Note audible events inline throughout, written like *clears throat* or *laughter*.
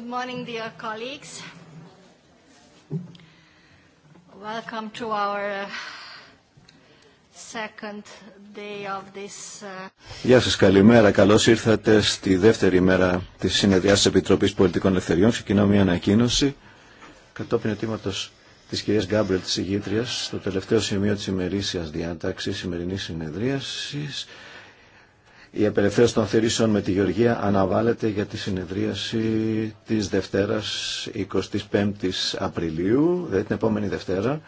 Good morning, dear colleagues. Uh, uh, Γεια σας, καλημέρα. Καλώς ήρθατε στη δεύτερη μέρα της συνεδριάς της Επιτροπής Πολιτικών Ελευθεριών. Ξεκινώ μια ανακοίνωση κατόπιν ετοίματος της κυρίας Γκάμπρελ της ηγήτριας στο τελευταίο σημείο της ημερήσιας διάταξης σημερινής συνεδρίασης η απελευθέρωση των θηρήσεων με τη Γεωργία αναβάλλεται για τη συνεδρίαση της Δευτέρας 25ης Απριλίου, δηλαδή την επόμενη Δευτέρα.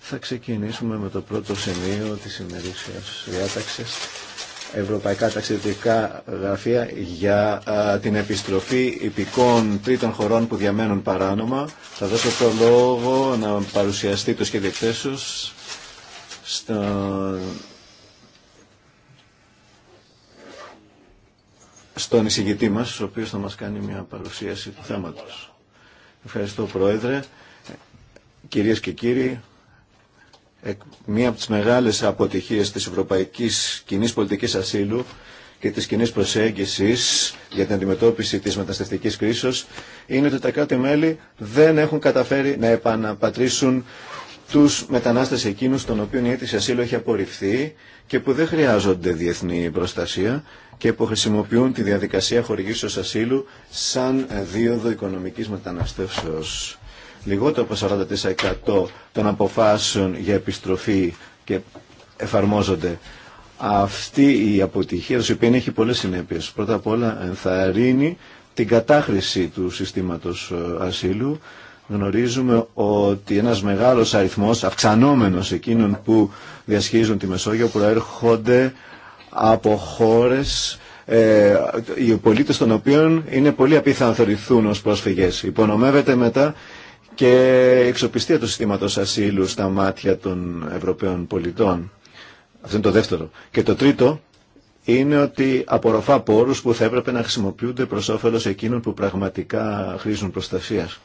Θα ξεκινήσουμε με το πρώτο σημείο της ημερήσιας διάταξης. Ευρωπαϊκά ταξιδιωτικά γραφεία για την επιστροφή υπηκών τρίτων χωρών που διαμένουν παράνομα. Θα δώσω το λόγο να παρουσιαστεί το σχέδιο εκθέσεως στον εισηγητή μας, ο οποίος θα μας κάνει μια παρουσίαση του θέματος. Ευχαριστώ Πρόεδρε, κυρίες και κύριοι. Μία από τις μεγάλες αποτυχίες της ευρωπαϊκής κοινής πολιτικής ασύλου και της κοινή προσέγγισης για την αντιμετώπιση της μεταναστευτικής κρίσης είναι ότι τα κράτη-μέλη δεν έχουν καταφέρει να επαναπατρίσουν τους μετανάστες εκείνους των οποίων η αίτηση ασύλου έχει απορριφθεί και που δεν χρειάζονται διεθνή προστασία και που χρησιμοποιούν τη διαδικασία χορηγήσεως ασύλου σαν δίωδο οικονομικής μεταναστεύσεως. Λιγότερο από 40% των αποφάσεων για επιστροφή και εφαρμόζονται. Αυτή η αποτυχία, η οποία έχει πολλές συνέπειες. Πρώτα απ' όλα ενθαρρύνει την κατάχρηση του συστήματος ε, ασύλου. Γνωρίζουμε ότι ένας μεγάλος αριθμός αυξανόμενος εκείνων που διασχίζουν τη Μεσόγειο προέρχονται από χώρες ε, οι πολίτες των οποίων είναι πολύ απίθανο να θεωρηθούν ως πρόσφυγες. Υπονομεύεται μετά και η εξοπιστία του συστήματος ασύλου στα μάτια των Ευρωπαίων πολιτών. Αυτό είναι το δεύτερο. Και το τρίτο είναι ότι απορροφά πόρους που θα έπρεπε να χρησιμοποιούνται προς όφελος εκείνων που πραγματικά χρήζουν προστασίας.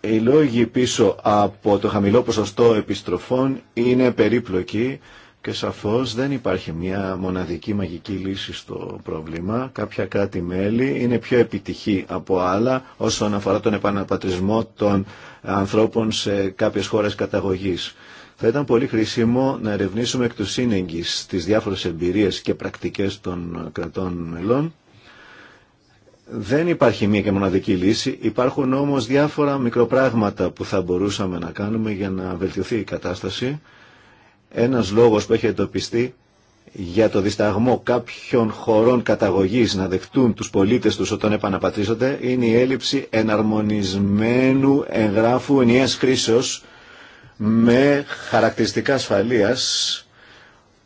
Οι λόγοι πίσω από το χαμηλό ποσοστό επιστροφών είναι περίπλοκοι και σαφώς δεν υπάρχει μια μοναδική μαγική λύση στο πρόβλημα. Κάποια κράτη-μέλη είναι πιο επιτυχή από άλλα όσον αφορά τον επαναπατρισμό των ανθρώπων σε κάποιες χώρες καταγωγής. Θα ήταν πολύ χρήσιμο να ερευνήσουμε εκ του σύνεγγυς τις διάφορες εμπειρίες και πρακτικές των κρατών μελών. Δεν υπάρχει μία και μοναδική λύση, υπάρχουν όμως διάφορα μικροπράγματα που θα μπορούσαμε να κάνουμε για να βελτιωθεί η κατάσταση. Ένας λόγος που έχει εντοπιστεί για το δισταγμό κάποιων χωρών καταγωγής να δεχτούν τους πολίτες τους όταν επαναπατρίζονται είναι η έλλειψη εναρμονισμένου εγγράφου ενιαίας χρήσεως με χαρακτηριστικά ασφαλείας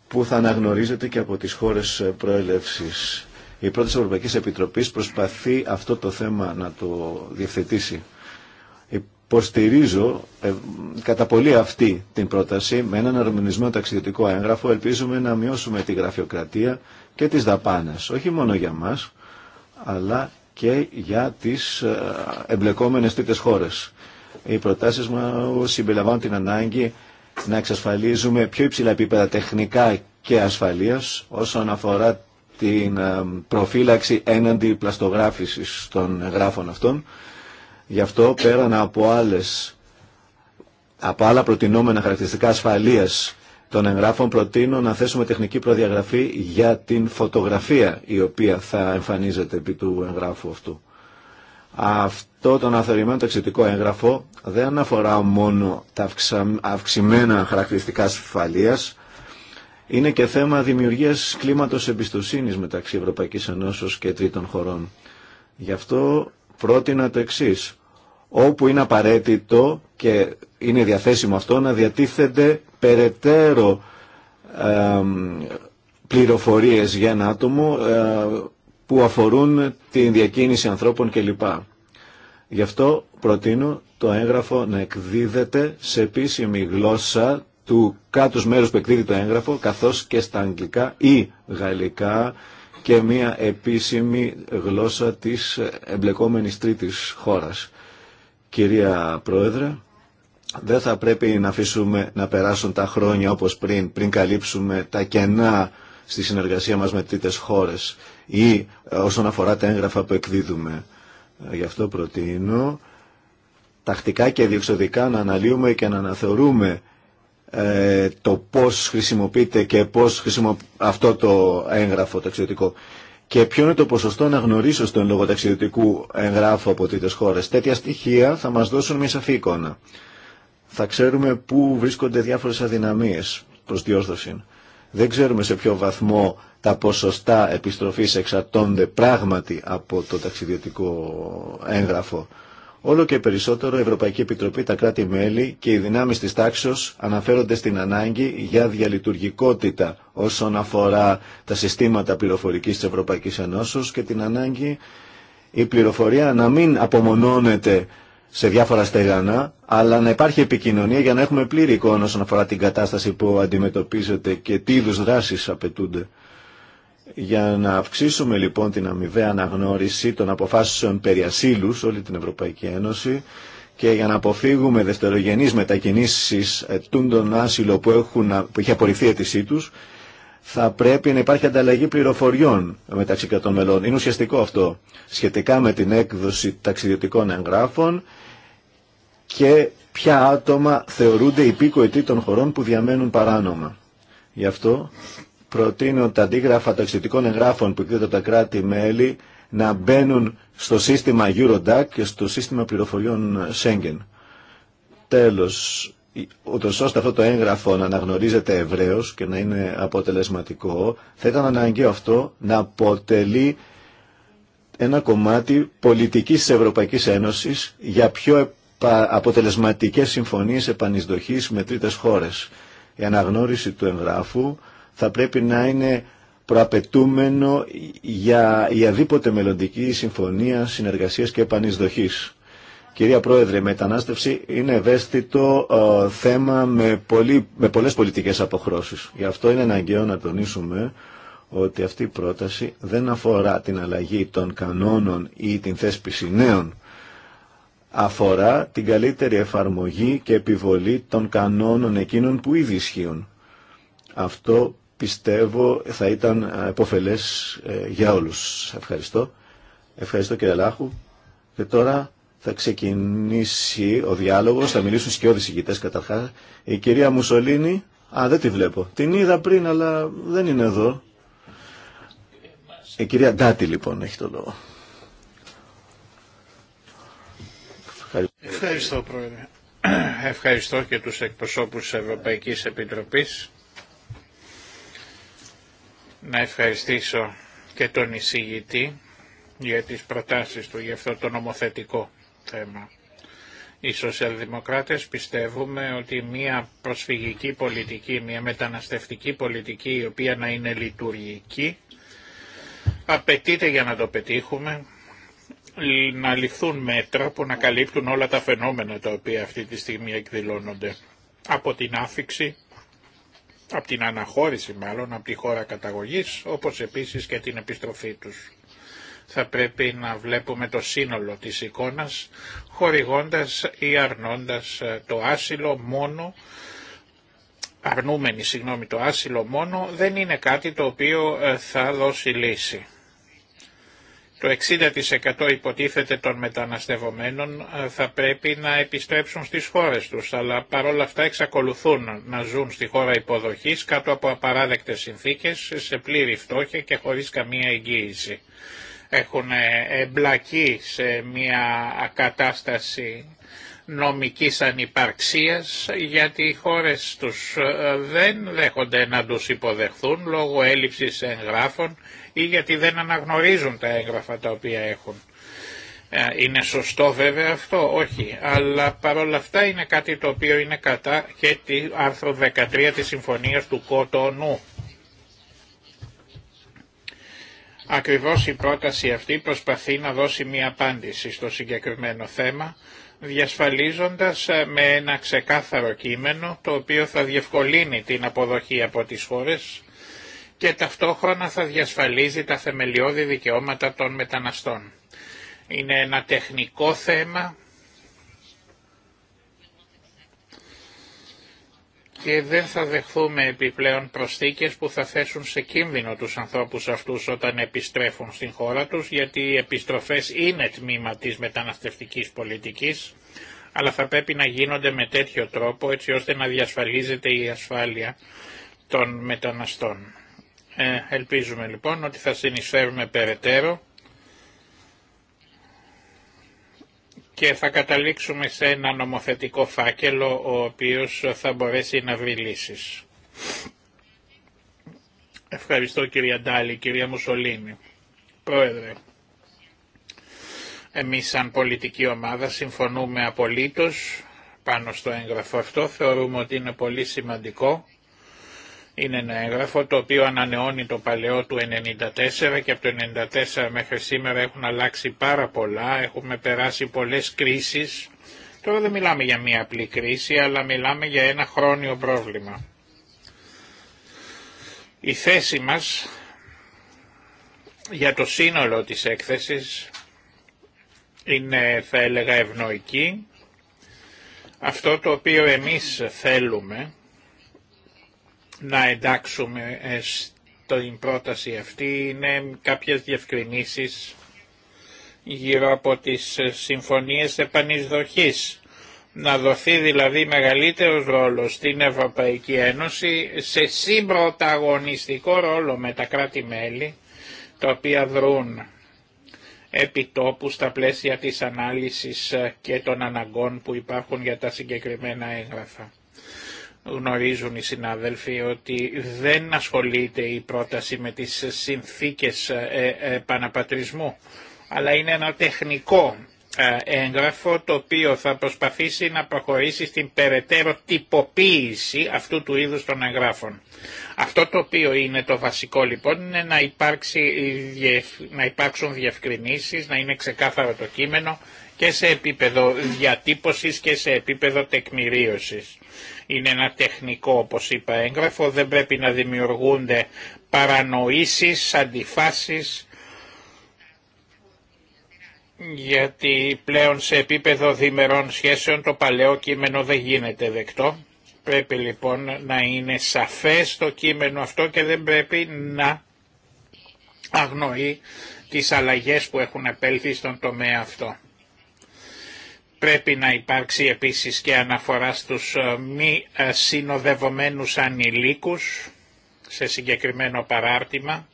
που θα αναγνωρίζεται και από τις χώρες προέλευσης. Η πρώτη Ευρωπαϊκή Επιτροπής προσπαθεί αυτό το θέμα να το διευθετήσει υποστηρίζω ε, κατά πολύ αυτή την πρόταση με έναν αρμονισμένο ταξιδιωτικό έγγραφο ελπίζουμε να μειώσουμε τη γραφειοκρατία και τις δαπάνες όχι μόνο για μας αλλά και για τις ε, εμπλεκόμενες τρίτες χώρες. Οι προτάσεις μας συμπεριλαμβάνουν την ανάγκη να εξασφαλίζουμε πιο υψηλά επίπεδα τεχνικά και ασφαλείας όσον αφορά την ε, προφύλαξη έναντι πλαστογράφησης των γράφων αυτών Γι' αυτό πέραν από άλλες από άλλα προτινόμενα χαρακτηριστικά ασφαλείας των εγγράφων προτείνω να θέσουμε τεχνική προδιαγραφή για την φωτογραφία η οποία θα εμφανίζεται επί του εγγράφου αυτού. Αυτό το αναθεωρημένο ταξιτικό έγγραφο δεν αναφορά μόνο τα αυξημένα χαρακτηριστικά ασφαλείας, είναι και θέμα δημιουργίας κλίματος εμπιστοσύνης μεταξύ Ευρωπαϊκής Ενώσεως και τρίτων χωρών. Γι' αυτό πρότεινα το εξής όπου είναι απαραίτητο και είναι διαθέσιμο αυτό να διατίθενται περαιτέρω ε, πληροφορίες για ένα άτομο ε, που αφορούν την διακίνηση ανθρώπων κλπ. Γι' αυτό προτείνω το έγγραφο να εκδίδεται σε επίσημη γλώσσα του κάτους μέρους που εκδίδει το έγγραφο, καθώς και στα αγγλικά ή γαλλικά και μια επίσημη γλώσσα της εμπλεκόμενης τρίτης χώρας. Κυρία Πρόεδρε, δεν θα πρέπει να αφήσουμε να περάσουν τα χρόνια όπως πριν, πριν καλύψουμε τα κενά στη συνεργασία μας με τρίτες χώρες ή ε, όσον αφορά τα έγγραφα που εκδίδουμε. Ε, γι' αυτό προτείνω τακτικά και διεξοδικά να αναλύουμε και να αναθεωρούμε ε, το πώς χρησιμοποιείται και πώς χρησιμοποιείται αυτό το έγγραφο, το και ποιο είναι το ποσοστό να στον των λογοταξιδιωτικού εγγράφου από τρίτες χώρε. Τέτοια στοιχεία θα μα δώσουν μια σαφή εικόνα. Θα ξέρουμε πού βρίσκονται διάφορε αδυναμίε προς διόρθωση. Δεν ξέρουμε σε ποιο βαθμό τα ποσοστά επιστροφή εξαρτώνται πράγματι από το ταξιδιωτικό έγγραφο. Όλο και περισσότερο η Ευρωπαϊκή Επιτροπή, τα κράτη-μέλη και οι δυνάμεις της τάξης αναφέρονται στην ανάγκη για διαλειτουργικότητα όσον αφορά τα συστήματα πληροφορικής της Ευρωπαϊκής Ενώσεως και την ανάγκη η πληροφορία να μην απομονώνεται σε διάφορα στεγανά, αλλά να υπάρχει επικοινωνία για να έχουμε πλήρη εικόνα όσον αφορά την κατάσταση που αντιμετωπίζεται και τι είδου δράσεις απαιτούνται. Για να αυξήσουμε λοιπόν την αμοιβαία αναγνώριση των αποφάσεων περί ασύλου σε όλη την Ευρωπαϊκή Ένωση και για να αποφύγουμε δευτερογενείς μετακινήσεις τον άσυλο που, έχουν, που έχει απορριφθεί η αίτησή τους, θα πρέπει να υπάρχει ανταλλαγή πληροφοριών μεταξύ κρατών μελών. Είναι ουσιαστικό αυτό σχετικά με την έκδοση ταξιδιωτικών εγγράφων και ποια άτομα θεωρούνται υπήκοοι των χωρών που διαμένουν παράνομα. Γι' αυτό προτείνω τα αντίγραφα των εγγράφων που εκδίδονται από τα κράτη-μέλη να μπαίνουν στο σύστημα Eurodac και στο σύστημα πληροφοριών Schengen. Τέλος, ούτως ώστε αυτό το έγγραφο να αναγνωρίζεται ευρέως και να είναι αποτελεσματικό, θα ήταν αναγκαίο αυτό να αποτελεί ένα κομμάτι πολιτικής της Ευρωπαϊκής Ένωσης για πιο αποτελεσματικές συμφωνίες επανεισδοχής με τρίτες χώρες. Η αναγνώριση του εγγράφου θα πρέπει να είναι προαπαιτούμενο για η αδίποτε μελλοντική συμφωνία συνεργασία και επανεισδοχή. Κυρία Πρόεδρε, η μετανάστευση είναι ευαίσθητο ε, θέμα με, πολύ, με πολλές πολιτικές αποχρώσεις. Γι' αυτό είναι αναγκαίο να τονίσουμε ότι αυτή η πρόταση δεν αφορά την αλλαγή των κανόνων ή την θέσπιση νέων. Αφορά την καλύτερη εφαρμογή και επιβολή των κανόνων εκείνων που ήδη ισχύουν. Αυτό πιστεύω θα ήταν ε, επωφελές ε, για όλους. Ευχαριστώ. Ευχαριστώ κύριε Λάχου. Και τώρα θα ξεκινήσει ο διάλογος, θα μιλήσουν σκιώδεις ηγητές καταρχάς. Η κυρία Μουσολίνη, α δεν τη βλέπω, την είδα πριν αλλά δεν είναι εδώ. Η κυρία Ντάτη λοιπόν έχει το λόγο. Ευχαριστώ, Ευχαριστώ πρόεδρε. Ευχαριστώ και τους εκπροσώπους της Ευρωπαϊκής Επιτροπής να ευχαριστήσω και τον εισηγητή για τις προτάσεις του για αυτό το νομοθετικό θέμα. Οι σοσιαλδημοκράτες πιστεύουμε ότι μια προσφυγική πολιτική, μια μεταναστευτική πολιτική η οποία να είναι λειτουργική απαιτείται για να το πετύχουμε να ληφθούν μέτρα που να καλύπτουν όλα τα φαινόμενα τα οποία αυτή τη στιγμή εκδηλώνονται. Από την άφηξη από την αναχώρηση μάλλον από τη χώρα καταγωγής, όπως επίσης και την επιστροφή τους. Θα πρέπει να βλέπουμε το σύνολο της εικόνας, χορηγώντας ή αρνώντας ε, το άσυλο μόνο, αρνούμενη συγγνώμη το άσυλο μόνο, δεν είναι κάτι το οποίο ε, θα δώσει λύση. Το 60% υποτίθεται των μεταναστευομένων ε, θα πρέπει να επιστρέψουν στις χώρες τους, αλλά παρόλα αυτά εξακολουθούν να ζουν στη χώρα υποδοχής κάτω από απαράδεκτες συνθήκες, σε πλήρη φτώχεια και χωρίς καμία εγγύηση. Έχουν ε, εμπλακεί σε μια κατάσταση νομικής ανυπαρξίας γιατί οι χώρες τους ε, δεν δέχονται να τους υποδεχθούν λόγω έλλειψης εγγράφων ή γιατί δεν αναγνωρίζουν τα έγγραφα τα οποία έχουν. Ε, είναι σωστό βέβαια αυτό, όχι, αλλά παρόλα αυτά είναι κάτι το οποίο είναι κατά και τη άρθρο 13 της Συμφωνίας του Κοτονού. Ακριβώς η πρόταση αυτή προσπαθεί να δώσει μια απάντηση στο συγκεκριμένο θέμα, διασφαλίζοντας ε, με ένα ξεκάθαρο κείμενο το οποίο θα διευκολύνει την αποδοχή από τις χώρες και ταυτόχρονα θα διασφαλίζει τα θεμελιώδη δικαιώματα των μεταναστών. Είναι ένα τεχνικό θέμα και δεν θα δεχθούμε επιπλέον προσθήκες που θα θέσουν σε κίνδυνο τους ανθρώπους αυτούς όταν επιστρέφουν στην χώρα τους, γιατί οι επιστροφές είναι τμήμα της μεταναστευτικής πολιτικής, αλλά θα πρέπει να γίνονται με τέτοιο τρόπο έτσι ώστε να διασφαλίζεται η ασφάλεια των μεταναστών. Ε, ελπίζουμε λοιπόν ότι θα συνεισφέρουμε περαιτέρω και θα καταλήξουμε σε ένα νομοθετικό φάκελο ο οποίος θα μπορέσει να βρει λύσεις. Ευχαριστώ κυρία Ντάλη, κυρία Μουσολίνη. Πρόεδρε, εμείς σαν πολιτική ομάδα συμφωνούμε απολύτως πάνω στο έγγραφο αυτό. Θεωρούμε ότι είναι πολύ σημαντικό είναι ένα έγγραφο το οποίο ανανεώνει το παλαιό του 1994 και από το 1994 μέχρι σήμερα έχουν αλλάξει πάρα πολλά, έχουμε περάσει πολλές κρίσεις. Τώρα δεν μιλάμε για μία απλή κρίση, αλλά μιλάμε για ένα χρόνιο πρόβλημα. Η θέση μας για το σύνολο της έκθεσης είναι θα έλεγα ευνοϊκή. Αυτό το οποίο εμείς θέλουμε να εντάξουμε ε, στην πρόταση αυτή είναι κάποιες διευκρινήσεις γύρω από τις ε, συμφωνίες επανεισδοχής. Να δοθεί δηλαδή μεγαλύτερος ρόλος στην Ευρωπαϊκή Ένωση σε συμπροταγωνιστικό ρόλο με τα κράτη-μέλη τα οποία δρούν επιτόπου στα πλαίσια της ανάλυσης ε, και των αναγκών που υπάρχουν για τα συγκεκριμένα έγγραφα. Γνωρίζουν οι συνάδελφοι ότι δεν ασχολείται η πρόταση με τις συνθήκες ε, ε, επαναπατρισμού, αλλά είναι ένα τεχνικό ε, έγγραφο το οποίο θα προσπαθήσει να προχωρήσει στην περαιτέρω τυποποίηση αυτού του είδους των εγγράφων. Αυτό το οποίο είναι το βασικό λοιπόν είναι να, υπάρξει, να υπάρξουν διευκρινήσεις, να είναι ξεκάθαρο το κείμενο και σε επίπεδο διατύπωσης και σε επίπεδο τεκμηρίωσης. Είναι ένα τεχνικό όπως είπα έγγραφο, δεν πρέπει να δημιουργούνται παρανοήσεις, αντιφάσεις, γιατί πλέον σε επίπεδο διμερών σχέσεων το παλαιό κείμενο δεν γίνεται δεκτό. Πρέπει λοιπόν να είναι σαφές το κείμενο αυτό και δεν πρέπει να αγνοεί τις αλλαγές που έχουν επέλθει στον τομέα αυτό. Πρέπει να υπάρξει επίσης και αναφορά στους ε, μη ε, συνοδευομένους ανηλίκους σε συγκεκριμένο παράρτημα.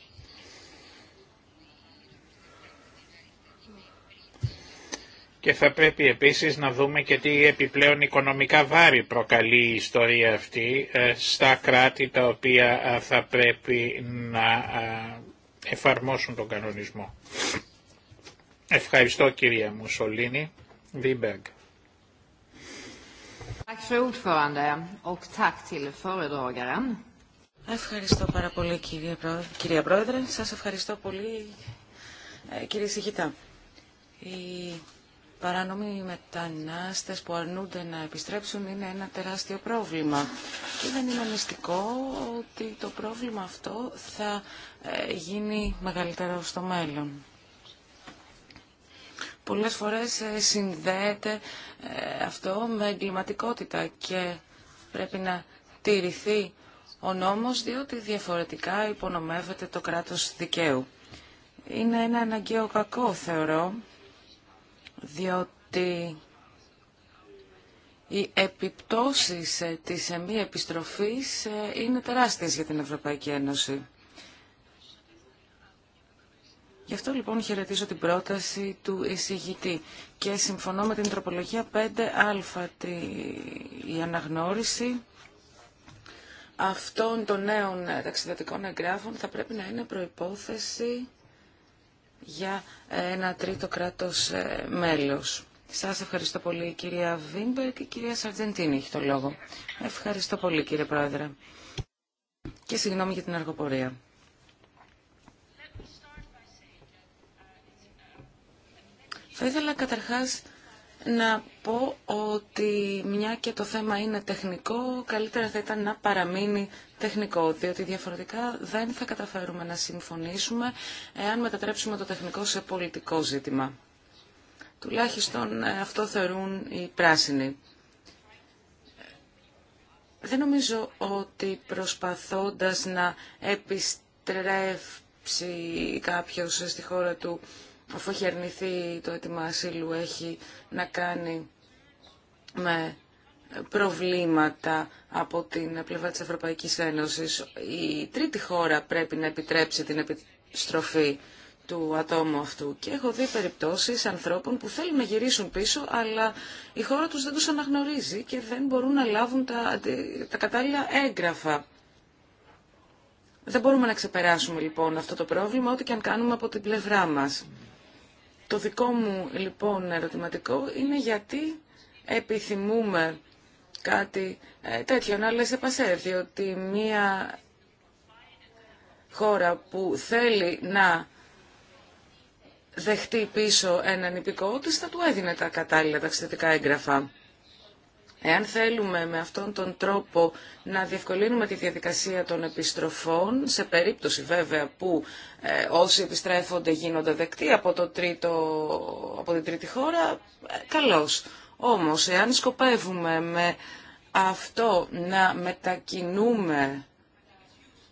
Και θα πρέπει επίσης να δούμε και τι επιπλέον οικονομικά βάρη προκαλεί η ιστορία αυτή ε, στα κράτη τα οποία θα πρέπει να εφαρμόσουν τον κανονισμό. Ευχαριστώ κυρία Μουσολίνη. Ευχαριστώ πάρα πολύ κυρία Πρόεδρε. Σας ευχαριστώ πολύ ε, κύριε Σιγητά. Οι παράνομοι μετανάστες που αρνούνται να επιστρέψουν είναι ένα τεράστιο πρόβλημα. Και δεν είναι μυστικό ότι το πρόβλημα αυτό θα ε, γίνει μεγαλύτερο στο μέλλον πολλές φορές ε, συνδέεται ε, αυτό με εγκληματικότητα και πρέπει να τηρηθεί ο νόμος διότι διαφορετικά υπονομεύεται το κράτος δικαίου. Είναι ένα αναγκαίο κακό θεωρώ διότι οι επιπτώσεις ε, της μη επιστροφής είναι τεράστιες για την Ευρωπαϊκή Ένωση. Γι' αυτό λοιπόν χαιρετίζω την πρόταση του εισηγητή και συμφωνώ με την τροπολογία 5α, τη, η αναγνώριση αυτών των νέων ε, ταξιδιωτικών εγγράφων θα πρέπει να είναι προϋπόθεση για ε, ένα τρίτο κράτος ε, μέλος. Σας ευχαριστώ πολύ κυρία Βίμπερ και κυρία Σαρτζεντίνη έχει το λόγο. Ευχαριστώ πολύ κύριε Πρόεδρε και συγγνώμη για την αργοπορία. Θα ήθελα καταρχάς να πω ότι μια και το θέμα είναι τεχνικό, καλύτερα θα ήταν να παραμείνει τεχνικό, διότι διαφορετικά δεν θα καταφέρουμε να συμφωνήσουμε εάν μετατρέψουμε το τεχνικό σε πολιτικό ζήτημα. Τουλάχιστον ε, αυτό θεωρούν οι πράσινοι. Δεν νομίζω ότι προσπαθώντας να επιστρέψει κάποιος στη χώρα του αφού έχει αρνηθεί το αίτημα ασύλου, έχει να κάνει με προβλήματα από την πλευρά της Ευρωπαϊκής Ένωσης. Η τρίτη χώρα πρέπει να επιτρέψει την επιστροφή του ατόμου αυτού. Και έχω δει περιπτώσεις ανθρώπων που θέλουν να γυρίσουν πίσω, αλλά η χώρα τους δεν τους αναγνωρίζει και δεν μπορούν να λάβουν τα, τα κατάλληλα έγγραφα. Δεν μπορούμε να ξεπεράσουμε λοιπόν αυτό το πρόβλημα, ό,τι και αν κάνουμε από την πλευρά μας. Το δικό μου λοιπόν ερωτηματικό είναι γιατί επιθυμούμε κάτι ε, τέτοιο, να λες επασέρ, διότι μία χώρα που θέλει να δεχτεί πίσω έναν υπηκό της θα του έδινε τα κατάλληλα ταξιδετικά έγγραφα. Εάν θέλουμε με αυτόν τον τρόπο να διευκολύνουμε τη διαδικασία των επιστροφών, σε περίπτωση βέβαια που ε, όσοι επιστρέφονται γίνονται δεκτοί από, το τρίτο, από την τρίτη χώρα, ε, καλώς. Όμως, εάν σκοπεύουμε με αυτό να μετακινούμε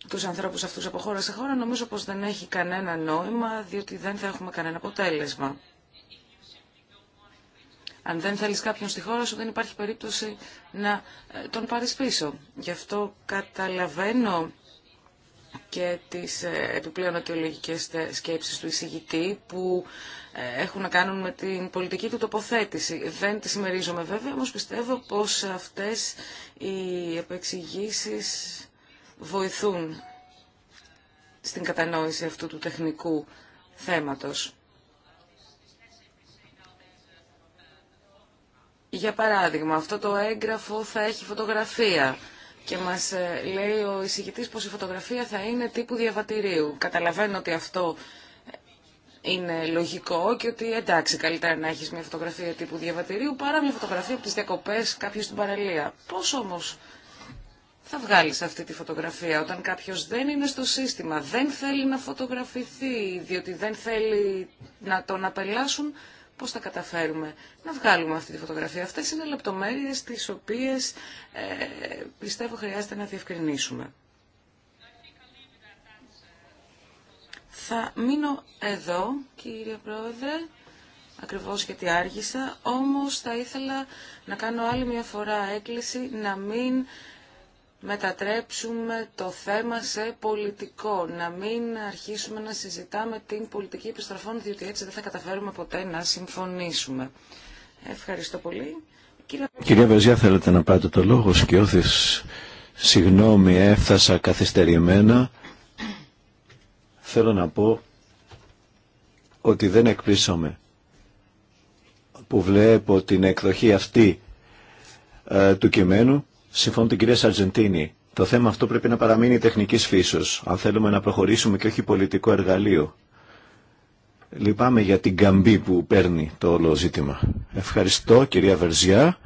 τους ανθρώπους αυτούς από χώρα σε χώρα, νομίζω πως δεν έχει κανένα νόημα, διότι δεν θα έχουμε κανένα αποτέλεσμα. Αν δεν θέλεις κάποιον στη χώρα σου δεν υπάρχει περίπτωση να ε, τον πάρεις πίσω. Γι' αυτό καταλαβαίνω και τις ε, επιπλέον αιτιολογικές σκέψεις του εισηγητή που ε, έχουν να κάνουν με την πολιτική του τοποθέτηση. Δεν τις συμμερίζομαι βέβαια, όμως πιστεύω πως αυτές οι επεξηγήσεις βοηθούν στην κατανόηση αυτού του τεχνικού θέματος. Για παράδειγμα, αυτό το έγγραφο θα έχει φωτογραφία και μας ε, λέει ο εισηγητής πως η φωτογραφία θα είναι τύπου διαβατηρίου. Καταλαβαίνω ότι αυτό είναι λογικό και ότι εντάξει καλύτερα να έχεις μια φωτογραφία τύπου διαβατηρίου παρά μια φωτογραφία από τις διακοπές κάποιου στην παραλία. Πώς όμως θα βγάλεις αυτή τη φωτογραφία όταν κάποιος δεν είναι στο σύστημα, δεν θέλει να φωτογραφηθεί διότι δεν θέλει να τον απελάσουν, πώς θα καταφέρουμε να βγάλουμε αυτή τη φωτογραφία. Αυτές είναι λεπτομέρειες τις οποίες ε, πιστεύω χρειάζεται να διευκρινίσουμε. Θα μείνω εδώ, κύριε Πρόεδρε, ακριβώς γιατί άργησα, όμως θα ήθελα να κάνω άλλη μια φορά έκκληση να μην μετατρέψουμε το θέμα σε πολιτικό, να μην αρχίσουμε να συζητάμε την πολιτική επιστροφών, διότι έτσι δεν θα καταφέρουμε ποτέ να συμφωνήσουμε. Ευχαριστώ πολύ. Κυρία Βεζιά, θέλετε να πάτε το λόγο, Σκιώθης. Συγγνώμη, έφτασα καθυστερημένα. Θέλω να πω ότι δεν εκπλήσωμαι που βλέπω την εκδοχή αυτή ε, του κειμένου Συμφωνώ την κυρία Σαρτζεντίνη. Το θέμα αυτό πρέπει να παραμείνει τεχνική φύσεω, αν θέλουμε να προχωρήσουμε και όχι πολιτικό εργαλείο. Λυπάμαι για την καμπή που παίρνει το όλο ζήτημα. Ευχαριστώ κυρία Βερζιά.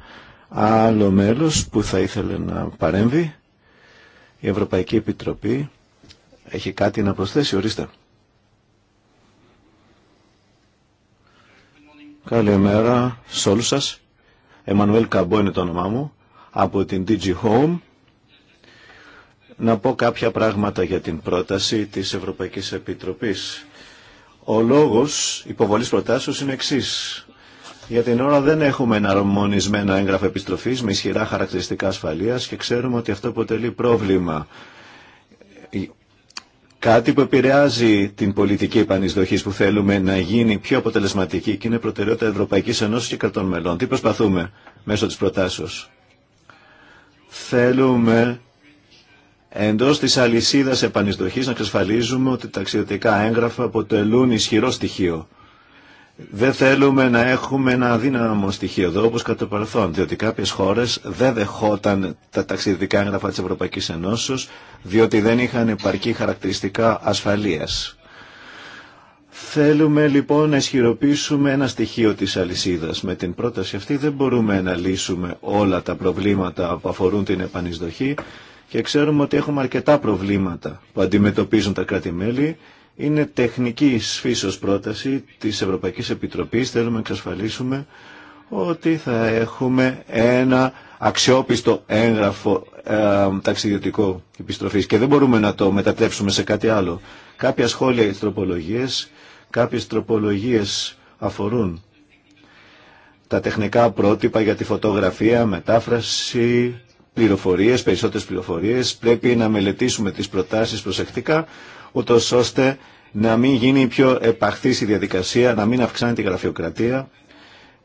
Άλλο μέλο που θα ήθελε να παρέμβει. Η Ευρωπαϊκή Επιτροπή έχει κάτι να προσθέσει. Ορίστε. Καλημέρα σε όλους σας. Εμμανουέλ Καμπό είναι το όνομά μου από την DG Home να πω κάποια πράγματα για την πρόταση της Ευρωπαϊκής Επιτροπής. Ο λόγος υποβολής προτάσεως είναι εξή. Για την ώρα δεν έχουμε ένα αρμονισμένο έγγραφο επιστροφής με ισχυρά χαρακτηριστικά ασφαλείας και ξέρουμε ότι αυτό αποτελεί πρόβλημα. Κάτι που επηρεάζει την πολιτική επανεισδοχή που θέλουμε να γίνει πιο αποτελεσματική και είναι προτεραιότητα Ευρωπαϊκή Ενώση και κρατών μελών. Τι προσπαθούμε μέσω τη προτάσεω θέλουμε εντός της αλυσίδας επανεισδοχής να εξασφαλίζουμε ότι τα αξιωτικά έγγραφα αποτελούν ισχυρό στοιχείο. Δεν θέλουμε να έχουμε ένα αδύναμο στοιχείο εδώ όπως κατά το παρελθόν, διότι κάποιες χώρες δεν δεχόταν τα ταξιδιωτικά έγγραφα της Ευρωπαϊκής Ενώσης διότι δεν είχαν επαρκή χαρακτηριστικά ασφαλείας. Θέλουμε λοιπόν να ισχυροποιήσουμε ένα στοιχείο της αλυσίδας. Με την πρόταση αυτή δεν μπορούμε να λύσουμε όλα τα προβλήματα που αφορούν την επανεισδοχή και ξέρουμε ότι έχουμε αρκετά προβλήματα που αντιμετωπίζουν τα κράτη-μέλη. Είναι τεχνική φύσεως πρόταση της Ευρωπαϊκής Επιτροπής. Θέλουμε να εξασφαλίσουμε ότι θα έχουμε ένα αξιόπιστο έγγραφο ε, ταξιδιωτικό επιστροφής και δεν μπορούμε να το μετατρέψουμε σε κάτι άλλο. Κάποια σχόλια ή Κάποιες τροπολογίες αφορούν τα τεχνικά πρότυπα για τη φωτογραφία, μετάφραση, πληροφορίες, περισσότερες πληροφορίες. Πρέπει να μελετήσουμε τις προτάσεις προσεκτικά, ούτω ώστε να μην γίνει πιο επαχθής η διαδικασία, να μην αυξάνει τη γραφειοκρατία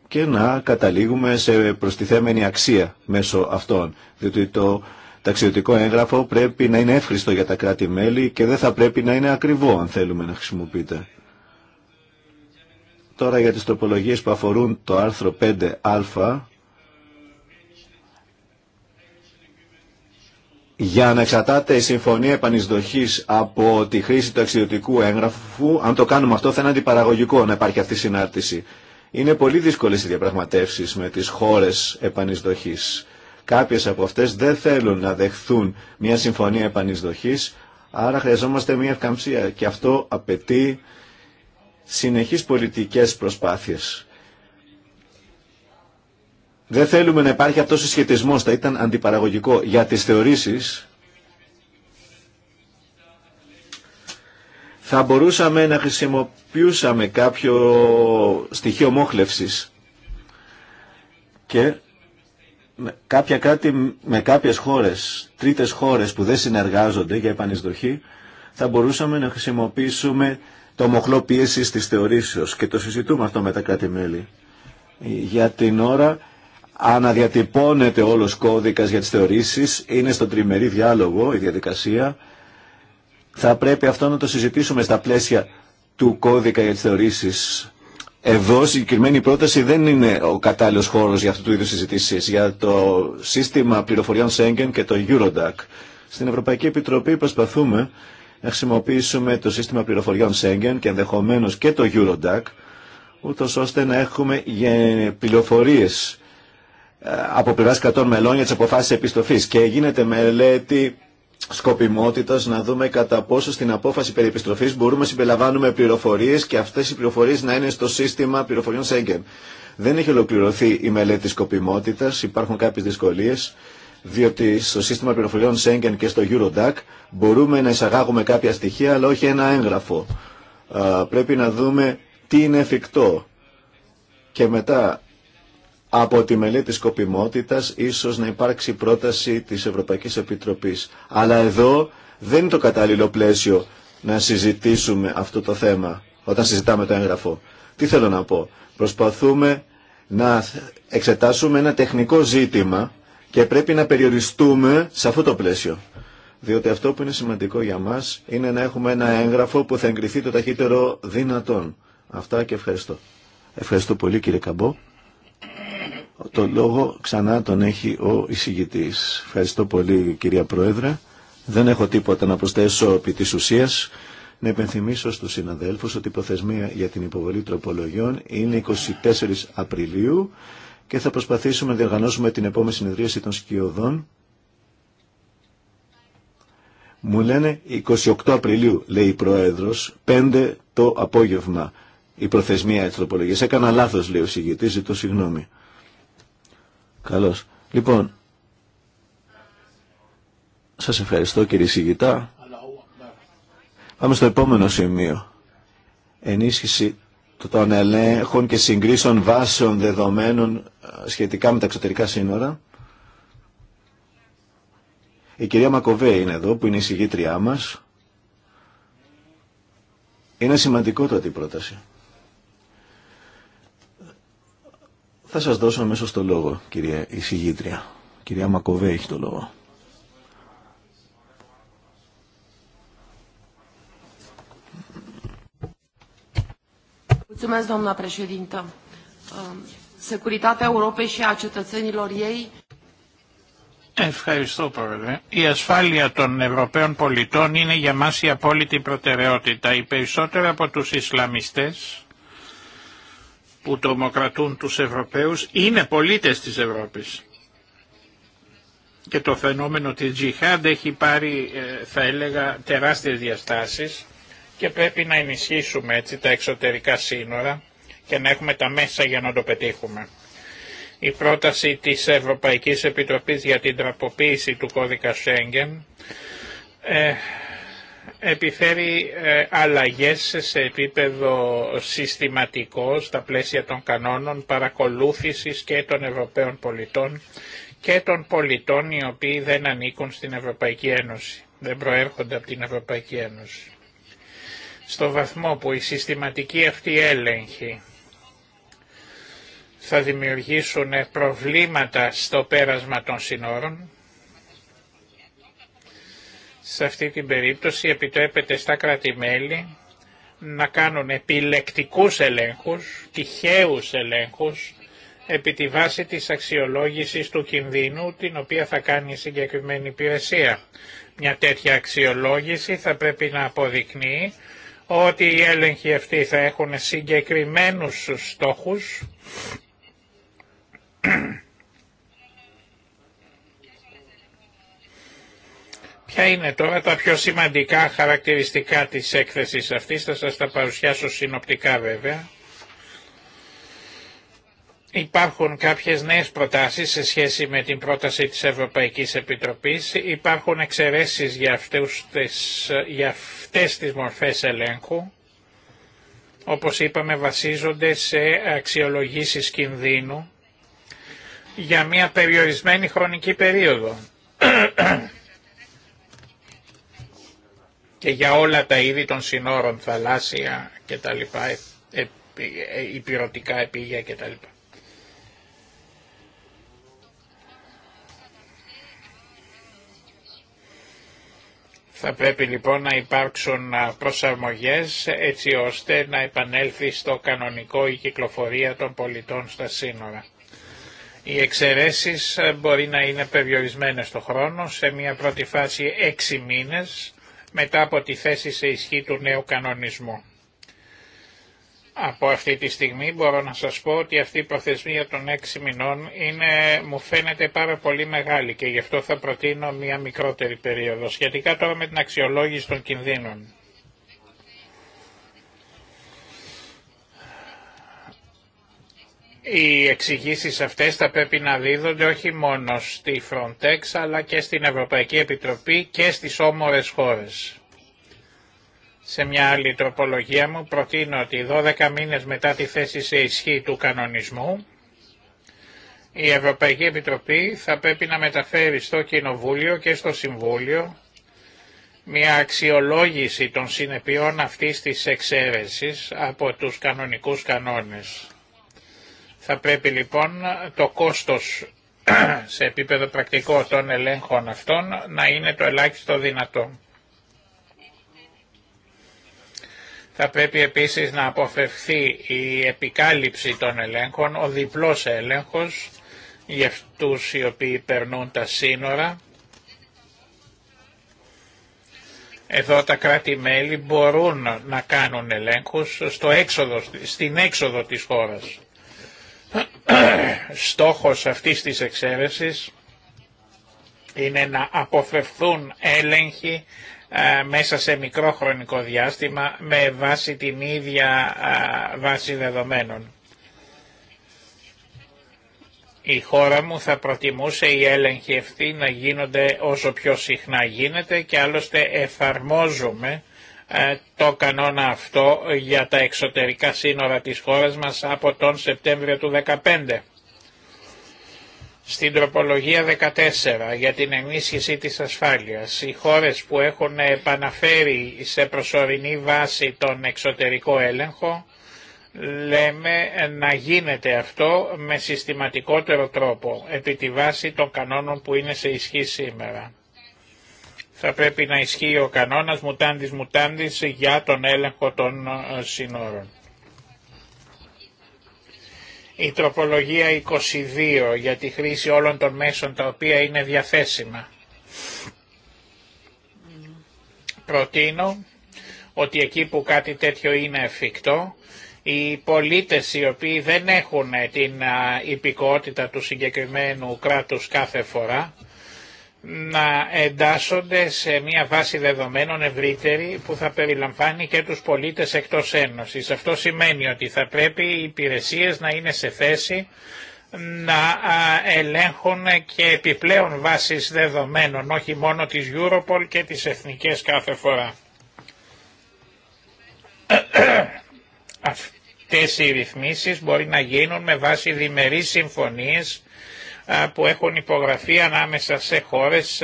και να καταλήγουμε σε προστιθέμενη αξία μέσω αυτών. Διότι το ταξιδιωτικό έγγραφο πρέπει να είναι εύχριστο για τα κράτη-μέλη και δεν θα πρέπει να είναι ακριβό αν θέλουμε να χρησιμοποιείται. Τώρα για τις τροπολογίες που αφορούν το άρθρο 5α για να εξατάται η συμφωνία επανεισδοχής από τη χρήση του αξιωτικού έγγραφου, αν το κάνουμε αυτό θα είναι αντιπαραγωγικό να υπάρχει αυτή η συνάρτηση. Είναι πολύ δύσκολες οι διαπραγματεύσεις με τις χώρες επανεισδοχής. Κάποιες από αυτές δεν θέλουν να δεχθούν μια συμφωνία επανεισδοχής, άρα χρειαζόμαστε μια ευκαμψία και αυτό απαιτεί συνεχείς πολιτικές προσπάθειες. Δεν θέλουμε να υπάρχει αυτός ο σχετισμός, θα ήταν αντιπαραγωγικό για τις θεωρήσεις. Θα μπορούσαμε να χρησιμοποιούσαμε κάποιο στοιχείο μόχλευσης και με κάποια κράτη, με κάποιες χώρες, τρίτες χώρες που δεν συνεργάζονται για επανεισδοχή, θα μπορούσαμε να χρησιμοποιήσουμε το μοχλό πίεση τη θεωρήσεω και το συζητούμε αυτό με τα κράτη-μέλη. Για την ώρα αναδιατυπώνεται όλος κώδικα για τις θεωρήσει είναι στον τριμερή διάλογο η διαδικασία. Θα πρέπει αυτό να το συζητήσουμε στα πλαίσια του κώδικα για τις θεωρήσεις. Εδώ η συγκεκριμένη πρόταση δεν είναι ο κατάλληλο χώρος για αυτού του είδου συζητήσει, για το σύστημα πληροφοριών Σέγγεν και το Eurodac. Στην Ευρωπαϊκή Επιτροπή προσπαθούμε να χρησιμοποιήσουμε το σύστημα πληροφοριών Σέγγεν και ενδεχομένω και το Eurodac, ούτω ώστε να έχουμε πληροφορίε ε, από πλευρά κατών μελών για τι αποφάσει επιστροφή. Και γίνεται μελέτη σκοπιμότητα να δούμε κατά πόσο στην απόφαση περί επιστροφή μπορούμε να συμπεριλαμβάνουμε πληροφορίε και αυτέ οι πληροφορίε να είναι στο σύστημα πληροφοριών Σέγγεν. Δεν έχει ολοκληρωθεί η μελέτη σκοπιμότητα, υπάρχουν κάποιε δυσκολίε διότι στο σύστημα πληροφοριών Schengen και στο Eurodac μπορούμε να εισαγάγουμε κάποια στοιχεία αλλά όχι ένα έγγραφο. Πρέπει να δούμε τι είναι εφικτό και μετά από τη μελέτη σκοπιμότητας ίσως να υπάρξει πρόταση της Ευρωπαϊκής Επιτροπής. Αλλά εδώ δεν είναι το κατάλληλο πλαίσιο να συζητήσουμε αυτό το θέμα όταν συζητάμε το έγγραφο. Τι θέλω να πω. Προσπαθούμε να εξετάσουμε ένα τεχνικό ζήτημα και πρέπει να περιοριστούμε σε αυτό το πλαίσιο. Διότι αυτό που είναι σημαντικό για μας είναι να έχουμε ένα έγγραφο που θα εγκριθεί το ταχύτερο δυνατόν. Αυτά και ευχαριστώ. Ευχαριστώ πολύ κύριε Καμπό. Το λόγο ξανά τον έχει ο εισηγητής. Ευχαριστώ πολύ κυρία Πρόεδρε. Δεν έχω τίποτα να προσθέσω επί της ουσίας. Να υπενθυμίσω στους συναδέλφους ότι η προθεσμία για την υποβολή τροπολογιών είναι 24 Απριλίου και θα προσπαθήσουμε να διοργανώσουμε την επόμενη συνεδρίαση των σκιωδών. Μου λένε 28 Απριλίου, λέει η Πρόεδρος, 5 το απόγευμα η προθεσμία της τροπολογίας. Έκανα λάθος, λέει ο συγγητής, ζητώ συγγνώμη. Καλώς. Λοιπόν, σας ευχαριστώ κύριε συγγητά. Πάμε στο επόμενο σημείο. Ενίσχυση των ελέγχων και συγκρίσεων βάσεων δεδομένων ε, σχετικά με τα εξωτερικά σύνορα. Η κυρία Μακοβέ είναι εδώ που είναι η συγγήτριά μας. Είναι σημαντικό το η πρόταση. Θα σας δώσω αμέσως το λόγο, κυρία η συγγήτρια. Κυρία Μακοβέ έχει το λόγο. doamna președintă. Um, securitatea și Ευχαριστώ πρόεδρε. Η ασφάλεια των Ευρωπαίων πολιτών είναι για μας η απόλυτη προτεραιότητα. Οι περισσότεροι από τους Ισλαμιστές που τομοκρατούν τους Ευρωπαίους είναι πολίτες της Ευρώπης. Και το φαινόμενο της τζιχάντ έχει πάρει ε, θα έλεγα τεράστιες διαστάσεις και πρέπει να ενισχύσουμε έτσι τα εξωτερικά σύνορα και να έχουμε τα μέσα για να το πετύχουμε. Η πρόταση της Ευρωπαϊκής Επιτροπής για την τραποποίηση του κώδικα Σέγγεν ε, επιφέρει ε, αλλαγές σε επίπεδο συστηματικό στα πλαίσια των κανόνων παρακολούθησης και των Ευρωπαίων πολιτών και των πολιτών οι οποίοι δεν ανήκουν στην Ευρωπαϊκή Ένωση, δεν προέρχονται από την Ευρωπαϊκή Ένωση στο βαθμό που η συστηματική αυτή έλεγχη θα δημιουργήσουν προβλήματα στο πέρασμα των συνόρων, σε αυτή την περίπτωση επιτρέπεται στα κράτη-μέλη να κάνουν επιλεκτικούς ελέγχους, τυχαίους ελέγχους, επί τη βάση της αξιολόγησης του κινδύνου, την οποία θα κάνει η συγκεκριμένη υπηρεσία. Μια τέτοια αξιολόγηση θα πρέπει να αποδεικνύει ότι οι έλεγχοι αυτοί θα έχουν συγκεκριμένους στόχους Ποια είναι τώρα τα πιο σημαντικά χαρακτηριστικά της έκθεσης αυτής, θα σας τα παρουσιάσω συνοπτικά βέβαια. Υπάρχουν κάποιες νέες προτάσεις σε σχέση με την πρόταση της Ευρωπαϊκής Επιτροπής. Υπάρχουν εξαιρέσεις για, αυτούς τις, για αυτές τις μορφές ελέγχου. Όπως είπαμε βασίζονται σε αξιολογήσεις κινδύνου για μια περιορισμένη χρονική περίοδο. και για όλα τα είδη των συνόρων, θαλάσσια και τα λοιπά, ε, υπηρετικά επίγεια και τα Θα πρέπει λοιπόν να υπάρξουν προσαρμογές έτσι ώστε να επανέλθει στο κανονικό η κυκλοφορία των πολιτών στα σύνορα. Οι εξαιρέσει μπορεί να είναι περιορισμένες στο χρόνο, σε μια πρώτη φάση έξι μήνες μετά από τη θέση σε ισχύ του νέου κανονισμού. Από αυτή τη στιγμή μπορώ να σας πω ότι αυτή η προθεσμία των έξι μηνών είναι, μου φαίνεται πάρα πολύ μεγάλη και γι' αυτό θα προτείνω μια μικρότερη περίοδο σχετικά τώρα με την αξιολόγηση των κινδύνων. Οι εξηγήσει αυτές θα πρέπει να δίδονται όχι μόνο στη Frontex αλλά και στην Ευρωπαϊκή Επιτροπή και στις όμορες χώρες. Σε μια άλλη τροπολογία μου προτείνω ότι 12 μήνες μετά τη θέση σε ισχύ του κανονισμού η Ευρωπαϊκή Επιτροπή θα πρέπει να μεταφέρει στο Κοινοβούλιο και στο Συμβούλιο μια αξιολόγηση των συνεπειών αυτής της εξαίρεσης από τους κανονικούς κανόνες. Θα πρέπει λοιπόν το κόστος *clears throat* σε επίπεδο πρακτικό των ελέγχων αυτών να είναι το ελάχιστο δυνατό. Θα πρέπει επίσης να αποφευθεί η επικάλυψη των ελέγχων, ο διπλός έλεγχος για αυτούς οι οποίοι περνούν τα σύνορα. Εδώ τα κράτη-μέλη μπορούν να κάνουν ελέγχους στο έξοδο, στην έξοδο της χώρας. *clears throat* Στόχος αυτής της εξαίρεσης είναι να αποφευθούν έλεγχοι μέσα σε μικρό χρονικό διάστημα με βάση την ίδια βάση δεδομένων. Η χώρα μου θα προτιμούσε οι έλεγχοι αυτοί να γίνονται όσο πιο συχνά γίνεται και άλλωστε εφαρμόζουμε το κανόνα αυτό για τα εξωτερικά σύνορα της χώρας μας από τον Σεπτέμβριο του 2015. Στην τροπολογία 14 για την ενίσχυση της ασφάλειας, οι χώρες που έχουν επαναφέρει σε προσωρινή βάση τον εξωτερικό έλεγχο, λέμε να γίνεται αυτό με συστηματικότερο τρόπο, επί τη βάση των κανόνων που είναι σε ισχύ σήμερα. Θα πρέπει να ισχύει ο κανόνας μουτάντης μουτάντης για τον έλεγχο των ε, συνόρων. Η τροπολογία 22 για τη χρήση όλων των μέσων τα οποία είναι διαθέσιμα. Προτείνω ότι εκεί που κάτι τέτοιο είναι εφικτό, οι πολίτες οι οποίοι δεν έχουν την υπηκότητα του συγκεκριμένου κράτους κάθε φορά, να εντάσσονται σε μια βάση δεδομένων ευρύτερη που θα περιλαμβάνει και τους πολίτες εκτός Ένωσης. Αυτό σημαίνει ότι θα πρέπει οι υπηρεσίες να είναι σε θέση να ελέγχουν και επιπλέον βάσεις δεδομένων, όχι μόνο της Europol και τις εθνικές κάθε φορά. Αυτές οι ρυθμίσεις μπορεί να γίνουν με βάση διμερείς συμφωνίες που έχουν υπογραφεί ανάμεσα σε χώρες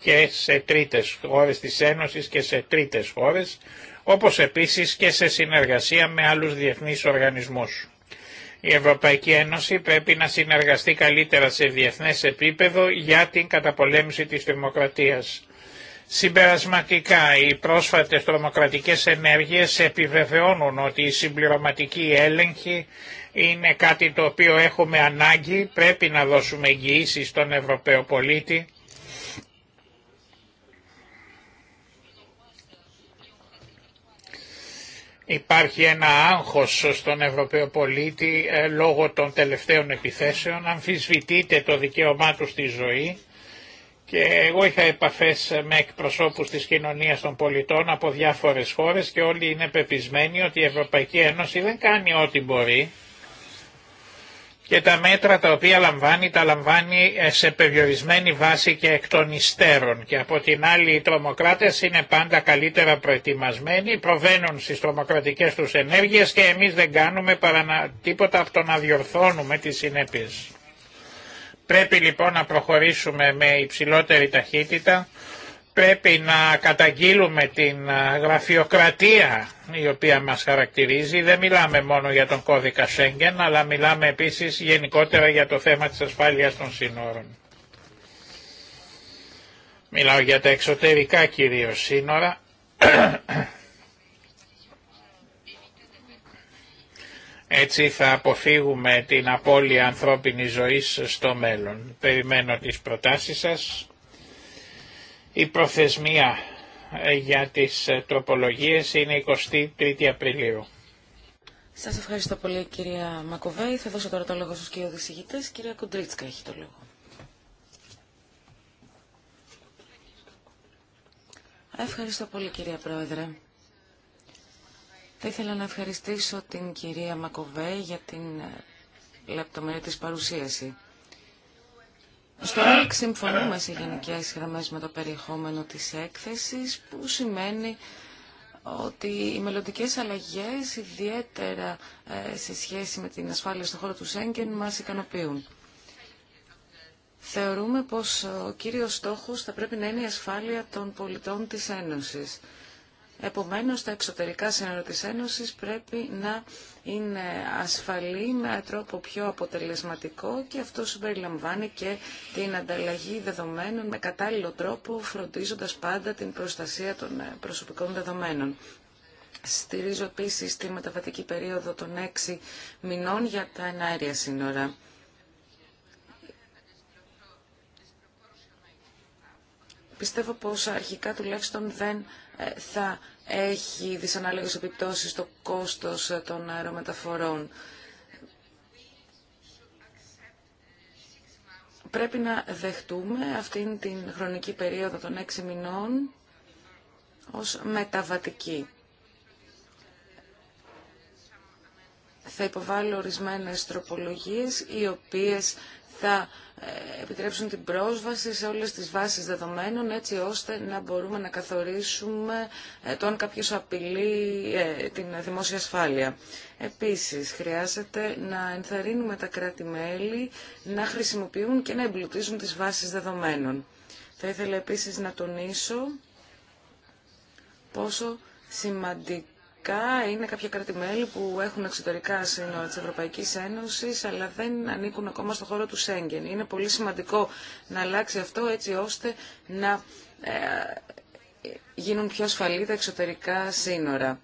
και σε τρίτες χώρες της Ένωσης και σε τρίτες χώρες, όπως επίσης και σε συνεργασία με άλλους διεθνείς οργανισμούς. Η Ευρωπαϊκή Ένωση πρέπει να συνεργαστεί καλύτερα σε διεθνές επίπεδο για την καταπολέμηση της δημοκρατίας. Συμπερασματικά, οι πρόσφατες τρομοκρατικές ενέργειες επιβεβαιώνουν ότι η συμπληρωματική έλεγχη είναι κάτι το οποίο έχουμε ανάγκη, πρέπει να δώσουμε εγγυήσεις στον Ευρωπαίο πολίτη. Υπάρχει ένα άγχος στον Ευρωπαίο πολίτη ε, λόγω των τελευταίων επιθέσεων, αμφισβητείται το δικαίωμά του στη ζωή και εγώ είχα επαφές με εκπροσώπους της κοινωνίας των πολιτών από διάφορες χώρες και όλοι είναι πεπισμένοι ότι η Ευρωπαϊκή Ένωση δεν κάνει ό,τι μπορεί και τα μέτρα τα οποία λαμβάνει, τα λαμβάνει ε, σε περιορισμένη βάση και εκ των υστέρων. Και από την άλλη οι τρομοκράτες είναι πάντα καλύτερα προετοιμασμένοι, προβαίνουν στις τρομοκρατικές τους ενέργειες και εμείς δεν κάνουμε παρά τίποτα από το να διορθώνουμε τις συνέπειες. Πρέπει λοιπόν να προχωρήσουμε με υψηλότερη ταχύτητα. Πρέπει να καταγγείλουμε την γραφειοκρατία η οποία μας χαρακτηρίζει. Δεν μιλάμε μόνο για τον κώδικα Σέγγεν, αλλά μιλάμε επίσης γενικότερα για το θέμα της ασφάλειας των σύνορων. Μιλάω για τα εξωτερικά κυρίως σύνορα Έτσι θα αποφύγουμε την απώλεια ανθρώπινης ζωής στο μέλλον. Περιμένω τις προτάσεις σας. Η προθεσμία ε, για τις ε, τροπολογίες είναι 23η Απριλίου. Σας ευχαριστώ πολύ κυρία Μακοβέη. Θα δώσω τώρα το λόγο στους κύριους δισηγητές. Κυρία Κοντρίτσκα έχει το λόγο. Ευχαριστώ πολύ κυρία Πρόεδρε. Θα ήθελα να ευχαριστήσω την κυρία Μακοβέ για την ε, λεπτομερή της παρουσίαση. Στο ΡΑΚ ε. συμφωνούμε σε γενικές γραμμές με το περιεχόμενο της έκθεσης, που σημαίνει ότι οι μελλοντικέ αλλαγές, ιδιαίτερα ε, σε σχέση με την ασφάλεια στον χώρο του Σέγγεν, μας ικανοποιούν. Θεωρούμε πως ο κύριος στόχος θα πρέπει να είναι η ασφάλεια των πολιτών της Ένωσης. Επομένως, τα εξωτερικά σύνορα της Ένωσης πρέπει να είναι ασφαλή με τρόπο πιο αποτελεσματικό και αυτό συμπεριλαμβάνει και την ανταλλαγή δεδομένων με κατάλληλο τρόπο, φροντίζοντας πάντα την προστασία των ε, προσωπικών δεδομένων. Στηρίζω επίση τη μεταβατική περίοδο των έξι μηνών για τα εναέρια σύνορα. Πιστεύω πως αρχικά τουλάχιστον δεν ε, θα έχει δυσανάλογες επιπτώσεις στο κόστος των αερομεταφορών. Πρέπει να δεχτούμε αυτήν την χρονική περίοδο των έξι μηνών ως μεταβατική. Θα υποβάλω ορισμένες τροπολογίες οι οποίες θα επιτρέψουν την πρόσβαση σε όλες τις βάσεις δεδομένων έτσι ώστε να μπορούμε να καθορίσουμε ε, το αν κάποιος απειλεί την δημόσια ασφάλεια. Επίσης, χρειάζεται να ενθαρρύνουμε τα κράτη-μέλη να χρησιμοποιούν και να εμπλουτίζουν τις βάσεις δεδομένων. Θα ήθελα επίσης να τονίσω πόσο σημαντικό ειδικα ειναι είναι κάποια κράτη-μέλη που έχουν εξωτερικά σύνορα τη Ευρωπαϊκή Ένωση, αλλά δεν ανήκουν ακόμα στο χώρο του Σέγγεν. Είναι πολύ σημαντικό να αλλάξει αυτό έτσι ώστε να ε, γίνουν πιο ασφαλή τα εξωτερικά σύνορα.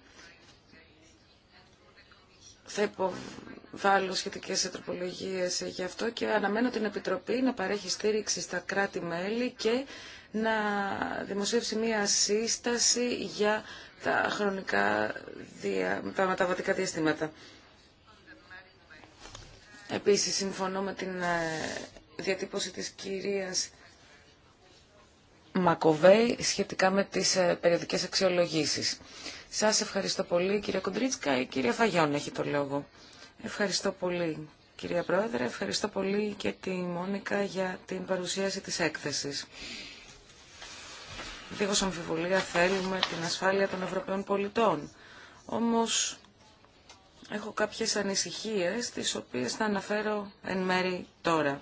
Θα υποβάλω σχετικές τροπολογίες γι' αυτό και αναμένω την Επιτροπή να παρέχει στήριξη στα κράτη-μέλη και να δημοσιεύσει μία σύσταση για τα χρονικά δια, τα μεταβατικά διαστήματα. Επίσης, συμφωνώ με την ε, διατύπωση της κυρίας Μακοβέη σχετικά με τις ε, περιοδικές αξιολογήσεις. Σας ευχαριστώ πολύ, κυρία Κοντρίτσκα. Η κυρία Φαγιών έχει το λόγο. Ευχαριστώ πολύ, κυρία Πρόεδρε. Ευχαριστώ πολύ και τη Μόνικα για την παρουσίαση της έκθεσης δίχως αμφιβολία θέλουμε την ασφάλεια των Ευρωπαίων πολιτών. Όμως έχω κάποιες ανησυχίες, τις οποίες θα αναφέρω εν μέρη τώρα.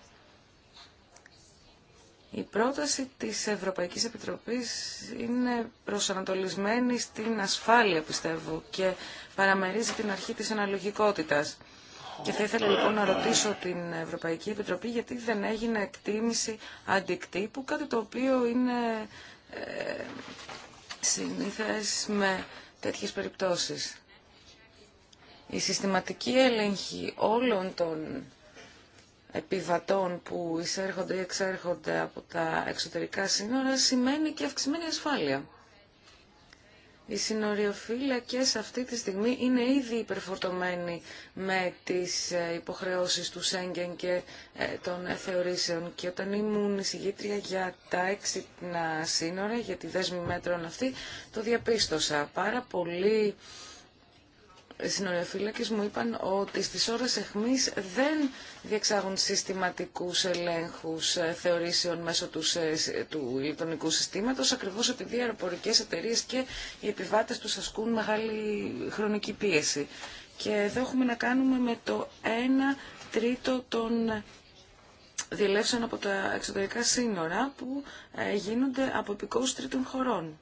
Η πρόταση της Ευρωπαϊκής Επιτροπής είναι προσανατολισμένη στην ασφάλεια, πιστεύω, και παραμερίζει την αρχή της αναλογικότητας. Και θα ήθελα λοιπόν να ρωτήσω την Ευρωπαϊκή Επιτροπή γιατί δεν έγινε εκτίμηση αντικτύπου, κάτι το οποίο είναι ε, συνήθως με τέτοιες περιπτώσεις. Η συστηματική έλεγχη όλων των επιβατών που εισέρχονται ή εξέρχονται από τα εξωτερικά σύνορα σημαίνει και αυξημένη ασφάλεια. Οι συνοριοφύλακες αυτή τη στιγμή είναι ήδη υπερφορτωμένοι με τις ε, υποχρεώσεις του Σέγγεν και ε, των θεωρήσεων. Και όταν ήμουν εισηγήτρια για τα έξυπνα σύνορα, για τη δέσμη μέτρων αυτή, το διαπίστωσα. Πάρα πολύ συνοριοφύλακε μου είπαν ότι στις ώρες αιχμή δεν διεξάγουν συστηματικούς ελέγχους ε, θεωρήσεων μέσω του, ε, του ηλεκτρονικού συστήματος, ακριβώς επειδή οι αεροπορικέ εταιρείε και οι επιβάτες τους ασκούν μεγάλη χρονική πίεση. Και εδώ έχουμε να κάνουμε με το 1 τρίτο των διελεύσεων από τα εξωτερικά σύνορα που ε, γίνονται από επικόους τρίτων χωρών.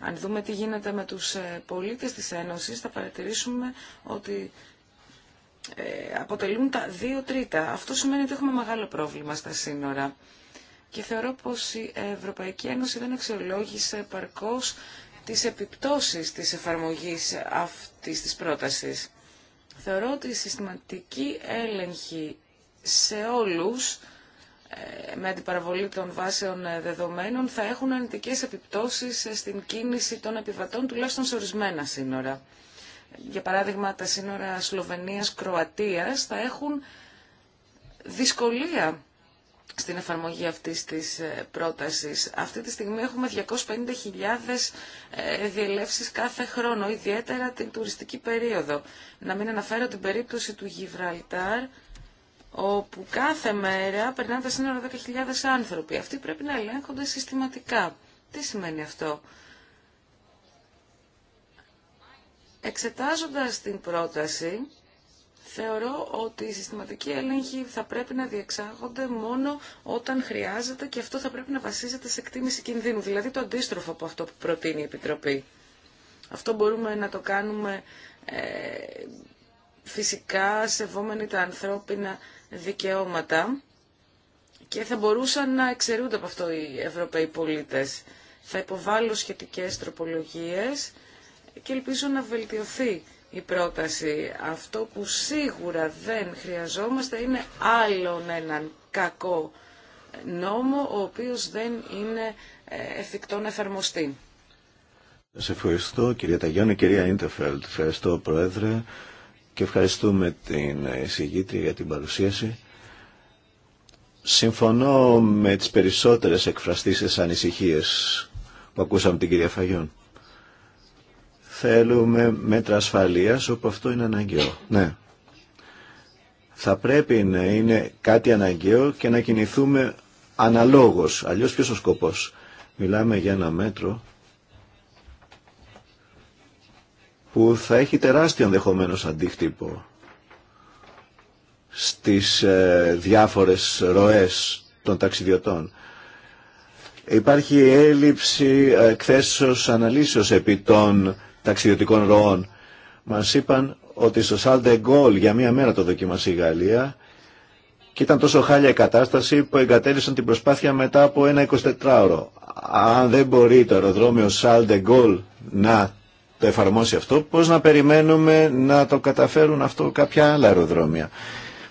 Αν δούμε τι γίνεται με τους ε, πολίτες της Ένωσης, θα παρατηρήσουμε ότι ε, αποτελούν τα δύο τρίτα. Αυτό σημαίνει ότι έχουμε μεγάλο πρόβλημα στα σύνορα. Και θεωρώ πως η Ευρωπαϊκή Ένωση δεν αξιολόγησε παρκώς τις επιπτώσεις της εφαρμογής αυτής της πρότασης. Θεωρώ ότι η συστηματική έλεγχη σε όλους ε, με αντιπαραβολή των βάσεων ε, δεδομένων θα έχουν αρνητικέ επιπτώσει ε, στην κίνηση των επιβατών τουλάχιστον σε ορισμένα σύνορα. Για παράδειγμα τα σύνορα Σλοβενίας-Κροατίας θα έχουν δυσκολία στην εφαρμογή αυτής της πρότασης. Αυτή τη στιγμή έχουμε 250.000 διελεύσεις κάθε χρόνο, ιδιαίτερα την τουριστική περίοδο. Να μην αναφέρω την περίπτωση του Γιβραλτάρ, όπου κάθε μέρα περνάνε τα σύνορα 10.000 άνθρωποι. Αυτοί πρέπει να ελέγχονται συστηματικά. Τι σημαίνει αυτό. Εξετάζοντας την πρόταση, θεωρώ ότι οι συστηματικοί έλεγχοι θα πρέπει να διεξάγονται μόνο όταν χρειάζεται και αυτό θα πρέπει να βασίζεται σε εκτίμηση κινδύνου, δηλαδή το αντίστροφο από αυτό που προτείνει η Επιτροπή. Αυτό μπορούμε να το κάνουμε ε, φυσικά σεβόμενοι τα ανθρώπινα δικαιώματα και θα μπορούσαν να εξαιρούνται από αυτό οι Ευρωπαίοι πολίτες. Θα υποβάλω σχετικές τροπολογίες και ελπίζω να βελτιωθεί η πρόταση. Αυτό που σίγουρα δεν χρειαζόμαστε είναι άλλον έναν κακό νόμο, ο οποίος δεν είναι ε, εφικτό να εφαρμοστεί. Σε ευχαριστώ κυρία Ταγιάννη, κυρία Ιντεφέλτ. Ευχαριστώ Πρόεδρε και ευχαριστούμε την εισηγήτρια για την παρουσίαση. Συμφωνώ με τις περισσότερες εκφραστήσεις ανησυχίες που ακούσαμε την κυρία Φαγιών. Θέλουμε μέτρα ασφαλείας όπου αυτό είναι αναγκαίο. Ναι. Θα πρέπει να είναι κάτι αναγκαίο και να κινηθούμε αναλόγως. Αλλιώς ποιος ο σκοπός. Μιλάμε για ένα μέτρο που θα έχει τεράστιο ενδεχομένω αντίκτυπο στις ε, διάφορες ροές των ταξιδιωτών. Υπάρχει έλλειψη εκθέσεως αναλύσεως επί των ταξιδιωτικών ροών. Μας είπαν ότι στο Σαλτεγκόλ για μία μέρα το δοκίμασε η Γαλλία και ήταν τόσο χάλια η κατάσταση που εγκατέλειψαν την προσπάθεια μετά από ένα 24ωρο. Αν δεν μπορεί το αεροδρόμιο de να το εφαρμόσει αυτό, πώς να περιμένουμε να το καταφέρουν αυτό κάποια άλλα αεροδρόμια.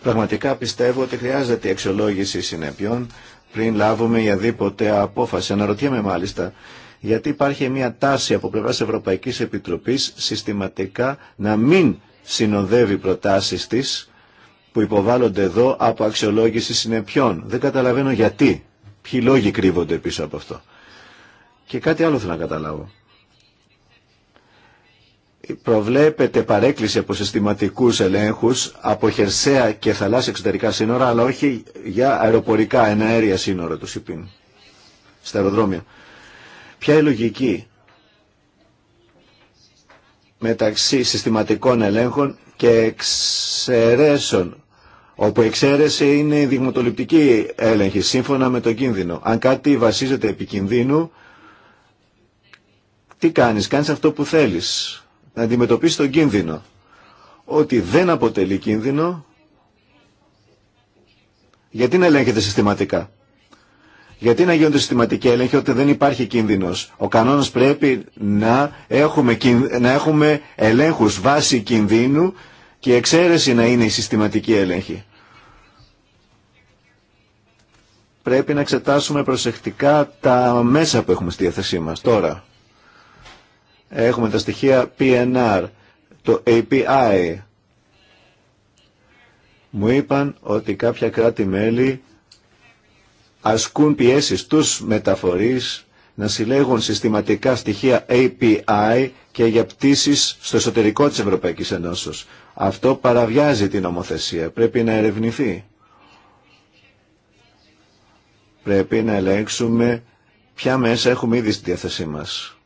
Πραγματικά πιστεύω ότι χρειάζεται η αξιολόγηση συνεπειών πριν λάβουμε δίποτε απόφαση. Αναρωτιέμαι μάλιστα γιατί υπάρχει μια τάση από πλευρά Ευρωπαϊκή Επιτροπή συστηματικά να μην συνοδεύει προτάσεις τη που υποβάλλονται εδώ από αξιολόγηση συνεπιών. Δεν καταλαβαίνω γιατί. Ποιοι λόγοι κρύβονται πίσω από αυτό. Και κάτι άλλο θέλω να καταλάβω προβλέπεται παρέκκληση από συστηματικού ελέγχου από χερσαία και θαλάσσια εξωτερικά σύνορα, αλλά όχι για αεροπορικά εναέρια σύνορα του ΣΥΠΗΝ, στα αεροδρόμια. Ποια είναι η λογική μεταξύ συστηματικών ελέγχων και εξαιρέσεων, όπου η εξαίρεση είναι η δειγματοληπτική έλεγχη, σύμφωνα με τον κίνδυνο. Αν κάτι βασίζεται επί κινδύνου, τι κάνεις, κάνεις αυτό που θέλεις να αντιμετωπίσει τον κίνδυνο. Ότι δεν αποτελεί κίνδυνο, γιατί να ελέγχεται συστηματικά. Γιατί να γίνονται συστηματικοί έλεγχοι ότι δεν υπάρχει κίνδυνος. Ο κανόνας πρέπει να έχουμε, να έχουμε ελέγχους βάση κινδύνου και η εξαίρεση να είναι η συστηματική έλεγχη. Πρέπει να εξετάσουμε προσεκτικά τα μέσα που έχουμε στη διάθεσή μας τώρα. Έχουμε τα στοιχεία PNR, το API. Μου είπαν ότι κάποια κράτη-μέλη ασκούν πιέσεις τους μεταφορείς να συλλέγουν συστηματικά στοιχεία API και για πτήσεις στο εσωτερικό της Ευρωπαϊκής Ενώσεως. Αυτό παραβιάζει την ομοθέσια. Πρέπει να ερευνηθεί. Πρέπει να ελέγξουμε ποια μέσα έχουμε ήδη στη διάθεσή μας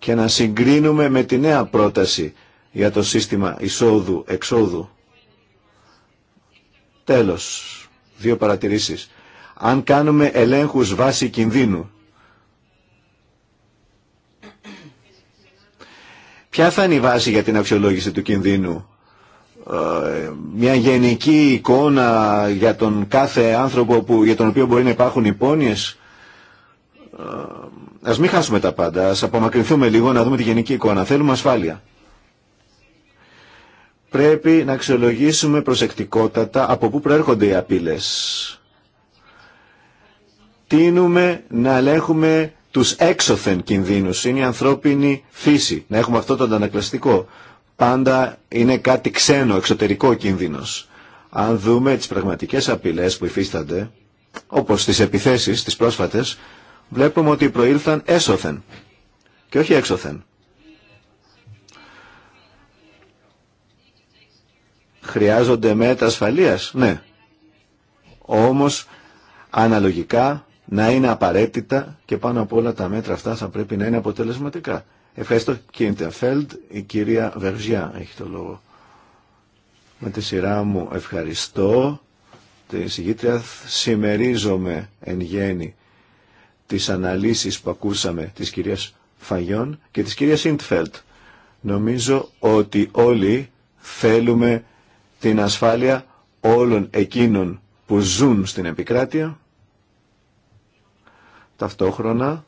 και να συγκρίνουμε με τη νέα πρόταση για το σύστημα εισόδου-εξόδου. Τέλος, δύο παρατηρήσεις. Αν κάνουμε ελέγχους βάση κινδύνου, ποια θα είναι η βάση για την αξιολόγηση του κινδύνου. Ε, μια γενική εικόνα για τον κάθε άνθρωπο που, για τον οποίο μπορεί να υπάρχουν υπόνοιες. Ε, ας μην χάσουμε τα πάντα, ας απομακρυνθούμε λίγο να δούμε τη γενική εικόνα. Θέλουμε ασφάλεια. Πρέπει να αξιολογήσουμε προσεκτικότατα από πού προέρχονται οι απειλές. Τίνουμε να ελέγχουμε τους έξωθεν κινδύνους. Είναι η ανθρώπινη φύση. Να έχουμε αυτό το αντανακλαστικό. Πάντα είναι κάτι ξένο, εξωτερικό κίνδυνος. Αν δούμε τις πραγματικές απειλές που υφίστανται, όπως τις επιθέσεις, τις πρόσφατες, βλέπουμε ότι προήλθαν έσωθεν και όχι έξωθεν. Χρειάζονται μέτρα ασφαλείας, ναι. Όμως, αναλογικά, να είναι απαραίτητα και πάνω από όλα τα μέτρα αυτά θα πρέπει να είναι αποτελεσματικά. Ευχαριστώ κύριε Ντεφέλντ. Η κυρία Βεργιά έχει το λόγο. Με τη σειρά μου ευχαριστώ. την συγγήτρια Σημερίζομαι εν γέννη τις αναλύσεις που ακούσαμε της κυρίας Φαγιών και της κυρίας Ιντφελτ. Νομίζω ότι όλοι θέλουμε την ασφάλεια όλων εκείνων που ζουν στην επικράτεια. Ταυτόχρονα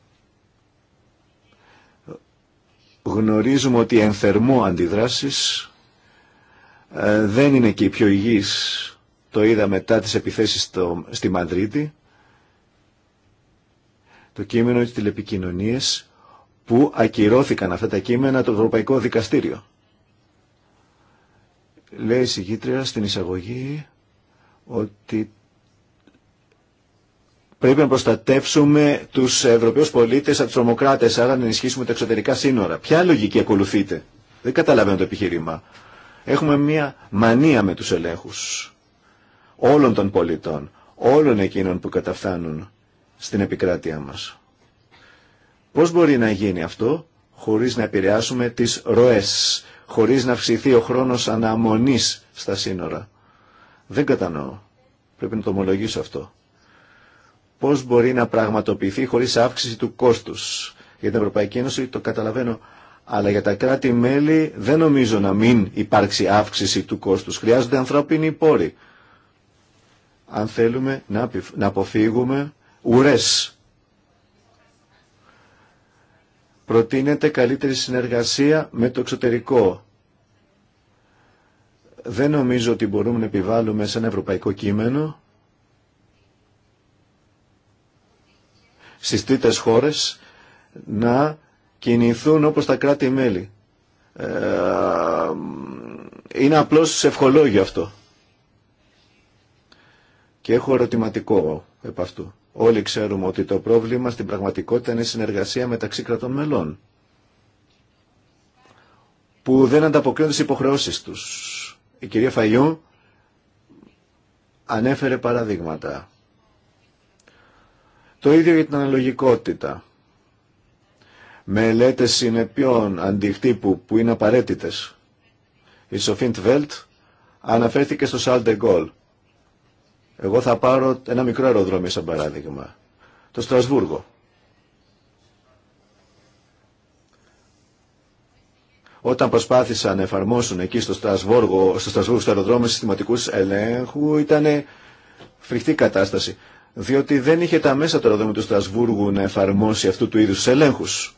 γνωρίζουμε ότι ενθερμό αντιδράσεις ε, δεν είναι και οι πιο υγιής, Το είδα μετά τις επιθέσεις στο, στη Μαδρίτη το κείμενο της τηλεπικοινωνίες που ακυρώθηκαν αυτά τα κείμενα το Ευρωπαϊκό Δικαστήριο. Λέει η συγκήτρια στην εισαγωγή ότι πρέπει να προστατεύσουμε τους Ευρωπαίους πολίτες από τους τρομοκράτες, άρα να ενισχύσουμε τα εξωτερικά σύνορα. Ποια λογική ακολουθείτε. Δεν καταλαβαίνω το επιχείρημα. Έχουμε μία μανία με τους ελέγχους όλων των πολιτών, όλων εκείνων που καταφθάνουν στην επικράτειά μας. Πώς μπορεί να γίνει αυτό χωρίς να επηρεάσουμε τις ροές, χωρίς να αυξηθεί ο χρόνος αναμονής στα σύνορα. Δεν κατανοώ. Πρέπει να το ομολογήσω αυτό. Πώς μπορεί να πραγματοποιηθεί χωρίς αύξηση του κόστους. Για την Ευρωπαϊκή Ένωση το καταλαβαίνω, αλλά για τα κράτη-μέλη δεν νομίζω να μην υπάρξει αύξηση του κόστους. Χρειάζονται ανθρώπινοι πόροι. Αν θέλουμε να αποφύγουμε ουρές. Προτείνεται καλύτερη συνεργασία με το εξωτερικό. Δεν νομίζω ότι μπορούμε να επιβάλλουμε σε ένα ευρωπαϊκό κείμενο στις τρίτες χώρες να κινηθούν όπως τα κράτη-μέλη. Ε, είναι απλώς ευχολόγιο αυτό. Και έχω ερωτηματικό επ' αυτού. Όλοι ξέρουμε ότι το πρόβλημα στην πραγματικότητα είναι η συνεργασία μεταξύ κρατών μελών που δεν ανταποκρίνονται στις υποχρεώσεις τους. Η κυρία Φαγιού ανέφερε παραδείγματα. Το ίδιο για την αναλογικότητα. Μελέτε συνεπιών αντιχτύπου που είναι απαραίτητες. Η Σοφίντ Βέλτ αναφέρθηκε στο Σαλ Γκολ εγώ θα πάρω ένα μικρό αεροδρόμιο σαν παράδειγμα. Το Στρασβούργο. Όταν προσπάθησαν να εφαρμόσουν εκεί στο Στρασβούργο, στο Στρασβούργο στο αεροδρόμιο συστηματικούς ελέγχου ήταν φρικτή κατάσταση. Διότι δεν είχε τα μέσα το αεροδρόμιο του Στρασβούργου να εφαρμόσει αυτού του είδους ελέγχους.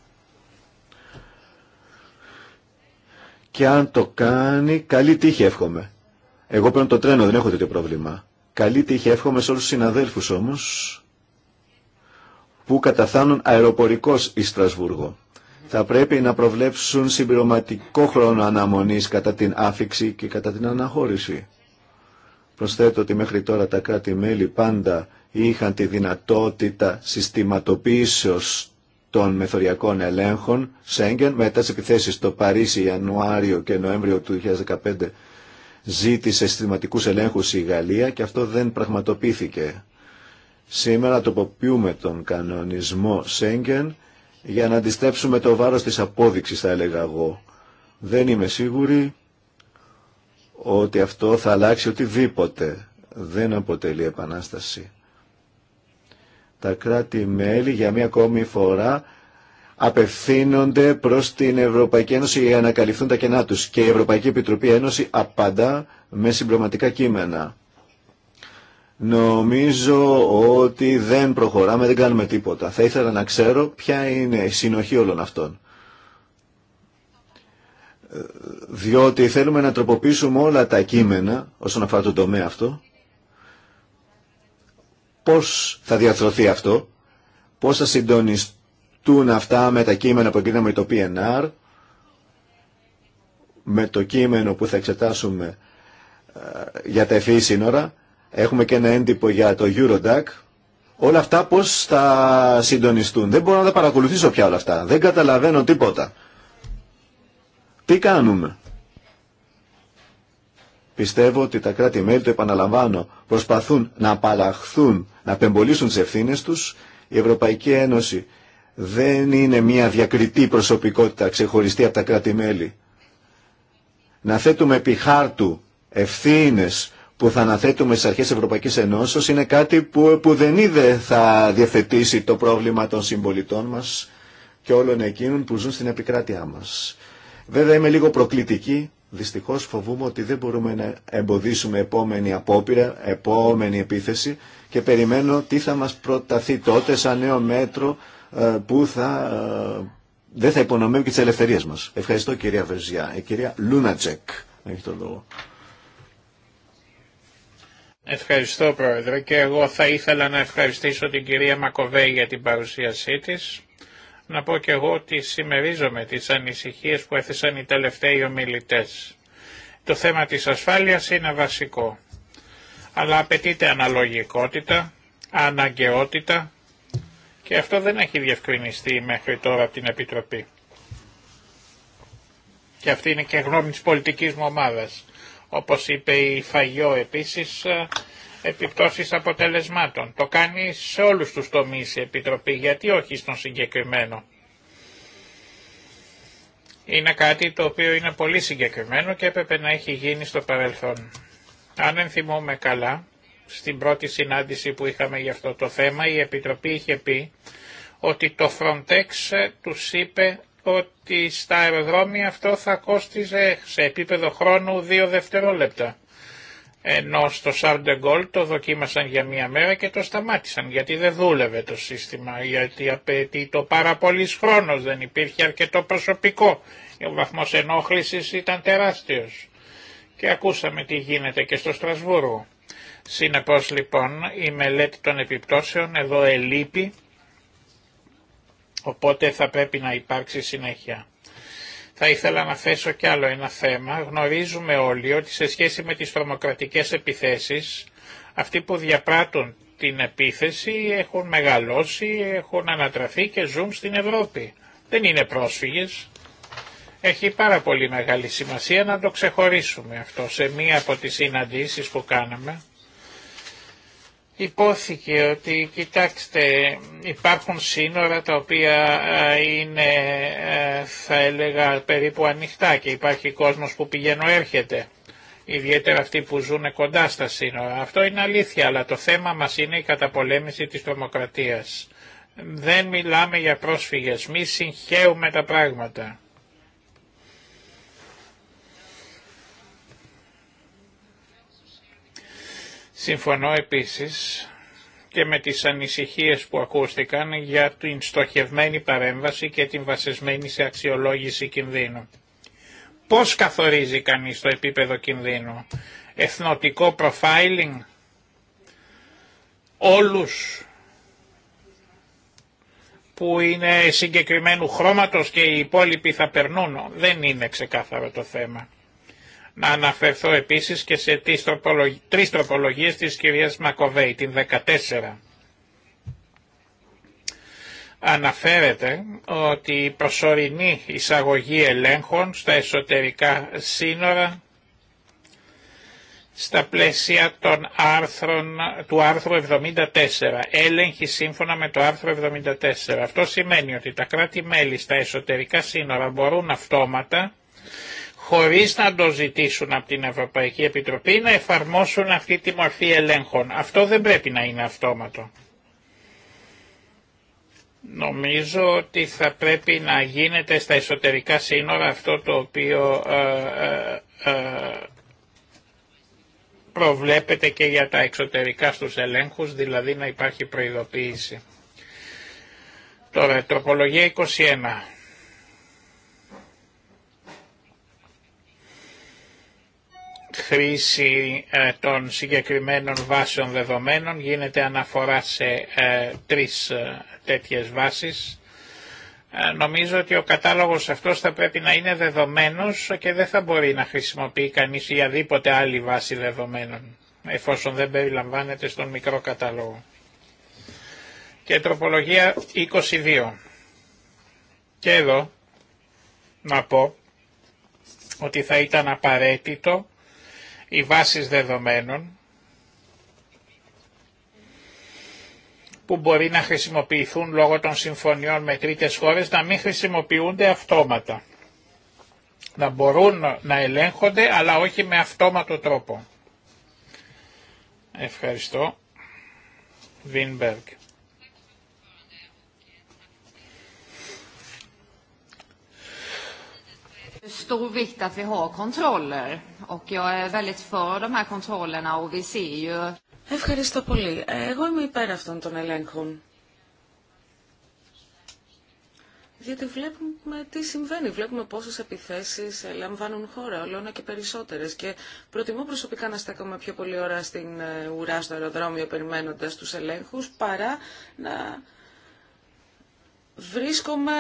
Και αν το κάνει, καλή τύχη εύχομαι. Εγώ παίρνω το τρένο, δεν έχω τέτοιο πρόβλημα. Καλή τύχη εύχομαι σε όλους τους συναδέλφους όμως που καταθάνουν αεροπορικός ή Στρασβούργο. Θα πρέπει να προβλέψουν συμπληρωματικό χρόνο αναμονής κατά την άφηξη και κατά την αναχώρηση. Προσθέτω ότι μέχρι τώρα τα κράτη-μέλη πάντα είχαν τη δυνατότητα συστηματοποίησεως των μεθοριακών ελέγχων Σέγγεν μετά τις επιθέσεις στο Παρίσι Ιανουάριο και Νοέμβριο του 2015 ζήτησε συστηματικού ελέγχους η Γαλλία και αυτό δεν πραγματοποιήθηκε. Σήμερα τοποποιούμε τον κανονισμό Σέγγεν για να αντιστρέψουμε το βάρος της απόδειξης θα έλεγα εγώ. Δεν είμαι σίγουρη ότι αυτό θα αλλάξει οτιδήποτε. Δεν αποτελεί επανάσταση. Τα κράτη-μέλη για μία ακόμη φορά απευθύνονται προς την Ευρωπαϊκή Ένωση για να καλυφθούν τα κενά τους και η Ευρωπαϊκή Επιτροπή Ένωση απαντά με συμπληρωματικά κείμενα. Νομίζω ότι δεν προχωράμε, δεν κάνουμε τίποτα. Θα ήθελα να ξέρω ποια είναι η συνοχή όλων αυτών. Διότι θέλουμε να τροποποιήσουμε όλα τα κείμενα όσον αφορά τον τομέα αυτό. Πώς θα διαθροθεί αυτό, πώς θα συντονιστεί Τούν αυτά με τα κείμενα που εγκρίναμε το PNR, με το κείμενο που θα εξετάσουμε ε, για τα ευφυή e σύνορα, έχουμε και ένα έντυπο για το Eurodac, όλα αυτά πώς θα συντονιστούν. Δεν μπορώ να τα παρακολουθήσω πια όλα αυτά. Δεν καταλαβαίνω τίποτα. Τι κάνουμε. Πιστεύω ότι τα κράτη-μέλη, το επαναλαμβάνω, προσπαθούν να απαλλαχθούν, να απεμπολίσουν τις ευθύνες τους. Η Ευρωπαϊκή Ένωση δεν είναι μια διακριτή προσωπικότητα ξεχωριστή από τα κράτη-μέλη. Να θέτουμε επί χάρτου ευθύνε που θα αναθέτουμε στι αρχέ Ευρωπαϊκή Ενώσεω είναι κάτι που, που δεν είδε θα διευθετήσει το πρόβλημα των συμπολιτών μα και όλων εκείνων που ζουν στην επικράτειά μα. Βέβαια είμαι λίγο προκλητική. Δυστυχώ φοβούμαι ότι δεν μπορούμε να εμποδίσουμε επόμενη απόπειρα, επόμενη επίθεση και περιμένω τι θα μα προταθεί τότε σαν νέο μέτρο ε, που θα, ε, δεν θα υπονομεύει και τις ελευθερίες μας. Ευχαριστώ κυρία Βερζιά. Η ε, κυρία Λούνατσεκ έχει το λόγο. Ευχαριστώ Πρόεδρε και εγώ θα ήθελα να ευχαριστήσω την κυρία Μακοβέη για την παρουσίασή της. Να πω και εγώ ότι συμμερίζομαι τις ανησυχίες που έθεσαν οι τελευταίοι ομιλητές. Το θέμα της ασφάλειας είναι βασικό. Αλλά απαιτείται αναλογικότητα, αναγκαιότητα και αυτό δεν έχει διευκρινιστεί μέχρι τώρα από την Επιτροπή. Και αυτή είναι και γνώμη της πολιτικής μου ομάδας. Όπως είπε η Φαγιό επίσης, ε, επιπτώσεις αποτελεσμάτων. Το κάνει σε όλους τους τομείς η Επιτροπή, γιατί όχι στον συγκεκριμένο. Είναι κάτι το οποίο είναι πολύ συγκεκριμένο και έπρεπε να έχει γίνει στο παρελθόν. Αν ενθυμούμε καλά, στην πρώτη συνάντηση που είχαμε για αυτό το θέμα η Επιτροπή είχε πει ότι το Frontex του είπε ότι στα αεροδρόμια αυτό θα κόστιζε σε επίπεδο χρόνου δύο δευτερόλεπτα. Ενώ στο Σαρντεγκόλ το δοκίμασαν για μία μέρα και το σταμάτησαν γιατί δεν δούλευε το σύστημα, γιατί απαιτεί το πάρα πολύ χρόνος, δεν υπήρχε αρκετό προσωπικό. Ο βαθμός ενόχλησης ήταν τεράστιος. Και ακούσαμε τι γίνεται και στο Στρασβούργο. Συνεπώς λοιπόν η μελέτη των επιπτώσεων εδώ ελείπει, οπότε θα πρέπει να υπάρξει συνέχεια. Θα ήθελα να θέσω κι άλλο ένα θέμα. Γνωρίζουμε όλοι ότι σε σχέση με τις τρομοκρατικές επιθέσεις, αυτοί που διαπράττουν την επίθεση έχουν μεγαλώσει, έχουν ανατραφεί και ζουν στην Ευρώπη. Δεν είναι πρόσφυγες. Έχει πάρα πολύ μεγάλη σημασία να το ξεχωρίσουμε αυτό. Σε μία από τις συναντήσεις που κάναμε, Υπόθηκε ότι, κοιτάξτε, υπάρχουν σύνορα τα οποία είναι, θα έλεγα, περίπου ανοιχτά και υπάρχει κόσμος που πηγαίνω έρχεται, ιδιαίτερα αυτοί που ζουν κοντά στα σύνορα. Αυτό είναι αλήθεια, αλλά το θέμα μας είναι η καταπολέμηση της τρομοκρατίας. Δεν μιλάμε για πρόσφυγες, μη συγχαίουμε τα πράγματα. Συμφωνώ επίσης και με τις ανησυχίες που ακούστηκαν για την στοχευμένη παρέμβαση και την βασισμένη σε αξιολόγηση κινδύνου. Πώς καθορίζει κανείς το επίπεδο κινδύνου. Εθνοτικό profiling. Όλους που είναι συγκεκριμένου χρώματος και οι υπόλοιποι θα περνούν. Δεν είναι ξεκάθαρο το θέμα. Να αναφερθώ επίσης και σε τρεις τροπολογίες της κυρίας Μακοβέη, την 14. Αναφέρεται ότι η προσωρινή εισαγωγή ελέγχων στα εσωτερικά σύνορα στα πλαίσια των άρθρων, του άρθρου 74. Έλεγχη σύμφωνα με το άρθρο 74. Αυτό σημαίνει ότι τα κράτη-μέλη στα εσωτερικά σύνορα μπορούν αυτόματα χωρίς να το ζητήσουν από την Ευρωπαϊκή Επιτροπή να εφαρμόσουν αυτή τη μορφή ελέγχων. Αυτό δεν πρέπει να είναι αυτόματο. Νομίζω ότι θα πρέπει να γίνεται στα εσωτερικά σύνορα αυτό το οποίο ε, ε, ε, προβλέπεται και για τα εξωτερικά στους ελέγχους, δηλαδή να υπάρχει προειδοποίηση. Τώρα, τροπολογία 21. χρήση ε, των συγκεκριμένων βάσεων δεδομένων. Γίνεται αναφορά σε ε, τρεις ε, τέτοιες βάσεις. Νομίζω ότι ο κατάλογος αυτός θα πρέπει να είναι δεδομένος και δεν θα μπορεί να χρησιμοποιεί κανείς ή αδίποτε άλλη βάση δεδομένων, εφόσον δεν περιλαμβάνεται στον μικρό κατάλογο. Και τροπολογία 22. Και εδώ να πω ότι θα ήταν απαραίτητο οι βάσεις δεδομένων που μπορεί να χρησιμοποιηθούν λόγω των συμφωνιών με τρίτες χώρες να μην χρησιμοποιούνται αυτόματα. Να μπορούν να ελέγχονται αλλά όχι με αυτόματο τρόπο. Ευχαριστώ. Βίνμπεργκ. att vi har kontroller och jag är väldigt för de här kontrollerna och vi ser ju... Ευχαριστώ πολύ. Ε, εγώ είμαι υπέρ αυτών των ελέγχων. Διότι βλέπουμε τι συμβαίνει, βλέπουμε πόσε επιθέσει ε, λαμβάνουν χώρα, όλο και περισσότερε. Και προτιμώ προσωπικά να στέκομαι πιο πολύ ώρα στην ε, ουρά στο αεροδρόμιο περιμένοντα του ελέγχου παρά να βρίσκομαι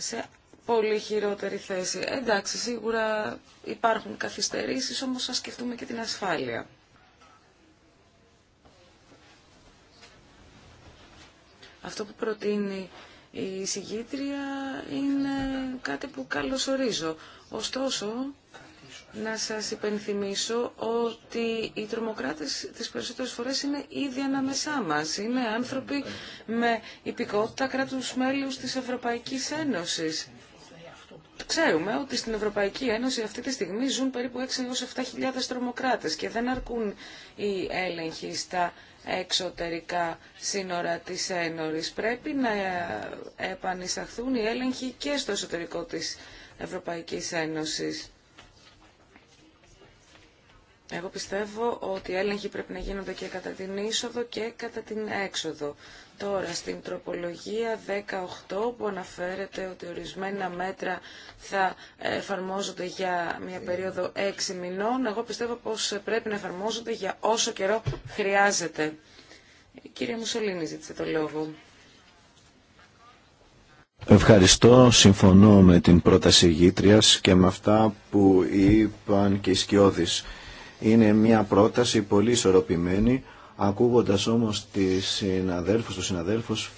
σε πολύ χειρότερη θέση. Εντάξει, σίγουρα υπάρχουν καθυστερήσεις, όμως θα σκεφτούμε και την ασφάλεια. Αυτό που προτείνει η συγγήτρια είναι κάτι που καλωσορίζω. Ωστόσο, να σας υπενθυμίσω ότι οι τρομοκράτες τις περισσότερες φορές είναι ήδη ανάμεσά μας. Είναι άνθρωποι με υπηκότητα κράτους μέλους της Ευρωπαϊκής Ένωσης. Ξέρουμε ότι στην Ευρωπαϊκή Ένωση αυτή τη στιγμή ζουν περίπου 6 έως 7.000 τρομοκράτες και δεν αρκούν οι έλεγχοι στα εξωτερικά σύνορα της Ένωρης. Πρέπει να επανεισαχθούν οι έλεγχοι και στο εσωτερικό της Ευρωπαϊκής Ένωσης. Εγώ πιστεύω ότι οι έλεγχοι πρέπει να γίνονται και κατά την είσοδο και κατά την έξοδο. Τώρα, στην τροπολογία 18 που αναφέρεται ότι ορισμένα μέτρα θα εφαρμόζονται για μια περίοδο 6 μηνών, εγώ πιστεύω πως πρέπει να εφαρμόζονται για όσο καιρό χρειάζεται. Κύριε κυρία Μουσολίνη ζήτησε το λόγο. Ευχαριστώ. Συμφωνώ με την πρόταση γήτριας και με αυτά που είπαν και οι σκιώδεις. Είναι μια πρόταση πολύ ισορροπημένη. Ακούγοντας όμως τις συναδέλφους, τους συναδέλφους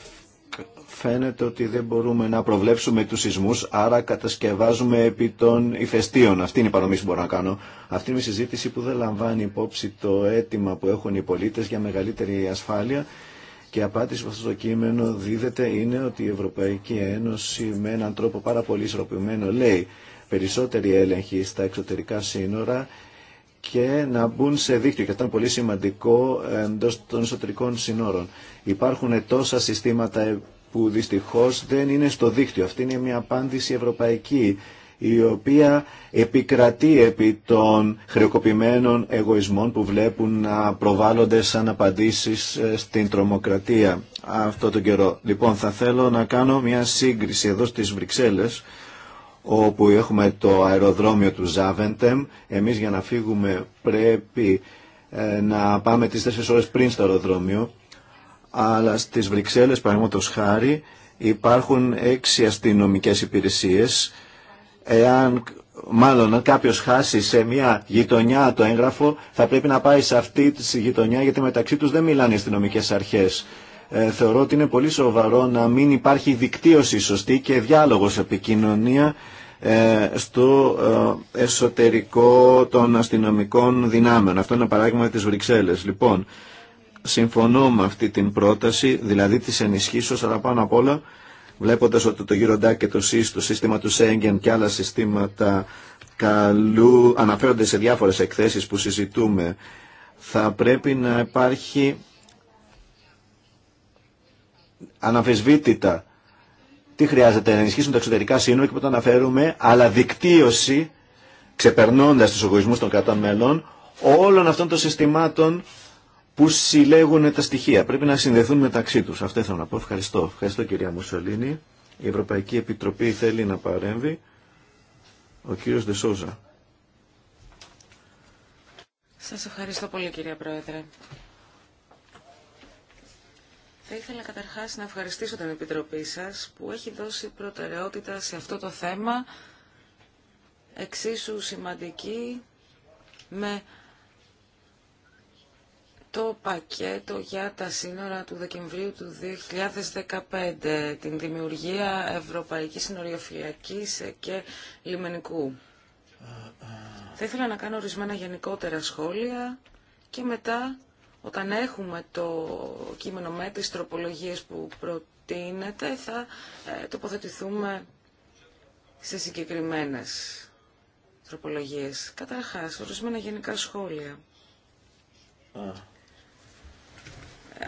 φαίνεται ότι δεν μπορούμε να προβλέψουμε τους σεισμούς, άρα κατασκευάζουμε επί των ηφαιστείων. Αυτή είναι η παρομή που μπορώ να κάνω. Αυτή είναι η συζήτηση που δεν λαμβάνει υπόψη το αίτημα που έχουν οι πολίτες για μεγαλύτερη ασφάλεια και η απάντηση που αυτό το κείμενο δίδεται είναι ότι η Ευρωπαϊκή Ένωση με έναν τρόπο πάρα πολύ ισορροπημένο λέει περισσότερη έλεγχη στα εξωτερικά σύνορα και να μπουν σε δίκτυο. Και αυτό είναι πολύ σημαντικό ε, εντό των εσωτερικών συνόρων. Υπάρχουν τόσα συστήματα ε, που δυστυχώς δεν είναι στο δίκτυο. Αυτή είναι μια απάντηση ευρωπαϊκή η οποία επικρατεί επί των χρεοκοπημένων εγωισμών που βλέπουν να προβάλλονται σαν απαντήσεις ε, στην τρομοκρατία αυτό τον καιρό. Λοιπόν, θα θέλω να κάνω μια σύγκριση εδώ στις Βρυξέλλες όπου έχουμε το αεροδρόμιο του Ζάβεντεμ. Εμείς για να φύγουμε πρέπει ε, να πάμε τις 4 ώρες πριν στο αεροδρόμιο. Αλλά στις Βρυξέλλες, παραδείγματος χάρη, υπάρχουν 6 αστυνομικές υπηρεσίες. Εάν μάλλον αν κάποιος χάσει σε μια γειτονιά το έγγραφο θα πρέπει να πάει σε αυτή τη γειτονιά γιατί μεταξύ τους δεν μιλάνε οι αστυνομικές αρχές. Ε, θεωρώ ότι είναι πολύ σοβαρό να μην υπάρχει δικτύωση σωστή και διάλογος επικοινωνία ε, στο ε, εσωτερικό των αστυνομικών δυνάμεων. Αυτό είναι ένα παράδειγμα της Βρυξέλλες. Λοιπόν, συμφωνώ με αυτή την πρόταση, δηλαδή της ενισχύσεως, αλλά πάνω απ' όλα βλέποντας ότι το γύρω και το το σύστημα του Schengen και άλλα συστήματα καλού, αναφέρονται σε διάφορες εκθέσεις που συζητούμε, θα πρέπει να υπάρχει αναμφισβήτητα τι χρειάζεται να ενισχύσουν τα εξωτερικά σύνορα και που το αναφέρουμε, αλλά δικτύωση ξεπερνώντας τους εγωισμούς των κρατών μελών όλων αυτών των συστημάτων που συλλέγουν τα στοιχεία. Πρέπει να συνδεθούν μεταξύ τους. Αυτό ήθελα να πω. Ευχαριστώ. Ευχαριστώ κυρία Μουσολίνη. Η Ευρωπαϊκή Επιτροπή θέλει να παρέμβει. Ο κύριος Δεσόζα. Σας ευχαριστώ πολύ κυρία Πρόεδρε. Θα ήθελα καταρχάς να ευχαριστήσω την Επιτροπή σας που έχει δώσει προτεραιότητα σε αυτό το θέμα εξίσου σημαντική με το πακέτο για τα σύνορα του Δεκεμβρίου του 2015, την δημιουργία Ευρωπαϊκής Συνοριοφυλακής και Λιμενικού. Θα ήθελα να κάνω ορισμένα γενικότερα σχόλια και μετά όταν έχουμε το κείμενο με τις τροπολογίες που προτείνεται, θα ε, τοποθετηθούμε σε συγκεκριμένες τροπολογίες. Καταρχάς, ορισμένα γενικά σχόλια.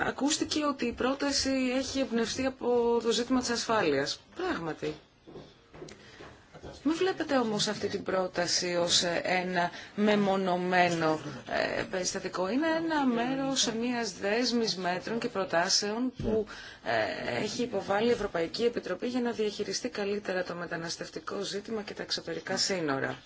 Ακούστηκε ότι η πρόταση έχει εμπνευστεί από το ζήτημα της ασφάλειας. Πράγματι. Μην βλέπετε όμως αυτή την πρόταση ως ε, ένα μεμονωμένο ε, περιστατικό. Είναι ένα μέρος μιας δέσμης μέτρων και προτάσεων που ε, έχει υποβάλει η Ευρωπαϊκή Επιτροπή για να διαχειριστεί καλύτερα το μεταναστευτικό ζήτημα και τα εξωτερικά σύνορα.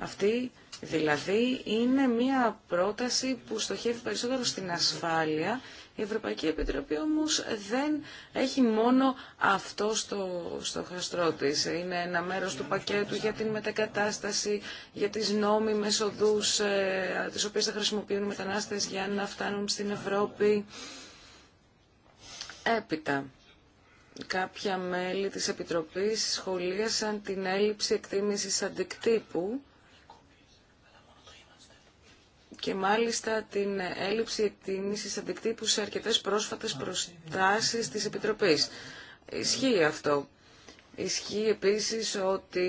Αυτή Δηλαδή είναι μια πρόταση που στοχεύει περισσότερο στην ασφάλεια. Η Ευρωπαϊκή Επιτροπή όμως δεν έχει μόνο αυτό στο, στο χαστρό της. Είναι ένα μέρος του πακέτου για την μετακατάσταση, για τις νόμιμες οδούς ε, τις οποίες θα χρησιμοποιούν οι μετανάστες για να φτάνουν στην Ευρώπη. Έπειτα, κάποια μέλη της Επιτροπής σχολίασαν την έλλειψη εκτίμησης αντικτύπου και μάλιστα την έλλειψη εκτίμησης αντικτύπου σε αρκετές πρόσφατες προστάσεις της Επιτροπής. Ισχύει αυτό. Ισχύει επίσης ότι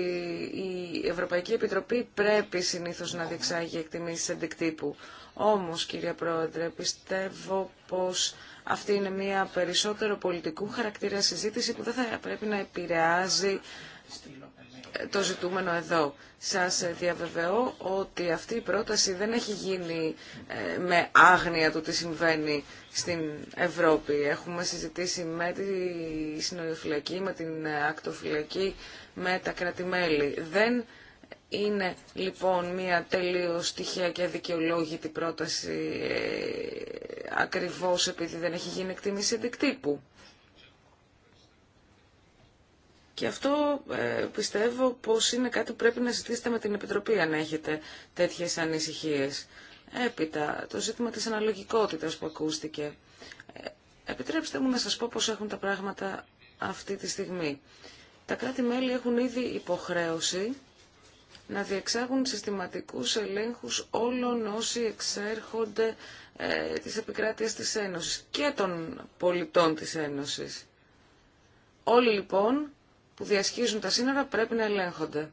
η Ευρωπαϊκή Επιτροπή πρέπει συνήθως να διεξάγει εκτιμήσεις αντικτύπου. Όμως, κύριε Πρόεδρε, πιστεύω πως αυτή είναι μια περισσότερο πολιτικού χαρακτήρα συζήτηση που δεν θα πρέπει να επηρεάζει το ζητούμενο εδώ. Σας διαβεβαιώ ότι αυτή η πρόταση δεν έχει γίνει ε, με άγνοια του τι συμβαίνει στην Ευρώπη. Έχουμε συζητήσει με τη συνοριοφυλακή, με την ακτοφυλακή, με τα κρατημέλη. Δεν είναι λοιπόν μια τελείως τυχαία και αδικαιολόγητη πρόταση ε, ακριβώς επειδή δεν έχει γίνει εκτίμηση αντικτύπου. Και αυτό ε, πιστεύω πως είναι κάτι που πρέπει να ζητήσετε με την Επιτροπή αν έχετε τέτοιες ανησυχίες. Έπειτα, το ζήτημα της αναλογικότητας που ακούστηκε. Ε, επιτρέψτε μου να σας πω πώς έχουν τα πράγματα αυτή τη στιγμή. Τα κράτη-μέλη έχουν ήδη υποχρέωση να διεξάγουν συστηματικούς ελέγχους όλων όσοι εξέρχονται ε, της επικράτειας της Ένωσης και των πολιτών της Ένωσης. Όλοι λοιπόν που διασχίζουν τα σύνορα πρέπει να ελέγχονται.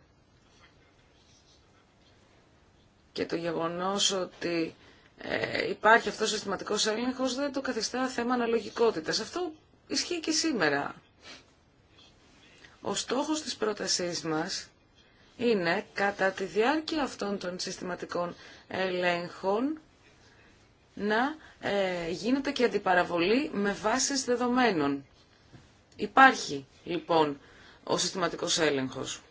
Και το γεγονός ότι ε, υπάρχει αυτός ο συστηματικός έλεγχος δεν το καθιστά θέμα αναλογικότητας. Αυτό ισχύει και σήμερα. Ο στόχος της πρότασής μας είναι κατά τη διάρκεια αυτών των συστηματικών ελέγχων να ε, γίνεται και αντιπαραβολή με βάσεις δεδομένων. Υπάρχει λοιπόν ο συστηματικός έλεγχος.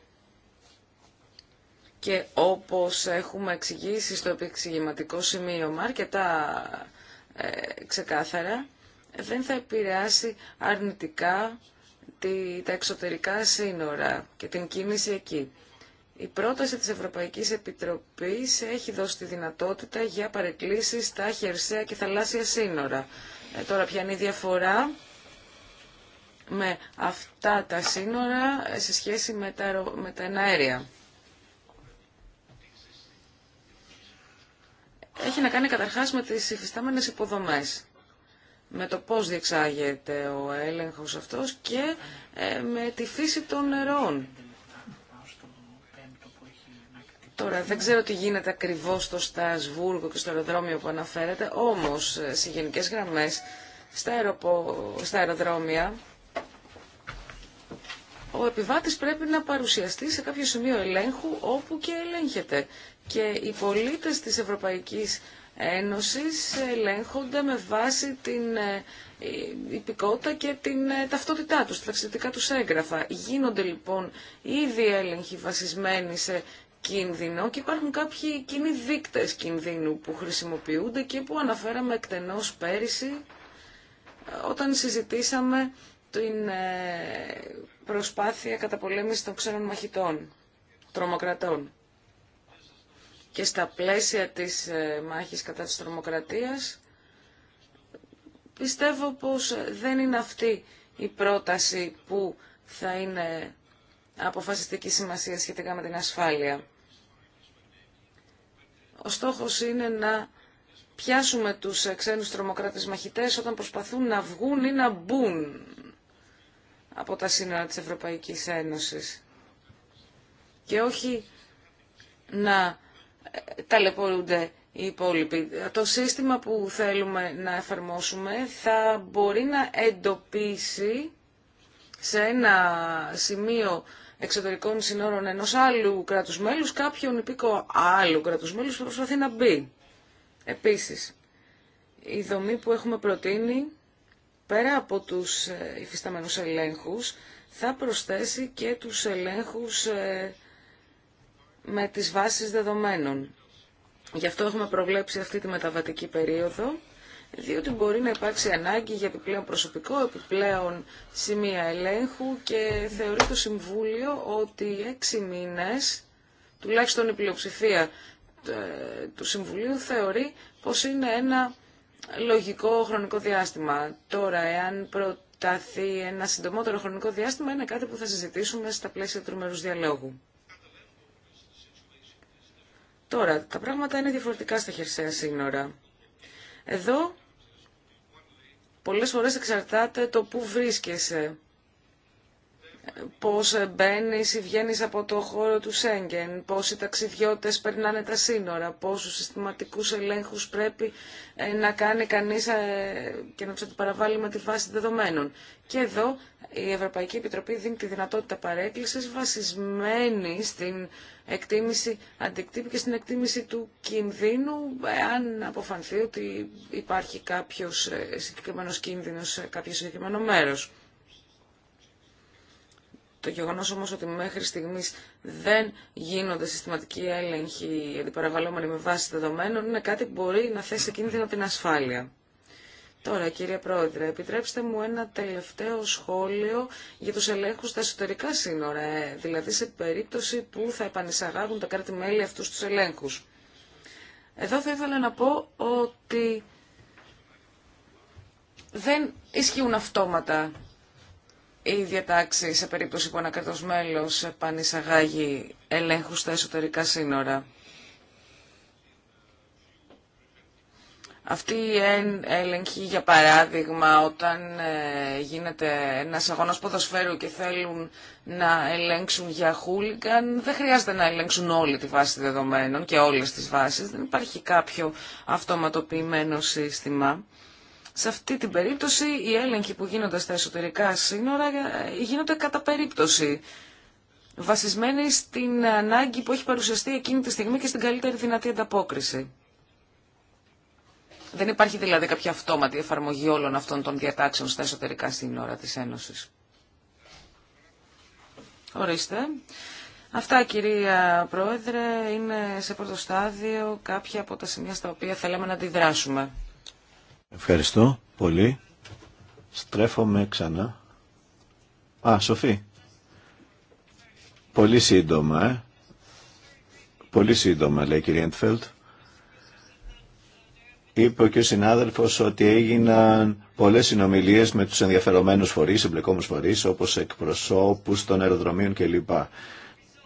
Και όπως έχουμε εξηγήσει στο επεξηγηματικό σημείο αρκετά ε, ξεκάθαρα, δεν θα επηρεάσει αρνητικά τη, τα εξωτερικά σύνορα και την κίνηση εκεί. Η πρόταση της Ευρωπαϊκής Επιτροπής έχει δώσει τη δυνατότητα για παρεκκλήσεις στα χερσαία και θαλάσσια σύνορα. Ε, τώρα ποια είναι η διαφορά με αυτά τα σύνορα σε σχέση με τα, με τα εναέρια. Έχει να κάνει καταρχάς με τις υφιστάμενες υποδομές, με το πώς διεξάγεται ο έλεγχος αυτός και ε, με τη φύση των νερών. Τώρα δεν ξέρω τι γίνεται ακριβώς στο Στασβούργο και στο αεροδρόμιο που αναφέρεται, όμως ε, σε γενικές γραμμές στα, στα αεροδρόμια ο επιβάτης πρέπει να παρουσιαστεί σε κάποιο σημείο ελέγχου όπου και ελέγχεται. Και οι πολίτες της Ευρωπαϊκής Ένωσης ελέγχονται με βάση την ε, υπηκότητα και την ε, ταυτότητά τους, τα ταξιδιωτικά τους έγγραφα. Γίνονται λοιπόν ήδη έλεγχοι βασισμένοι σε κίνδυνο και υπάρχουν κάποιοι κοινοί δείκτες κινδύνου που χρησιμοποιούνται και που αναφέραμε εκτενώς πέρυσι ε, όταν συζητήσαμε την προσπάθεια καταπολέμησης των ξένων μαχητών, τρομοκρατών. Και στα πλαίσια της ε, μάχης κατά της τρομοκρατίας, πιστεύω πως ε, δεν είναι αυτή η πρόταση που θα είναι αποφασιστική σημασία σχετικά με την ασφάλεια. Ο στόχος είναι να πιάσουμε τους ε, ξένους τρομοκράτες μαχητές όταν προσπαθούν να βγουν ή να μπουν από τα σύνορα της Ευρωπαϊκής Ένωσης. Και όχι να ε, ταλαιπωρούνται οι υπόλοιποι. Το σύστημα που θέλουμε να εφαρμόσουμε θα μπορεί να εντοπίσει σε ένα σημείο εξωτερικών συνόρων ενός άλλου κράτους μέλους κάποιον υπήκο άλλου κράτους μέλους που προσπαθεί να μπει. Επίσης, η δομή που έχουμε προτείνει πέρα από τους ε, υφισταμένους ελέγχους, θα προσθέσει και τους ελέγχους ε, με τις βάσεις δεδομένων. Γι' αυτό έχουμε προβλέψει αυτή τη μεταβατική περίοδο, διότι μπορεί να υπάρξει ανάγκη για επιπλέον προσωπικό, επιπλέον σημεία ελέγχου και θεωρεί το Συμβούλιο ότι έξι μήνες, τουλάχιστον η πλειοψηφία ε, του Συμβουλίου θεωρεί πως είναι ένα λογικό χρονικό διάστημα. Τώρα, εάν προταθεί ένα συντομότερο χρονικό διάστημα, είναι κάτι που θα συζητήσουμε στα πλαίσια του τρομερού διαλόγου. Τώρα, τα πράγματα είναι διαφορετικά στα χερσαία σύνορα. Εδώ, πολλές φορές εξαρτάται το πού βρίσκεσαι πώς μπαίνεις ή βγαίνεις από το χώρο του Σέγγεν, πόσοι ταξιδιώτες περνάνε τα σύνορα, πόσους συστηματικούς ελέγχους πρέπει ε, να κάνει κανείς ε, και να τους αντιπαραβάλλει με τη βάση δεδομένων. Και εδώ η Ευρωπαϊκή Επιτροπή δίνει τη δυνατότητα παρέκκλησης βασισμένη στην εκτίμηση αντικτύπου και στην εκτίμηση του κινδύνου αν αποφανθεί ότι υπάρχει κάποιος ε, συγκεκριμένος κίνδυνος σε κάποιο συγκεκριμένο μέρος. Το γεγονό όμως ότι μέχρι στιγμής δεν γίνονται συστηματικοί έλεγχοι αντιπαραβαλλόμενοι με βάση δεδομένων είναι κάτι που μπορεί να θέσει κίνδυνο την ασφάλεια. Τώρα, κύριε Πρόεδρε, επιτρέψτε μου ένα τελευταίο σχόλιο για τους ελέγχους στα εσωτερικά σύνορα, ε, δηλαδή σε περίπτωση που θα επανεισαγάγουν τα κράτη-μέλη αυτούς τους ελέγχους. Εδώ θα ήθελα να πω ότι δεν ισχύουν αυτόματα η διατάξει σε περίπτωση που ένα μέλος επανεισαγάγει ελέγχου στα εσωτερικά σύνορα. Αυτή η έλεγχη, για παράδειγμα, όταν ε, γίνεται ένας αγώνας ποδοσφαίρου και θέλουν να ελέγξουν για χούλιγκαν, δεν χρειάζεται να ελέγξουν όλη τη βάση δεδομένων και όλες τις βάσεις. Δεν υπάρχει κάποιο αυτοματοποιημένο σύστημα. Σε αυτή την περίπτωση οι έλεγχοι που γίνονται στα εσωτερικά σύνορα ε, γίνονται κατά περίπτωση βασισμένοι στην ανάγκη που έχει παρουσιαστεί εκείνη τη στιγμή και στην καλύτερη δυνατή ανταπόκριση. Δεν υπάρχει δηλαδή κάποια αυτόματη εφαρμογή όλων αυτών των διατάξεων στα εσωτερικά σύνορα της Ένωσης. Ορίστε. Αυτά κυρία Πρόεδρε είναι σε πρώτο στάδιο κάποια από τα σημεία στα οποία θέλαμε να αντιδράσουμε. Ευχαριστώ πολύ. Στρέφομαι ξανά. Α, Σοφή. Πολύ σύντομα, ε. Πολύ σύντομα, λέει η κυρία Εντφέλτ. Είπε και ο συνάδελφος ότι έγιναν πολλές συνομιλίες με τους ενδιαφερομένους φορείς, εμπλεκόμενους φορείς, όπως εκπροσώπους των αεροδρομίων κλπ.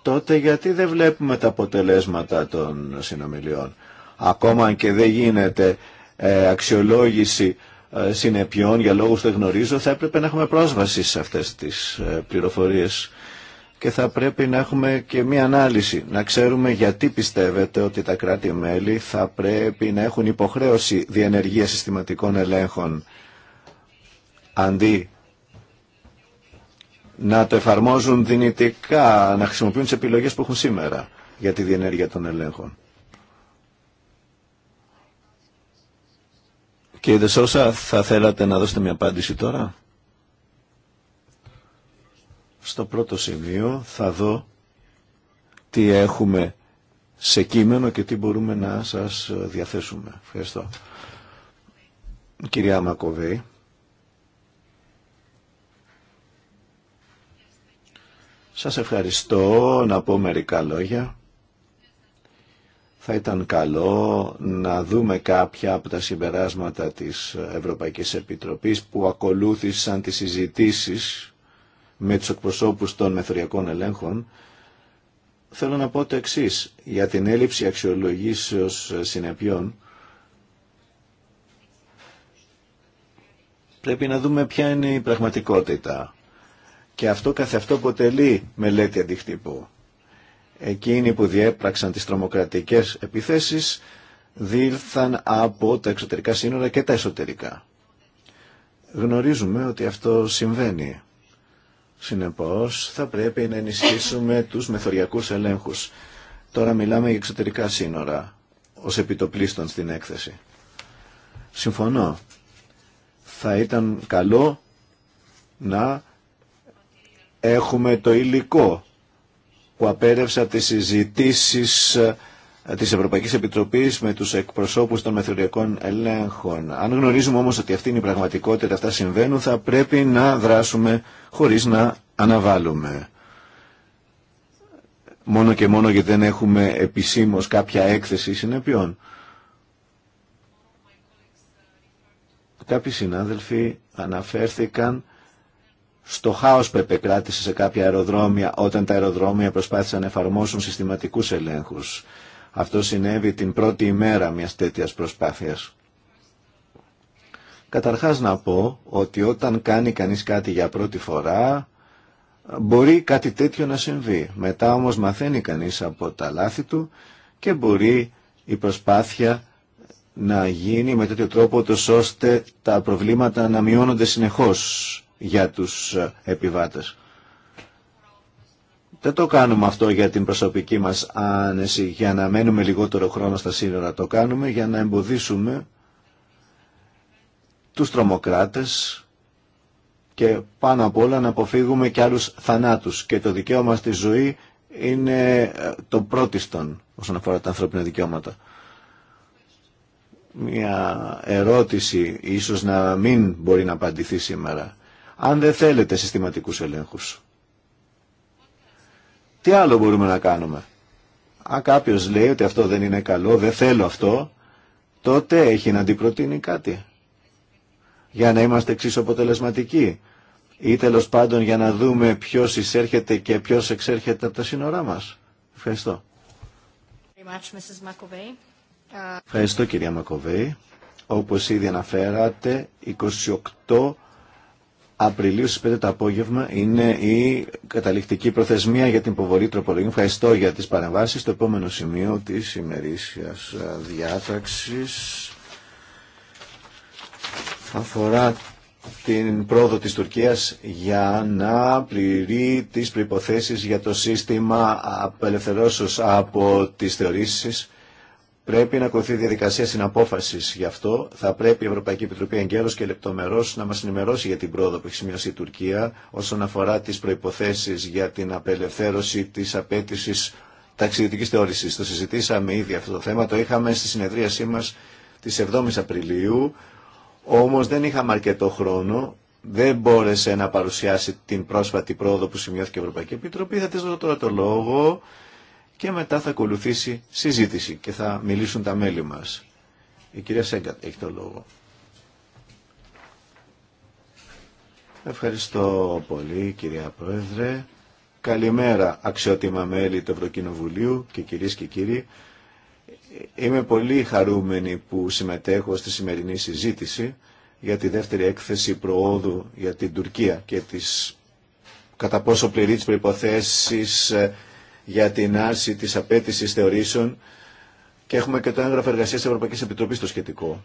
Τότε γιατί δεν βλέπουμε τα αποτελέσματα των συνομιλιών. Ακόμα και δεν γίνεται ε, αξιολόγηση ε, συνεπιών για λόγους που δεν γνωρίζω, θα έπρεπε να έχουμε πρόσβαση σε αυτές τις ε, πληροφορίες και θα πρέπει να έχουμε και μία ανάλυση, να ξέρουμε γιατί πιστεύετε ότι τα κράτη-μέλη θα πρέπει να έχουν υποχρέωση διενεργία συστηματικών ελέγχων αντί να το εφαρμόζουν δυνητικά, να χρησιμοποιούν τις επιλογές που έχουν σήμερα για τη διενέργεια των ελέγχων. Κύριε Δεσόσα, θα θέλατε να δώσετε μια απάντηση τώρα. Στο πρώτο σημείο θα δω τι έχουμε σε κείμενο και τι μπορούμε να σας διαθέσουμε. Ευχαριστώ. Κυρία Μακοβέη. Σας ευχαριστώ να πω μερικά λόγια θα ήταν καλό να δούμε κάποια από τα συμπεράσματα της Ευρωπαϊκής Επιτροπής που ακολούθησαν τις συζητήσεις με τους εκπροσώπους των μεθοριακών ελέγχων. Θέλω να πω το εξή για την έλλειψη αξιολογήσεως συνεπιών πρέπει να δούμε ποια είναι η πραγματικότητα και αυτό καθ' αυτό αποτελεί μελέτη αντιχτύπου Εκείνοι που διέπραξαν τις τρομοκρατικές επιθέσεις δήλθαν από τα εξωτερικά σύνορα και τα εσωτερικά. Γνωρίζουμε ότι αυτό συμβαίνει. Συνεπώς θα πρέπει να ενισχύσουμε τους μεθοριακούς ελέγχους. Τώρα μιλάμε για εξωτερικά σύνορα ως επιτοπλίστων στην έκθεση. Συμφωνώ. Θα ήταν καλό να έχουμε το υλικό που απέρευσα τις συζητήσεις ε, της Ευρωπαϊκής Επιτροπής με τους εκπροσώπους των μεθοριακών ελέγχων. Αν γνωρίζουμε όμως ότι αυτή είναι η πραγματικότητα, αυτά συμβαίνουν, θα πρέπει να δράσουμε χωρίς να αναβάλουμε. Μόνο και μόνο γιατί δεν έχουμε επισήμως κάποια έκθεση συνεπειών. Κάποιοι συνάδελφοι αναφέρθηκαν στο χάος που επεκράτησε σε κάποια αεροδρόμια όταν τα αεροδρόμια προσπάθησαν να εφαρμόσουν συστηματικούς ελέγχους. Αυτό συνέβη την πρώτη ημέρα μιας τέτοιας προσπάθειας. Καταρχάς να πω ότι όταν κάνει κανείς κάτι για πρώτη φορά μπορεί κάτι τέτοιο να συμβεί. Μετά όμως μαθαίνει κανείς από τα λάθη του και μπορεί η προσπάθεια να γίνει με τέτοιο τρόπο ώστε τα προβλήματα να μειώνονται συνεχώς για τους ε, επιβάτες. Δεν το κάνουμε αυτό για την προσωπική μας άνεση, για να μένουμε λιγότερο χρόνο στα σύνορα. Το κάνουμε για να εμποδίσουμε τους τρομοκράτες και πάνω απ' όλα να αποφύγουμε και άλλους θανάτους. Και το δικαίωμα στη ζωή είναι ε, το πρώτιστον όσον αφορά τα ανθρώπινα δικαιώματα. Μια ερώτηση ίσως να μην μπορεί να απαντηθεί σήμερα αν δεν θέλετε συστηματικούς ελέγχους. Τι άλλο μπορούμε να κάνουμε. Αν κάποιος λέει ότι αυτό δεν είναι καλό, δεν θέλω αυτό, τότε έχει να αντιπροτείνει κάτι. Για να είμαστε εξίσου αποτελεσματικοί ή τέλο πάντων για να δούμε ποιος εισέρχεται και ποιος εξέρχεται από τα σύνορά μας. Ευχαριστώ. Ευχαριστώ κυρία Μακοβέη. Όπως ήδη αναφέρατε, 28 Απριλίου στις 5 το απόγευμα είναι η καταληκτική προθεσμία για την υποβολή τροπολογίου. Ευχαριστώ για τις παρεμβάσεις. Το επόμενο σημείο της ημερήσιας ε, διάταξης αφορά την πρόοδο της Τουρκίας για να πληρεί τις προϋποθέσεις για το σύστημα απελευθερώσεως από τις θεωρήσεις Πρέπει να ακολουθεί διαδικασία συναπόφαση. Γι' αυτό θα πρέπει η Ευρωπαϊκή Επιτροπή εγκαίρω και λεπτομερώ να μα ενημερώσει για την πρόοδο που έχει σημειώσει η Τουρκία όσον αφορά τι προποθέσει για την απελευθέρωση τη απέτηση ταξιδιωτική θεώρηση. Το συζητήσαμε ήδη αυτό το θέμα, το είχαμε στη συνεδρίασή μα τη 7η Απριλίου. Όμω δεν είχαμε αρκετό χρόνο, δεν μπόρεσε να παρουσιάσει την πρόσφατη πρόοδο που σημειώθηκε η Ευρωπαϊκή Επιτροπή. Θα τη δώσω τώρα το λόγο και μετά θα ακολουθήσει συζήτηση και θα μιλήσουν τα μέλη μας. Η κυρία Σέγκατ έχει το λόγο. Ευχαριστώ πολύ κυρία Πρόεδρε. Καλημέρα αξιότιμα μέλη του Ευρωκοινοβουλίου και κυρίες και κύριοι. Είμαι πολύ χαρούμενη που συμμετέχω στη σημερινή συζήτηση για τη δεύτερη έκθεση προόδου για την Τουρκία και τις κατά πόσο πληρεί τις προϋποθέσεις ε, για την άρση της απέτηση θεωρήσεων και έχουμε και το έγγραφο εργασίας της Ευρωπαϊκής Επιτροπής στο σχετικό.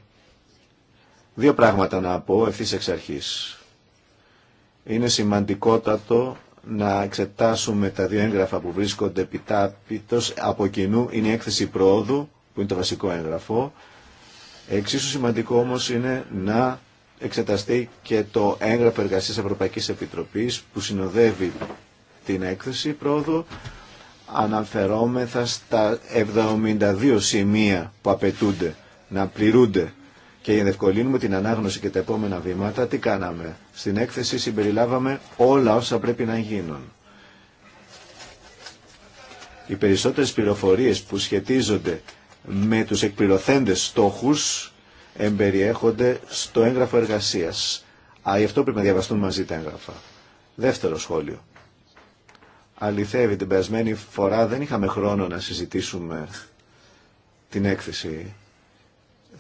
Δύο πράγματα να πω ευθύς εξ αρχής. Είναι σημαντικότατο να εξετάσουμε τα δύο έγγραφα που βρίσκονται επιτάπητος από κοινού. Είναι η έκθεση πρόοδου, που είναι το βασικό έγγραφο. Εξίσου σημαντικό όμως είναι να εξεταστεί και το έγγραφο εργασίας Ευρωπαϊκής Επιτροπής που συνοδεύει την έκθεση πρόοδου αναφερόμεθα στα 72 σημεία που απαιτούνται να πληρούνται και για να ευκολύνουμε την ανάγνωση και τα επόμενα βήματα, τι κάναμε. Στην έκθεση συμπεριλάβαμε όλα όσα πρέπει να γίνουν. Οι περισσότερες πληροφορίες που σχετίζονται με τους εκπληρωθέντες στόχους εμπεριέχονται στο έγγραφο εργασίας. Α, γι' αυτό πρέπει να διαβαστούν μαζί τα έγγραφα. Δεύτερο σχόλιο αληθεύει. Την περασμένη φορά δεν είχαμε χρόνο να συζητήσουμε την έκθεση,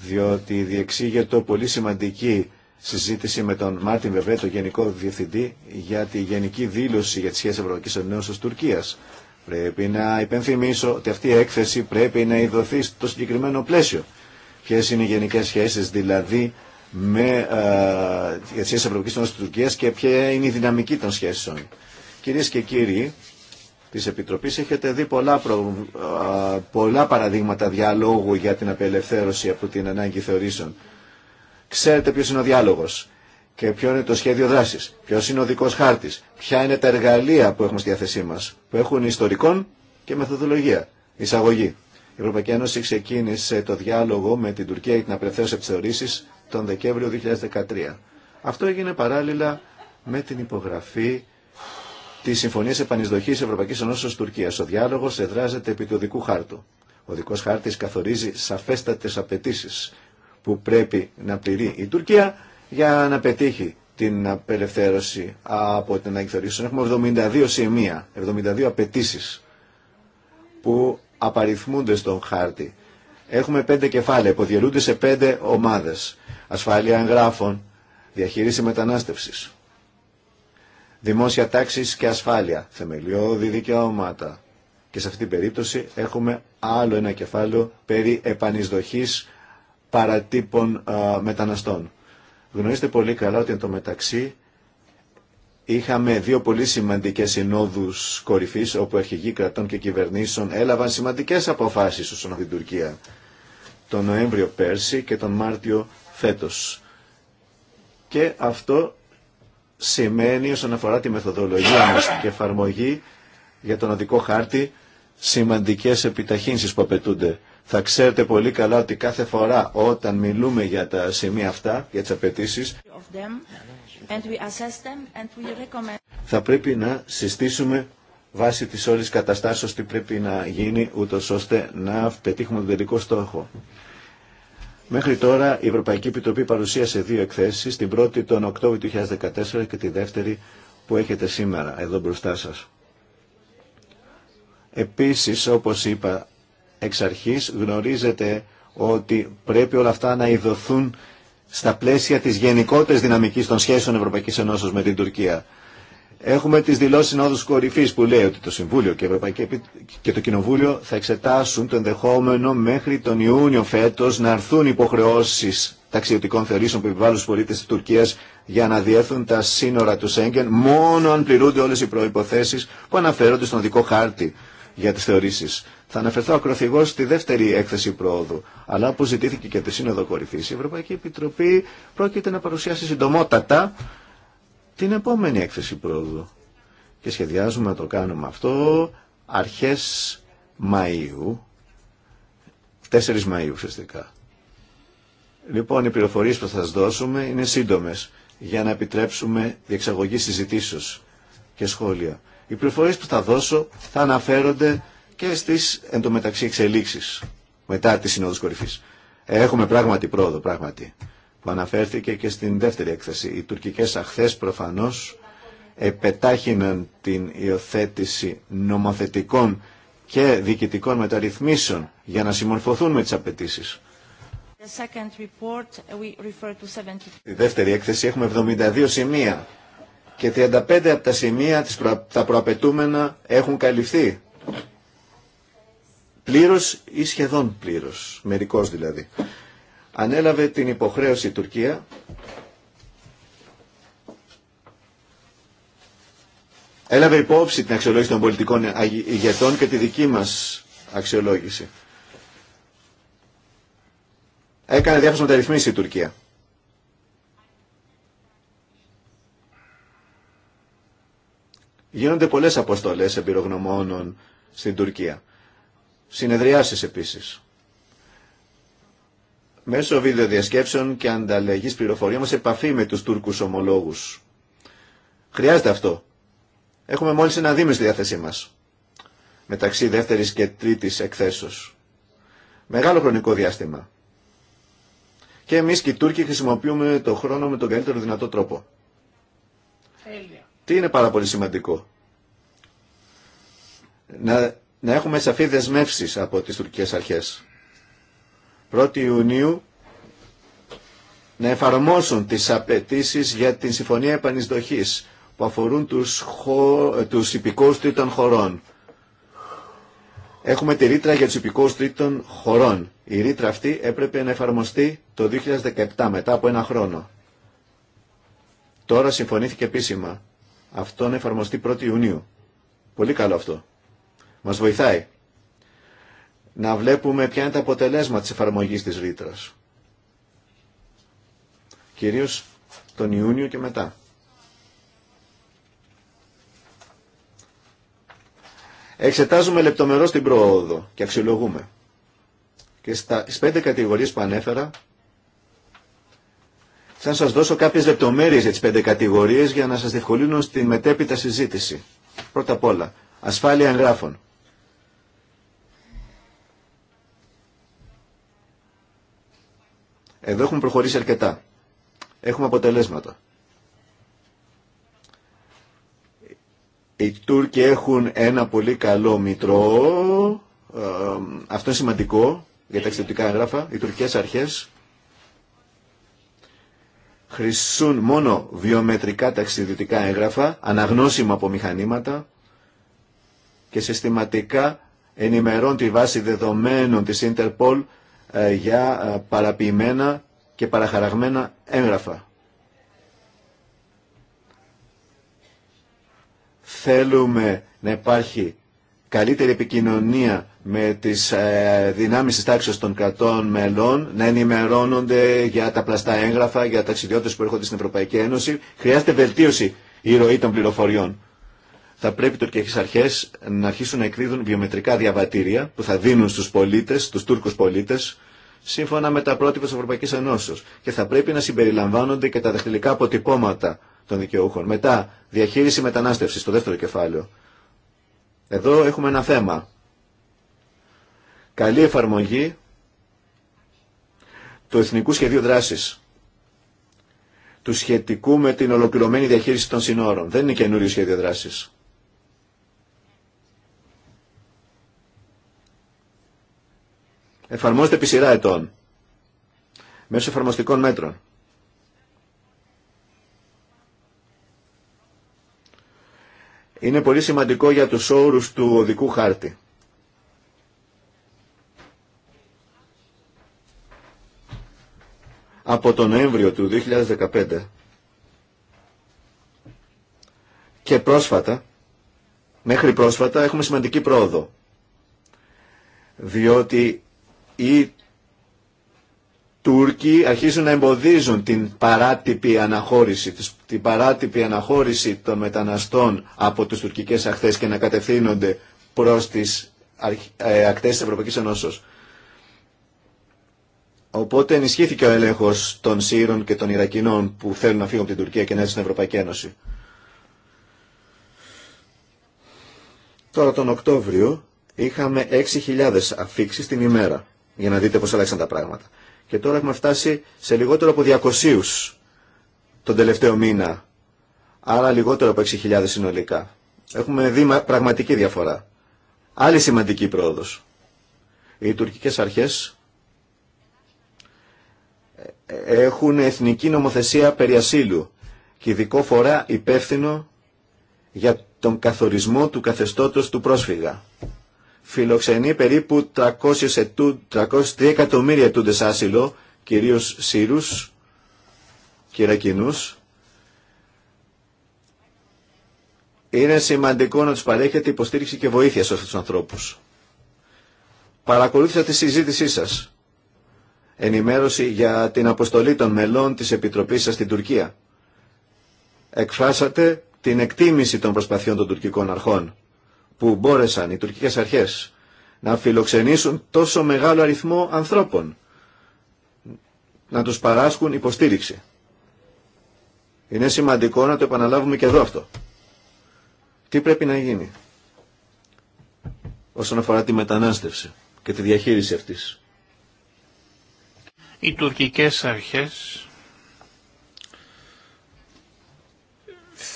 διότι διεξήγεται πολύ σημαντική συζήτηση με τον Μάρτιν Βεβέ, τον Γενικό Διευθυντή, για τη Γενική Δήλωση για τις σχέσεις Ευρωπαϊκής της Τουρκίας. Πρέπει να υπενθυμίσω ότι αυτή η έκθεση πρέπει να ειδωθεί στο συγκεκριμένο πλαίσιο. Ποιε είναι οι γενικέ σχέσει δηλαδή με ε, για τι σχέσει Ευρωπαϊκή Ένωση Τουρκία και ποια είναι η δυναμική των σχέσεων. Κυρίες και κύριοι της Επιτροπής, έχετε δει πολλά, προ... πολλά παραδείγματα διαλόγου για την απελευθέρωση από την ανάγκη θεωρήσεων. Ξέρετε ποιος είναι ο διάλογος και ποιο είναι το σχέδιο δράσης, ποιος είναι ο δικός χάρτης, ποια είναι τα εργαλεία που έχουμε στη διάθεσή μας, που έχουν ιστορικών και μεθοδολογία, εισαγωγή. Η Ευρωπαϊκή Ένωση ξεκίνησε το διάλογο με την Τουρκία για την απελευθέρωση από τις τον Δεκέμβριο 2013. Αυτό έγινε παράλληλα με την υπογραφή τη Συμφωνία Επανεισδοχή Ευρωπαϊκή Ενώσεω Τουρκία. Ο διάλογο εδράζεται επί του οδικού χάρτου. Ο οδικό χάρτη καθορίζει σαφέστατε απαιτήσει που πρέπει να πληρεί η Τουρκία για να πετύχει την απελευθέρωση από την αγκηθορήσεων. Έχουμε 72 σημεία, 72 απαιτήσει που απαριθμούνται στον χάρτη. Έχουμε πέντε κεφάλαια που σε πέντε ομάδες. Ασφάλεια εγγράφων, διαχείριση μετανάστευσης, δημόσια τάξη και ασφάλεια, θεμελιώδη δικαιώματα. Και σε αυτή την περίπτωση έχουμε άλλο ένα κεφάλαιο περί επανεισδοχής παρατύπων μεταναστών. Γνωρίζετε πολύ καλά ότι εν τω μεταξύ είχαμε δύο πολύ σημαντικές συνόδους κορυφής όπου αρχηγοί κρατών και κυβερνήσεων έλαβαν σημαντικές αποφάσεις όσον την Τουρκία. Τον Νοέμβριο πέρσι και τον Μάρτιο φέτος. Και αυτό σημαίνει όσον αφορά τη μεθοδολογία μας και εφαρμογή για τον οδικό χάρτη σημαντικές επιταχύνσεις που απαιτούνται. Θα ξέρετε πολύ καλά ότι κάθε φορά όταν μιλούμε για τα σημεία αυτά, για τις απαιτήσει. θα πρέπει να συστήσουμε βάσει της όλης καταστάσεως τι πρέπει να γίνει ούτως ώστε να πετύχουμε τον τελικό στόχο. Μέχρι τώρα η Ευρωπαϊκή Επιτροπή παρουσίασε δύο εκθέσεις, την πρώτη τον Οκτώβριο του 2014 και τη δεύτερη που έχετε σήμερα εδώ μπροστά σας. Επίσης, όπως είπα εξ αρχή, γνωρίζετε ότι πρέπει όλα αυτά να ειδωθούν στα πλαίσια της γενικότερη δυναμικής των σχέσεων Ευρωπαϊκής Ενώσεω με την Τουρκία. Έχουμε τις δηλώσεις συνόδου κορυφής που λέει ότι το Συμβούλιο και, Ευρωπαϊκή και το Κοινοβούλιο θα εξετάσουν το ενδεχόμενο μέχρι τον Ιούνιο φέτος να αρθούν υποχρεώσεις ταξιδιωτικών θεωρήσεων που επιβάλλουν στους πολίτες της Τουρκίας για να διέθουν τα σύνορα του Σέγγεν μόνο αν πληρούνται όλες οι προϋποθέσεις που αναφέρονται στον δικό χάρτη για τις θεωρήσεις. Θα αναφερθώ ακροθυγώ στη δεύτερη έκθεση πρόοδου, αλλά όπως ζητήθηκε και τη Σύνοδο Κορυφή, η Ευρωπαϊκή Επιτροπή πρόκειται να παρουσιάσει συντομότατα την επόμενη έκθεση πρόοδου. Και σχεδιάζουμε να το κάνουμε αυτό αρχές Μαΐου, 4 Μαΐου ουσιαστικά. Λοιπόν, οι πληροφορίες που θα σας δώσουμε είναι σύντομες για να επιτρέψουμε διεξαγωγή συζητήσεως και σχόλια. Οι πληροφορίες που θα δώσω θα αναφέρονται και στις εντωμεταξύ εξελίξεις μετά τη Συνόδους Κορυφής. Έχουμε πράγματι πρόοδο, πράγματι που αναφέρθηκε και στην δεύτερη έκθεση. Οι τουρκικές αχθές προφανώς επετάχυναν την υιοθέτηση νομοθετικών και διοικητικών μεταρρυθμίσεων για να συμμορφωθούν με τις απαιτήσει. Στη δεύτερη έκθεση έχουμε 72 σημεία και 35 από τα σημεία τα προαπαιτούμενα έχουν καλυφθεί. Πλήρως ή σχεδόν πλήρως, μερικώς δηλαδή ανέλαβε την υποχρέωση η Τουρκία έλαβε υπόψη την αξιολόγηση των πολιτικών ηγετών και τη δική μας αξιολόγηση. Έκανε διάφορες μεταρρυθμίσεις η Τουρκία. Γίνονται πολλές αποστολές εμπειρογνωμόνων στην Τουρκία. Συνεδριάσεις επίσης μέσω βίντεο διασκέψεων και ανταλλαγής πληροφοριών μας επαφή με τους Τούρκους ομολόγους. Χρειάζεται αυτό. Έχουμε μόλις ένα δίμηνο στη διάθεσή μας. Μεταξύ δεύτερης και τρίτης εκθέσεως. Μεγάλο χρονικό διάστημα. Και εμείς και οι Τούρκοι χρησιμοποιούμε το χρόνο με τον καλύτερο δυνατό τρόπο. Τι είναι πάρα πολύ σημαντικό. Να, έχουμε σαφή δεσμεύσεις από τις τουρκικές αρχές. 1η Ιουνίου να εφαρμόσουν τις απαιτήσεις για την Συμφωνία Επανεισδοχής που αφορούν τους, χω... τους υπηκόους τρίτων χωρών. Έχουμε τη ρήτρα για τους υπηκόους τρίτων χωρών. Η ρήτρα αυτή έπρεπε να εφαρμοστεί το 2017, μετά από ένα χρόνο. Τώρα συμφωνήθηκε επίσημα. Αυτό να εφαρμοστεί 1η Ιουνίου. Πολύ καλό αυτό. Μας βοηθάει να βλέπουμε ποια είναι τα αποτελέσματα της εφαρμογής της ρήτρα. Κυρίως τον Ιούνιο και μετά. Εξετάζουμε λεπτομερώς την πρόοδο και αξιολογούμε. Και στις πέντε κατηγορίες που ανέφερα, θα σας δώσω κάποιες λεπτομέρειες για τις πέντε κατηγορίες για να σας διευκολύνω στη μετέπειτα συζήτηση. Πρώτα απ' όλα, ασφάλεια εγγράφων. Εδώ έχουμε προχωρήσει αρκετά. Έχουμε αποτελέσματα. Οι Τούρκοι έχουν ένα πολύ καλό μητρό. Αυτό είναι σημαντικό για τα εξαιρετικά έγγραφα. Οι τουρκικές αρχές χρησιμοποιούν μόνο βιομετρικά ταξιδιωτικά έγγραφα, αναγνώσιμα από μηχανήματα και συστηματικά ενημερώνουν τη βάση δεδομένων της Interpol ε, για ε, παραποιημένα και παραχαραγμένα έγγραφα. Θέλουμε να υπάρχει καλύτερη επικοινωνία με τις ε, δυνάμεις της τάξης των κρατών μελών, να ενημερώνονται για τα πλαστά έγγραφα, για ταξιδιώτες που έρχονται στην Ευρωπαϊκή Ένωση. Χρειάζεται βελτίωση η ροή των πληροφοριών. Θα πρέπει οι τουρκικές αρχές να αρχίσουν να εκδίδουν βιομετρικά διαβατήρια που θα δίνουν στους πολίτες, στους Τούρκους πολίτες, σύμφωνα με τα πρότυπα της Ευρωπαϊκής Ενώσεως Και θα πρέπει να συμπεριλαμβάνονται και τα δαχτυλικά αποτυπώματα των δικαιούχων. Μετά, διαχείριση μετανάστευση, στο δεύτερο κεφάλαιο. Εδώ έχουμε ένα θέμα. Καλή εφαρμογή του Εθνικού Σχεδίου Δράσης, Του σχετικού με την ολοκληρωμένη διαχείριση των συνόρων. Δεν είναι καινούριο σχέδιο δράση. εφαρμόζεται επί σειρά ετών μέσω εφαρμοστικών μέτρων. Είναι πολύ σημαντικό για τους όρους του οδικού χάρτη. Από τον Νοέμβριο του 2015 και πρόσφατα, μέχρι πρόσφατα έχουμε σημαντική πρόοδο. Διότι οι Τούρκοι αρχίζουν να εμποδίζουν την παράτυπη αναχώρηση, την παράτυπη αναχώρηση των μεταναστών από τις τουρκικές ακτές και να κατευθύνονται προς τις ε, ακτές της Ευρωπαϊκής Ενώσεως. Οπότε ενισχύθηκε ο έλεγχος των Σύρων και των Ιρακινών που θέλουν να φύγουν από την Τουρκία και να έρθουν στην Ευρωπαϊκή Ένωση. Τώρα τον Οκτώβριο είχαμε 6.000 αφήξεις την ημέρα για να δείτε πώς αλλάξαν τα πράγματα. Και τώρα έχουμε φτάσει σε λιγότερο από 200 τον τελευταίο μήνα, άρα λιγότερο από 6.000 συνολικά. Έχουμε δει πραγματική διαφορά. Άλλη σημαντική πρόοδος. Οι τουρκικές αρχές ε, έχουν εθνική νομοθεσία περί ασύλου και ειδικό φορά υπεύθυνο για τον καθορισμό του καθεστώτος του πρόσφυγα φιλοξενεί περίπου 300 ετού, εκατομμύρια ετούντες άσυλο, κυρίως Σύρους και Ρακινούς. Είναι σημαντικό να τους παρέχετε υποστήριξη και βοήθεια σε αυτούς τους ανθρώπους. Παρακολούθησα τη συζήτησή σας. Ενημέρωση για την αποστολή των μελών της Επιτροπής σας στην Τουρκία. Εκφράσατε την εκτίμηση των προσπαθειών των τουρκικών αρχών που μπόρεσαν οι τουρκικές αρχές να φιλοξενήσουν τόσο μεγάλο αριθμό ανθρώπων, να τους παράσχουν υποστήριξη. Είναι σημαντικό να το επαναλάβουμε και εδώ αυτό. Τι πρέπει να γίνει όσον αφορά τη μετανάστευση και τη διαχείριση αυτής. Οι τουρκικές αρχές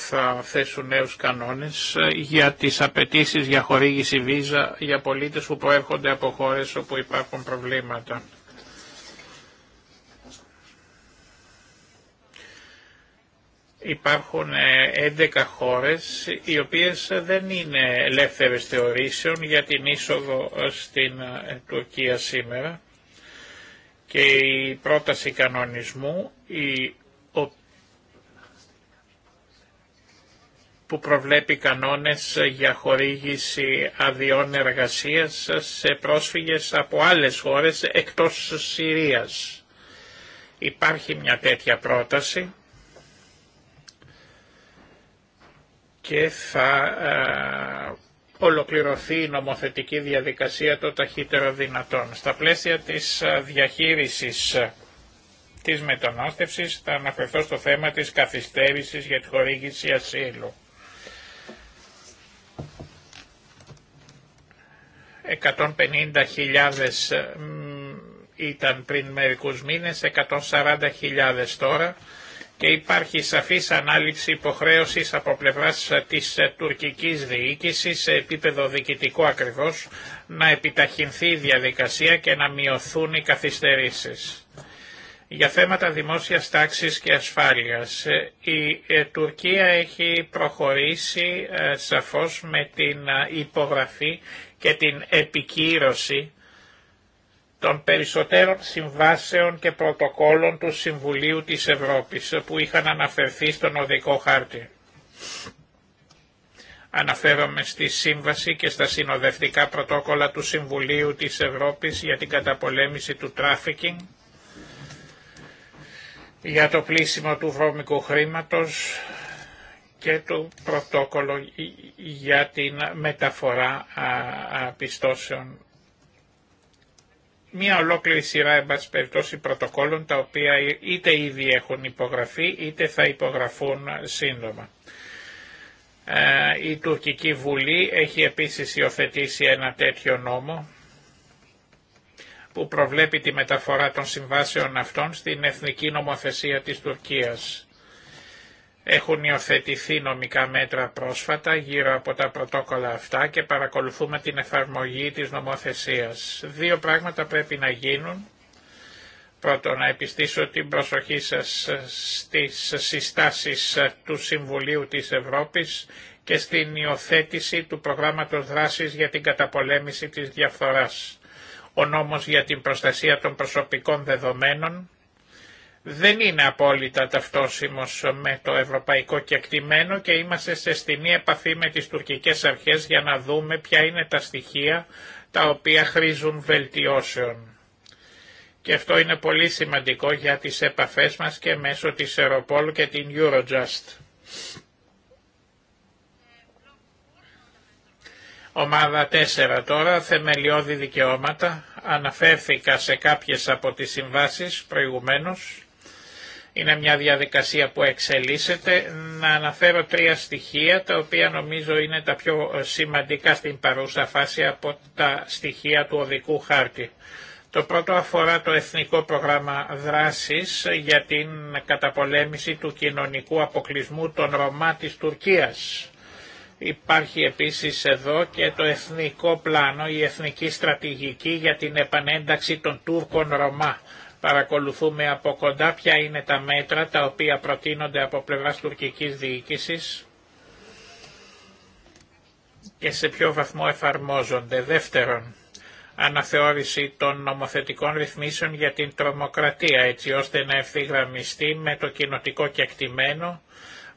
θα θέσουν νέους κανόνες ε, για τις απαιτήσει για χορήγηση βίζα για πολίτες που προέρχονται από χώρες όπου υπάρχουν προβλήματα. Υπάρχουν 11 ε, χώρες οι οποίες δεν είναι ελεύθερες θεωρήσεων για την είσοδο ε, στην Τουρκία σήμερα και η πρόταση κανονισμού η που προβλέπει κανόνες για χορήγηση αδειών εργασίας σε πρόσφυγες από άλλες χώρες εκτός Συρίας. Υπάρχει μια τέτοια πρόταση και θα ε, ολοκληρωθεί η νομοθετική διαδικασία το ταχύτερο δυνατόν. Στα πλαίσια της ε, διαχείρισης ε, της μετανάστευσης θα αναφερθώ στο θέμα της καθυστέρησης για τη χορήγηση ασύλου. 150.000 ήταν πριν μερικούς μήνες, 140.000 τώρα και υπάρχει σαφής ανάληψη υποχρέωσης από πλευράς της τουρκικής διοίκησης σε επίπεδο διοικητικό ακριβώς να επιταχυνθεί η διαδικασία και να μειωθούν οι καθυστερήσεις. Για θέματα δημόσιας τάξης και ασφάλειας, η ε, Τουρκία έχει προχωρήσει ε, σαφώς με την ε, υπογραφή και την επικύρωση των περισσότερων συμβάσεων και πρωτοκόλων του Συμβουλίου της Ευρώπης που είχαν αναφερθεί στον οδικό χάρτη. Αναφέρομαι στη Σύμβαση και στα συνοδευτικά πρωτόκολλα του Συμβουλίου της Ευρώπης για την καταπολέμηση του τράφικινγκ, για το πλήσιμο του βρώμικου χρήματος, και του πρωτόκολλο για την μεταφορά πιστώσεων. Μία ολόκληρη σειρά εμπάς περιπτώσει τα οποία είτε ήδη έχουν υπογραφεί είτε θα υπογραφούν σύντομα. Ε, η Τουρκική Βουλή έχει επίσης υιοθετήσει ένα τέτοιο νόμο που προβλέπει τη μεταφορά των συμβάσεων αυτών στην εθνική νομοθεσία της Τουρκίας. Έχουν υιοθετηθεί νομικά μέτρα πρόσφατα γύρω από τα πρωτόκολλα αυτά και παρακολουθούμε την εφαρμογή της νομοθεσίας. Δύο πράγματα πρέπει να γίνουν. Πρώτον, να επιστήσω την προσοχή σας στις συστάσεις του Συμβουλίου της Ευρώπης και στην υιοθέτηση του προγράμματος δράσης για την καταπολέμηση της διαφθοράς. Ο νόμος για την προστασία των προσωπικών δεδομένων δεν είναι απόλυτα ταυτόσιμος με το ευρωπαϊκό κεκτημένο και είμαστε σε στιγμή επαφή με τις τουρκικές αρχές για να δούμε ποια είναι τα στοιχεία τα οποία χρήζουν βελτιώσεων. Και αυτό είναι πολύ σημαντικό για τις επαφές μας και μέσω της Ευρωπόλου και την Eurojust. Ομάδα 4 τώρα, θεμελιώδη δικαιώματα. Αναφέρθηκα σε κάποιες από τις συμβάσεις προηγουμένως. Είναι μια διαδικασία που εξελίσσεται. Να αναφέρω τρία στοιχεία τα οποία νομίζω είναι τα πιο ε, σημαντικά στην παρούσα φάση από τα στοιχεία του οδικού χάρτη. Το πρώτο αφορά το Εθνικό Πρόγραμμα Δράσης για την καταπολέμηση του κοινωνικού αποκλεισμού των Ρωμά της Τουρκίας. Υπάρχει επίσης εδώ και το Εθνικό Πλάνο, η Εθνική Στρατηγική για την Επανένταξη των Τούρκων Ρωμά Παρακολουθούμε από κοντά ποια είναι τα μέτρα τα οποία προτείνονται από πλευράς τουρκικής διοίκησης και σε ποιο βαθμό εφαρμόζονται. Δεύτερον, αναθεώρηση των νομοθετικών ρυθμίσεων για την τρομοκρατία, έτσι ώστε να ευθυγραμμιστεί με το κοινοτικό κεκτημένο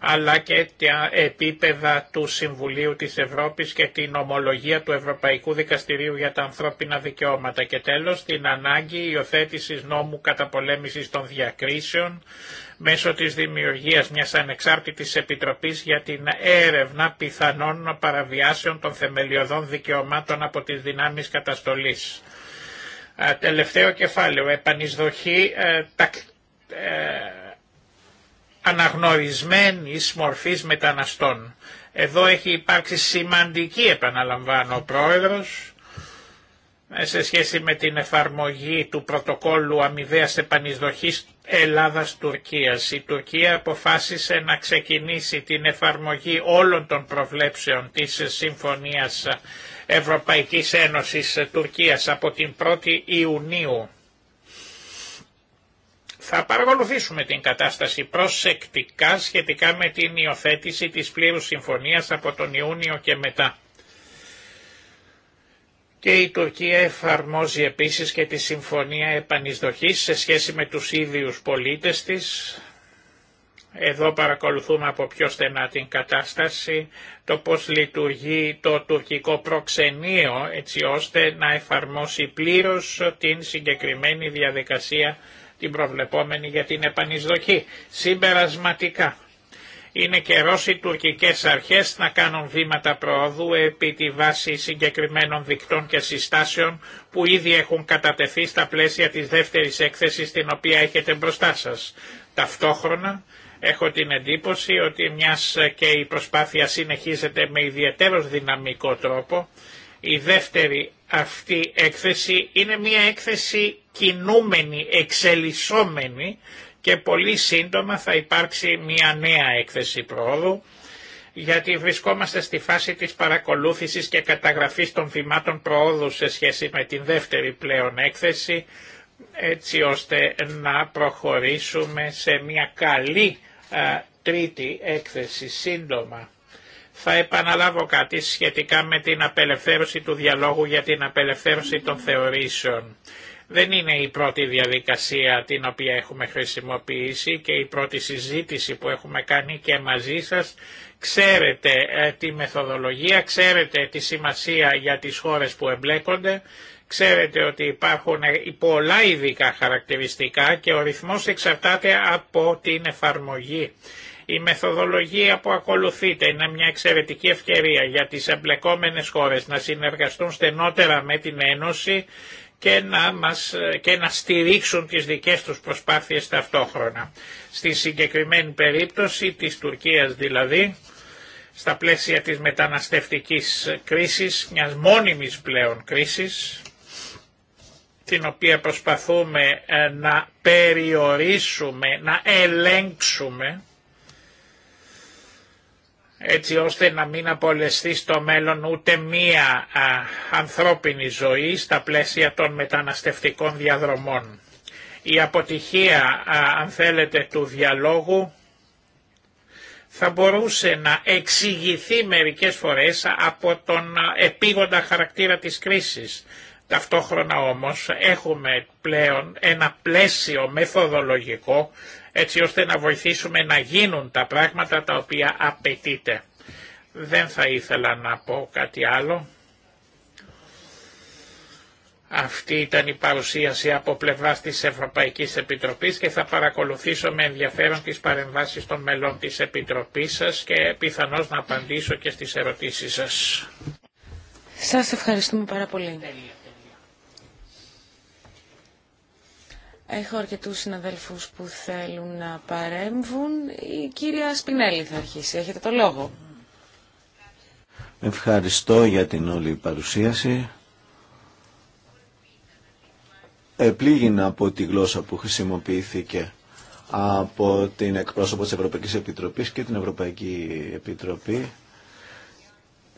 αλλά και τα επίπεδα του Συμβουλίου της Ευρώπης και την ομολογία του Ευρωπαϊκού Δικαστηρίου για τα Ανθρώπινα Δικαιώματα και τέλος την ανάγκη υιοθέτηση νόμου καταπολέμησης των διακρίσεων μέσω της δημιουργίας μιας ανεξάρτητης επιτροπής για την έρευνα πιθανών παραβιάσεων των θεμελιωδών δικαιωμάτων από τις δυνάμεις καταστολής. Τελευταίο κεφάλαιο, επανεισδοχή, ε, ε, αναγνωρισμένη μορφής μεταναστών. Εδώ έχει υπάρξει σημαντική, επαναλαμβάνω, ο Πρόεδρος, ε, σε σχέση με την εφαρμογή του πρωτοκόλλου αμοιβαίας επανεισδοχής Ελλάδας-Τουρκίας. Η Τουρκία αποφάσισε να ξεκινήσει την εφαρμογή όλων των προβλέψεων της Συμφωνίας Ευρωπαϊκής Ένωσης Τουρκίας από την 1η Ιουνίου θα παρακολουθήσουμε την κατάσταση προσεκτικά σχετικά με την υιοθέτηση της πλήρους συμφωνίας από τον Ιούνιο και μετά. Και η Τουρκία εφαρμόζει επίσης και τη Συμφωνία Επανεισδοχής σε σχέση με τους ίδιους πολίτες της. Εδώ παρακολουθούμε από πιο στενά την κατάσταση, το πώς λειτουργεί το τουρκικό προξενείο έτσι ώστε να εφαρμόσει πλήρως την συγκεκριμένη διαδικασία την προβλεπόμενη για την επανεισδοχή. Συμπερασματικά, είναι καιρό οι τουρκικές αρχές να κάνουν βήματα προόδου επί τη βάση συγκεκριμένων δικτών και συστάσεων που ήδη έχουν κατατεθεί στα πλαίσια της δεύτερης έκθεσης την οποία έχετε μπροστά σας. Ταυτόχρονα έχω την εντύπωση ότι μιας και η προσπάθεια συνεχίζεται με ιδιαίτερο δυναμικό τρόπο, η δεύτερη αυτή η έκθεση είναι μια έκθεση κινούμενη, εξελισσόμενη και πολύ σύντομα θα υπάρξει μια νέα έκθεση πρόοδου γιατί βρισκόμαστε στη φάση της παρακολούθησης και καταγραφής των θυμάτων προόδου σε σχέση με την δεύτερη πλέον έκθεση έτσι ώστε να προχωρήσουμε σε μια καλή τρίτη έκθεση σύντομα. Θα επαναλάβω κάτι σχετικά με την απελευθέρωση του διαλόγου για την απελευθέρωση των θεωρήσεων. Δεν είναι η πρώτη διαδικασία την οποία έχουμε χρησιμοποιήσει και η πρώτη συζήτηση που έχουμε κάνει και μαζί σας. Ξέρετε ε, τη μεθοδολογία, ξέρετε τη σημασία για τις χώρες που εμπλέκονται, ξέρετε ότι υπάρχουν ε, πολλά ειδικά χαρακτηριστικά και ο ρυθμός εξαρτάται από την εφαρμογή η μεθοδολογία που ακολουθείται είναι μια εξαιρετική ευκαιρία για τις εμπλεκόμενες χώρες να συνεργαστούν στενότερα με την Ένωση και να, μας, και να στηρίξουν τις δικές τους προσπάθειες ταυτόχρονα. Στη συγκεκριμένη περίπτωση της Τουρκίας δηλαδή, στα πλαίσια της μεταναστευτικής κρίσης, μιας μόνιμης πλέον κρίσης, την οποία προσπαθούμε ε, να περιορίσουμε, να ελέγξουμε, έτσι ώστε να μην απολεστεί στο μέλλον ούτε μία ανθρώπινη ζωή στα πλαίσια των μεταναστευτικών διαδρομών. Η αποτυχία, αν θέλετε, του διαλόγου θα μπορούσε να εξηγηθεί μερικές φορές από τον επίγοντα χαρακτήρα της κρίσης. Ταυτόχρονα όμως έχουμε πλέον ένα πλαίσιο μεθοδολογικό έτσι ώστε να βοηθήσουμε να γίνουν τα πράγματα τα οποία απαιτείται. Δεν θα ήθελα να πω κάτι άλλο. Αυτή ήταν η παρουσίαση από πλευράς της Ευρωπαϊκής Επιτροπής και θα παρακολουθήσω με ενδιαφέρον τις παρεμβάσεις των μελών της Επιτροπής σας και πιθανώς να απαντήσω και στις ερωτήσεις σας. Σας ευχαριστούμε πάρα πολύ. Έχω αρκετούς συναδέλφους που θέλουν να παρέμβουν. Η κυρία Σπινέλη θα αρχίσει. Έχετε το λόγο. Ευχαριστώ για την όλη παρουσίαση. Επλήγηνα από τη γλώσσα που χρησιμοποιήθηκε από την εκπρόσωπο της Ευρωπαϊκής Επιτροπής και την Ευρωπαϊκή Επιτροπή.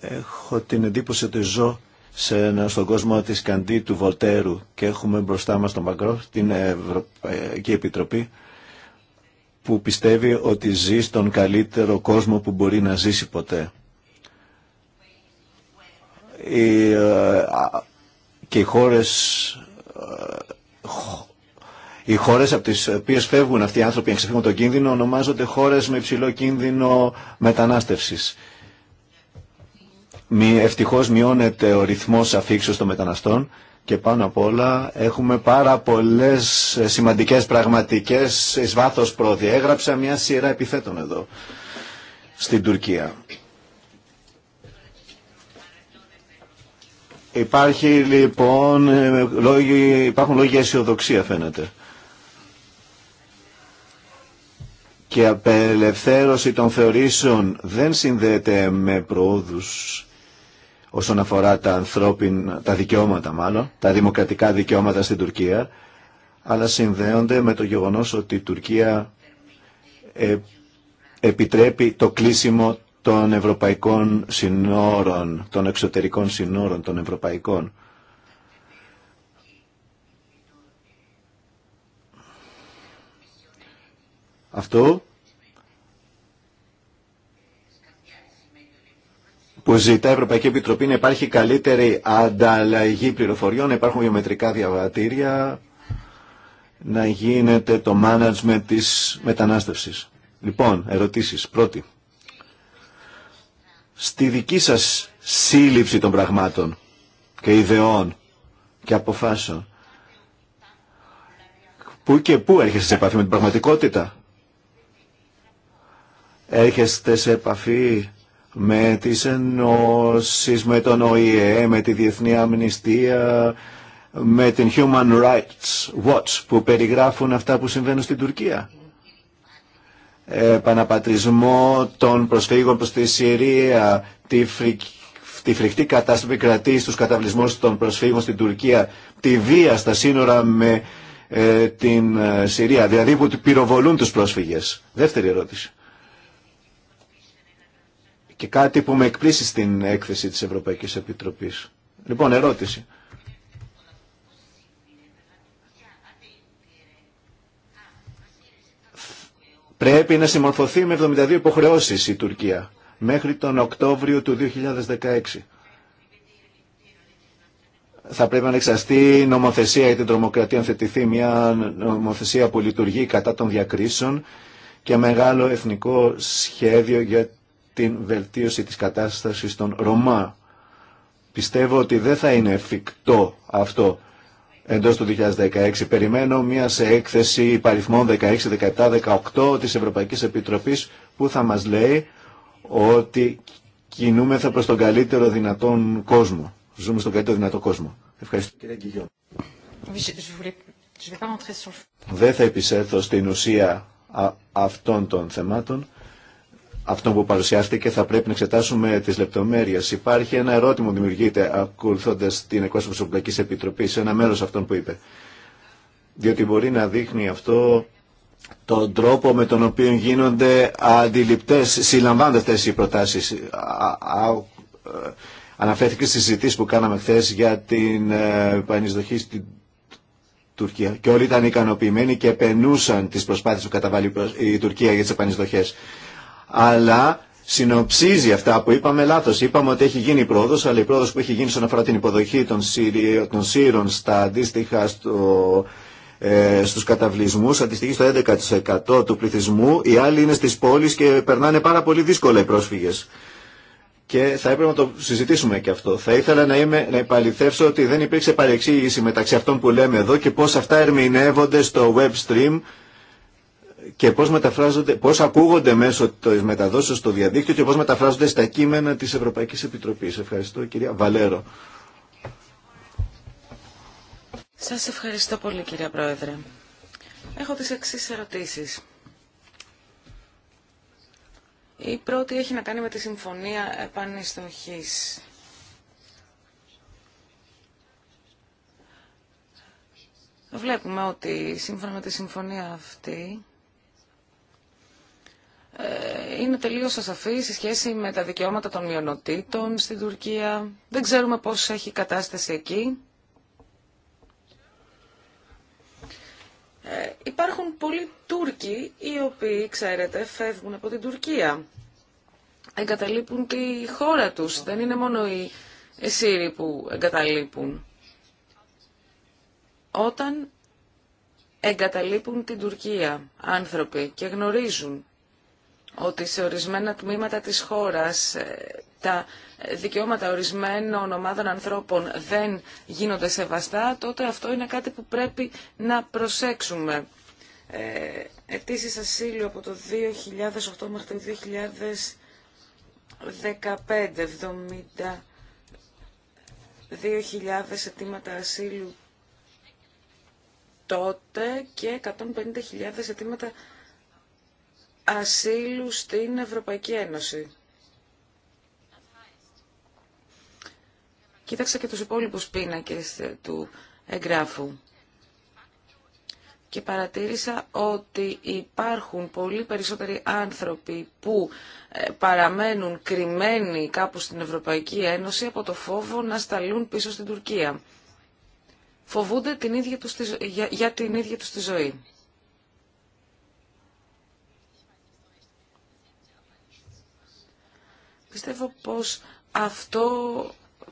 Έχω την εντύπωση ότι ζω σε στον κόσμο της Καντή του Βολτέρου και έχουμε μπροστά μας τον Μακρό, την Ευρωπαϊκή Επιτροπή που πιστεύει ότι ζει στον καλύτερο κόσμο που μπορεί να ζήσει ποτέ. Οι, ε, και οι χώρες ε, οι χώρες από τις οποίες φεύγουν αυτοί οι άνθρωποι να ξεφύγουν τον κίνδυνο ονομάζονται χώρες με υψηλό κίνδυνο μετανάστευσης ευτυχώς μειώνεται ο ρυθμός αφήξεως των μεταναστών και πάνω απ' όλα έχουμε πάρα πολλές ε, σημαντικές πραγματικές εις βάθος προδιέγραψα μια σειρά επιθέτων εδώ στην Τουρκία. Υπάρχει λοιπόν ε, υπάρχουν λόγοι αισιοδοξία φαίνεται. Και απελευθέρωση των θεωρήσεων δεν συνδέεται με προόδους όσον αφορά τα, ανθρώπιν, τα δικαιώματα μάλλον, τα δημοκρατικά δικαιώματα στην Τουρκία, αλλά συνδέονται με το γεγονός ότι η Τουρκία ε, επιτρέπει το κλείσιμο των ευρωπαϊκών συνόρων, των εξωτερικών συνόρων των ευρωπαϊκών. Αυτό που ζητά η Ευρωπαϊκή Επιτροπή να υπάρχει καλύτερη ανταλλαγή πληροφοριών, να υπάρχουν βιομετρικά διαβατήρια, να γίνεται το management της μετανάστευσης. Λοιπόν, ερωτήσεις. Πρώτη. Στη δική σας σύλληψη των πραγμάτων και ιδεών και αποφάσεων, πού και πού έρχεστε σε επαφή με την πραγματικότητα. Έρχεστε σε επαφή με τις ενώσεις, με τον ΟΗΕ, με τη Διεθνή Αμνηστία, με την Human Rights Watch που περιγράφουν αυτά που συμβαίνουν στην Τουρκία. Παναπατρισμό των προσφύγων προς τη Συρία, τη, τη φρικτή κατάσταση που κρατεί στους καταβλισμούς των προσφύγων στην Τουρκία, τη βία στα σύνορα με ε, την ε, Συρία, δηλαδή που πυροβολούν τους πρόσφυγες. Δεύτερη ερώτηση. Και κάτι που με εκπλήσει στην έκθεση της Ευρωπαϊκής Επιτροπής. Λοιπόν, ερώτηση. Πρέπει να συμμορφωθεί με 72 υποχρεώσεις η Τουρκία μέχρι τον Οκτώβριο του 2016. Θα πρέπει να εξαστεί νομοθεσία για την τρομοκρατία, αν θετηθεί μια νομοθεσία που λειτουργεί κατά των διακρίσεων και μεγάλο εθνικό σχέδιο για την βελτίωση της κατάστασης των Ρωμά. Πιστεύω ότι δεν θα είναι εφικτό αυτό εντός του 2016. Περιμένω μια σε έκθεση υπαριθμών 16, 17, 18 της Ευρωπαϊκής Επιτροπής που θα μας λέει ότι κινούμεθα προς τον καλύτερο δυνατόν κόσμο. Ζούμε στον καλύτερο δυνατό κόσμο. Ευχαριστώ Δεν θα επισέλθω στην ουσία αυτών των θεμάτων αυτό που παρουσιάστηκε θα πρέπει να εξετάσουμε τι λεπτομέρειε. Υπάρχει ένα ερώτημα που δημιουργείται ακολουθώντα την εκπρόσωπο τη επιτροπή Επιτροπή, ένα μέρο αυτών που είπε. Διότι μπορεί να δείχνει αυτό τον τρόπο με τον οποίο γίνονται αντιληπτέ, συλλαμβάνονται αυτέ οι προτάσει. Αναφέρθηκε στι συζητήσει που κάναμε χθε για την ε, επανεισδοχή στην Τουρκία. Και όλοι ήταν ικανοποιημένοι και επενούσαν τι προσπάθειε που καταβάλει η Τουρκία για τι επανεισδοχέ αλλά συνοψίζει αυτά που είπαμε λάθος. Είπαμε ότι έχει γίνει πρόοδος, αλλά η πρόοδος που έχει γίνει στον αφορά την υποδοχή των, σύρι, των Σύρων στα αντίστοιχα στο, ε, στους καταβλισμούς, αντιστοιχεί στο 11% του πληθυσμού, οι άλλοι είναι στις πόλεις και περνάνε πάρα πολύ δύσκολα οι πρόσφυγες. Και θα έπρεπε να το συζητήσουμε και αυτό. Θα ήθελα να, είμαι, να επαληθεύσω ότι δεν υπήρξε παρεξήγηση μεταξύ αυτών που λέμε εδώ και πώς αυτά ερμηνεύονται στο web stream και πώς μεταφράζονται, πώς ακούγονται μέσω της μεταδόσεως στο διαδίκτυο και πώς μεταφράζονται στα κείμενα της Ευρωπαϊκής Επιτροπής. Ευχαριστώ κυρία Βαλέρο. Σας ευχαριστώ πολύ κυρία Πρόεδρε. Έχω τις εξής ερωτήσεις. Η πρώτη έχει να κάνει με τη Συμφωνία Επανιστοχής. Βλέπουμε ότι σύμφωνα με τη συμφωνία αυτή ε, είναι τελείως ασαφή σε σχέση με τα δικαιώματα των μειονοτήτων στην Τουρκία. Δεν ξέρουμε πώς έχει η κατάσταση εκεί. Ε, υπάρχουν πολλοί Τούρκοι οι οποίοι, ξέρετε, φεύγουν από την Τουρκία. Εγκαταλείπουν και η χώρα τους. Δεν είναι μόνο οι Σύριοι που εγκαταλείπουν. Όταν εγκαταλείπουν την Τουρκία άνθρωποι και γνωρίζουν ότι σε ορισμένα τμήματα της χώρας ε, τα δικαιώματα ορισμένων ομάδων ανθρώπων δεν γίνονται σεβαστά, τότε αυτό είναι κάτι που πρέπει να προσέξουμε. Ε, Ετήσεις ασύλου από το 2008 μέχρι το 2015, 72.000 αιτήματα ασύλου τότε και 150.000 αιτήματα ασύλου στην Ευρωπαϊκή Ένωση. Κοίταξα και τους υπόλοιπους πίνακες του εγγράφου και παρατήρησα ότι υπάρχουν πολύ περισσότεροι άνθρωποι που ε, παραμένουν κρυμμένοι κάπου στην Ευρωπαϊκή Ένωση από το φόβο να σταλούν πίσω στην Τουρκία. Φοβούνται την ίδια τους, για, για την ίδια τους τη ζωή. Πιστεύω πως αυτό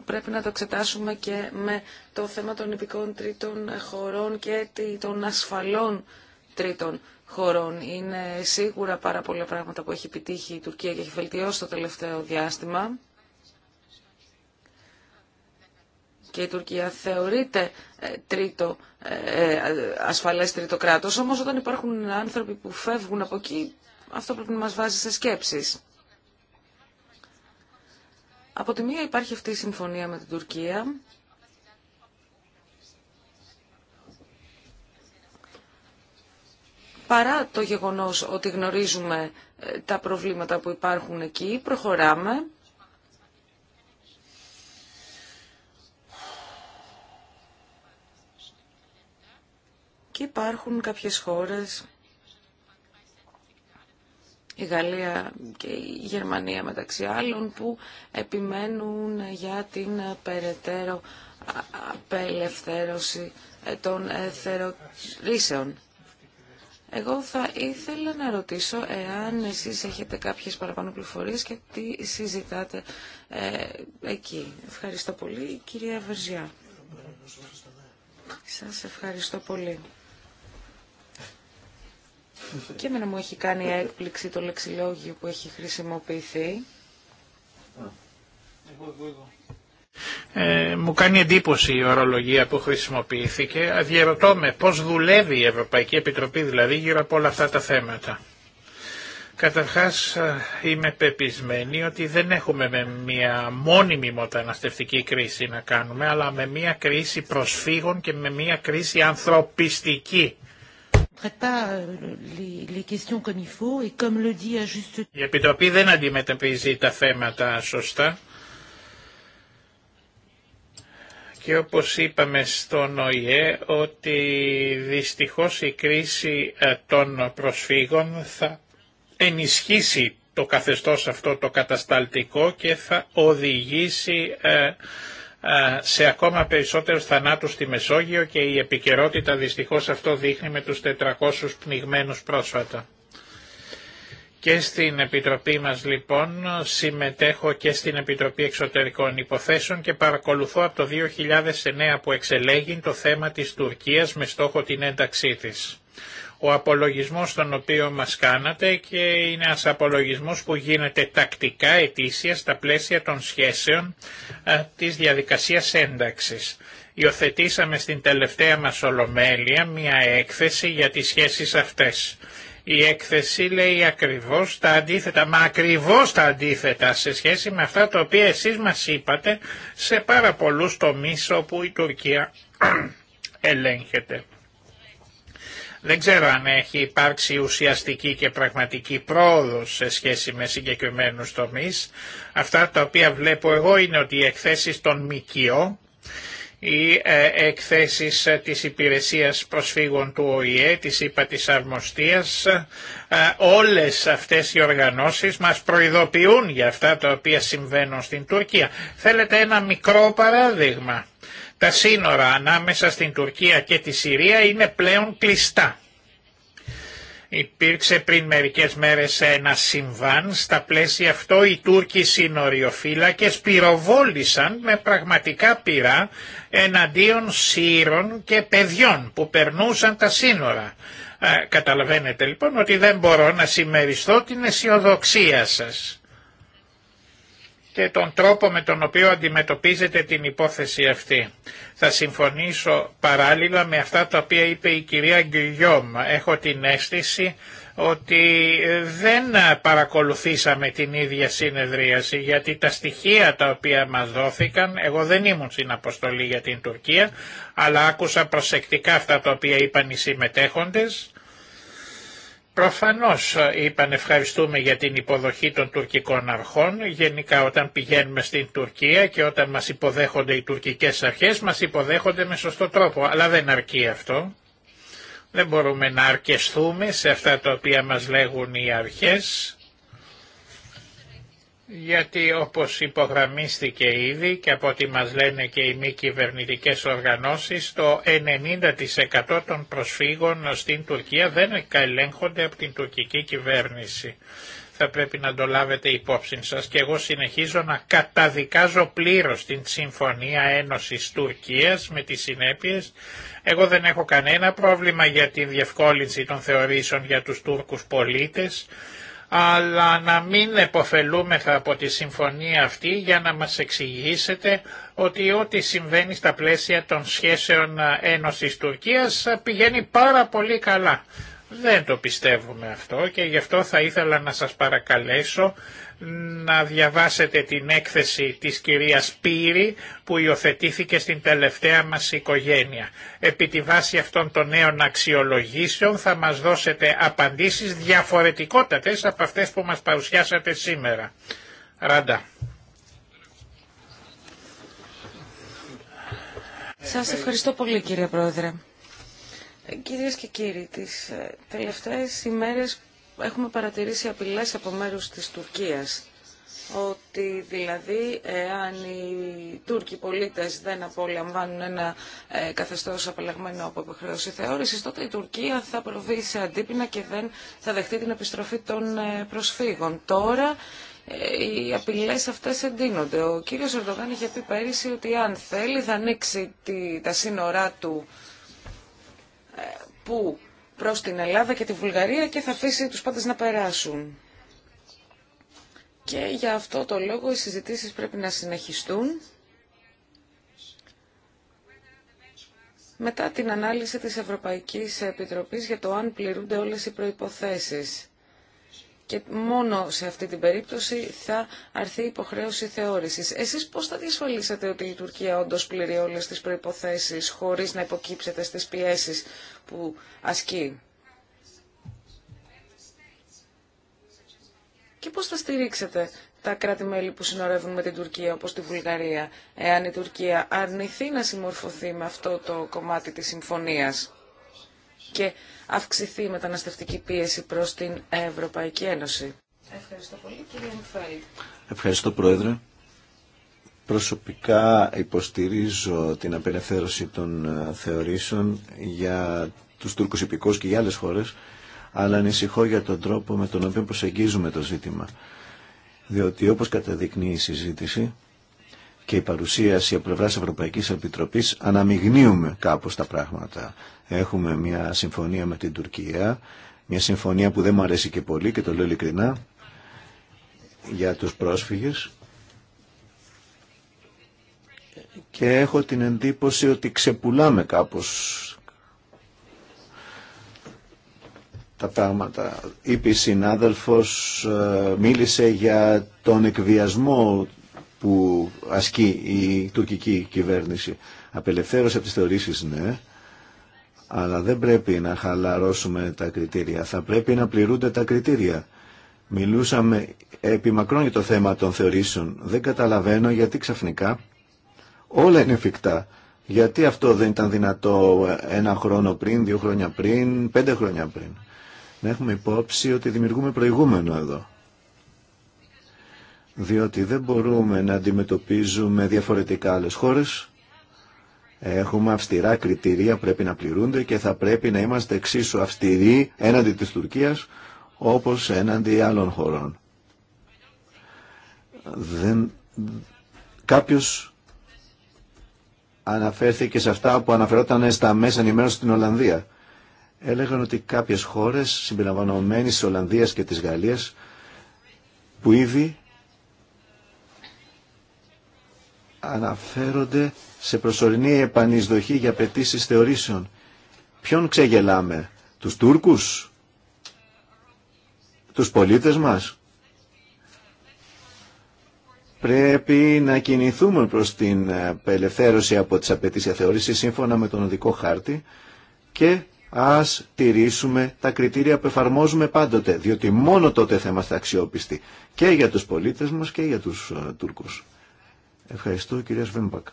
πρέπει να το εξετάσουμε και με το θέμα των υπηκών τρίτων χωρών και των ασφαλών τρίτων χωρών. Είναι σίγουρα πάρα πολλά πράγματα που έχει επιτύχει η Τουρκία και έχει βελτιώσει το τελευταίο διάστημα. Και η Τουρκία θεωρείται ε, τρίτο, ε, ε, ασφαλές τρίτο κράτος, όμως όταν υπάρχουν άνθρωποι που φεύγουν από εκεί, αυτό πρέπει να μας βάζει σε σκέψεις. Από τη μία υπάρχει αυτή η συμφωνία με την Τουρκία, παρά το γεγονός ότι γνωρίζουμε ε, τα προβλήματα που υπάρχουν εκεί, προχωράμε. Και υπάρχουν κάποιες χώρες η Γαλλία και η Γερμανία μεταξύ άλλων που επιμένουν για την περαιτέρω απελευθέρωση των θεωρήσεων. Εγώ θα ήθελα να ρωτήσω εάν εσείς έχετε κάποιες παραπάνω πληροφορίες και τι συζητάτε ε, εκεί. Ευχαριστώ πολύ, κυρία Βερζιά. Σας ευχαριστώ πολύ. Και εμένα μου έχει κάνει έκπληξη το λεξιλόγιο που έχει χρησιμοποιηθεί. Ε, μου κάνει εντύπωση η ορολογία που χρησιμοποιήθηκε. Διερωτώ με πώς δουλεύει η Ευρωπαϊκή Επιτροπή δηλαδή γύρω από όλα αυτά τα θέματα. Καταρχάς ε, είμαι πεπισμένη ότι δεν έχουμε με μια μόνιμη μοταναστευτική κρίση να κάνουμε, αλλά με μια κρίση προσφύγων και με μια κρίση ανθρωπιστική traite pas les Επιτροπή δεν αντιμετωπίζει τα θέματα σωστά. Και όπως είπαμε στον ΟΗΕ ότι δυστυχώς η κρίση ε, των προσφύγων θα ενισχύσει το καθεστώς αυτό το κατασταλτικό και θα οδηγήσει ε, σε ακόμα περισσότερους θανάτους στη Μεσόγειο και η επικαιρότητα δυστυχώς αυτό δείχνει με τους 400 πνιγμένους πρόσφατα. Και στην Επιτροπή μας λοιπόν συμμετέχω και στην Επιτροπή Εξωτερικών Υποθέσεων και παρακολουθώ από το 2009 που εξελέγει το θέμα της Τουρκίας με στόχο την ένταξή της ο απολογισμός τον οποίο μας κάνατε και είναι ένας απολογισμός που γίνεται τακτικά ετήσια στα πλαίσια των σχέσεων της διαδικασίας ένταξης. Υιοθετήσαμε στην τελευταία μας ολομέλεια μια έκθεση για τις σχέσεις αυτές. Η έκθεση λέει ακριβώς τα αντίθετα, μα ακριβώς τα αντίθετα σε σχέση με αυτά τα οποία εσείς μας είπατε σε πάρα πολλούς τομείς όπου η Τουρκία *clears throat* ελέγχεται. Δεν ξέρω αν έχει υπάρξει ουσιαστική και πραγματική πρόοδος σε σχέση με συγκεκριμένους τομείς. Αυτά τα οποία βλέπω εγώ είναι ότι οι εκθέσεις των ΜΚΙΟ, οι ε, εκθέσεις ε, της Υπηρεσίας Προσφύγων του ΟΗΕ, της ΥΠΑ της Αρμοστίας. Ε, όλες αυτές οι οργανώσεις μας προειδοποιούν για αυτά τα οποία συμβαίνουν στην Τουρκία. Θέλετε ένα μικρό παράδειγμα. Τα σύνορα ανάμεσα στην Τουρκία και τη Συρία είναι πλέον κλειστά. Υπήρξε πριν μερικές μέρες ένα συμβάν, στα πλαίσια αυτό οι Τούρκοι συνοριοφύλακες πυροβόλησαν με πραγματικά πυρά εναντίον Σύρων και παιδιών που περνούσαν τα σύνορα. Ε, καταλαβαίνετε λοιπόν ότι δεν μπορώ να συμμεριστώ την αισιοδοξία σας και τον τρόπο με τον οποίο αντιμετωπίζεται την υπόθεση αυτή. Θα συμφωνήσω παράλληλα με αυτά τα οποία είπε η κυρία Γκυλιόμ. Έχω την αίσθηση ότι δεν παρακολουθήσαμε την ίδια συνεδρίαση γιατί τα στοιχεία τα οποία μας δόθηκαν, εγώ δεν ήμουν στην αποστολή για την Τουρκία, αλλά άκουσα προσεκτικά αυτά τα οποία είπαν οι συμμετέχοντες Προφανώς ε, είπαν ευχαριστούμε για την υποδοχή των τουρκικών αρχών. Γενικά όταν πηγαίνουμε στην Τουρκία και όταν μας υποδέχονται οι τουρκικές αρχές μας υποδέχονται με σωστό τρόπο. Αλλά δεν αρκεί αυτό. Δεν μπορούμε να αρκεστούμε σε αυτά τα οποία μας λέγουν οι αρχές γιατί όπως υπογραμμίστηκε ήδη και από ό,τι μας λένε και οι μη κυβερνητικέ οργανώσεις, το 90% των προσφύγων στην Τουρκία δεν ελέγχονται από την τουρκική κυβέρνηση. Θα πρέπει να το λάβετε υπόψη σας και εγώ συνεχίζω να καταδικάζω πλήρως την Συμφωνία Ένωσης Τουρκίας με τις συνέπειες. Εγώ δεν έχω κανένα πρόβλημα για τη διευκόλυνση των θεωρήσεων για τους Τούρκους πολίτες αλλά να μην επωφελούμεθα από τη συμφωνία αυτή για να μας εξηγήσετε ότι ό,τι συμβαίνει στα πλαίσια των σχέσεων Ένωσης Τουρκίας πηγαίνει πάρα πολύ καλά. Δεν το πιστεύουμε αυτό και γι' αυτό θα ήθελα να σας παρακαλέσω να διαβάσετε την έκθεση της κυρίας Πύρη που υιοθετήθηκε στην τελευταία μας οικογένεια. Επί τη βάση αυτών των νέων αξιολογήσεων θα μας δώσετε απαντήσεις διαφορετικότατες από αυτές που μας παρουσιάσατε σήμερα. Ράντα. Σας ευχαριστώ πολύ κύριε Πρόεδρε. Ε, κυρίες και κύριοι, τις ε, τελευταίες ημέρες έχουμε παρατηρήσει απειλές από μέρους της Τουρκίας. Ότι δηλαδή εάν οι Τούρκοι πολίτες δεν απολαμβάνουν ένα ε, καθεστώς απελεγμένο από υποχρεώση θεώρησης, τότε η Τουρκία θα προβεί σε αντίπεινα και δεν θα δεχτεί την επιστροφή των ε, προσφύγων. Τώρα ε, οι απειλές αυτές εντείνονται. Ο κύριος Ερντογάν είχε πει πέρυσι ότι αν θέλει θα ανοίξει τη, τα σύνορά του ε, που προς την Ελλάδα και τη Βουλγαρία και θα αφήσει τους πάντες να περάσουν. Και για αυτό το λόγο οι συζητήσεις πρέπει να συνεχιστούν μετά την ανάλυση της Ευρωπαϊκής Επιτροπής για το αν πληρούνται όλες οι προϋποθέσεις και μόνο σε αυτή την περίπτωση θα αρθεί η υποχρέωση θεώρησης. Εσείς πώς θα διασφαλίσετε ότι η Τουρκία όντως πληρεί όλες τις προϋποθέσεις χωρίς να υποκύψετε στις πιέσεις που ασκεί. Και πώς θα στηρίξετε τα κράτη-μέλη που συνορεύουν με την Τουρκία, όπως τη Βουλγαρία, εάν η Τουρκία αρνηθεί να συμμορφωθεί με αυτό το κομμάτι της συμφωνίας. Και αυξηθεί η μεταναστευτική πίεση προς την Ευρωπαϊκή Ένωση. Ευχαριστώ πολύ κύριε Μουφέλη. Ευχαριστώ Πρόεδρε. Προσωπικά υποστηρίζω την απελευθέρωση των ε, θεωρήσεων για τους Τούρκους υπηκούς και για άλλες χώρες, αλλά ανησυχώ για τον τρόπο με τον οποίο προσεγγίζουμε το ζήτημα. Διότι όπως καταδεικνύει η συζήτηση, και η παρουσίαση από πλευρά Ευρωπαϊκή Επιτροπή αναμειγνύουμε κάπως τα πράγματα. Έχουμε μια συμφωνία με την Τουρκία, μια συμφωνία που δεν μου αρέσει και πολύ και το λέω ειλικρινά για τους πρόσφυγες και έχω την εντύπωση ότι ξεπουλάμε κάπως τα πράγματα. Είπε η συνάδελφος, ε, μίλησε για τον εκβιασμό που ασκεί η τουρκική κυβέρνηση. Απελευθέρωση από τις θεωρήσεις, ναι, αλλά δεν πρέπει να χαλαρώσουμε τα κριτήρια. Θα πρέπει να πληρούνται τα κριτήρια. Μιλούσαμε μακρόν για το θέμα των θεωρήσεων. Δεν καταλαβαίνω γιατί ξαφνικά όλα είναι εφικτά. Γιατί αυτό δεν ήταν δυνατό ένα χρόνο πριν, δύο χρόνια πριν, πέντε χρόνια πριν. Να έχουμε υπόψη ότι δημιουργούμε προηγούμενο εδώ διότι δεν μπορούμε να αντιμετωπίζουμε διαφορετικά άλλες χώρες. Έχουμε αυστηρά κριτηρία πρέπει να πληρούνται και θα πρέπει να είμαστε εξίσου αυστηροί έναντι της Τουρκίας όπως έναντι άλλων χωρών. Δεν... Κάποιος αναφέρθηκε σε αυτά που αναφερόταν στα μέσα ενημέρωση στην Ολλανδία. Έλεγαν ότι κάποιες χώρες συμπεριλαμβανομένες της Ολλανδίας και της Γαλλίας που ήδη αναφέρονται σε προσωρινή επανεισδοχή για απαιτήσει θεωρήσεων. Ποιον ξεγελάμε, τους Τούρκους, τους πολίτες μας. Πρέπει να κινηθούμε προς την απελευθέρωση από τις απαιτήσεις θεωρήσεις σύμφωνα με τον οδικό χάρτη και ας τηρήσουμε τα κριτήρια που εφαρμόζουμε πάντοτε, διότι μόνο τότε θα είμαστε αξιόπιστοι και για τους πολίτες μας και για τους ε, Τούρκους. Ευχαριστώ κυρία Σβέμπακ.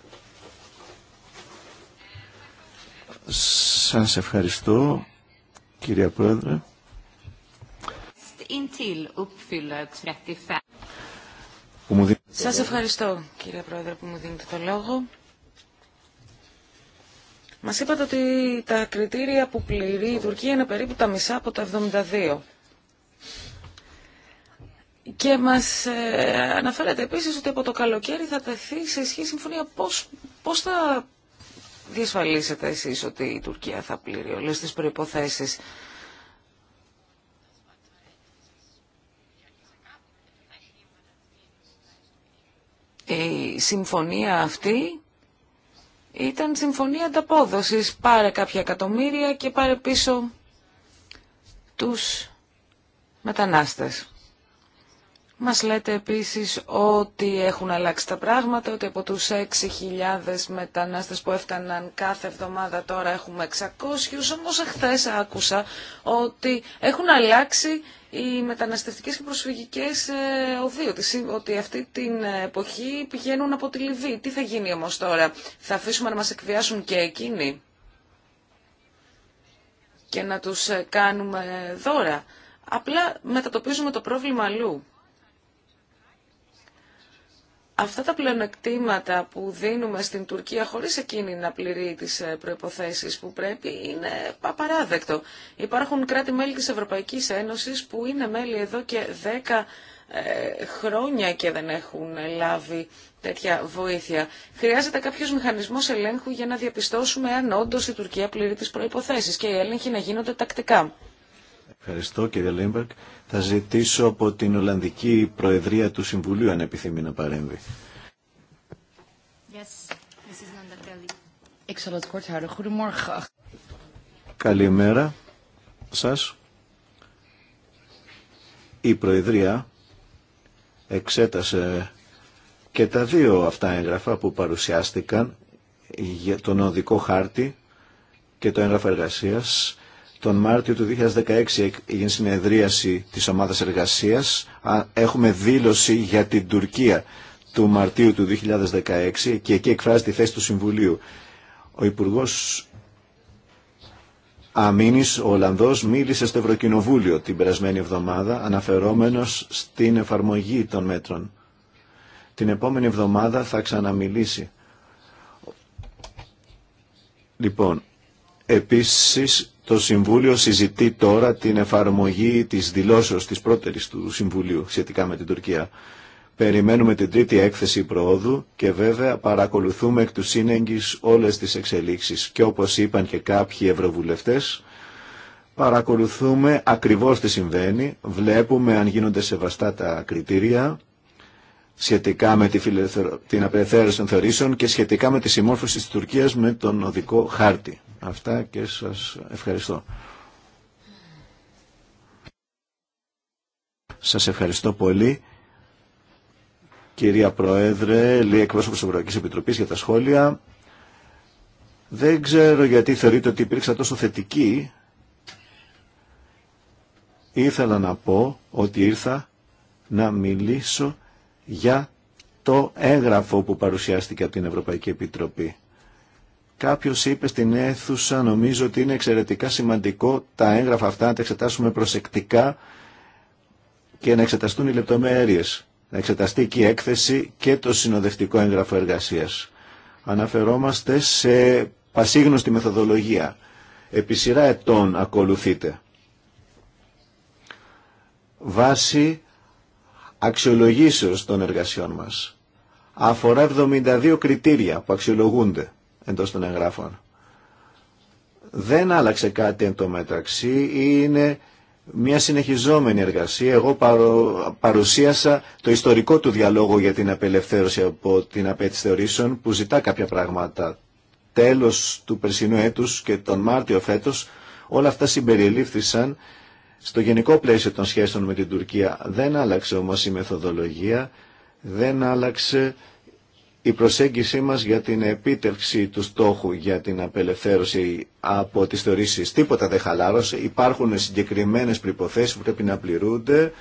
Σας ευχαριστώ κυρία Πρόεδρε. Σας ευχαριστώ κυρία Πρόεδρε που μου δίνετε το λόγο. Μας είπατε ότι τα κριτήρια που πληρεί η Τουρκία είναι περίπου τα μισά από τα 72. Και μας ε, αναφέρατε επίσης ότι από το καλοκαίρι θα τεθεί σε ισχύ συμφωνία. Πώς, πώς θα διασφαλίσετε εσείς ότι η Τουρκία θα πλήρει όλες τις προϋποθέσεις. Η συμφωνία αυτή ήταν συμφωνία ανταπόδοσης. Πάρε κάποια εκατομμύρια και πάρε πίσω τους μετανάστες. Μας λέτε επίσης ότι έχουν αλλάξει τα πράγματα, ότι από τους 6.000 μετανάστες που έφταναν κάθε εβδομάδα τώρα έχουμε 600, όμως χθε άκουσα ότι έχουν αλλάξει οι μεταναστευτικές και προσφυγικές ε, οδείωτες, ότι αυτή την εποχή πηγαίνουν από τη Λιβύη. Τι θα γίνει όμως τώρα, θα αφήσουμε να μας εκβιάσουν και εκείνοι και να τους ε, κάνουμε δώρα. Απλά μετατοπίζουμε το πρόβλημα αλλού αυτά τα πλεονεκτήματα που δίνουμε στην Τουρκία χωρίς εκείνη να πληρεί τις ε, προϋποθέσεις που πρέπει είναι απαράδεκτο. Υπάρχουν κράτη-μέλη της Ευρωπαϊκής Ένωσης που είναι μέλη εδώ και δέκα ε, χρόνια και δεν έχουν λάβει τέτοια βοήθεια. Χρειάζεται κάποιος μηχανισμός ελέγχου για να διαπιστώσουμε αν όντως η Τουρκία πληρεί τις προϋποθέσεις και οι έλεγχοι να γίνονται τακτικά. Ευχαριστώ κύριε Λίμπερκ. Θα ζητήσω από την Ολλανδική Προεδρία του Συμβουλίου αν επιθυμεί να παρέμβει. Yes, Καλημέρα σας. Η Προεδρία εξέτασε και τα δύο αυτά έγγραφα που παρουσιάστηκαν για τον οδικό χάρτη και το έγγραφο εργασίας τον Μάρτιο του 2016 έγινε συνεδρίαση της ομάδας εργασίας. Έχουμε δήλωση για την Τουρκία του Μαρτίου του 2016 και εκεί εκφράζει τη θέση του Συμβουλίου. Ο Υπουργός Αμήνης, ο Ολλανδός, μίλησε στο Ευρωκοινοβούλιο την περασμένη εβδομάδα αναφερόμενος στην εφαρμογή των μέτρων. Την επόμενη εβδομάδα θα ξαναμιλήσει. Λοιπόν, επίσης το Συμβούλιο συζητεί τώρα την εφαρμογή της δηλώσεως της πρώτερης του Συμβουλίου σχετικά με την Τουρκία. Περιμένουμε την τρίτη έκθεση προόδου και βέβαια παρακολουθούμε εκ του σύνεγγυς όλες τις εξελίξεις και όπως είπαν και κάποιοι ευρωβουλευτές παρακολουθούμε ακριβώς τι συμβαίνει, βλέπουμε αν γίνονται σεβαστά τα κριτήρια σχετικά με τη την απελευθέρωση των θεωρήσεων και σχετικά με τη συμμόρφωση της Τουρκίας με τον οδικό χάρτη. Αυτά και σας ευχαριστώ. Σας ευχαριστώ πολύ. Κυρία Πρόεδρε, λέει εκπρόσωπος της Ευρωπαϊκής Επιτροπής για τα σχόλια. Δεν ξέρω γιατί θεωρείτε ότι υπήρξα τόσο θετική. Ήθελα να πω ότι ήρθα να μιλήσω για το έγγραφο που παρουσιάστηκε από την Ευρωπαϊκή Επιτροπή. Κάποιος είπε στην αίθουσα, νομίζω ότι είναι εξαιρετικά σημαντικό τα έγγραφα αυτά να τα εξετάσουμε προσεκτικά και να εξεταστούν οι λεπτομέρειες. Να εξεταστεί και η έκθεση και το συνοδευτικό έγγραφο εργασίας. Αναφερόμαστε σε πασίγνωστη μεθοδολογία. Επί σειρά ετών ακολουθείτε. Βάση αξιολογήσεως των εργασιών μας. Αφορά 72 κριτήρια που αξιολογούνται εντός των εγγράφων. Δεν άλλαξε κάτι εν τω μεταξύ, είναι μια συνεχιζόμενη εργασία. Εγώ παρο, παρουσίασα το ιστορικό του διαλόγου για την απελευθέρωση από την απέτηση θεωρήσεων που ζητά κάποια πράγματα. Τέλος του περσινού έτους και τον Μάρτιο φέτος όλα αυτά συμπεριλήφθησαν στο γενικό πλαίσιο των σχέσεων με την Τουρκία. Δεν άλλαξε όμως η μεθοδολογία, δεν άλλαξε η προσέγγιση μας για την επίτευξη του στόχου για την απελευθέρωση από τις θεωρήσεις. Τίποτα δεν χαλάρωσε, υπάρχουν συγκεκριμένες προϋποθέσεις που πρέπει να πληρούνται.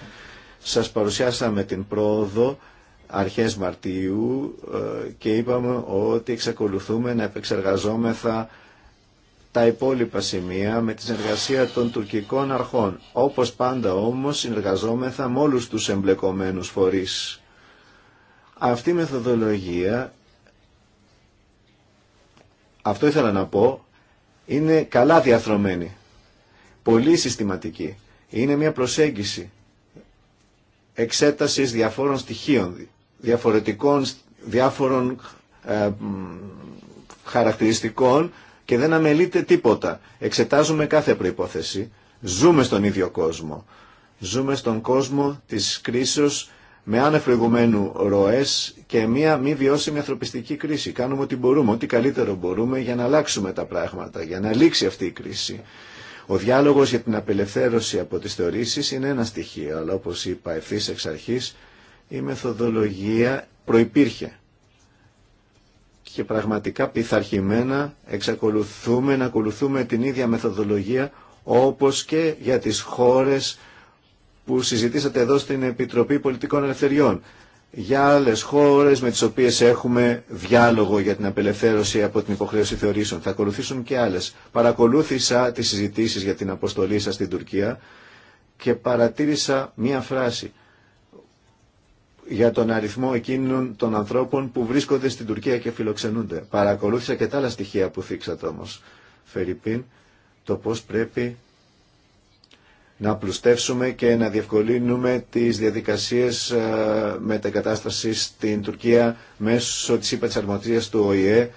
Σας παρουσιάσαμε την πρόοδο αρχές Μαρτίου ε, και είπαμε ότι εξακολουθούμε να επεξεργαζόμεθα τα υπόλοιπα σημεία με τη συνεργασία των τουρκικών αρχών. Όπως πάντα όμως συνεργαζόμεθα με όλους τους εμπλεκομένους φορείς. Αυτή η μεθοδολογία, αυτό ήθελα να πω, είναι καλά διαθρωμένη, πολύ συστηματική. Είναι μια προσέγγιση εξέτασης διαφόρων στοιχείων, διαφορετικών, διάφορων ε, χαρακτηριστικών και δεν αμελείται τίποτα. Εξετάζουμε κάθε προϋπόθεση. Ζούμε στον ίδιο κόσμο. Ζούμε στον κόσμο της κρίσεως με άνευ προηγουμένου ροές και μια μη βιώσιμη ανθρωπιστική κρίση. Κάνουμε ό,τι μπορούμε, ό,τι καλύτερο μπορούμε για να αλλάξουμε τα πράγματα, για να λήξει αυτή η κρίση. Ο διάλογος για την απελευθέρωση από τις θεωρήσεις είναι ένα στοιχείο, αλλά όπως είπα ευθύ εξ αρχής η μεθοδολογία προϋπήρχε και πραγματικά πειθαρχημένα εξακολουθούμε να ακολουθούμε την ίδια μεθοδολογία όπως και για τις χώρες που συζητήσατε εδώ στην Επιτροπή Πολιτικών Ελευθεριών. Για άλλες χώρες με τις οποίες έχουμε διάλογο για την απελευθέρωση από την υποχρέωση θεωρήσεων. Θα ακολουθήσουν και άλλες. Παρακολούθησα τις συζητήσεις για την αποστολή σας στην Τουρκία και παρατήρησα μία φράση για τον αριθμό εκείνων των ανθρώπων που βρίσκονται στην Τουρκία και φιλοξενούνται. Παρακολούθησα και τα άλλα στοιχεία που θίξατε όμως, Φερρυπίν, το πώς πρέπει να πλουστεύσουμε και να διευκολύνουμε τις διαδικασίες ε, μετακατάστασης στην Τουρκία μέσω της ΥΠΑ του ΟΗΕ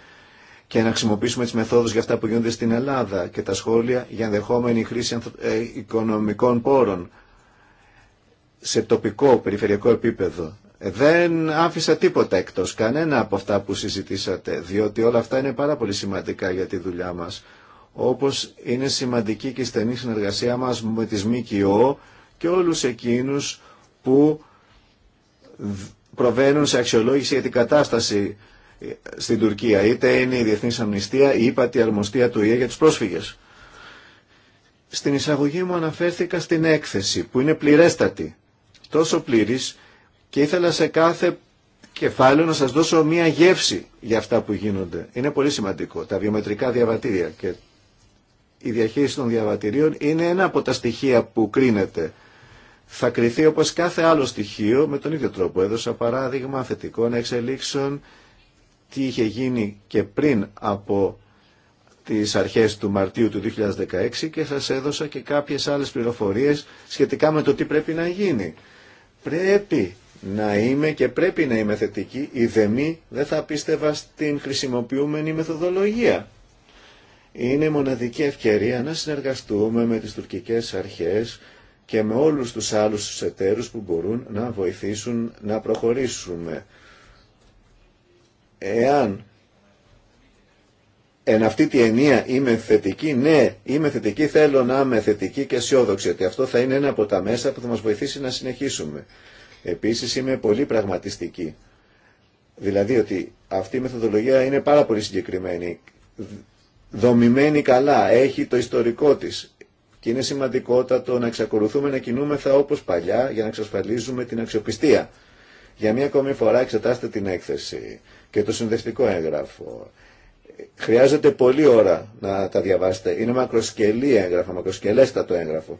και να χρησιμοποιήσουμε τις μεθόδους για αυτά που γίνονται στην Ελλάδα και τα σχόλια για ενδεχόμενη χρήση ε, οικονομικών πόρων σε τοπικό, περιφερειακό επίπεδο. Ε, δεν άφησα τίποτα εκτός, κανένα από αυτά που συζητήσατε, διότι όλα αυτά είναι πάρα πολύ σημαντικά για τη δουλειά μας. Όπως είναι σημαντική και η στενή συνεργασία μας με τις ΜΚΟ και όλους εκείνους που προβαίνουν σε αξιολόγηση για την κατάσταση ε, στην Τουρκία, είτε είναι η Διεθνής Αμνηστία ή η η αρμοστία του ΙΕ για τους πρόσφυγες. Στην εισαγωγή μου αναφέρθηκα στην έκθεση που είναι πληρέστατη τόσο πλήρης και ήθελα σε κάθε κεφάλαιο να σας δώσω μία γεύση για αυτά που γίνονται. Είναι πολύ σημαντικό. Τα βιομετρικά διαβατήρια και η διαχείριση των διαβατηρίων είναι ένα από τα στοιχεία που κρίνεται. Θα κριθεί όπως κάθε άλλο στοιχείο με τον ίδιο τρόπο. Έδωσα παράδειγμα θετικών εξελίξεων, τι είχε γίνει και πριν από τις αρχές του Μαρτίου του 2016 και σας έδωσα και κάποιες άλλες πληροφορίες σχετικά με το τι πρέπει να γίνει Πρέπει να είμαι και πρέπει να είμαι θετική, η δεμή δεν θα πίστευα στην χρησιμοποιούμενη μεθοδολογία. Είναι μοναδική ευκαιρία να συνεργαστούμε με τις τουρκικές αρχές και με όλους τους άλλους τους που μπορούν να βοηθήσουν να προχωρήσουμε. Εάν εν αυτή τη ενία είμαι θετική, ναι, είμαι θετική, θέλω να είμαι θετική και αισιόδοξη, ότι αυτό θα είναι ένα από τα μέσα που θα μας βοηθήσει να συνεχίσουμε. Επίσης είμαι πολύ πραγματιστική. Δηλαδή ότι αυτή η μεθοδολογία είναι πάρα πολύ συγκεκριμένη, δομημένη καλά, έχει το ιστορικό της και είναι σημαντικότατο να εξακολουθούμε να κινούμεθα όπως παλιά για να εξασφαλίζουμε την αξιοπιστία. Για μία ακόμη φορά εξετάστε την έκθεση και το συνδευτικό έγγραφο χρειάζεται πολλή ώρα να τα διαβάσετε. Είναι μακροσκελή έγγραφο, το έγγραφο.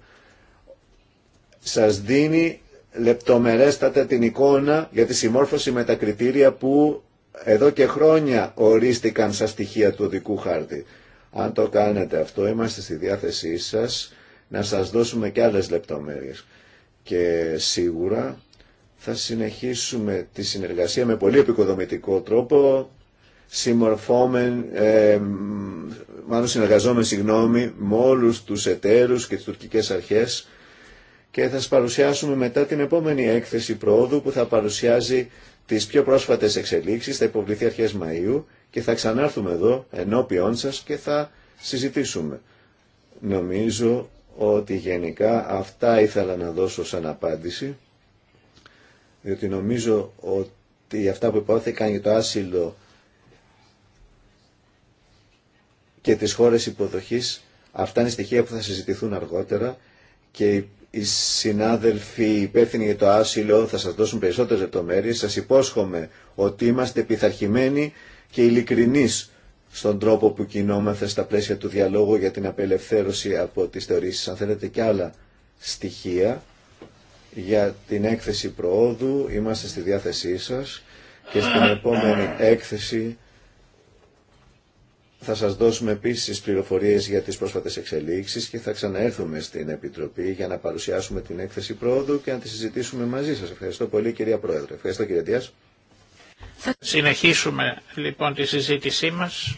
Σας δίνει λεπτομερέστατα την εικόνα για τη συμμόρφωση με τα κριτήρια που εδώ και χρόνια ορίστηκαν στα στοιχεία του οδικού χάρτη. Αν το κάνετε αυτό, είμαστε στη διάθεσή σας να σας δώσουμε και άλλες λεπτομέρειες. Και σίγουρα θα συνεχίσουμε τη συνεργασία με πολύ επικοδομητικό τρόπο συμμορφόμεν, ε, μάλλον συνεργαζόμεν, συγγνώμη, με όλους τους εταίρους και τις τουρκικές αρχές και θα σας παρουσιάσουμε μετά την επόμενη έκθεση πρόοδου που θα παρουσιάζει τις πιο πρόσφατες εξελίξεις, θα υποβληθεί αρχές Μαΐου και θα ξανάρθουμε εδώ ενώπιόν σας και θα συζητήσουμε. Νομίζω ότι γενικά αυτά ήθελα να δώσω σαν απάντηση, διότι νομίζω ότι αυτά που υπόθηκαν για το άσυλο και τις χώρες υποδοχής. Αυτά είναι στοιχεία που θα συζητηθούν αργότερα και οι συνάδελφοι υπεύθυνοι για το άσυλο θα σας δώσουν περισσότερες λεπτομέρειες. Σας υπόσχομαι ότι είμαστε πειθαρχημένοι και ειλικρινείς στον τρόπο που κινόμαστε στα πλαίσια του διαλόγου για την απελευθέρωση από τις θεωρήσεις. Αν θέλετε και άλλα στοιχεία για την έκθεση προόδου, είμαστε στη διάθεσή σας και στην επόμενη έκθεση θα σας δώσουμε επίσης πληροφορίες για τις πρόσφατες εξελίξεις και θα ξαναέρθουμε στην Επιτροπή για να παρουσιάσουμε την έκθεση πρόοδου και να τη συζητήσουμε μαζί σας. Ευχαριστώ πολύ κυρία Πρόεδρε. Ευχαριστώ κύριε Τιάς. Θα συνεχίσουμε λοιπόν τη συζήτησή μας.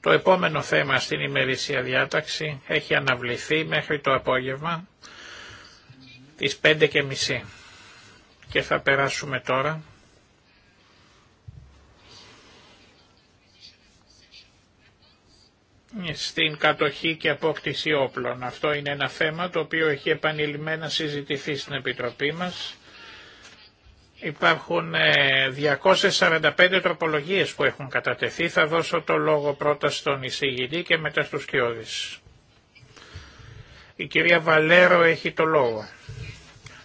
Το επόμενο θέμα στην ημερήσια διάταξη έχει αναβληθεί μέχρι το απόγευμα τις 5.30 και θα περάσουμε τώρα στην κατοχή και απόκτηση όπλων. Αυτό είναι ένα θέμα το οποίο έχει επανειλημμένα συζητηθεί στην Επιτροπή μας. Υπάρχουν 245 ε, τροπολογίες που έχουν κατατεθεί. Θα δώσω το λόγο πρώτα στον εισηγητή και μετά στους Κιώδης. Η κυρία Βαλέρο έχει το λόγο.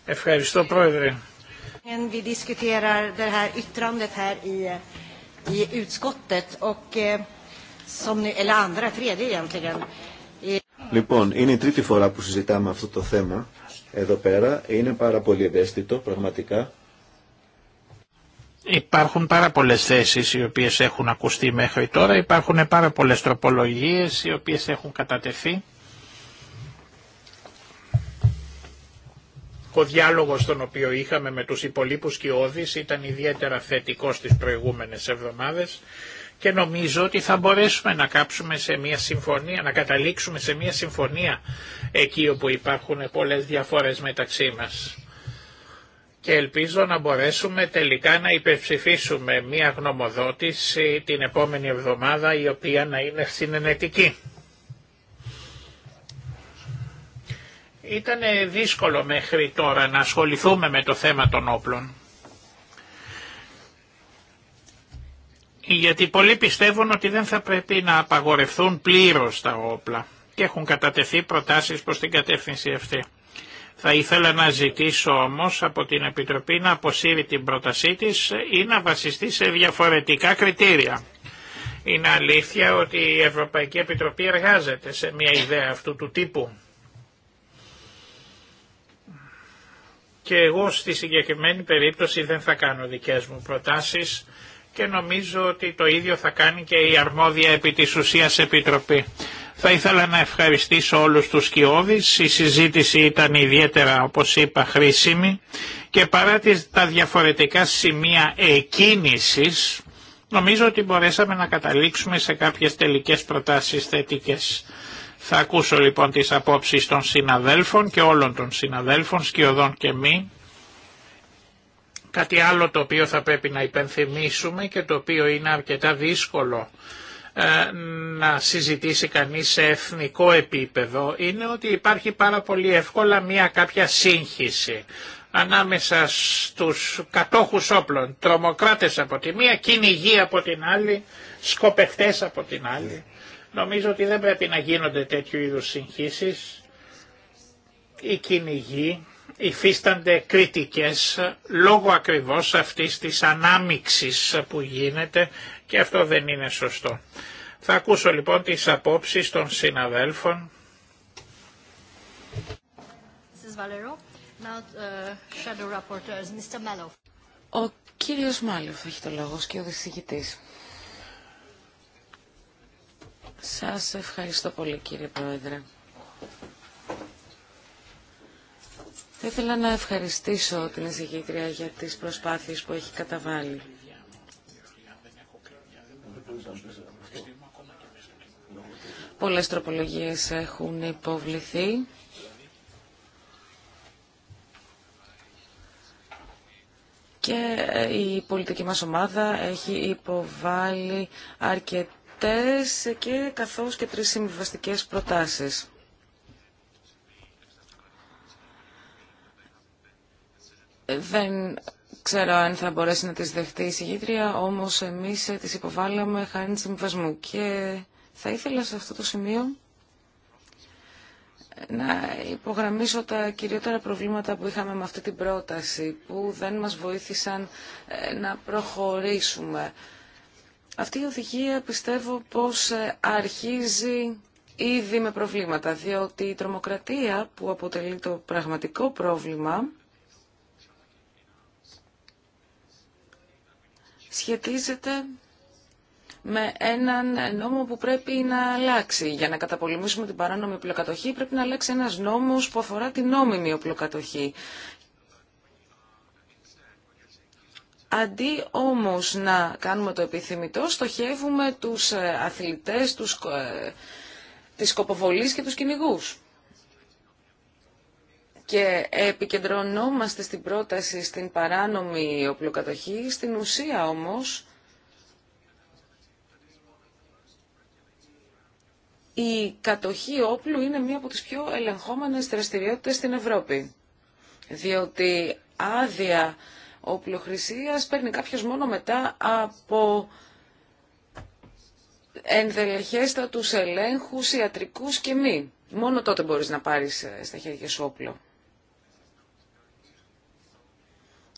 Ευχαριστώ Πρόεδρε. Vi diskuterar eh, Λοιπόν, είναι η τρίτη φορά που συζητάμε αυτό το θέμα εδώ πέρα. Είναι πάρα πολύ ευαίσθητο, πραγματικά. Υπάρχουν πάρα πολλές θέσεις οι οποίες έχουν ακουστεί μέχρι τώρα. Υπάρχουν πάρα πολλές τροπολογίες οι οποίες έχουν κατατεθεί. Ο διάλογος τον οποίο είχαμε με τους υπολείπους κοιόδης ήταν ιδιαίτερα θετικός τις προηγούμενες εβδομάδες και νομίζω ότι θα μπορέσουμε να κάψουμε σε μια συμφωνία, να καταλήξουμε σε μια συμφωνία εκεί όπου υπάρχουν πολλές διαφορές μεταξύ μας. Και ελπίζω να μπορέσουμε τελικά να υπερψηφίσουμε μια γνωμοδότηση την επόμενη εβδομάδα η οποία να είναι συνενετική. Ήταν δύσκολο μέχρι τώρα να ασχοληθούμε με το θέμα των όπλων. γιατί πολλοί πιστεύουν ότι δεν θα πρέπει να απαγορευθούν πλήρως τα όπλα και έχουν κατατεθεί προτάσεις προς την κατεύθυνση αυτή. Θα ήθελα να ζητήσω όμως από την Επιτροπή να αποσύρει την πρότασή της ή να βασιστεί σε διαφορετικά κριτήρια. Είναι αλήθεια ότι η Ευρωπαϊκή Επιτροπή εργάζεται σε μια ιδέα αυτού του τύπου. Και εγώ στη συγκεκριμένη περίπτωση δεν θα κάνω δικές μου προτάσεις και νομίζω ότι το ίδιο θα κάνει και η αρμόδια επί της ουσίας επιτροπή. Θα ήθελα να ευχαριστήσω όλους τους σκιώδεις, η συζήτηση ήταν ιδιαίτερα όπως είπα χρήσιμη και παρά τις, τα διαφορετικά σημεία εκκίνησης νομίζω ότι μπορέσαμε να καταλήξουμε σε κάποιες τελικές προτάσεις θετικές. Θα ακούσω λοιπόν τις απόψεις των συναδέλφων και όλων των συναδέλφων, σκιωδών και μη, Κάτι άλλο το οποίο θα πρέπει να υπενθυμίσουμε και το οποίο είναι αρκετά δύσκολο ε, να συζητήσει κανείς σε εθνικό επίπεδο είναι ότι υπάρχει πάρα πολύ εύκολα μια κάποια σύγχυση ανάμεσα στους κατόχους όπλων, τρομοκράτες από τη μία, κυνηγοί από την άλλη, σκοπευτές από την άλλη. Νομίζω ότι δεν πρέπει να γίνονται τέτοιου είδους συγχύσεις. Οι κυνηγοί υφίστανται κρίτικες λόγω ακριβώς αυτής της ανάμιξης που γίνεται και αυτό δεν είναι σωστό. Θα ακούσω λοιπόν τις απόψεις των συναδέλφων. Uh, ο κύριος Μάλιοφ έχει το λόγο και ο δυσηγητής. Σας ευχαριστώ πολύ κύριε Πρόεδρε. Θα ήθελα να ευχαριστήσω την εισηγήτρια για τις προσπάθειες που έχει καταβάλει. Πολλές τροπολογίες έχουν υποβληθεί. Και ε, η πολιτική μας ομάδα έχει υποβάλει αρκετές και καθώς και τρεις συμβιβαστικές προτάσεις. Δεν ξέρω αν θα μπορέσει να τις δεχτεί η συγγήτρια, όμως εμείς ε, τις υποβάλαμε χάρη συμβασμού. Και θα ήθελα σε αυτό το σημείο να υπογραμμίσω τα κυριότερα προβλήματα που είχαμε με αυτή την πρόταση, που δεν μας βοήθησαν ε, να προχωρήσουμε. Αυτή η οδηγία πιστεύω πως ε, αρχίζει ήδη με προβλήματα, διότι η τρομοκρατία που αποτελεί το πραγματικό πρόβλημα σχετίζεται με έναν νόμο που πρέπει να αλλάξει. Για να καταπολεμήσουμε την παράνομη οπλοκατοχή πρέπει να αλλάξει ένας νόμος που αφορά την νόμιμη οπλοκατοχή. Αντί όμως να κάνουμε το επιθυμητό, στοχεύουμε τους αθλητές, τους, ε, της σκοποβολής και τους κυνηγούς και επικεντρωνόμαστε στην πρόταση στην παράνομη οπλοκατοχή, στην ουσία όμως η κατοχή όπλου είναι μία από τις πιο ελεγχόμενες δραστηριότητες στην Ευρώπη. Διότι άδεια οπλοχρησίας παίρνει κάποιος μόνο μετά από ενδελεχέστα τους ελέγχους ιατρικούς και μη. Μόνο τότε μπορείς να πάρεις ε, στα χέρια σου όπλο.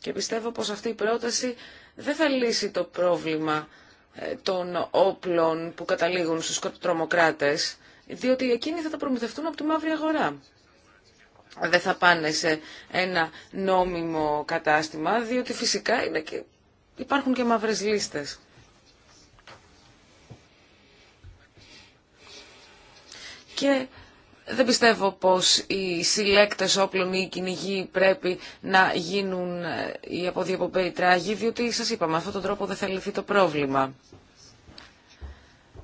Και πιστεύω πως αυτή η πρόταση δεν θα λύσει το πρόβλημα ε, των όπλων που καταλήγουν στους τρομοκράτες, διότι εκείνοι θα τα προμηθευτούν από τη μαύρη αγορά. Δεν θα πάνε σε ένα νόμιμο κατάστημα, διότι φυσικά είναι και... υπάρχουν και μαύρες λίστες. Και δεν πιστεύω πως οι συλλέκτες όπλων ή οι κυνηγοί πρέπει να γίνουν ε, οι αποδιοπομπέοι τράγοι, διότι σας είπαμε, αυτόν τον τρόπο δεν θα λυθεί το πρόβλημα.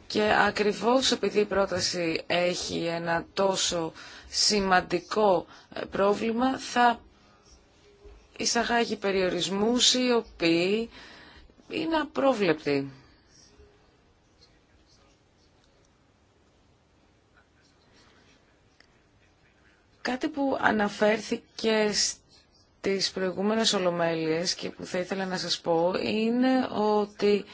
Και ακριβώς επειδή η πρόταση έχει ένα τόσο σημαντικό ε, πρόβλημα, θα εισαγάγει περιορισμούς οι οποίοι είναι απρόβλεπτοι. Κάτι που αναφέρθηκε στις προηγούμενες ολομέλειες και που θα ήθελα να σας πω είναι ότι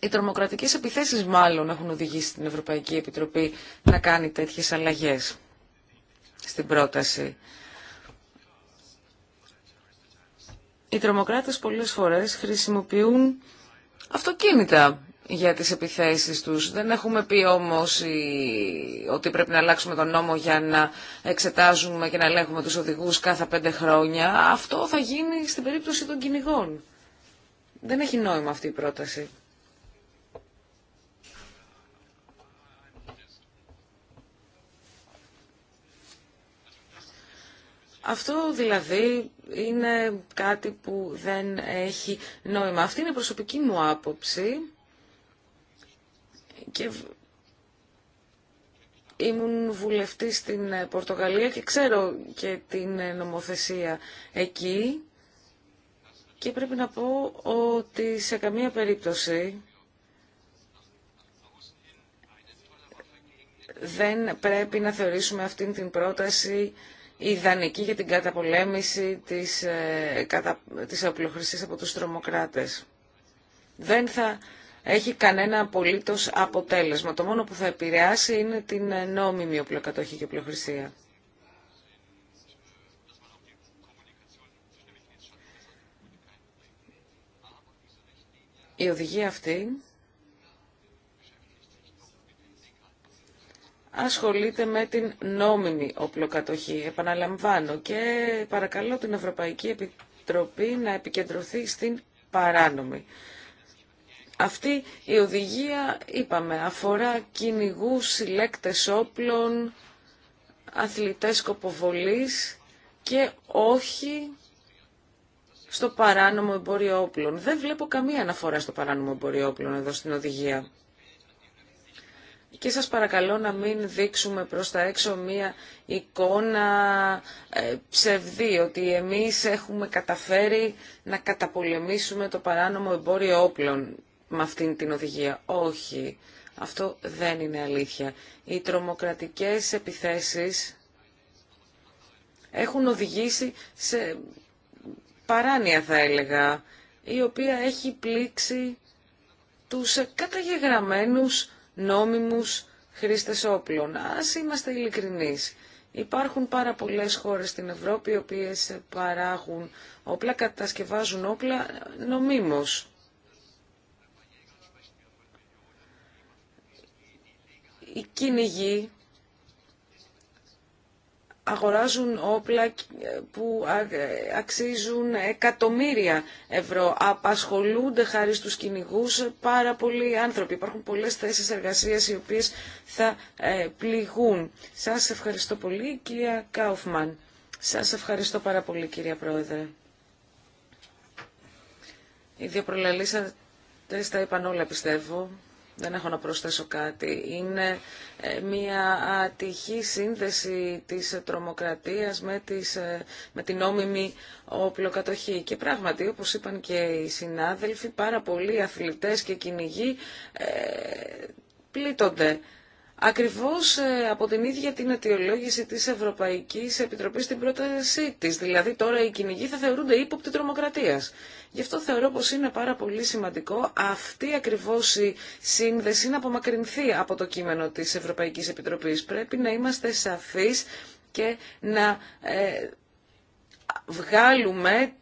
οι τρομοκρατικές επιθέσεις μάλλον έχουν οδηγήσει την Ευρωπαϊκή Επιτροπή να κάνει τέτοιες αλλαγές στην πρόταση. Οι τρομοκράτες πολλές φορές χρησιμοποιούν αυτοκίνητα για τις επιθέσεις τους. Δεν έχουμε πει όμως ότι πρέπει να αλλάξουμε τον νόμο για να εξετάζουμε και να ελέγχουμε τους οδηγούς κάθε πέντε χρόνια. Αυτό θα γίνει στην περίπτωση των κυνηγών. Δεν έχει νόημα αυτή η πρόταση. Αυτό δηλαδή είναι κάτι που δεν έχει νόημα. Αυτή είναι η προσωπική μου άποψη και ήμουν βουλευτή στην ε, Πορτογαλία και ξέρω και την ε, νομοθεσία εκεί και πρέπει να πω ότι σε καμία περίπτωση δεν πρέπει να θεωρήσουμε αυτήν την πρόταση ιδανική για την καταπολέμηση της, ε, κατα, της από τους τρομοκράτες. Δεν θα έχει κανένα απολύτω αποτέλεσμα. Το μόνο που θα επηρεάσει είναι την νόμιμη οπλοκατοχή και οπλοχρησία. Η οδηγία αυτή ασχολείται με την νόμιμη οπλοκατοχή. Επαναλαμβάνω και παρακαλώ την Ευρωπαϊκή Επιτροπή να επικεντρωθεί στην παράνομη. Αυτή η οδηγία, είπαμε, αφορά κυνηγού, συλλέκτε όπλων, αθλητές σκοποβολή και όχι στο παράνομο εμπόριο όπλων. Δεν βλέπω καμία αναφορά στο παράνομο εμπόριο όπλων εδώ στην οδηγία. Και σας παρακαλώ να μην δείξουμε προς τα έξω μία εικόνα ε, ψευδή, ότι εμείς έχουμε καταφέρει να καταπολεμήσουμε το παράνομο εμπόριο όπλων με αυτήν την οδηγία. Όχι, αυτό δεν είναι αλήθεια. Οι τρομοκρατικές επιθέσεις έχουν οδηγήσει σε παράνοια θα έλεγα, η οποία έχει πλήξει τους καταγεγραμμένους νόμιμους χρήστες όπλων. Ας είμαστε ειλικρινείς. Υπάρχουν πάρα πολλές χώρες στην Ευρώπη οι οποίες παράγουν όπλα, κατασκευάζουν όπλα νομίμως. οι κυνηγοί αγοράζουν όπλα που αξίζουν εκατομμύρια ευρώ. Απασχολούνται χάρη στους κυνηγού πάρα πολλοί άνθρωποι. Υπάρχουν πολλές θέσεις εργασίας οι οποίες θα ε, πληγούν. Σας ευχαριστώ πολύ κυρία Κάουφμαν. Σας ευχαριστώ πάρα πολύ κυρία Πρόεδρε. Οι δύο προλαλήσατε τα είπαν όλα πιστεύω. Δεν έχω να προσθέσω κάτι. Είναι ε, μια ατυχή σύνδεση της τρομοκρατίας με, τις, ε, με την νόμιμη οπλοκατοχή. Και πράγματι, όπως είπαν και οι συνάδελφοι, πάρα πολλοί αθλητές και κυνηγοί ε, πλήττονται ακριβώς ε, από την ίδια την αιτιολόγηση της Ευρωπαϊκής Επιτροπής στην πρότασή της. Δηλαδή τώρα οι κυνηγοί θα θεωρούνται ύποπτοι τρομοκρατίας. Γι' αυτό θεωρώ πως είναι πάρα πολύ σημαντικό αυτή ακριβώς η σύνδεση να απομακρυνθεί από το κείμενο της Ευρωπαϊκής Επιτροπής. Πρέπει να είμαστε σαφείς και να ε, βγάλουμε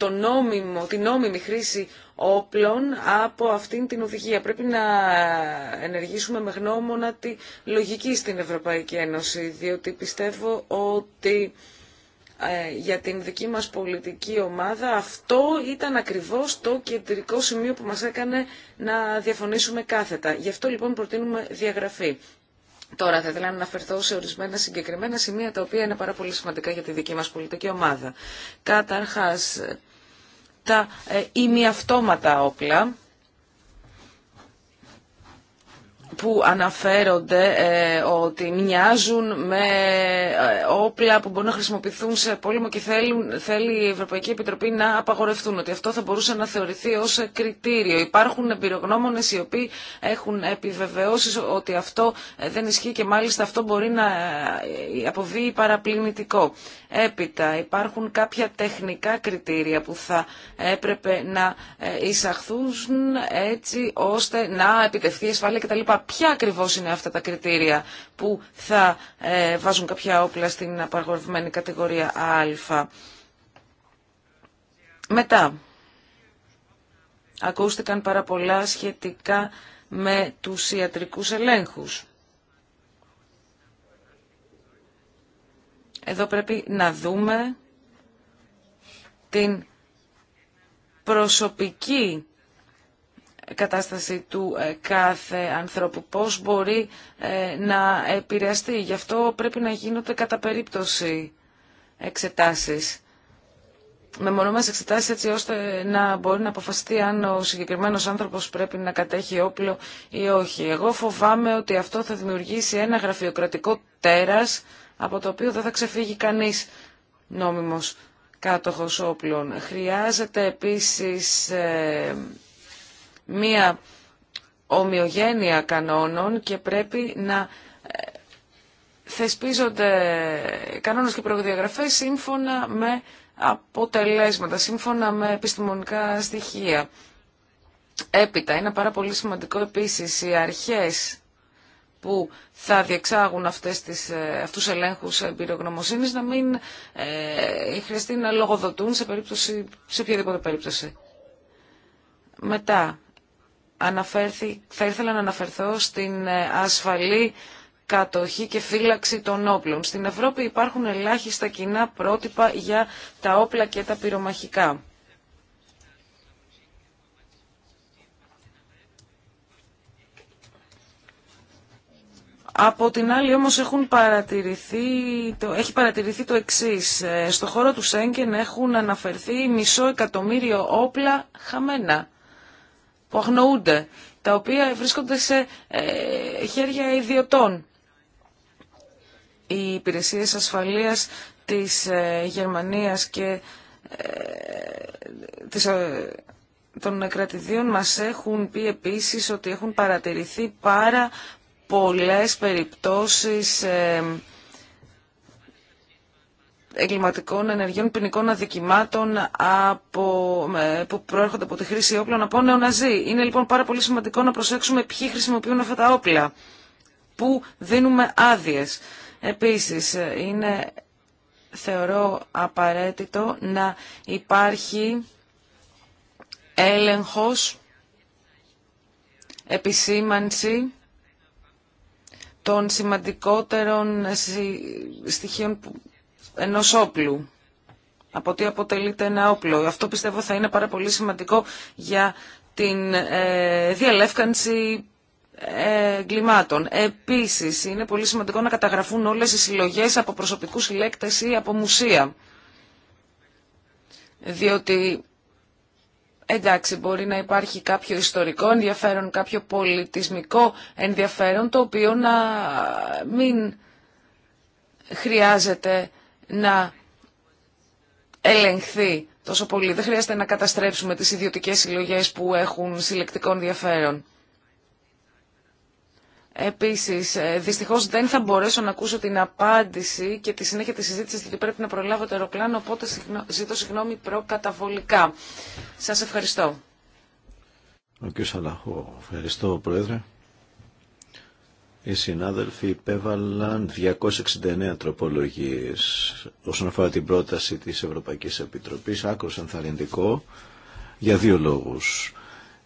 το νόμιμο, την νόμιμη χρήση όπλων από αυτήν την οδηγία. Πρέπει να ενεργήσουμε με γνώμονα τη λογική στην Ευρωπαϊκή Ένωση, διότι πιστεύω ότι ε, για την δική μας πολιτική ομάδα αυτό ήταν ακριβώς το κεντρικό σημείο που μας έκανε να διαφωνήσουμε κάθετα. Γι' αυτό λοιπόν προτείνουμε διαγραφή. Τώρα θα ήθελα να αναφερθώ σε ορισμένα συγκεκριμένα σημεία τα οποία είναι πάρα πολύ σημαντικά για τη δική μας πολιτική ομάδα. Καταρχάς, τα ε, αυτόματα όπλα που αναφέρονται ε, ότι μοιάζουν με ε, όπλα που μπορούν να χρησιμοποιηθούν σε πόλεμο και θέλουν, θέλει η Ευρωπαϊκή Επιτροπή να απαγορευτούν, ότι αυτό θα μπορούσε να θεωρηθεί ως κριτήριο. Υπάρχουν εμπειρογνώμονες οι οποίοι έχουν επιβεβαιώσει ότι αυτό ε, δεν ισχύει και μάλιστα αυτό μπορεί να αποβεί παραπληνητικό. Έπειτα υπάρχουν κάποια τεχνικά κριτήρια που θα έπρεπε να εισαχθούν έτσι ώστε να επιτευχθεί η ασφάλεια κτλ ποια ακριβώς είναι αυτά τα κριτήρια που θα ε, βάζουν κάποια όπλα στην απαγορευμένη κατηγορία Α. Μετά, ακούστηκαν πάρα πολλά σχετικά με τους ιατρικούς ελέγχους. Εδώ πρέπει να δούμε την προσωπική κατάσταση του ε, κάθε ανθρώπου, πώς μπορεί ε, να επηρεαστεί. Γι' αυτό πρέπει να γίνονται κατά περίπτωση εξετάσεις. Με μόνο μας εξετάσεις έτσι ώστε να μπορεί να αποφασιστεί αν ο συγκεκριμένος άνθρωπος πρέπει να κατέχει όπλο ή όχι. Εγώ φοβάμαι ότι αυτό θα δημιουργήσει ένα γραφειοκρατικό τέρας από το οποίο δεν θα ξεφύγει κανείς νόμιμος κάτοχος όπλων. Χρειάζεται επίσης ε, μία ομοιογένεια κανόνων και πρέπει να ε, θεσπίζονται κανόνες και προδιαγραφές σύμφωνα με αποτελέσματα, σύμφωνα με επιστημονικά στοιχεία. Έπειτα, είναι πάρα πολύ σημαντικό επίσης οι αρχές που θα διεξάγουν αυτές τις, ε, αυτούς ελέγχους εμπειρογνωμοσύνης να μην ε, χρειαστεί να λογοδοτούν σε, περίπτωση, σε οποιαδήποτε περίπτωση. Μετά, θα ήθελα να αναφερθώ στην ε, ασφαλή κατοχή και φύλαξη των όπλων. Στην Ευρώπη υπάρχουν ελάχιστα κοινά πρότυπα για τα όπλα και τα πυρομαχικά. Από την άλλη όμως έχουν παρατηρηθεί, το, έχει παρατηρηθεί το εξής. Ε, στο χώρο του Σέγγεν έχουν αναφερθεί μισό εκατομμύριο όπλα χαμένα που αγνοούνται, τα οποία βρίσκονται σε ε, χέρια ιδιωτών. Οι υπηρεσίες ασφαλείας της ε, Γερμανίας και ε, των κρατηδίων μας έχουν πει επίσης ότι έχουν παρατηρηθεί πάρα πολλές περιπτώσεις εγκληματικών ενεργειών ποινικών αδικημάτων από, που προέρχονται από τη χρήση όπλων από νεοναζί. Είναι λοιπόν πάρα πολύ σημαντικό να προσέξουμε ποιοι χρησιμοποιούν αυτά τα όπλα, που δίνουμε άδειε. Επίσης, είναι, θεωρώ απαραίτητο να υπάρχει έλεγχος, επισήμανση, των σημαντικότερων στοιχείων που Ενό όπλου, από τι αποτελείται ένα όπλο. Αυτό πιστεύω θα είναι πάρα πολύ σημαντικό για την ε, διαλεύκανση ε, εγκλημάτων. Επίσης, είναι πολύ σημαντικό να καταγραφούν όλες οι συλλογές από προσωπικούς συλλέκτες ή από μουσεία. Διότι, εντάξει, μπορεί να υπάρχει κάποιο ιστορικό ενδιαφέρον, κάποιο πολιτισμικό ενδιαφέρον, το οποίο να μην χρειάζεται να ελεγχθεί τόσο πολύ. Δεν χρειάζεται να καταστρέψουμε τις ιδιωτικές συλλογές που έχουν συλλεκτικό ενδιαφέρον. Επίσης, ε, δυστυχώς δεν θα μπορέσω να ακούσω την απάντηση και τη συνέχεια της συζήτησης γιατί πρέπει να προλάβω το αεροπλάνο, οπότε ζητώ συγγνώμη προκαταβολικά. Σας ευχαριστώ. Ο κ. ευχαριστώ Πρόεδρε. Οι συνάδελφοι υπέβαλαν 269 τροπολογίες όσον αφορά την πρόταση της Ευρωπαϊκής Επιτροπής, άκρος ενθαρρυντικό, για δύο λόγους.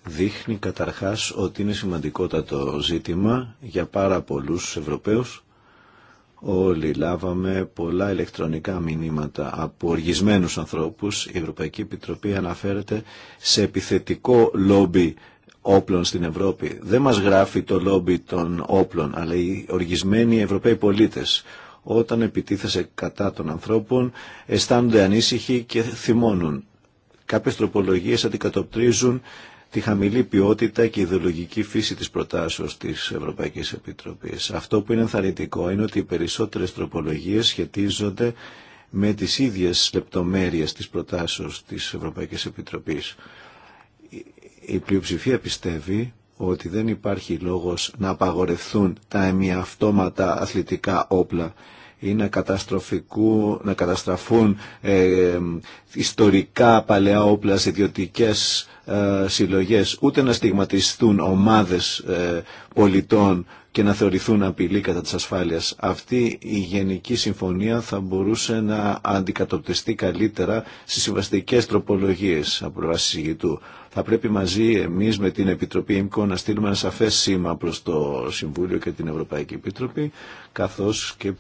Δείχνει καταρχάς ότι είναι σημαντικότατο ζήτημα για πάρα πολλούς Ευρωπαίους. Όλοι λάβαμε πολλά ηλεκτρονικά μηνύματα από οργισμένους ανθρώπους. Η Ευρωπαϊκή Επιτροπή αναφέρεται σε επιθετικό λόμπι όπλων στην Ευρώπη. Δεν μας γράφει το λόμπι των όπλων, αλλά οι οργισμένοι Ευρωπαίοι πολίτες όταν επιτίθεσε κατά των ανθρώπων αισθάνονται ανήσυχοι και θυμώνουν. Κάποιες τροπολογίες αντικατοπτρίζουν τη χαμηλή ποιότητα και ιδεολογική φύση της προτάσεως της Ευρωπαϊκής Επιτροπής. Αυτό που είναι ενθαρρυντικό είναι ότι οι περισσότερες τροπολογίες σχετίζονται με τις ίδιες λεπτομέρειες της προτάσεως της Ευρωπαϊκής Επιτροπής. Η πλειοψηφία πιστεύει ότι δεν υπάρχει λόγος να απαγορευθούν τα εμιαυτόματα αθλητικά όπλα ή να, να καταστραφούν ε, ιστορικά παλαιά όπλα σε ιδιωτικέ ε, συλλογές, ούτε να στιγματιστούν ομάδες ε, πολιτών και να θεωρηθούν απειλή κατά της ασφάλειας. Αυτή η Γενική Συμφωνία θα μπορούσε να αντικατοπτριστεί καλύτερα στις συμβαστικές τροπολογίες από πλευρά Θα πρέπει μαζί εμείς με την Επιτροπή ΕΜΚΟ να στείλουμε ένα σαφές σήμα προς το Συμβούλιο και την Ευρωπαϊκή Επιτροπή, καθώς και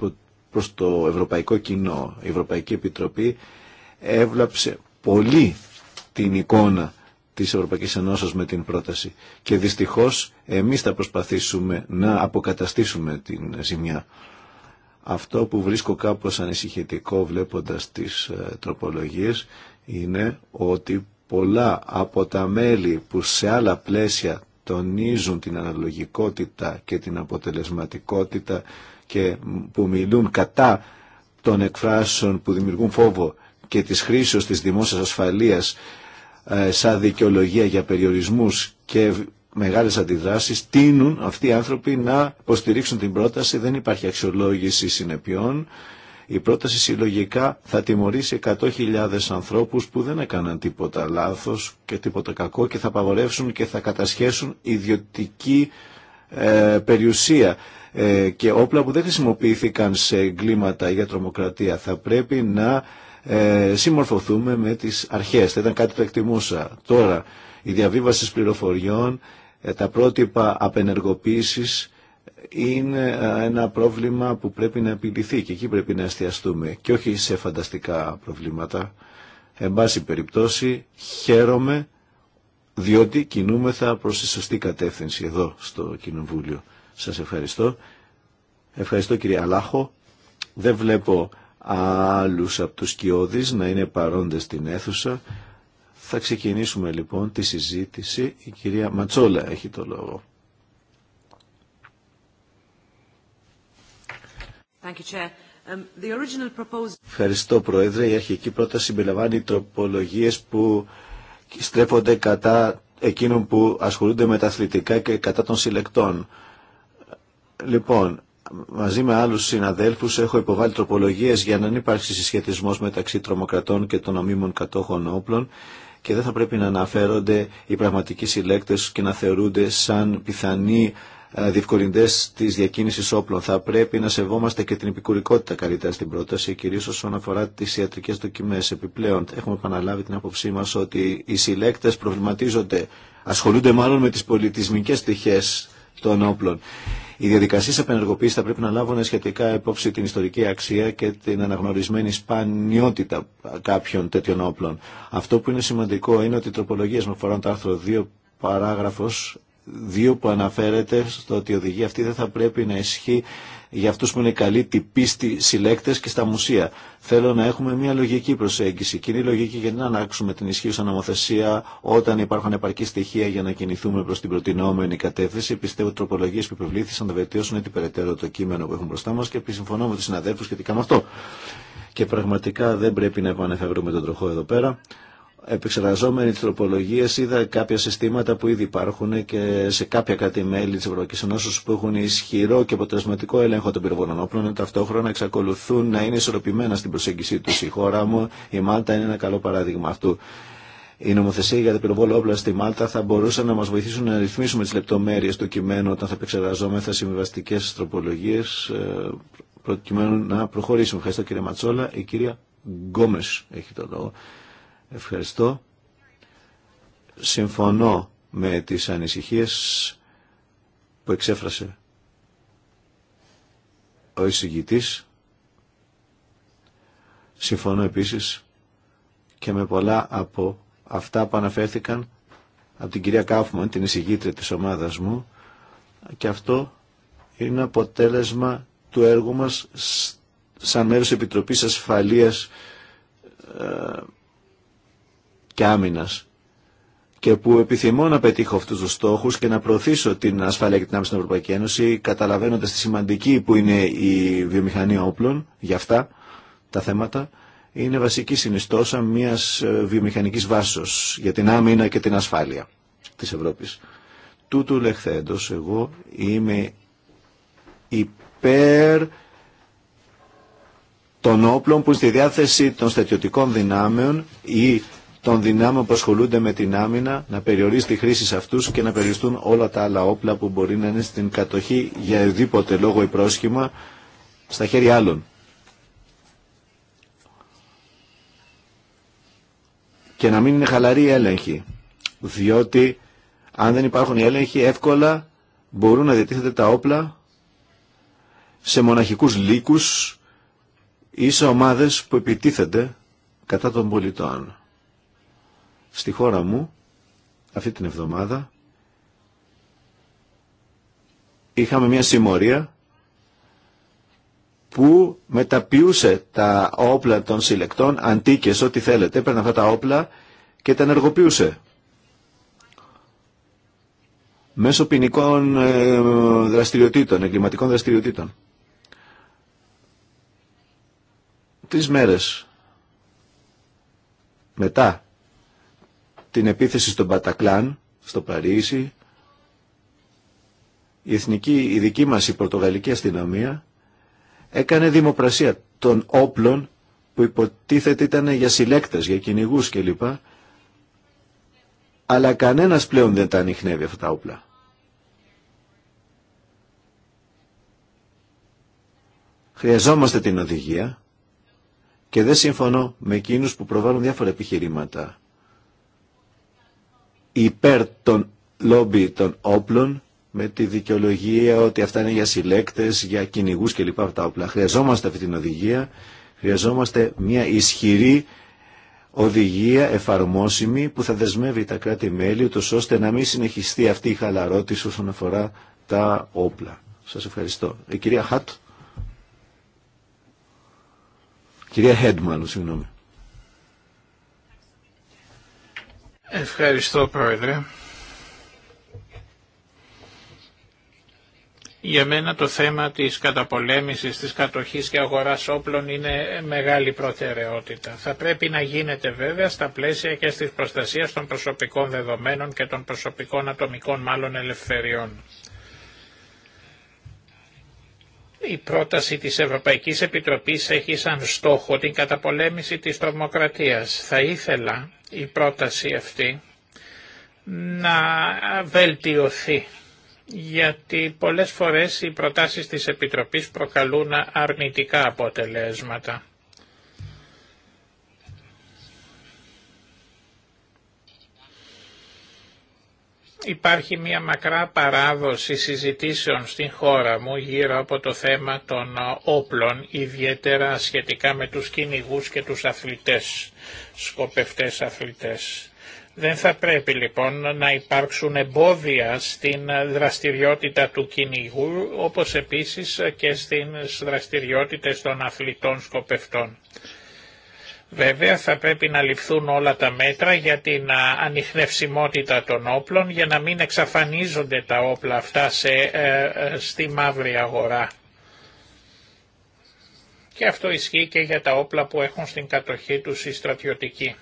προς το Ευρωπαϊκό Κοινό. Η Ευρωπαϊκή Επιτροπή έβλαψε πολύ την εικόνα της Ευρωπαϊκής Ενώσεως με την πρόταση. Και δυστυχώς εμείς θα προσπαθήσουμε να αποκαταστήσουμε την ζημιά. Αυτό που βρίσκω κάπως ανησυχητικό βλέποντας τις ε, τροπολογίες είναι ότι πολλά από τα μέλη που σε άλλα πλαίσια τονίζουν την αναλογικότητα και την αποτελεσματικότητα και που μιλούν κατά των εκφράσεων που δημιουργούν φόβο και της χρήσεως της δημόσιας ασφαλείας ε, σαν δικαιολογία για περιορισμούς και μεγάλες αντιδράσεις, τίνουν αυτοί οι άνθρωποι να υποστηρίξουν την πρόταση, δεν υπάρχει αξιολόγηση συνεπειών. Η πρόταση συλλογικά θα τιμωρήσει 100.000 ανθρώπους που δεν έκαναν τίποτα λάθος και τίποτα κακό και θα απαγορεύσουν και θα κατασχέσουν ιδιωτική ε, περιουσία ε, και όπλα που δεν χρησιμοποιήθηκαν σε εγκλήματα για τρομοκρατία. Θα πρέπει να ε, συμμορφωθούμε με τις αρχές. Θα ήταν κάτι που εκτιμούσα. Τώρα, η διαβίβαση πληροφοριών, ε, τα πρότυπα απενεργοποίησης είναι ε, ένα πρόβλημα που πρέπει να επιληθεί και εκεί πρέπει να εστιαστούμε και όχι σε φανταστικά προβλήματα. Εν πάση περιπτώσει, χαίρομαι διότι κινούμεθα προς τη σωστή κατεύθυνση εδώ στο Κοινοβούλιο. Σας ευχαριστώ. Ευχαριστώ κύριε Αλάχο. Δεν βλέπω άλλους από τους κοιόδης να είναι παρόντες στην αίθουσα. Θα ξεκινήσουμε λοιπόν τη συζήτηση. Η κυρία Ματσόλα έχει το λόγο. Thank you, Chair. Um, the original proposal... Ευχαριστώ Πρόεδρε. Η αρχική πρόταση συμπεριλαμβάνει τροπολογίες που στρέφονται κατά εκείνων που ασχολούνται με τα αθλητικά και κατά των συλλεκτών. Λοιπόν, μαζί με άλλους συναδέλφους έχω υποβάλει τροπολογίες για να μην υπάρξει συσχετισμός μεταξύ τρομοκρατών και των ομίμων κατόχων όπλων και δεν θα πρέπει να αναφέρονται οι πραγματικοί συλλέκτες και να θεωρούνται σαν πιθανοί ε, διευκολυντέ τη διακίνηση όπλων. Θα πρέπει να σεβόμαστε και την επικουρικότητα καλύτερα στην πρόταση, κυρίω όσον αφορά τι ιατρικέ δοκιμέ. Επιπλέον, έχουμε επαναλάβει την άποψή μα ότι οι συλλέκτε προβληματίζονται, ασχολούνται μάλλον με τι πολιτισμικέ πτυχέ των όπλων. Οι διαδικασίε επενεργοποίηση θα πρέπει να λάβουν σχετικά υπόψη την ιστορική αξία και την αναγνωρισμένη σπανιότητα κάποιων τέτοιων όπλων. Αυτό που είναι σημαντικό είναι ότι οι τροπολογίε με αφορά το άρθρο 2 παράγραφο 2 που αναφέρεται στο ότι η οδηγία αυτή δεν θα πρέπει να ισχύει για αυτούς που είναι καλοί τυπίστοι συλλέκτες και στα μουσεία. Θέλω να έχουμε μια λογική προσέγγιση. Κοινή λογική για να αλλάξουμε την ισχύουσα νομοθεσία όταν υπάρχουν επαρκή στοιχεία για να κινηθούμε προς την προτινόμενη κατεύθυνση. Πιστεύω ότι τροπολογίες που επιβλήθησαν θα βελτιώσουν έτσι περαιτέρω το κείμενο που έχουν μπροστά μας και συμφωνώ με τους συναδέλφους σχετικά με αυτό. Και πραγματικά δεν πρέπει να επανεφεύρουμε τον τροχό εδώ πέρα επεξεργαζόμενοι τις τροπολογίες είδα κάποια συστήματα που ήδη υπάρχουν και σε κάποια κάτι μέλη της Ευρωπαϊκής Ενώσης που έχουν ισχυρό και αποτελεσματικό έλεγχο των πυροβολών όπλων. ταυτόχρονα εξακολουθούν να είναι ισορροπημένα στην προσέγγιση του. Η χώρα μου, η Μάλτα είναι ένα καλό παράδειγμα αυτού. Η νομοθεσία για τα πυροβόλα όπλα στη Μάλτα θα μπορούσε να μα βοηθήσουν να ρυθμίσουμε τι λεπτομέρειε του κειμένου όταν θα επεξεργαζόμεθα συμβιβαστικέ τροπολογίε ε, προκειμένου να προχωρήσουμε. Ευχαριστώ κύριε Ματσόλα. Η κυρία Γκόμε, έχει το λόγο. Ευχαριστώ. Συμφωνώ με τις ανησυχίες που εξέφρασε ο εισηγητής. Συμφωνώ επίσης και με πολλά από αυτά που αναφέρθηκαν από την κυρία Κάφμαν, την εισηγήτρια της ομάδας μου και αυτό είναι αποτέλεσμα του έργου μας σαν μέρος Επιτροπής Ασφαλείας ε, και άμυνας και που επιθυμώ να πετύχω αυτούς τους στόχους και να προωθήσω την ασφάλεια και την άμυνα στην Ευρωπαϊκή Ένωση καταλαβαίνοντας τη σημαντική που είναι η βιομηχανία όπλων για αυτά τα θέματα είναι βασική συνιστόσα μιας ε, βιομηχανικής βάσης για την άμυνα και την ασφάλεια της Ευρώπης. Τούτου λεχθέντος εγώ είμαι υπέρ των όπλων που είναι στη διάθεση των στρατιωτικών δυνάμεων ή των δυνάμεων που ασχολούνται με την άμυνα, να περιορίσει τη χρήση σε αυτούς και να περιοριστούν όλα τα άλλα όπλα που μπορεί να είναι στην κατοχή για οδήποτε λόγο ή πρόσχημα στα χέρια άλλων. Και να μην είναι χαλαρή η έλεγχη, διότι αν δεν υπάρχουν οι έλεγχοι εύκολα μπορούν να διατίθεται τα όπλα σε μοναχικούς λύκους ή σε ομάδες που επιτίθενται κατά των πολιτών. Στη χώρα μου, αυτή την εβδομάδα, είχαμε μια συμμορία που μεταποιούσε τα όπλα των συλλεκτών, αντίκες, ό,τι θέλετε, έπαιρνε αυτά τα όπλα και τα ενεργοποιούσε. Μέσω ποινικών ε, δραστηριοτήτων, εγκληματικών δραστηριοτήτων. Τρεις μέρες μετά την επίθεση στον Πατακλάν, στο Παρίσι, η, εθνική, η δική μας η Πορτογαλική αστυνομία έκανε δημοπρασία των όπλων που υποτίθεται ήταν για συλλέκτες, για κυνηγού κλπ. Αλλά κανένας πλέον δεν τα ανοιχνεύει αυτά τα όπλα. Χρειαζόμαστε την οδηγία και δεν συμφωνώ με εκείνους που προβάλλουν διάφορα επιχειρήματα υπέρ των λόμπι των όπλων με τη δικαιολογία ότι αυτά είναι για συλλέκτες, για κυνηγού κλπ. αυτά τα όπλα. Χρειαζόμαστε αυτή την οδηγία, χρειαζόμαστε μια ισχυρή οδηγία εφαρμόσιμη που θα δεσμεύει τα κράτη-μέλη ούτως ώστε να μην συνεχιστεί αυτή η χαλαρότηση όσον αφορά τα όπλα. Σας ευχαριστώ. Η ε, κυρία Χάτ. Κυρία Χέντμαν, συγγνώμη. Ευχαριστώ Πρόεδρε. Για μένα το θέμα της καταπολέμησης, της κατοχής και αγοράς όπλων είναι μεγάλη προτεραιότητα. Θα πρέπει να γίνεται βέβαια στα πλαίσια και στις προστασίες των προσωπικών δεδομένων και των προσωπικών ατομικών μάλλον ελευθεριών. Η πρόταση της Ευρωπαϊκής Επιτροπής έχει σαν στόχο την καταπολέμηση της τρομοκρατίας. Θα ήθελα η πρόταση αυτή να βελτιωθεί γιατί πολλές φορές οι προτάσεις της Επιτροπής προκαλούν αρνητικά αποτελέσματα. Υπάρχει μια μακρά παράδοση συζητήσεων στην χώρα μου γύρω από το θέμα των όπλων, ιδιαίτερα σχετικά με τους κυνηγού και τους αθλητές, σκοπευτές αθλητές. Δεν θα πρέπει λοιπόν να υπάρξουν εμπόδια στην δραστηριότητα του κυνηγού, όπως επίσης και στις δραστηριότητες των αθλητών σκοπευτών. Βέβαια θα πρέπει να ληφθούν όλα τα μέτρα για την ανιχνευσιμότητα των όπλων για να μην εξαφανίζονται τα όπλα αυτά ε, ε, στη μαύρη αγορά. Και αυτό ισχύει και για τα όπλα που έχουν στην κατοχή τους οι στρατιωτικοί.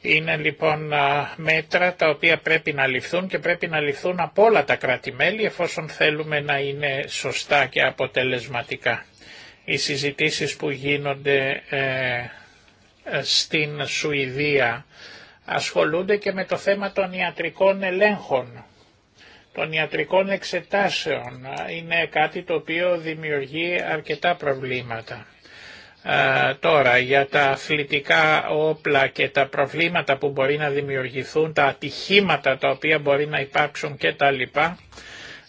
Είναι λοιπόν μέτρα τα οποία πρέπει να ληφθούν και πρέπει να ληφθούν από όλα τα κράτη-μέλη εφόσον θέλουμε να είναι σωστά και αποτελεσματικά. Οι συζητήσεις που γίνονται ε, ε, στην Σουηδία ασχολούνται και με το θέμα των ιατρικών ελέγχων, των ιατρικών εξετάσεων. Είναι κάτι το οποίο δημιουργεί αρκετά προβλήματα. Ε, τώρα για τα αθλητικά όπλα και τα προβλήματα που μπορεί να δημιουργηθούν, τα ατυχήματα τα οποία μπορεί να υπάρξουν και τα λοιπά,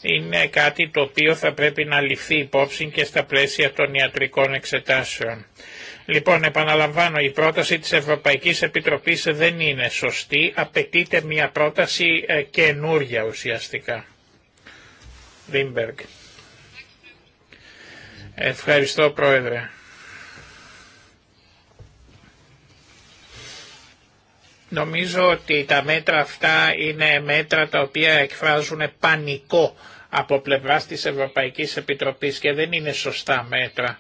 είναι κάτι το οποίο θα πρέπει να ληφθεί υπόψη και στα πλαίσια των ιατρικών εξετάσεων. Λοιπόν, επαναλαμβάνω, η πρόταση της Ευρωπαϊκής Επιτροπής δεν είναι σωστή, απαιτείται μια πρόταση ε, καινούρια ουσιαστικά. Ευχαριστώ Πρόεδρε. Νομίζω ότι τα μέτρα αυτά είναι μέτρα τα οποία εκφράζουν πανικό από πλευράς της Ευρωπαϊκής Επιτροπής και δεν είναι σωστά μέτρα.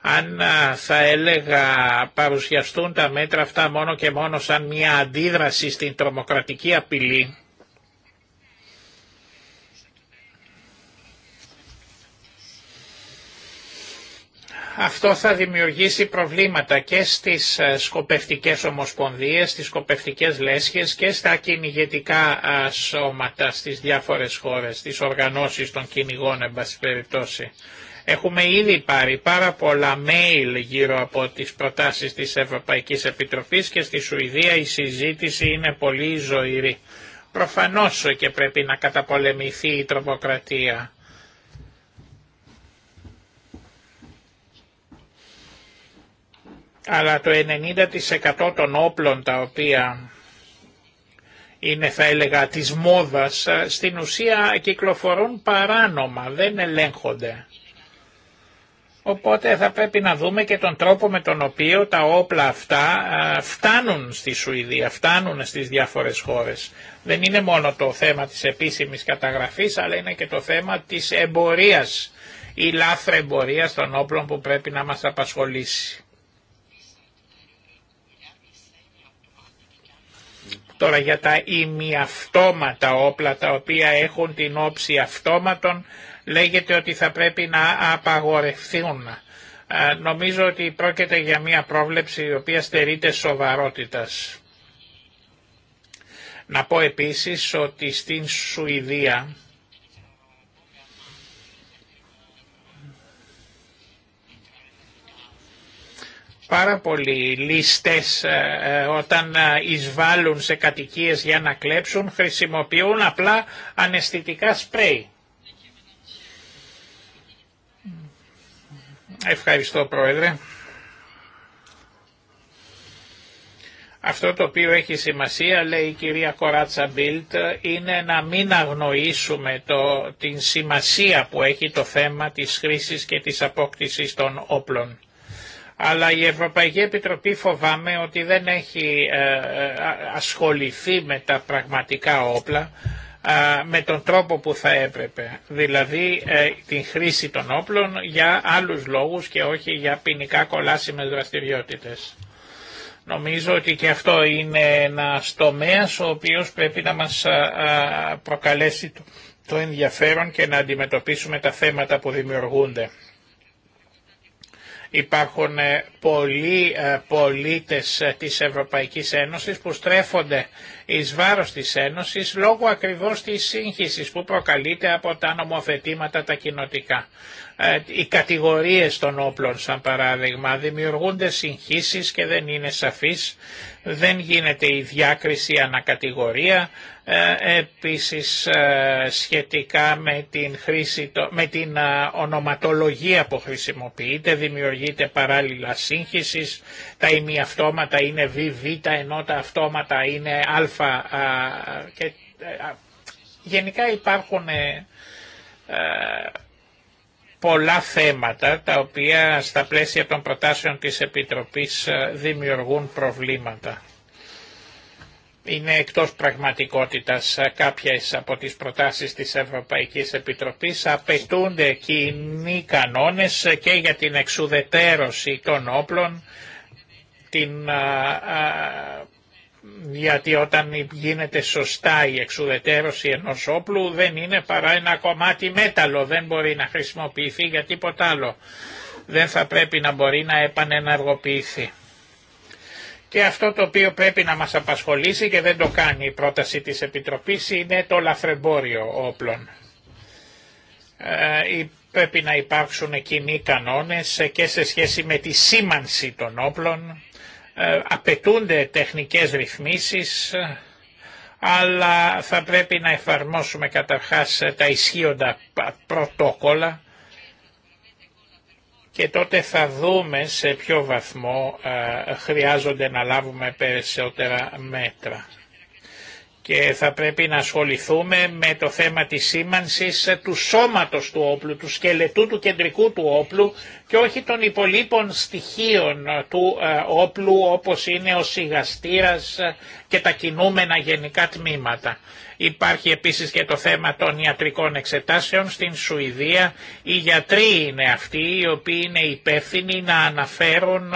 Αν θα έλεγα παρουσιαστούν τα μέτρα αυτά μόνο και μόνο σαν μια αντίδραση στην τρομοκρατική απειλή, Αυτό θα δημιουργήσει προβλήματα και στις ε, σκοπευτικές ομοσπονδίες, στις σκοπευτικές λέσχες και στα κυνηγετικά σώματα στις διάφορες χώρες, στις οργανώσεις των κυνηγών, εν πάση περιπτώσει. Έχουμε ήδη πάρει πάρα πολλά mail γύρω από τις προτάσεις της Ευρωπαϊκής Επιτροπής και στη Σουηδία η συζήτηση είναι πολύ ζωηρή. Προφανώς και πρέπει να καταπολεμηθεί η τρομοκρατία αλλά το 90% των όπλων τα οποία είναι θα έλεγα της μόδας, ε, στην ουσία κυκλοφορούν παράνομα, δεν ελέγχονται. Οπότε θα πρέπει να δούμε και τον τρόπο με τον οποίο τα όπλα αυτά ε, φτάνουν στη Σουηδία, φτάνουν στις διάφορες χώρες. Δεν είναι μόνο το θέμα της επίσημης καταγραφής, αλλά είναι και το θέμα της εμπορίας ή λάθρα εμπορίας των όπλων που πρέπει να μας απασχολήσει. Τώρα για τα ημιαυτόματα όπλα τα οποία έχουν την όψη αυτόματων λέγεται ότι θα πρέπει να απαγορευθούν. Ε, νομίζω ότι πρόκειται για μια πρόβλεψη η οποία στερείται σοβαρότητας. Να πω επίσης ότι στην Σουηδία πάρα πολλοί λίστες ε, ε, όταν ε, εισβάλλουν σε κατοικίες για να κλέψουν χρησιμοποιούν απλά αναισθητικά σπρέι. Ευχαριστώ Πρόεδρε. Αυτό το οποίο έχει σημασία, λέει η κυρία Κοράτσα Μπίλτ, είναι να μην αγνοήσουμε το, την σημασία που έχει το θέμα της χρήσης και της απόκτησης των όπλων αλλά η Ευρωπαϊκή Επιτροπή φοβάμαι ότι δεν έχει ε, ε, ασχοληθεί με τα πραγματικά όπλα ε, με τον τρόπο που θα έπρεπε, δηλαδή την χρήση των όπλων για άλλους λόγους και όχι για ποινικά κολάσιμες δραστηριότητες. Νομίζω ότι και αυτό είναι ένα τομέα ο οποίος πρέπει να μας προκαλέσει το ενδιαφέρον και να αντιμετωπίσουμε τα θέματα που δημιουργούνται. Υπάρχουν ε, πολλοί ε, πολίτες ε, της Ευρωπαϊκής Ένωσης που στρέφονται εις βάρος της Ένωσης λόγω ακριβώς της σύγχυσης που προκαλείται από τα νομοθετήματα τα κοινοτικά. Ε, οι κατηγορίες των όπλων σαν παράδειγμα δημιουργούνται συγχύσεις και δεν είναι σαφείς, δεν γίνεται η διάκριση ανακατηγορία, ε, επίσης ε, σχετικά με την, χρήση, με την ονοματολογία που χρησιμοποιείται δημιουργείται παράλληλα σύγχυση. τα ημιαυτόματα είναι ββ ενώ τα αυτόματα είναι Α γενικά υπάρχουν πολλά θέματα τα οποία στα πλαίσια των προτάσεων της Επιτροπής ε, δημιουργούν προβλήματα. Είναι εκτός πραγματικότητας ε, κάποιες από τις προτάσεις της Ευρωπαϊκής Επιτροπής. Απαιτούνται κοινοί κανόνες ε, και για την εξουδετέρωση των όπλων, την γιατί όταν γίνεται σωστά η εξουδετέρωση ενός όπλου δεν είναι παρά ένα κομμάτι μέταλλο, δεν μπορεί να χρησιμοποιηθεί για τίποτα άλλο. Δεν θα πρέπει να μπορεί να επανενεργοποιηθεί. Και αυτό το οποίο πρέπει να μας απασχολήσει και δεν το κάνει η πρόταση της Επιτροπής είναι το λαφρεμπόριο όπλων. Ε, πρέπει να υπάρξουν κοινοί κανόνες και σε σχέση με τη σήμανση των όπλων ε, απαιτούνται τεχνικές ρυθμίσεις, αλλά θα πρέπει να εφαρμόσουμε καταρχάς τα ισχύοντα πρωτόκολλα και τότε θα δούμε σε ποιο βαθμό ε, χρειάζονται να λάβουμε περισσότερα μέτρα και θα πρέπει να ασχοληθούμε με το θέμα της σήμανσης του σώματος του όπλου, του σκελετού του κεντρικού του όπλου και όχι των υπολείπων στοιχείων του ε, όπλου όπως είναι ο σιγαστήρας και τα κινούμενα γενικά τμήματα. Υπάρχει επίσης και το θέμα των ιατρικών εξετάσεων στην Σουηδία. Οι γιατροί είναι αυτοί οι οποίοι είναι υπεύθυνοι να αναφέρουν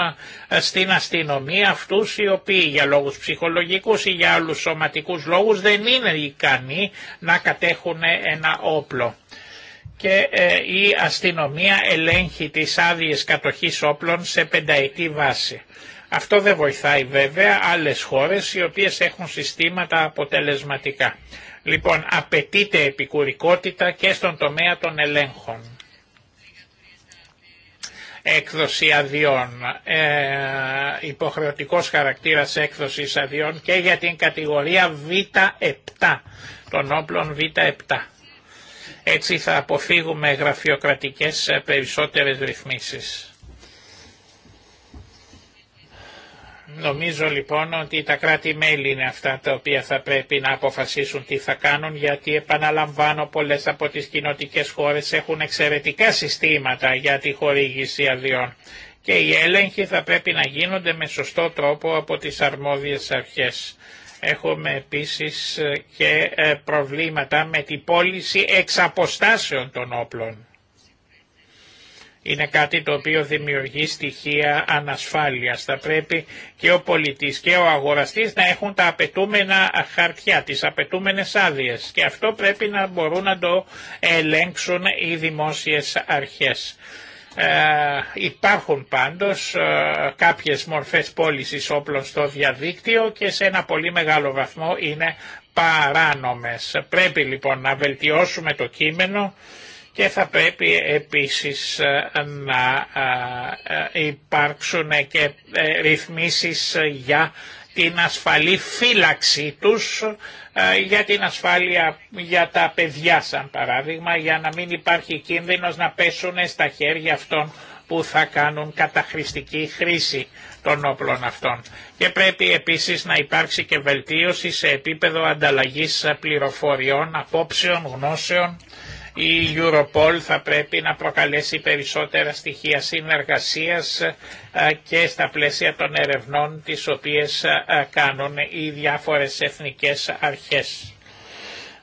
ε, στην αστυνομία αυτούς οι οποίοι για λόγους ψυχολογικούς ή για άλλους σωματικούς λόγους δεν είναι ικανοί να κατέχουν ένα όπλο και ε, η αστυνομία ελέγχει τις άδειες κατοχής όπλων σε πενταετή βάση. Αυτό δεν βοηθάει βέβαια άλλες χώρες οι οποίες έχουν συστήματα αποτελεσματικά. Λοιπόν, απαιτείται επικουρικότητα και στον τομέα των ελέγχων. Έκδοση αδειών, ε, υποχρεωτικός χαρακτήρας έκδοσης αδειών και για την κατηγορία Β7, των όπλων Β7. Έτσι θα αποφύγουμε γραφειοκρατικές ε, περισσότερες ρυθμίσεις. Νομίζω λοιπόν ότι τα κράτη-μέλη είναι αυτά τα οποία θα πρέπει να αποφασίσουν τι θα κάνουν γιατί επαναλαμβάνω πολλές από τις κοινοτικέ χώρες έχουν εξαιρετικά συστήματα για τη χορήγηση αδειών και οι έλεγχοι θα πρέπει να γίνονται με σωστό τρόπο από τις αρμόδιες αρχές. Έχουμε επίσης και ε, προβλήματα με την πώληση εξ των όπλων είναι κάτι το οποίο δημιουργεί στοιχεία ανασφάλειας. Θα πρέπει και ο πολιτής και ο αγοραστής να έχουν τα απαιτούμενα χαρτιά, τις απαιτούμενες άδειε. και αυτό πρέπει να μπορούν να το ελέγξουν οι δημόσιες αρχές. Ε, υπάρχουν πάντως ε, κάποιες μορφές πώλησης όπλων στο διαδίκτυο και σε ένα πολύ μεγάλο βαθμό είναι παράνομες. Πρέπει λοιπόν να βελτιώσουμε το κείμενο και θα πρέπει επίσης ε, να ε, ε, υπάρξουν και ρυθμίσεις για την ασφαλή φύλαξη τους για την ασφάλεια για τα παιδιά σαν παράδειγμα για να μην υπάρχει κίνδυνος να πέσουν στα χέρια αυτών που θα κάνουν καταχρηστική χρήση των όπλων αυτών. Και πρέπει επίσης να υπάρξει και βελτίωση σε επίπεδο ανταλλαγής πληροφοριών, απόψεων, γνώσεων η Europol θα πρέπει να προκαλέσει περισσότερα στοιχεία συνεργασίας ε, και στα πλαίσια των ερευνών τις οποίες ε, ε, κάνουν οι διάφορες εθνικές αρχές.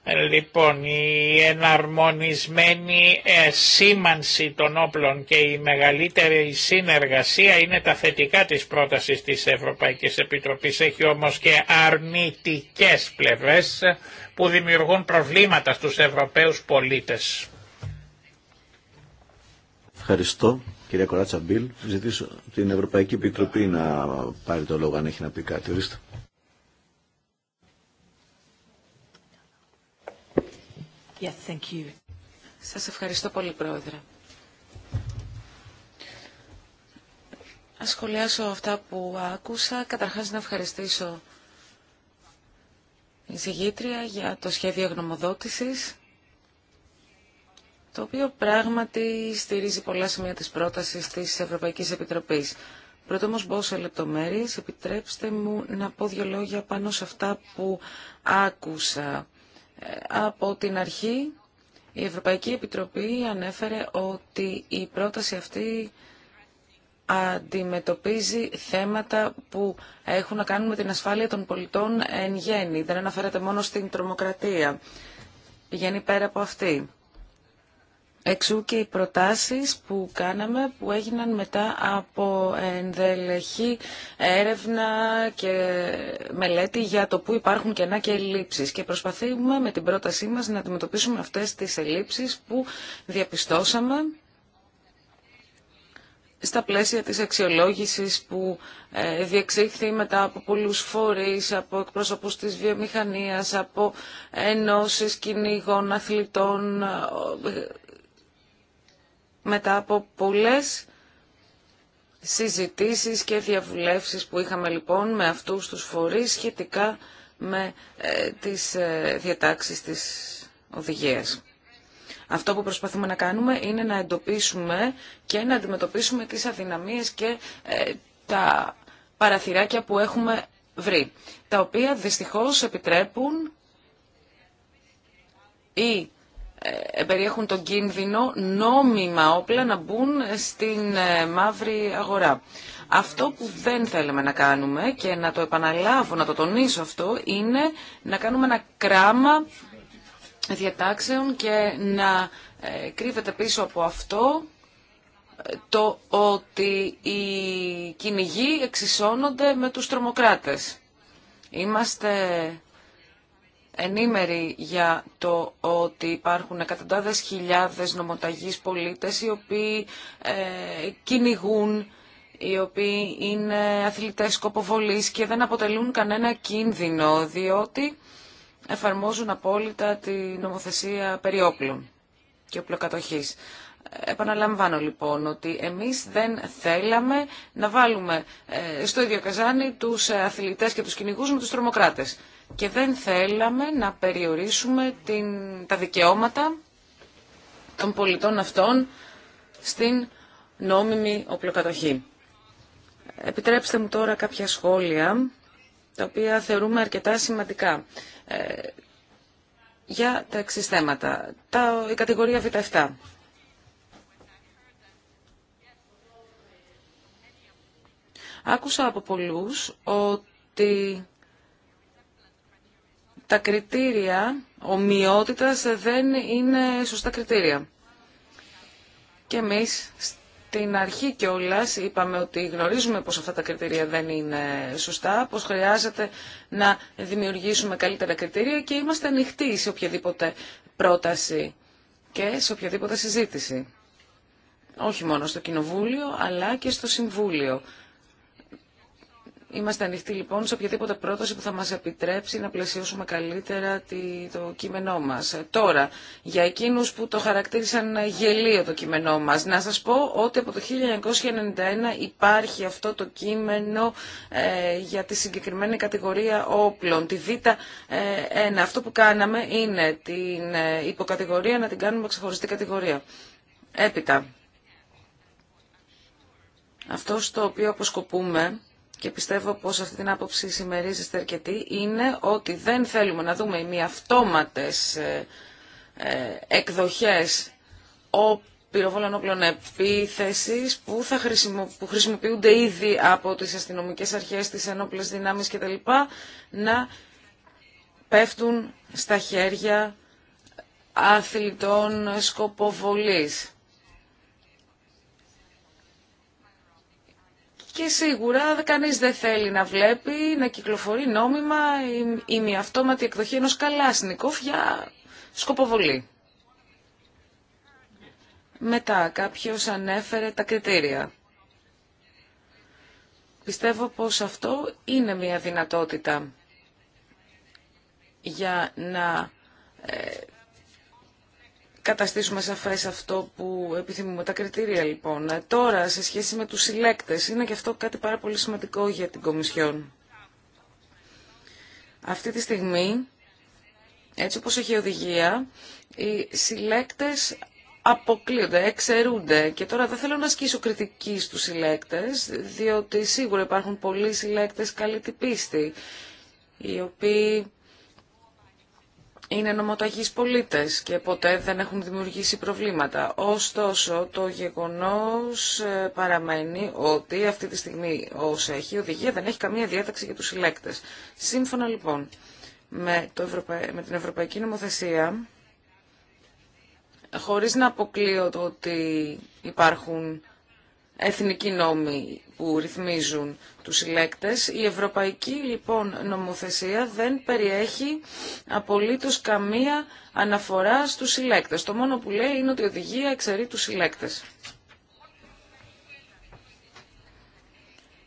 Ε, λοιπόν, η εναρμονισμένη ε, σήμανση των όπλων και η μεγαλύτερη συνεργασία είναι τα θετικά της πρότασης της Ευρωπαϊκής Επιτροπής. Έχει όμως και αρνητικές πλευρές που δημιουργούν προβλήματα στους Ευρωπαίους πολίτες. Ευχαριστώ. Κυρία Κοράτσα Μπίλ, ζητήσω την Ευρωπαϊκή Επιτροπή να πάρει το λόγο αν έχει να πει κάτι. Σα Σας ευχαριστώ πολύ, Πρόεδρε. Ας σχολιάσω αυτά που άκουσα. Καταρχάς να ευχαριστήσω η συγγήτρια για το σχέδιο γνωμοδότησης, το οποίο πράγματι στηρίζει πολλά σημεία της πρότασης της Ευρωπαϊκής Επιτροπής. Πρώτα όμως μπω σε λεπτομέρειες. Επιτρέψτε μου να πω δύο λόγια πάνω σε αυτά που άκουσα. Από την αρχή η Ευρωπαϊκή Επιτροπή ανέφερε ότι η πρόταση αυτή αντιμετωπίζει θέματα που έχουν να κάνουν με την ασφάλεια των πολιτών εν γέννη. Δεν αναφέρεται μόνο στην τρομοκρατία. Πηγαίνει πέρα από αυτή. Εξού και οι προτάσεις που κάναμε που έγιναν μετά από ενδελεχή έρευνα και μελέτη για το που υπάρχουν κενά και ελλείψεις και προσπαθούμε με την πρότασή μας να αντιμετωπίσουμε αυτές τις ελλείψεις που διαπιστώσαμε στα πλαίσια της αξιολόγησης που ε, διεξήχθη μετά από πολλούς φορείς, από εκπρόσωπους της βιομηχανίας, από ενώσεις κυνήγων, αθλητών, ε, μετά από πολλές συζητήσεις και διαβουλεύσεις που είχαμε λοιπόν με αυτούς τους φορείς σχετικά με ε, τις ε, διατάξεις της οδηγίας. Αυτό που προσπαθούμε να κάνουμε είναι να εντοπίσουμε και να αντιμετωπίσουμε τις αδυναμίες και ε, τα παραθυράκια που έχουμε βρει, τα οποία δυστυχώς επιτρέπουν ή ε, περιέχουν τον κίνδυνο νόμιμα όπλα να μπουν στην ε, μαύρη αγορά. Αυτό που δεν θέλουμε να κάνουμε και να το επαναλάβω, να το τονίσω αυτό, είναι να κάνουμε ένα κράμα διατάξεων και να ε, κρύβεται πίσω από αυτό το ότι οι κυνηγοί εξισώνονται με τους τρομοκράτες. Είμαστε ενήμεροι για το ότι υπάρχουν εκατοντάδες χιλιάδες νομοταγείς πολίτες οι οποίοι ε, κυνηγούν, οι οποίοι είναι αθλητές σκοποβολής και δεν αποτελούν κανένα κίνδυνο διότι εφαρμόζουν απόλυτα τη νομοθεσία περί όπλων και οπλοκατοχής. Επαναλαμβάνω λοιπόν ότι εμείς δεν θέλαμε να βάλουμε ε, στο ίδιο καζάνι τους αθλητές και τους κυνηγούς με τους τρομοκράτες. Και δεν θέλαμε να περιορίσουμε την, τα δικαιώματα των πολιτών αυτών στην νόμιμη οπλοκατοχή. Επιτρέψτε μου τώρα κάποια σχόλια, τα οποία θεωρούμε αρκετά σημαντικά ε, για τα εξή θέματα. Τα, η κατηγορία Β7. Άκουσα από πολλούς ότι τα κριτήρια ομοιότητας δεν είναι σωστά κριτήρια. Και εμείς στην αρχή κιόλα είπαμε ότι γνωρίζουμε πως αυτά τα κριτήρια δεν είναι σωστά, πως χρειάζεται να δημιουργήσουμε καλύτερα κριτήρια και είμαστε ανοιχτοί σε οποιαδήποτε πρόταση και σε οποιαδήποτε συζήτηση. Όχι μόνο στο Κοινοβούλιο, αλλά και στο Συμβούλιο. Είμαστε ανοιχτοί λοιπόν σε οποιαδήποτε πρόταση που θα μας επιτρέψει να πλαισιώσουμε καλύτερα το κείμενό μας. Τώρα, για εκείνους που το χαρακτήρισαν γελίο το κείμενό μας, να σας πω ότι από το 1991 υπάρχει αυτό το κείμενο ε, για τη συγκεκριμένη κατηγορία όπλων, τη Β1. αυτό που κάναμε είναι την ε, υποκατηγορία να την κάνουμε ξεχωριστή κατηγορία. Έπειτα, αυτό στο οποίο αποσκοπούμε και πιστεύω πως αυτή την άποψη συμμερίζεστε αρκετοί, είναι ότι δεν θέλουμε να δούμε μη αυτόματες ε, ε, εκδοχές πυροβόλων όπλων επίθεση που, που χρησιμοποιούνται ήδη από τις αστυνομικές αρχές, τις ενόπλες δυνάμεις κτλ. να πέφτουν στα χέρια αθλητών σκοποβολής. Και σίγουρα κανείς δεν θέλει να βλέπει να κυκλοφορεί νόμιμα η μη-αυτόματη εκδοχή ενός Καλάσνικοφ για σκοποβολή. Μετά κάποιος ανέφερε τα κριτήρια. Πιστεύω πως αυτό είναι μια δυνατότητα για να ε, καταστήσουμε σαφές αυτό που επιθυμούμε. Τα κριτήρια λοιπόν. Ε, τώρα, σε σχέση με τους συλλέκτες, είναι και αυτό κάτι πάρα πολύ σημαντικό για την Κομισιόν. Αυτή τη στιγμή, έτσι όπως έχει οδηγία, οι συλλέκτες αποκλείονται, εξαιρούνται. Και τώρα δεν θέλω να ασκήσω κριτική στους συλλέκτες, διότι σίγουρα υπάρχουν πολλοί συλλέκτες καλή πίστη, οι οποίοι είναι νομοταγείς πολίτες και ποτέ δεν έχουν δημιουργήσει προβλήματα. Ωστόσο, το γεγονός ε, παραμένει ότι αυτή τη στιγμή όσα έχει οδηγία δεν έχει καμία διάταξη για τους συλλέκτες. Σύμφωνα λοιπόν με, το με την Ευρωπαϊκή Νομοθεσία, χωρίς να αποκλείω το ότι υπάρχουν εθνικοί νόμοι που ρυθμίζουν τους συλλέκτες. Η ευρωπαϊκή λοιπόν νομοθεσία δεν περιέχει απολύτως καμία αναφορά στους συλλέκτες. Το μόνο που λέει είναι ότι η οδηγία εξαιρεί τους συλλέκτες.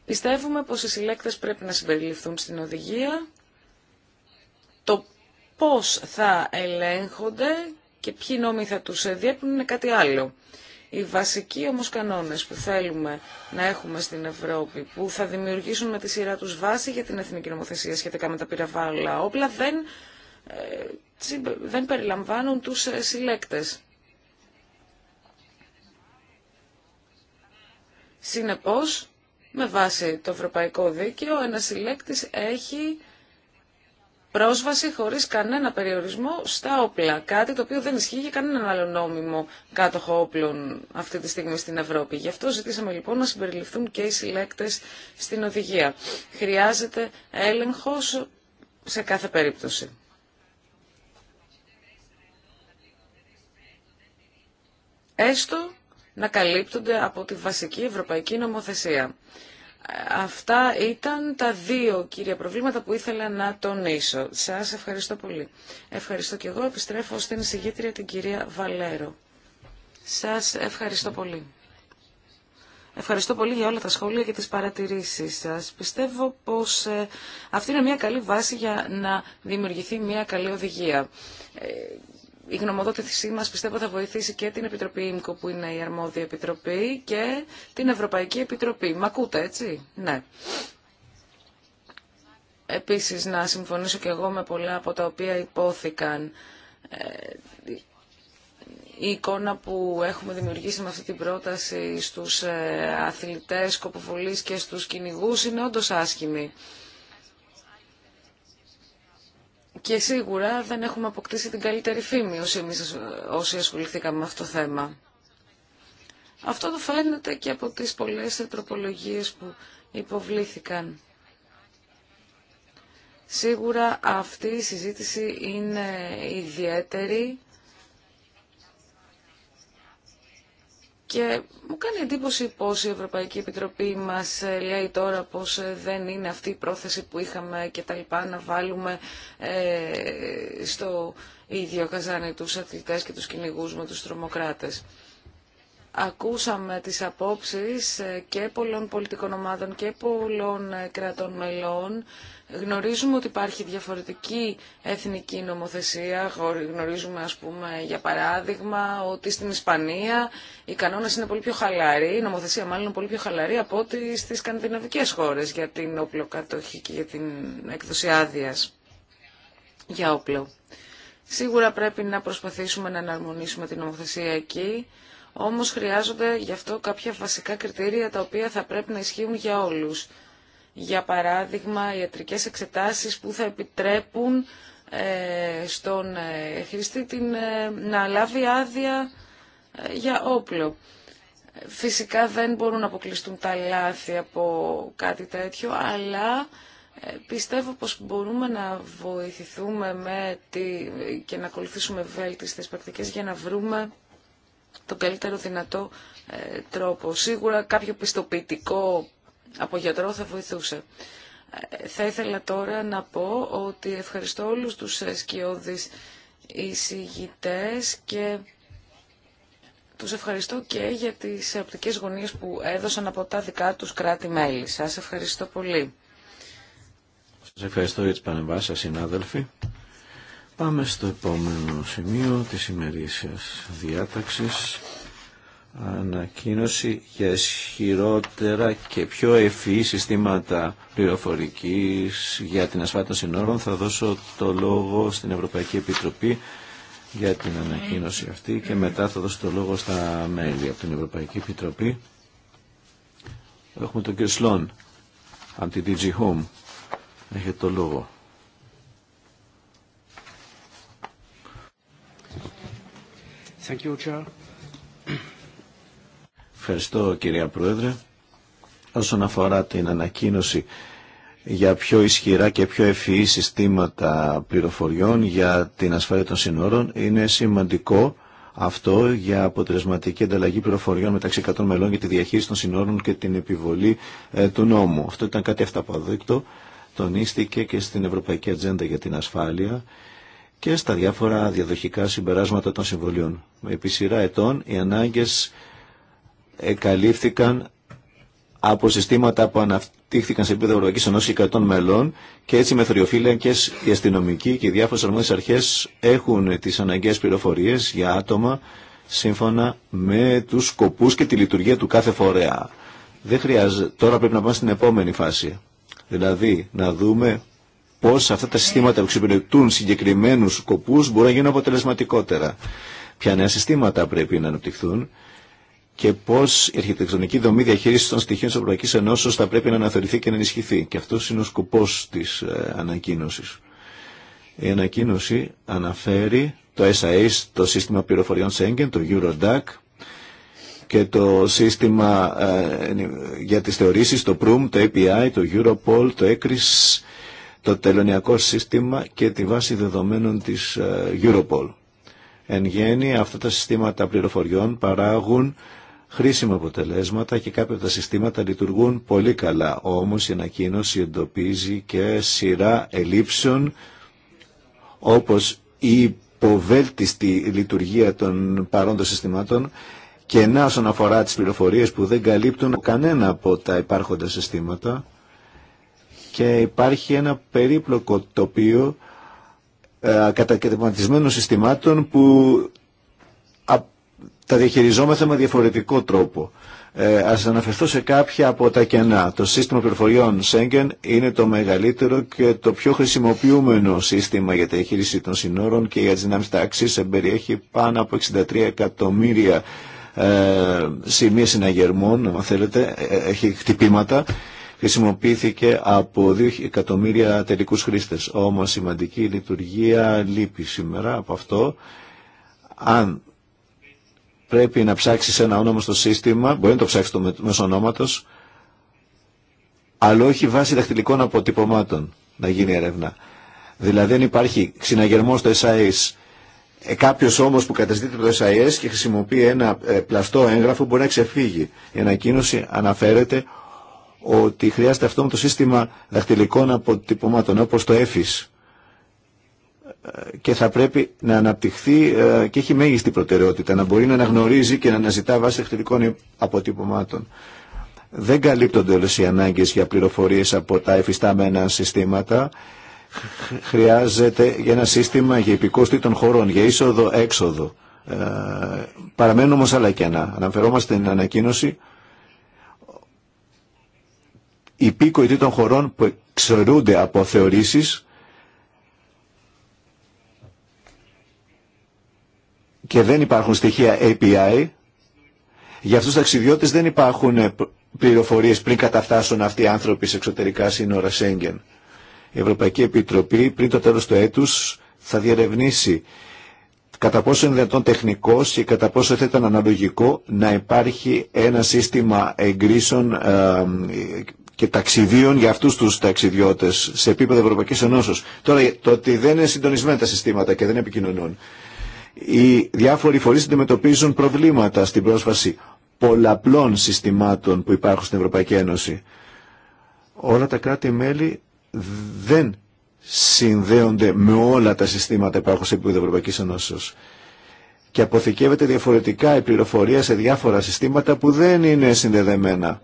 Πιστεύουμε πως οι συλλέκτες πρέπει να συμπεριληφθούν στην οδηγία. Το πώς θα ελέγχονται και ποιοι νόμοι θα τους διέπουν είναι κάτι άλλο. Οι βασικοί όμως κανόνες που θέλουμε να έχουμε στην Ευρώπη, που θα δημιουργήσουν με τη σειρά τους βάση για την εθνική νομοθεσία σχετικά με τα πυραβάλλα όπλα, δεν, ε, δεν περιλαμβάνουν τους ε, συλλέκτες. Συνεπώς, με βάση το ευρωπαϊκό δίκαιο, ένας συλλέκτης έχει πρόσβαση χωρίς κανένα περιορισμό στα όπλα. Κάτι το οποίο δεν ισχύει για κανέναν άλλο νόμιμο κάτοχο όπλων αυτή τη στιγμή στην Ευρώπη. Γι' αυτό ζητήσαμε λοιπόν να συμπεριληφθούν και οι συλλέκτες στην οδηγία. Χρειάζεται έλεγχος σε κάθε περίπτωση. Έστω να καλύπτονται από τη βασική ευρωπαϊκή νομοθεσία. Αυτά ήταν τα δύο κύρια προβλήματα που ήθελα να τονίσω. Σας ευχαριστώ πολύ. Ευχαριστώ και εγώ. Επιστρέφω στην εισηγήτρια την κυρία Βαλέρο. Σας ευχαριστώ πολύ. Ευχαριστώ πολύ για όλα τα σχόλια και τις παρατηρήσεις σας. Πιστεύω πως ε, αυτή είναι μια καλή βάση για να δημιουργηθεί μια καλή οδηγία. Ε, η γνωμοδότησή μας πιστεύω θα βοηθήσει και την Επιτροπή ΙΜΚΟ που είναι η αρμόδια Επιτροπή και την Ευρωπαϊκή Επιτροπή. Μ' ακούτε έτσι, ναι. Επίσης να συμφωνήσω και εγώ με πολλά από τα οποία υπόθηκαν. Ε, η εικόνα που έχουμε δημιουργήσει με αυτή την πρόταση στους ε, αθλητές, σκοποβολείς και στους κυνηγούς είναι όντως άσχημη. Και σίγουρα δεν έχουμε αποκτήσει την καλύτερη φήμη όσοι, εμείς, όσοι ασχοληθήκαμε με αυτό το θέμα. Αυτό το φαίνεται και από τις πολλές τροπολογίες που υποβλήθηκαν. Σίγουρα αυτή η συζήτηση είναι ιδιαίτερη Και μου κάνει εντύπωση πως η Ευρωπαϊκή Επιτροπή μας ε, λέει τώρα πως ε, δεν είναι αυτή η πρόθεση που είχαμε και τα λοιπά να βάλουμε ε, στο ίδιο καζάνι τους αθλητές και τους κυνηγούς με τους τρομοκράτες. Ακούσαμε τις απόψεις ε, και πολλών πολιτικών ομάδων και πολλών ε, κρατών μελών. Γνωρίζουμε ότι υπάρχει διαφορετική εθνική νομοθεσία. Γνωρίζουμε, ας πούμε, για παράδειγμα, ότι στην Ισπανία οι κανόνες είναι πολύ πιο χαλαροί, η νομοθεσία μάλλον πολύ πιο χαλαρή από ό,τι στις σκανδιναβικές χώρες για την όπλοκατοχή και για την έκδοση άδεια για όπλο. Σίγουρα πρέπει να προσπαθήσουμε να εναρμονίσουμε την νομοθεσία εκεί όμως χρειάζονται γι' αυτό κάποια βασικά κριτήρια τα οποία θα πρέπει να ισχύουν για όλους. Για παράδειγμα, ιατρικές εξετάσεις που θα επιτρέπουν ε, στον ε, χρηστή την, ε, να λάβει άδεια για όπλο. Φυσικά δεν μπορούν να αποκλειστούν τα λάθη από κάτι τέτοιο, αλλά πιστεύω πως μπορούμε να βοηθηθούμε με τη... και να ακολουθήσουμε βέλτιστες πρακτικές για να βρούμε το καλύτερο δυνατό ε, τρόπο. Σίγουρα κάποιο πιστοποιητικό από γιατρό θα βοηθούσε. Ε, θα ήθελα τώρα να πω ότι ευχαριστώ όλους τους σκιώδεις εισηγητές και τους ευχαριστώ και για τις οπτικές γωνίες που έδωσαν από τα δικά τους κράτη-μέλη. Σας ευχαριστώ πολύ. Σας ευχαριστώ για τις πανεμβάσεις, συνάδελφοι. Πάμε στο επόμενο σημείο της ημερήσιας διάταξης. Ανακοίνωση για ισχυρότερα και πιο ευφυή συστήματα πληροφορική για την ασφάλεια των συνόρων. Θα δώσω το λόγο στην Ευρωπαϊκή Επιτροπή για την ανακοίνωση αυτή και μετά θα δώσω το λόγο στα μέλη από την Ευρωπαϊκή Επιτροπή. Έχουμε τον κύριο Σλόν από την DG Home. Έχετε το λόγο. Ευχαριστώ κυρία Πρόεδρε. Όσον αφορά την ανακοίνωση για πιο ισχυρά και πιο ευφυή συστήματα πληροφοριών για την ασφάλεια των συνόρων, είναι σημαντικό αυτό για αποτελεσματική ανταλλαγή πληροφοριών μεταξύ 100 μελών για τη διαχείριση των συνόρων και την επιβολή ε, του νόμου. Αυτό ήταν κάτι αυταποδείκτο. Τονίστηκε και στην Ευρωπαϊκή Ατζέντα για την Ασφάλεια και στα διάφορα διαδοχικά συμπεράσματα των συμβολίων. Επί σειρά ετών οι ανάγκες εκαλύφθηκαν από συστήματα που αναπτύχθηκαν σε επίπεδο Ευρωπαϊκή Ενώση και μελών και έτσι οι μεθοριοφύλακε, οι αστυνομικοί και οι διάφορε αρμόδιε αρχέ έχουν τι αναγκαίε πληροφορίε για άτομα σύμφωνα με του σκοπού και τη λειτουργία του κάθε φορέα. Τώρα πρέπει να πάμε στην επόμενη φάση. Δηλαδή να δούμε πώς αυτά τα συστήματα που εξυπηρετούν συγκεκριμένους σκοπούς μπορούν να γίνουν αποτελεσματικότερα. Ποια νέα συστήματα πρέπει να αναπτυχθούν και πώ η αρχιτεκτονική δομή διαχείριση των στοιχείων τη Ευρωπαϊκή Ενώσεω θα πρέπει να αναθεωρηθεί και να ενισχυθεί. Και αυτό είναι ο σκοπός της ε, ανακοίνωση. Η ανακοίνωση αναφέρει το SIS, το σύστημα πληροφοριών Σέγγεν, το Eurodac και το σύστημα ε, για τις θεωρήσεις, το PRUM, το API, το Europol, το ECRIS το τελωνιακό σύστημα και τη βάση δεδομένων της ε, Europol. Εν γέννη, αυτά τα συστήματα πληροφοριών παράγουν χρήσιμα αποτελέσματα και κάποια από τα συστήματα λειτουργούν πολύ καλά. Όμως η ανακοίνωση εντοπίζει και σειρά ελλείψεων όπως η υποβέλτιστη λειτουργία των παρόντων συστημάτων και να όσον αφορά τις πληροφορίες που δεν καλύπτουν κανένα από τα υπάρχοντα συστήματα και υπάρχει ένα περίπλοκο τοπίο ε, συστημάτων που τα διαχειριζόμαστε με διαφορετικό τρόπο. Ε, ας αναφερθώ σε κάποια από τα κενά. Το σύστημα πληροφοριών Schengen είναι το μεγαλύτερο και το πιο χρησιμοποιούμενο σύστημα για τη διαχείριση των συνόρων και για τις δυνάμεις τάξης εμπεριέχει πάνω από 63 εκατομμύρια ε, σημεία συναγερμών, αν θέλετε, ε, ε, έχει χτυπήματα χρησιμοποιήθηκε από 2 εκατομμύρια τελικούς χρήστες. Όμως σημαντική λειτουργία λείπει σήμερα από αυτό. Αν πρέπει να ψάξεις ένα όνομα στο σύστημα, μπορεί να το ψάξεις το μέσο ονόματος, αλλά όχι βάσει δαχτυλικών αποτυπωμάτων να γίνει έρευνα. Δηλαδή δεν υπάρχει συναγερμό στο SIS, ε, κάποιο όμω που καταστείται το SIS και χρησιμοποιεί ένα ε, πλαστό έγγραφο μπορεί να ξεφύγει. Η ανακοίνωση αναφέρεται ότι χρειάζεται αυτό με το σύστημα δαχτυλικών αποτυπωμάτων όπως το ΕΦΙΣ και θα πρέπει να αναπτυχθεί ε, και έχει μέγιστη προτεραιότητα να μπορεί να αναγνωρίζει και να αναζητά βάσει δαχτυλικών αποτυπωμάτων. Δεν καλύπτονται όλες οι ανάγκες για πληροφορίες από τα εφιστάμενα συστήματα. Χρειάζεται ένα σύστημα για υπηκόστη των χωρών, για είσοδο-έξοδο. Ε, παραμένουν όμως άλλα κενά. Αναφερόμαστε στην ανακοίνωση υπήκοοι των χωρών που εξαιρούνται από θεωρήσεις και δεν υπάρχουν στοιχεία API, για αυτούς τους ταξιδιώτες δεν υπάρχουν ε, πληροφορίες πριν καταφτάσουν αυτοί οι άνθρωποι σε εξωτερικά σύνορα Σέγγεν. Η Ευρωπαϊκή Επιτροπή πριν το τέλος του έτους θα διερευνήσει κατά πόσο είναι δυνατόν τεχνικός και κατά πόσο θα ήταν αναλογικό να υπάρχει ένα σύστημα εγκρίσεων ε, και ταξιδίων για αυτού του ταξιδιώτε σε επίπεδο Ευρωπαϊκή Ενώσεω. Τώρα το ότι δεν είναι συντονισμένα τα συστήματα και δεν επικοινωνούν. Οι διάφοροι φορεί αντιμετωπίζουν προβλήματα στην πρόσβαση πολλαπλών συστημάτων που υπάρχουν στην Ευρωπαϊκή Ένωση. Όλα τα κράτη-μέλη δεν συνδέονται με όλα τα συστήματα που υπάρχουν σε επίπεδο Ευρωπαϊκή Ενώσεω. και αποθηκεύεται διαφορετικά η πληροφορία σε διάφορα συστήματα που δεν είναι συνδεδεμένα.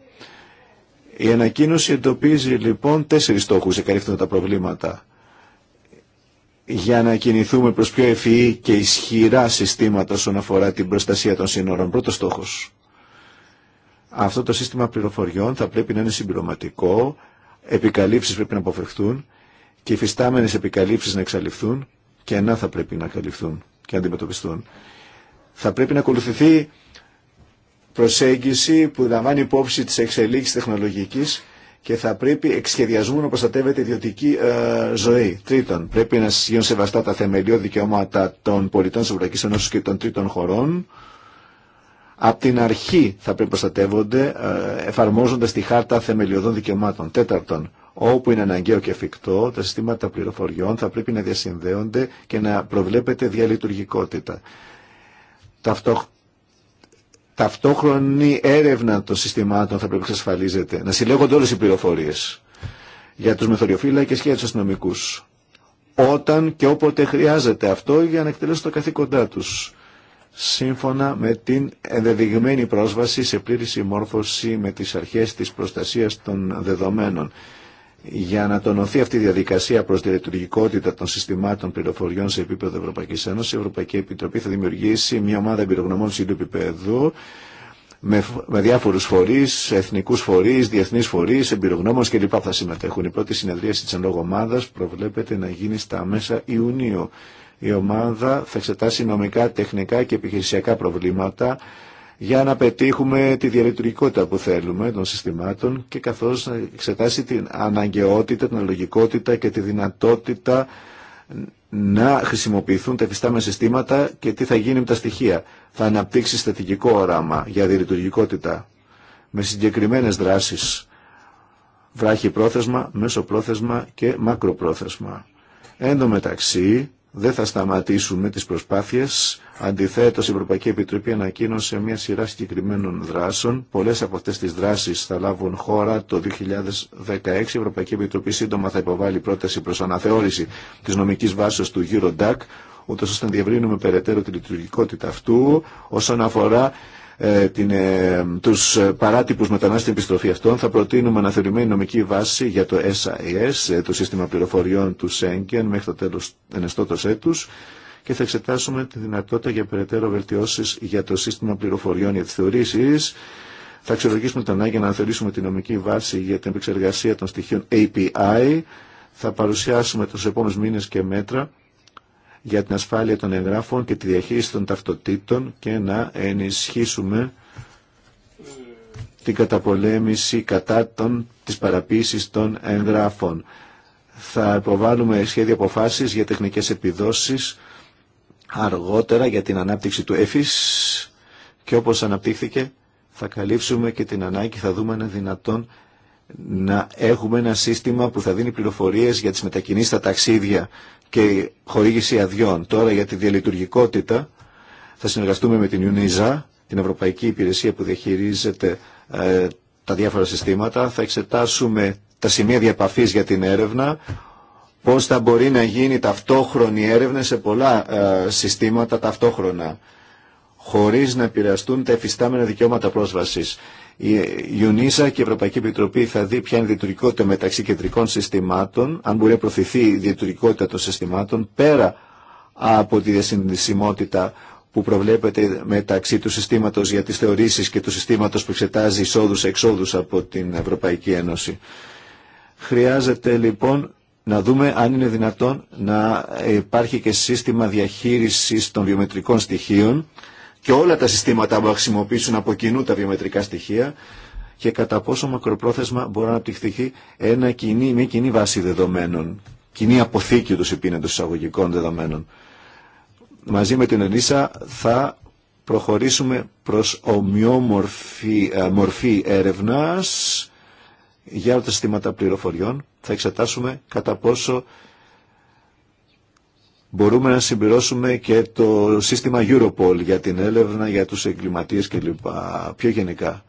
Η ανακοίνωση εντοπίζει λοιπόν τέσσερις στόχους για καλύφθουν τα προβλήματα. Για να κινηθούμε προς πιο ευφυή και ισχυρά συστήματα όσον αφορά την προστασία των σύνορων. Πρώτος στόχος. Αυτό το σύστημα πληροφοριών θα πρέπει να είναι συμπληρωματικό, επικαλύψεις πρέπει να αποφευχθούν και οι φυστάμενες επικαλύψεις να εξαλειφθούν και να θα πρέπει να καλυφθούν και να αντιμετωπιστούν. Θα πρέπει να ακολουθηθεί προσέγγιση που λαμβάνει υπόψη τη εξελίξη τεχνολογικής και θα πρέπει εξ σχεδιασμού να προστατεύεται ιδιωτική ε, ζωή. Τρίτον, πρέπει να γίνουν σεβαστά τα θεμελιώδη δικαιώματα των πολιτών τη Ευρωπαϊκή Ένωση και των τρίτων χωρών. Απ' την αρχή θα πρέπει να προστατεύονται ε, εφαρμόζοντα τη χάρτα θεμελιωδών δικαιωμάτων. Τέταρτον, όπου είναι αναγκαίο και εφικτό, τα συστήματα πληροφοριών θα πρέπει να διασυνδέονται και να προβλέπεται διαλειτουργικότητα. Ταυτόχρονα, ταυτόχρονη έρευνα των συστημάτων θα πρέπει να εξασφαλίζεται. Να συλλέγονται όλες οι πληροφορίες για τους μεθοριοφύλακε και για του αστυνομικού. Όταν και όποτε χρειάζεται αυτό για να εκτελέσουν το καθήκοντά τους. Σύμφωνα με την ενδεδειγμένη πρόσβαση σε πλήρη συμμόρφωση με τις αρχές της προστασίας των δεδομένων για να τονωθεί αυτή η διαδικασία προ τη λειτουργικότητα των συστημάτων πληροφοριών σε επίπεδο Ευρωπαϊκή Ένωση, η Ευρωπαϊκή Επιτροπή θα δημιουργήσει μια ομάδα εμπειρογνωμών ψηλού επίπεδου με, με διάφορους φορείς, εθνικούς φορείς, διεθνείς φορείς, εμπειρογνώμων κλπ. θα συμμετέχουν. Η πρώτη συνεδρίαση τη εν λόγω ομάδα προβλέπεται να γίνει στα μέσα Ιουνίου. Η ομάδα θα εξετάσει νομικά, τεχνικά και επιχειρησιακά προβλήματα για να πετύχουμε τη διαλειτουργικότητα που θέλουμε των συστημάτων και καθώς να εξετάσει την αναγκαιότητα, την αλογικότητα και τη δυνατότητα να χρησιμοποιηθούν τα εφιστάμενα συστήματα και τι θα γίνει με τα στοιχεία. Θα αναπτύξει στατικικό όραμα για διαλειτουργικότητα με συγκεκριμένες δράσεις βράχη πρόθεσμα, μέσο πρόθεσμα και μακροπρόθεσμα. Εν τω μεταξύ δεν θα σταματήσουμε τις προσπάθειες. Αντιθέτως, η Ευρωπαϊκή Επιτροπή ανακοίνωσε μια σειρά συγκεκριμένων δράσεων. Πολλές από αυτές τις δράσεις θα λάβουν χώρα το 2016. Η Ευρωπαϊκή Επιτροπή σύντομα θα υποβάλει πρόταση προς αναθεώρηση της νομικής βάσης του Eurodac, ούτως ώστε να διευρύνουμε περαιτέρω τη λειτουργικότητα αυτού όσον αφορά ε, την, ε, τους ε, παράτυπους μετανάστες στην επιστροφή αυτών. Θα προτείνουμε αναθεωρημένη νομική βάση για το SIS, ε, το σύστημα πληροφοριών του Σέγγεν, μέχρι το τέλος ενεστώτος έτους και θα εξετάσουμε τη δυνατότητα για περαιτέρω βελτιώσεις για το σύστημα πληροφοριών για τις θεωρήσεις. Θα αξιολογήσουμε την ανάγκη να αναθεωρήσουμε τη νομική βάση για την επεξεργασία των στοιχείων API. Θα παρουσιάσουμε τους επόμενους μήνες και μέτρα για την ασφάλεια των εγγράφων και τη διαχείριση των ταυτοτήτων και να ενισχύσουμε την καταπολέμηση κατά των, της παραποίησης των εγγράφων. Θα υποβάλουμε σχέδια αποφάσεις για τεχνικές επιδόσεις αργότερα για την ανάπτυξη του ΕΦΙΣ και όπως αναπτύχθηκε θα καλύψουμε και την ανάγκη, θα δούμε αν δυνατόν να έχουμε ένα σύστημα που θα δίνει πληροφορίες για τις μετακινήσεις στα ταξίδια και χορήγηση αδειών. Τώρα για τη διαλειτουργικότητα θα συνεργαστούμε με την UNISA, την Ευρωπαϊκή Υπηρεσία που διαχειρίζεται ε, τα διάφορα συστήματα. Θα εξετάσουμε τα σημεία διαπαφής για την έρευνα, πώς θα μπορεί να γίνει ταυτόχρονη έρευνα σε πολλά ε, συστήματα ταυτόχρονα χωρίς να επηρεαστούν τα εφιστάμενα δικαιώματα πρόσβασης. Η UNISA και η Ευρωπαϊκή Επιτροπή θα δει ποια είναι η διατηρικότητα μεταξύ κεντρικών συστημάτων, αν μπορεί να προωθηθεί η διατηρικότητα των συστημάτων πέρα από τη διασυνδυσιμότητα που προβλέπεται μεταξύ του συστήματος για τις θεωρήσεις και του συστήματος που εξετάζει εισόδους-εξόδους από την Ευρωπαϊκή Ένωση. Χρειάζεται λοιπόν να δούμε αν είναι δυνατόν να υπάρχει και σύστημα διαχείρισης των βιομετρικών στοιχείων και όλα τα συστήματα που χρησιμοποιήσουν από κοινού τα βιομετρικά στοιχεία και κατά πόσο μακροπρόθεσμα μπορεί να αναπτυχθεί ένα κοινή, μια κοινή βάση δεδομένων, κοινή αποθήκη του επίνεντος εισαγωγικών δεδομένων. Μαζί με την Ελίσσα θα προχωρήσουμε προς ομοιόμορφη ε, μορφή έρευνας για τα συστήματα πληροφοριών. Θα εξετάσουμε κατά πόσο μπορούμε να συμπληρώσουμε και το σύστημα Europol για την έλευνα, για τους εγκληματίες κλπ. Πιο γενικά.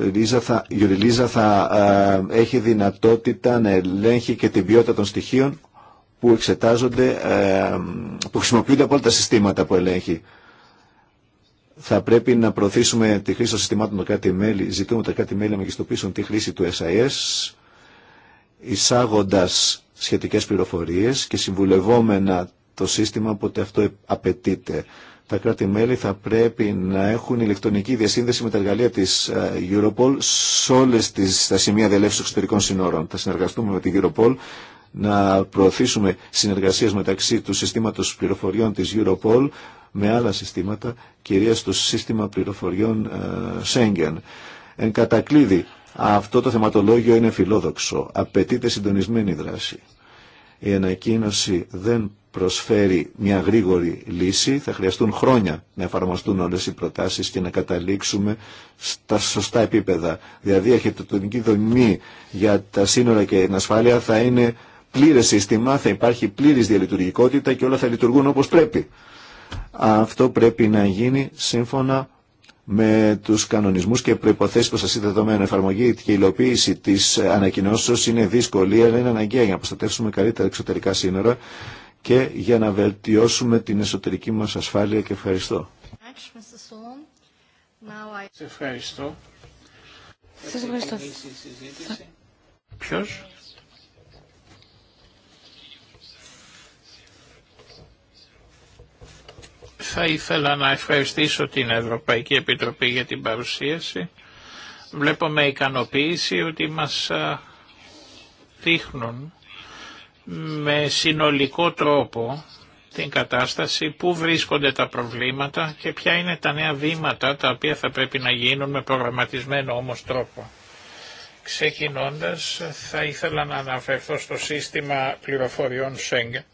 Η Λίζα θα, η θα έχει δυνατότητα να ελέγχει και την ποιότητα των στοιχείων που εξετάζονται, ε, που χρησιμοποιούνται από όλα τα συστήματα που ελέγχει. Θα πρέπει να προωθήσουμε τη χρήση των συστημάτων των κάτι μέλη. Ζητούμε τα κάτι μέλη να μεγιστοποιήσουν τη χρήση του SIS, εισάγοντας σχετικές πληροφορίες και συμβουλευόμενα το σύστημα όποτε αυτό απαιτείται. Τα κράτη-μέλη θα πρέπει να έχουν ηλεκτρονική διασύνδεση με τα εργαλεία της ε, Europol σε όλες τις, τα σημεία διαλέψης εξωτερικών συνόρων. Θα συνεργαστούμε με την Europol να προωθήσουμε συνεργασίες μεταξύ του συστήματος πληροφοριών της Europol με άλλα συστήματα, κυρίως το σύστημα πληροφοριών ε, Schengen. Εν κατακλείδη, αυτό το θεματολόγιο είναι φιλόδοξο. Απαιτείται συντονισμένη δράση. Η ανακοίνωση δεν προσφέρει μια γρήγορη λύση. Θα χρειαστούν χρόνια να εφαρμοστούν όλες οι προτάσεις και να καταλήξουμε στα σωστά επίπεδα. Δηλαδή η αρχιτεκτονική δομή για τα σύνορα και την ασφάλεια θα είναι πλήρε σύστημα, θα υπάρχει πλήρη διαλειτουργικότητα και όλα θα λειτουργούν όπως πρέπει. Αυτό πρέπει να γίνει σύμφωνα με τους κανονισμούς και προϋποθέσεις εδώ με Εφαρμογή και υλοποίηση της ανακοινώσεως είναι δύσκολη, αλλά είναι αναγκαία για να προστατεύσουμε καλύτερα εξωτερικά σύνορα και για να βελτιώσουμε την εσωτερική μας ασφάλεια και ευχαριστώ. Ευχαριστώ. Σας ευχαριστώ. Ποιος? Θα ήθελα να ευχαριστήσω την Ευρωπαϊκή Επιτροπή για την παρουσίαση. Βλέπω με ικανοποίηση ότι μας δείχνουν με συνολικό τρόπο την κατάσταση, πού βρίσκονται τα προβλήματα και ποια είναι τα νέα βήματα τα οποία θα πρέπει να γίνουν με προγραμματισμένο όμως τρόπο. Ξεκινώντας θα ήθελα να αναφερθώ στο σύστημα πληροφοριών Schengen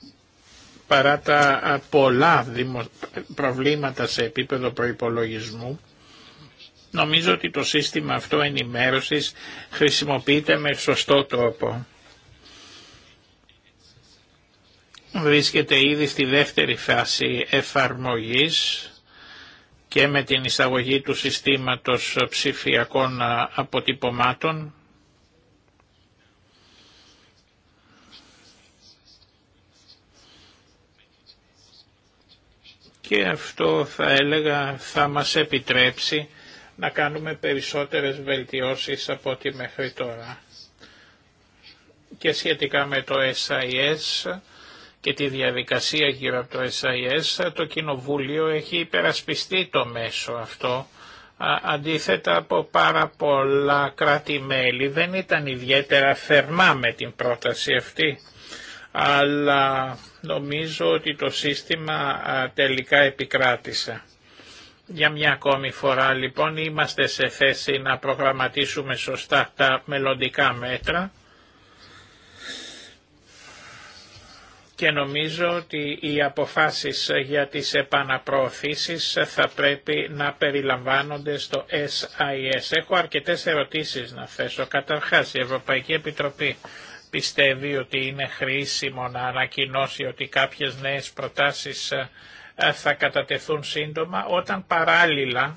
παρά τα πολλά προβλήματα σε επίπεδο προϋπολογισμού, νομίζω ότι το σύστημα αυτό ενημέρωσης χρησιμοποιείται με σωστό τρόπο. Βρίσκεται ήδη στη δεύτερη φάση εφαρμογής και με την εισαγωγή του συστήματος ψηφιακών αποτυπωμάτων και αυτό θα έλεγα θα μας επιτρέψει να κάνουμε περισσότερες βελτιώσεις από ό,τι μέχρι τώρα. Και σχετικά με το SIS και τη διαδικασία γύρω από το SIS, το Κοινοβούλιο έχει υπερασπιστεί το μέσο αυτό. Αντίθετα από πάρα πολλά κράτη-μέλη δεν ήταν ιδιαίτερα θερμά με την πρόταση αυτή αλλά νομίζω ότι το σύστημα τελικά επικράτησε. Για μια ακόμη φορά λοιπόν είμαστε σε θέση να προγραμματίσουμε σωστά τα μελλοντικά μέτρα και νομίζω ότι οι αποφάσεις για τις επαναπροωθήσεις θα πρέπει να περιλαμβάνονται στο SIS. Έχω αρκετές ερωτήσεις να θέσω. Καταρχάς η Ευρωπαϊκή Επιτροπή πιστεύει ότι είναι χρήσιμο να ανακοινώσει ότι κάποιες νέες προτάσεις ε, ε, θα κατατεθούν σύντομα όταν παράλληλα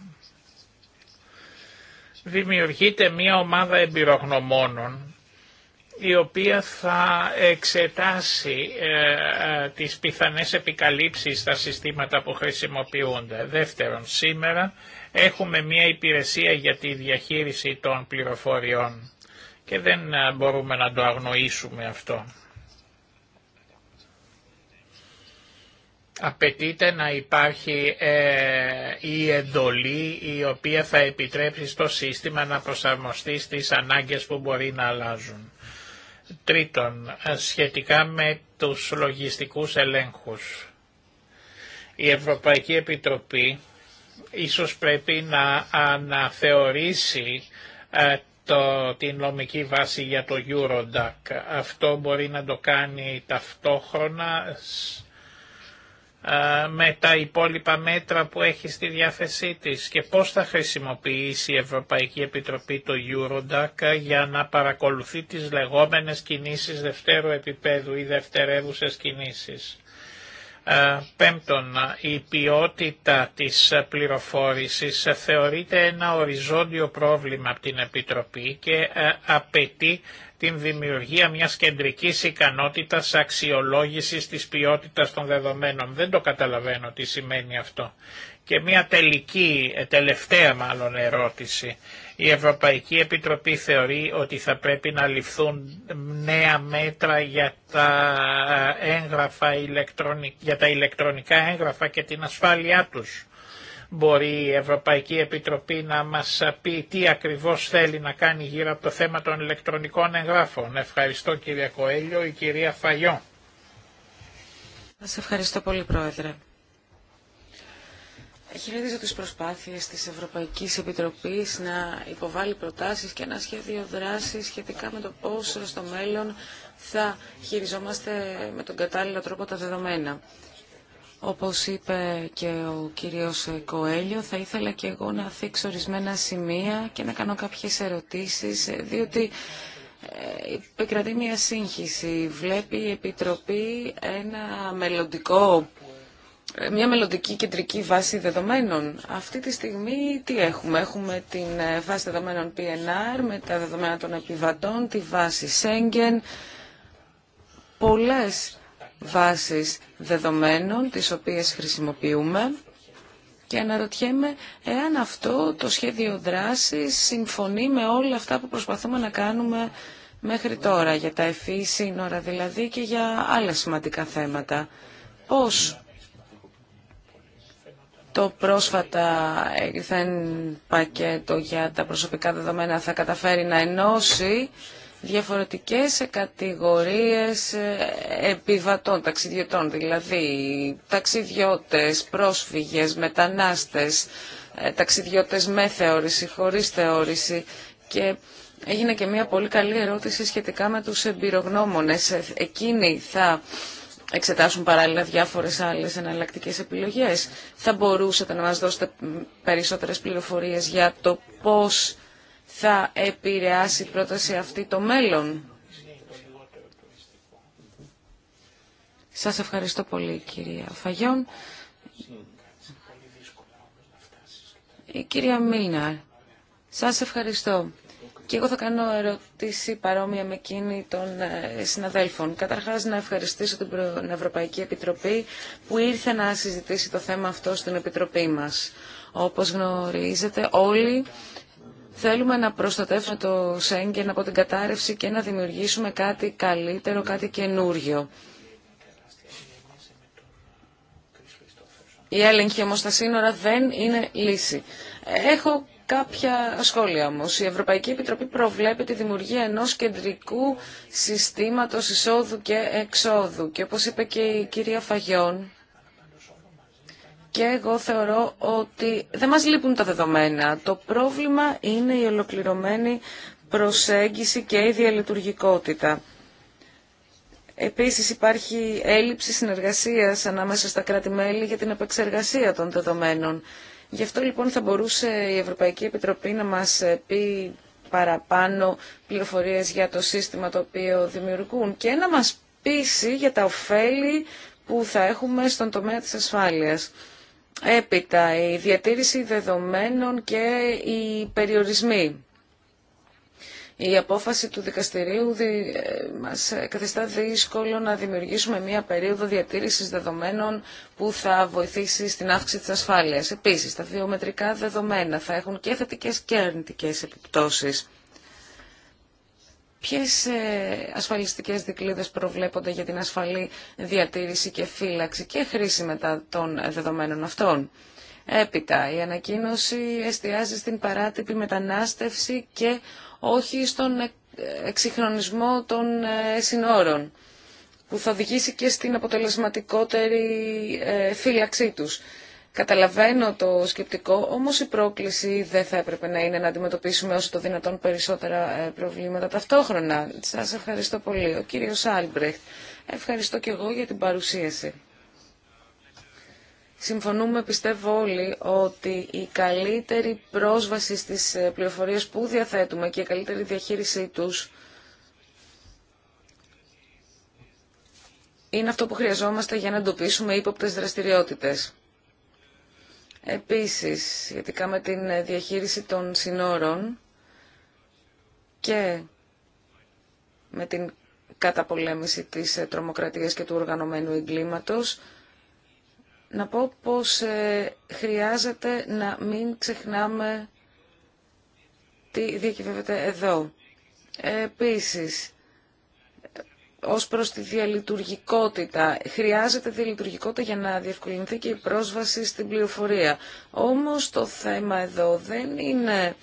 δημιουργείται μια ομάδα εμπειρογνωμόνων η οποία θα εξετάσει ε, ε, τις πιθανές επικαλύψεις στα συστήματα που χρησιμοποιούνται. Δεύτερον, σήμερα έχουμε μια υπηρεσία για τη διαχείριση των πληροφοριών και δεν ε, μπορούμε να το αγνοήσουμε αυτό. Απαιτείται να υπάρχει ε, η εντολή η οποία θα επιτρέψει στο σύστημα να προσαρμοστεί στις ανάγκες που μπορεί να αλλάζουν. Τρίτον, ε, σχετικά με τους λογιστικούς ελέγχους. Η Ευρωπαϊκή Επιτροπή ίσως πρέπει να αναθεωρήσει το, την νομική βάση για το Eurodac. Αυτό μπορεί να το κάνει ταυτόχρονα με τα υπόλοιπα μέτρα που έχει στη διάθεσή της και πώς θα χρησιμοποιήσει η Ευρωπαϊκή Επιτροπή το Eurodac για να παρακολουθεί τις λεγόμενες κινήσεις δευτέρου επίπεδου ή δευτερεύουσες κινήσεις. Ε, πέμπτον, η ποιότητα της πληροφόρησης θεωρείται ένα οριζόντιο πρόβλημα από την Επιτροπή και ε, απαιτεί την δημιουργία μιας κεντρικής ικανότητας αξιολόγησης της ποιότητας των δεδομένων. Δεν το καταλαβαίνω τι σημαίνει αυτό. Και μια τελική, ε, τελευταία μάλλον ερώτηση. Η Ευρωπαϊκή Επιτροπή θεωρεί ότι θα πρέπει να ληφθούν νέα μέτρα για τα, έγγραφα, για τα ηλεκτρονικά έγγραφα και την ασφάλειά τους. Μπορεί η Ευρωπαϊκή Επιτροπή να μας πει τι ακριβώς θέλει να κάνει γύρω από το θέμα των ηλεκτρονικών εγγράφων. Ευχαριστώ κύριε Κοέλιο, η κυρία Φαγιό. Σας ευχαριστώ πολύ Πρόεδρε. Χαιρετίζω τις προσπάθειες της Ευρωπαϊκής Επιτροπής να υποβάλει προτάσεις και ένα σχέδιο δράσης σχετικά με το πώς στο μέλλον θα χειριζόμαστε με τον κατάλληλο τρόπο τα δεδομένα. Όπως είπε και ο κύριος Κοέλιο, θα ήθελα και εγώ να θίξω ορισμένα σημεία και να κάνω κάποιες ερωτήσεις, διότι ε, επικρατεί μια σύγχυση. Βλέπει η Επιτροπή ένα μελλοντικό ε, μια μελλοντική κεντρική βάση δεδομένων. Αυτή τη στιγμή τι έχουμε. Έχουμε την ε, βάση δεδομένων PNR με τα δεδομένα των επιβατών, τη βάση Schengen, πολλές βάσεις δεδομένων τις οποίες χρησιμοποιούμε και αναρωτιέμαι εάν αυτό το σχέδιο δράσης συμφωνεί με όλα αυτά που προσπαθούμε να κάνουμε μέχρι τώρα για τα ευφύ σύνορα δηλαδή και για άλλα σημαντικά θέματα. Πώς το πρόσφατα έγκριθεν πακέτο για τα προσωπικά δεδομένα θα καταφέρει να ενώσει διαφορετικές κατηγορίες επιβατών, ταξιδιωτών, δηλαδή ταξιδιώτες, πρόσφυγες, μετανάστες, ε, ταξιδιώτες με θεώρηση, χωρίς θεώρηση και έγινε και μια πολύ καλή ερώτηση σχετικά με τους εμπειρογνώμονες. Εκείνοι θα εξετάσουν παράλληλα διάφορες άλλες εναλλακτικές επιλογές. Θα μπορούσατε να μας δώσετε περισσότερες πληροφορίες για το πώς θα επηρεάσει η πρόταση αυτή το μέλλον. Σας ευχαριστώ πολύ κυρία Φαγιόν. Η κυρία Μίλναρ, σας ευχαριστώ. Και εγώ θα κάνω ερωτήση παρόμοια με εκείνη των ε, συναδέλφων. Καταρχάς να ευχαριστήσω την Ευρωπαϊκή Επιτροπή που ήρθε να συζητήσει το θέμα αυτό στην Επιτροπή μας. Όπως γνωρίζετε όλοι θέλουμε να προστατεύσουμε το Σέγγεν από την κατάρρευση και να δημιουργήσουμε κάτι καλύτερο, κάτι καινούριο. Η έλεγχη όμως στα σύνορα δεν είναι λύση. Έχω Κάποια σχόλια όμω. Η Ευρωπαϊκή Επιτροπή προβλέπει τη δημιουργία ενό κεντρικού συστήματο εισόδου και εξόδου. Και όπω είπε και η κυρία Φαγιών, και εγώ θεωρώ ότι δεν μας λείπουν τα δεδομένα. Το πρόβλημα είναι η ολοκληρωμένη προσέγγιση και η διαλειτουργικότητα. Επίσης υπάρχει έλλειψη συνεργασίας ανάμεσα στα κράτη-μέλη για την επεξεργασία των δεδομένων. Γι' αυτό λοιπόν θα μπορούσε η Ευρωπαϊκή Επιτροπή να μας ε, πει παραπάνω πληροφορίες για το σύστημα το οποίο δημιουργούν και να μας πείσει για τα ωφέλη που θα έχουμε στον τομέα της ασφάλειας. Έπειτα, η διατήρηση δεδομένων και οι περιορισμοί. Η απόφαση του δικαστηρίου ε, μας καθιστά δύσκολο να δημιουργήσουμε μία περίοδο διατήρησης δεδομένων που θα βοηθήσει στην αύξηση της ασφάλειας. Επίσης, τα βιομετρικά δεδομένα θα έχουν και θετικές και αρνητικές επιπτώσεις. Ποιες ε, ασφαλιστικές δικλείδες προβλέπονται για την ασφαλή διατήρηση και φύλαξη και χρήση μετά των δεδομένων αυτών. Έπειτα, η ανακοίνωση εστιάζει στην παράτυπη μετανάστευση και όχι στον ε, εξυγχρονισμό των ε, συνόρων που θα οδηγήσει και στην αποτελεσματικότερη ε, φύλαξή τους. Καταλαβαίνω το σκεπτικό, όμως η πρόκληση δεν θα έπρεπε να είναι να αντιμετωπίσουμε όσο το δυνατόν περισσότερα προβλήματα ταυτόχρονα. Σας ευχαριστώ πολύ. Ο κύριος Άλμπρεχτ, ευχαριστώ και εγώ για την παρουσίαση. Συμφωνούμε, πιστεύω όλοι, ότι η καλύτερη πρόσβαση στις ε, πληροφορίες που διαθέτουμε και η καλύτερη διαχείρισή τους είναι αυτό που χρειαζόμαστε για να εντοπίσουμε ύποπτε δραστηριότητες. Επίσης, σχετικά με την ε, διαχείριση των συνόρων και με την καταπολέμηση της ε, τρομοκρατίας και του οργανωμένου εγκλήματος, να πω πως ε, χρειάζεται να μην ξεχνάμε τι διακυβεύεται εδώ. Επίσης, ως προς τη διαλειτουργικότητα. Χρειάζεται διαλειτουργικότητα για να διευκολυνθεί και η πρόσβαση στην πληροφορία. Όμως το θέμα εδώ δεν είναι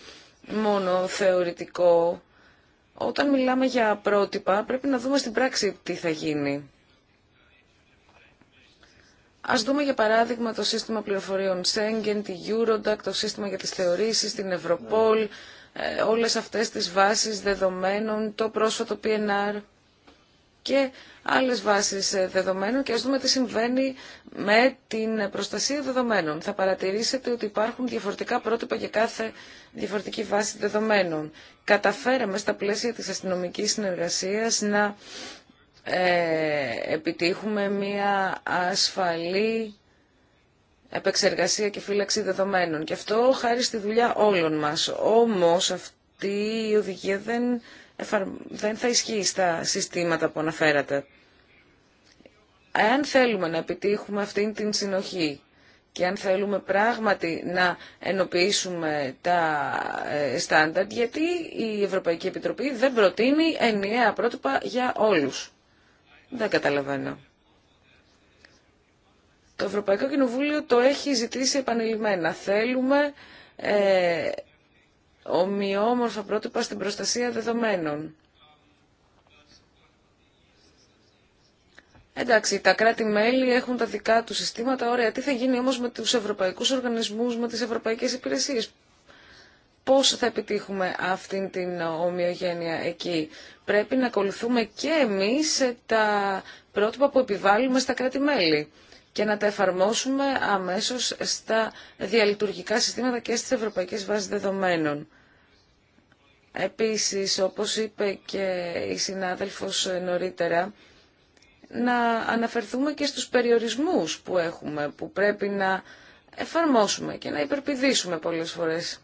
μόνο θεωρητικό. Όταν μιλάμε για πρότυπα πρέπει να δούμε στην πράξη τι θα γίνει. Ας δούμε για παράδειγμα το σύστημα πληροφοριών Σέγγεν, τη Eurodac, το σύστημα για τις θεωρήσεις, την Ευρωπόλ, ε, όλες αυτές τις βάσεις δεδομένων, το πρόσφατο PNR και άλλε βάσεις ε, δεδομένων και ας δούμε τι συμβαίνει με την προστασία δεδομένων. Θα παρατηρήσετε ότι υπάρχουν διαφορετικά πρότυπα για κάθε διαφορετική βάση δεδομένων. Καταφέραμε στα πλαίσια τη αστυνομική συνεργασία να ε, επιτύχουμε μία ασφαλή επεξεργασία και φύλαξη δεδομένων. Και αυτό χάρη στη δουλειά όλων μας. Όμως αυτή η οδηγία δεν, δεν θα ισχύει στα συστήματα που αναφέρατε. Αν θέλουμε να επιτύχουμε αυτήν την συνοχή και αν θέλουμε πράγματι να ενοποιήσουμε τα ε, στάνταρτ, γιατί η Ευρωπαϊκή Επιτροπή δεν προτείνει ενιαία πρότυπα για όλους. Δεν καταλαβαίνω. Το Ευρωπαϊκό Κοινοβούλιο το έχει ζητήσει επανειλημμένα. Θέλουμε ε, ομοιόμορφα πρότυπα στην προστασία δεδομένων. Εντάξει, τα κράτη-μέλη έχουν τα δικά του συστήματα, ωραία. Τι θα γίνει όμως με τους ευρωπαϊκούς οργανισμούς, με τις ευρωπαϊκές υπηρεσίες πώς θα επιτύχουμε αυτήν την ομοιογένεια εκεί. Πρέπει να ακολουθούμε και εμείς τα πρότυπα που επιβάλλουμε στα κράτη-μέλη και να τα εφαρμόσουμε αμέσως στα διαλειτουργικά συστήματα και στις ευρωπαϊκές βάσεις δεδομένων. Επίσης, όπως είπε και η συνάδελφος νωρίτερα, να αναφερθούμε και στους περιορισμούς που έχουμε, που πρέπει να εφαρμόσουμε και να υπερπηδήσουμε πολλές φορές.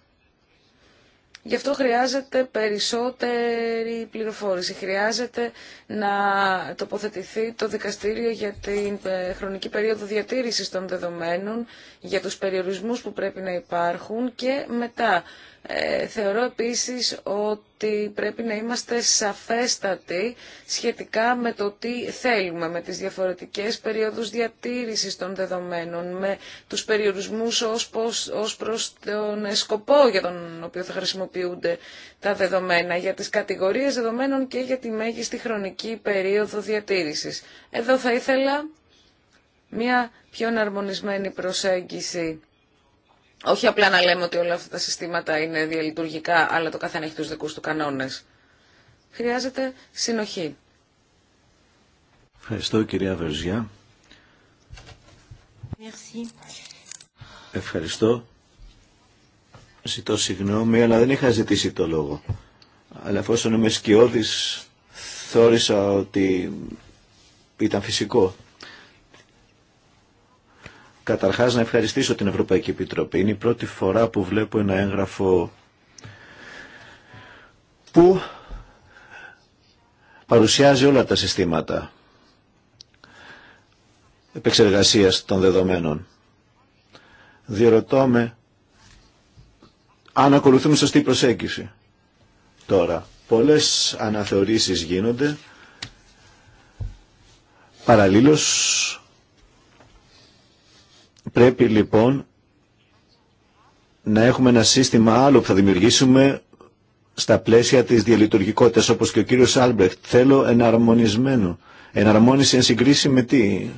Γι' αυτό χρειάζεται περισσότερη πληροφόρηση. Χρειάζεται να τοποθετηθεί το δικαστήριο για την ε, χρονική περίοδο διατήρησης των δεδομένων, για τους περιορισμούς που πρέπει να υπάρχουν και μετά ε, θεωρώ επίσης ότι πρέπει να είμαστε σαφέστατοι σχετικά με το τι θέλουμε, με τις διαφορετικές περίοδους διατήρησης των δεδομένων, με τους περιορισμούς ως, πως, ως προς τον σκοπό για τον οποίο θα χρησιμοποιούνται τα δεδομένα, για τις κατηγορίες δεδομένων και για τη μέγιστη χρονική περίοδο διατήρησης. Εδώ θα ήθελα μια πιο εναρμονισμένη προσέγγιση όχι απλά να λέμε ότι όλα αυτά τα συστήματα είναι διαλειτουργικά, αλλά το καθένα έχει τους δικούς του κανόνες. Χρειάζεται συνοχή. Ευχαριστώ κυρία Βερζιά. Ευχαριστώ. Ζητώ συγγνώμη, αλλά δεν είχα ζητήσει το λόγο. Αλλά εφόσον είμαι σκιώδης, θεώρησα ότι ήταν φυσικό Καταρχάς να ευχαριστήσω την Ευρωπαϊκή Επιτροπή. Είναι η πρώτη φορά που βλέπω ένα έγγραφο που παρουσιάζει όλα τα συστήματα επεξεργασίας των δεδομένων. Διερωτώ με αν ακολουθούμε σωστή προσέγγιση. Τώρα, πολλές αναθεωρήσεις γίνονται παραλλήλως Πρέπει λοιπόν να έχουμε ένα σύστημα άλλο που θα δημιουργήσουμε στα πλαίσια της διαλειτουργικότητας, όπως και ο κύριος Άλμπρεχτ. Θέλω εναρμονισμένο. Εναρμόνιση εν συγκρίση με τι.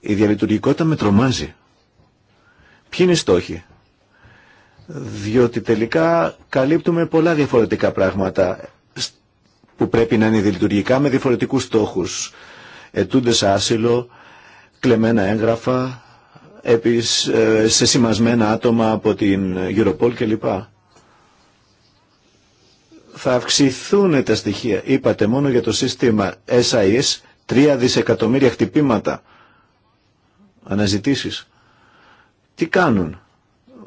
Η διαλειτουργικότητα με τρομάζει. Ποιοι είναι οι στόχοι. Διότι τελικά καλύπτουμε πολλά διαφορετικά πράγματα που πρέπει να είναι διαλειτουργικά με διαφορετικούς στόχους. Ετούντες άσυλο, κλεμμένα έγγραφα ε, σε σημασμένα άτομα από την Europol κλπ. Θα αυξηθούν τα στοιχεία. Είπατε μόνο για το σύστημα SIS 3 δισεκατομμύρια χτυπήματα αναζητήσεις. Τι κάνουν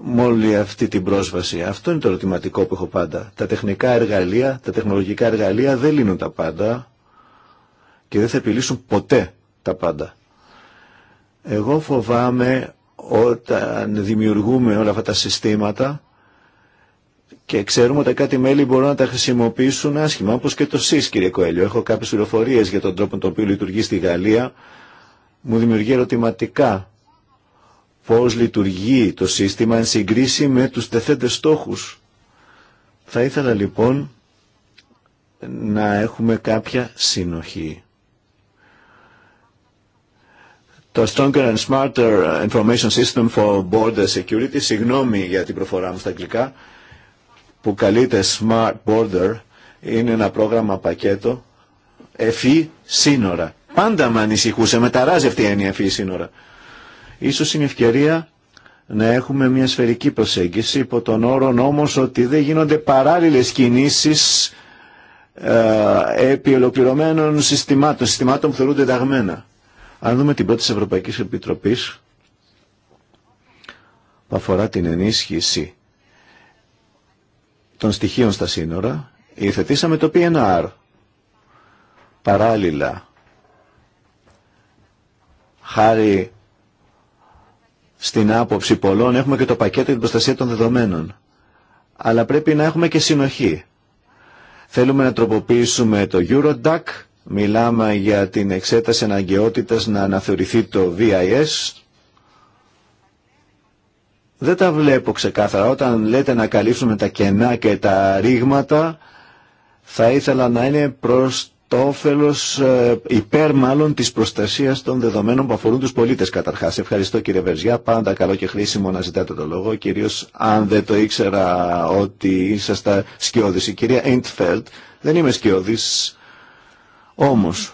με όλη αυτή την πρόσβαση. Αυτό είναι το ερωτηματικό που έχω πάντα. Τα τεχνικά εργαλεία, τα τεχνολογικά εργαλεία δεν λύνουν τα πάντα και δεν θα επιλύσουν ποτέ τα πάντα. Εγώ φοβάμαι όταν δημιουργούμε όλα αυτά τα συστήματα και ξέρουμε ότι κάτι μέλη μπορούν να τα χρησιμοποιήσουν άσχημα, όπως και το ΣΥΣ κύριε Κοέλιο. Έχω κάποιες πληροφορίε για τον τρόπο τον οποίο λειτουργεί στη Γαλλία. Μου δημιουργεί ερωτηματικά πώς λειτουργεί το σύστημα εν συγκρίση με τους τεθέντες στόχους. Θα ήθελα λοιπόν να έχουμε κάποια συνοχή. το Stronger and Smarter uh, Information System for Border Security, συγγνώμη για την προφορά μου στα αγγλικά, που καλείται Smart Border, είναι ένα πρόγραμμα πακέτο εφή σύνορα. Πάντα με ανησυχούσε, με ταράζει αυτή η έννοια σύνορα. Ίσως είναι ευκαιρία να έχουμε μια σφαιρική προσέγγιση υπό τον όρο όμως ότι δεν γίνονται παράλληλες κινήσεις ε, επί ολοκληρωμένων συστημάτων, συστημάτων που θεωρούνται ταγμένα. Αν δούμε την πρώτη της Ευρωπαϊκής Επιτροπής που αφορά την ενίσχυση των στοιχείων στα σύνορα, υιοθετήσαμε το PNR. Παράλληλα, χάρη στην άποψη πολλών, έχουμε και το πακέτο για την προστασία των δεδομένων. Αλλά πρέπει να έχουμε και συνοχή. Θέλουμε να τροποποιήσουμε το Eurodac, Μιλάμε για την εξέταση αναγκαιότητας να αναθεωρηθεί το VIS. Δεν τα βλέπω ξεκάθαρα. Όταν λέτε να καλύψουμε τα κενά και τα ρήγματα, θα ήθελα να είναι προς το όφελος ε, υπέρ μάλλον της προστασίας των δεδομένων που αφορούν τους πολίτες καταρχάς. Ευχαριστώ κύριε Βερζιά, πάντα καλό και χρήσιμο να ζητάτε το λόγο, κυρίως αν δεν το ήξερα ότι ήσασταν σκιώδης. Η κυρία Ιντφελτ, δεν είμαι σκιώδης, όμως,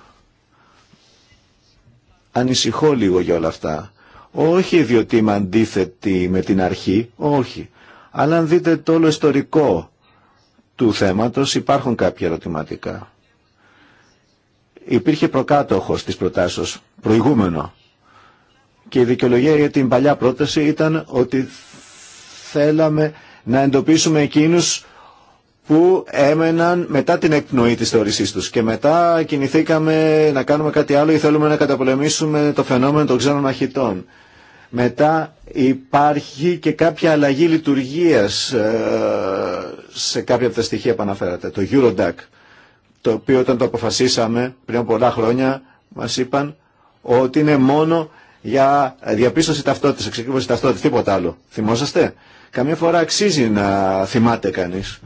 ανησυχώ λίγο για όλα αυτά. Όχι διότι είμαι αντίθετη με την αρχή, όχι. Αλλά αν δείτε το όλο ιστορικό του θέματος υπάρχουν κάποια ερωτηματικά. Υπήρχε προκάτοχος της προτάσεως, προηγούμενο. Και η δικαιολογία για την παλιά πρόταση ήταν ότι θέλαμε να εντοπίσουμε εκείνους που έμεναν μετά την εκπνοή της θεωρησής τους και μετά κινηθήκαμε να κάνουμε κάτι άλλο ή θέλουμε να καταπολεμήσουμε το φαινόμενο των ξένων μαχητών. Μετά υπάρχει και κάποια αλλαγή λειτουργίας ε, σε κάποια από τα στοιχεία που αναφέρατε, το Eurodac, το οποίο όταν το αποφασίσαμε πριν από πολλά χρόνια μας είπαν ότι είναι μόνο για διαπίστωση ταυτότητας, εξεκρίβωση ταυτότητας, τίποτα άλλο. Θυμόσαστε? Καμία φορά αξίζει να θυμάται κανείς.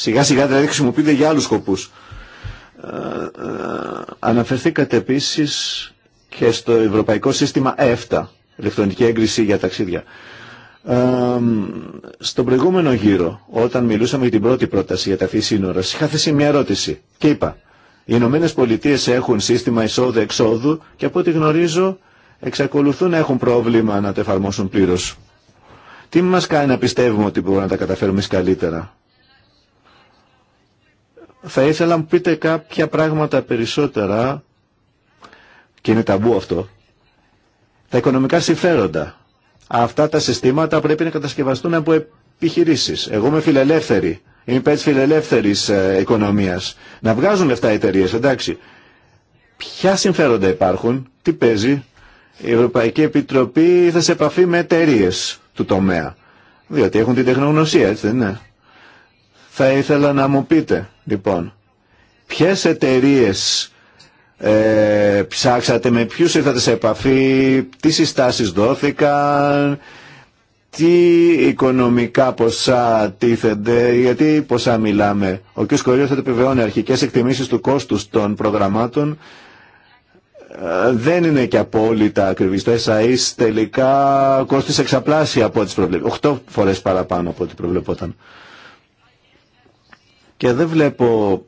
Σιγά σιγά δηλαδή χρησιμοποιείται για άλλους σκοπούς. Ε, ε, αναφερθήκατε επίσης και στο Ευρωπαϊκό Σύστημα ΕΦΤΑ, ηλεκτρονική έγκριση για ταξίδια. Ε, στον προηγούμενο γύρο, όταν μιλούσαμε για την πρώτη πρόταση για τα αφή σύνορα, είχα θέσει μια ερώτηση και είπα, οι Ηνωμένε Πολιτείε έχουν σύστημα εισόδου-εξόδου και από ό,τι γνωρίζω εξακολουθούν να έχουν πρόβλημα να το εφαρμόσουν πλήρω. Τι μα κάνει να πιστεύουμε ότι μπορούμε να τα καταφέρουμε καλύτερα. Θα ήθελα να μου πείτε κάποια πράγματα περισσότερα και είναι ταμπού αυτό. Τα οικονομικά συμφέροντα. Αυτά τα συστήματα πρέπει να κατασκευαστούν από επιχειρήσεις. Εγώ είμαι φιλελεύθερη. Είμαι υπέρ φιλελεύθερης φιλελεύθερη οικονομία. Να βγάζουν λεφτά οι εταιρείε, εντάξει. Ποια συμφέροντα υπάρχουν, τι παίζει. Η Ευρωπαϊκή Επιτροπή θα σε επαφή με εταιρείε του τομέα. Διότι έχουν την τεχνογνωσία, έτσι δεν είναι. Θα ήθελα να μου πείτε Λοιπόν, ποιες εταιρείε ε, ψάξατε, με ποιους ήρθατε σε επαφή, τι συστάσεις δόθηκαν, τι οικονομικά ποσά τίθενται, γιατί ποσά μιλάμε. Ο κ. Κορίος θα το επιβεβαιώνει, αρχικές εκτιμήσεις του κόστους των προγραμμάτων ε, δεν είναι και απόλυτα ακριβή. Το SIS τελικά κόστησε εξαπλάσια από τις προβλέψεις. 8 φορέ παραπάνω από ό,τι προβλεπόταν. Και δεν βλέπω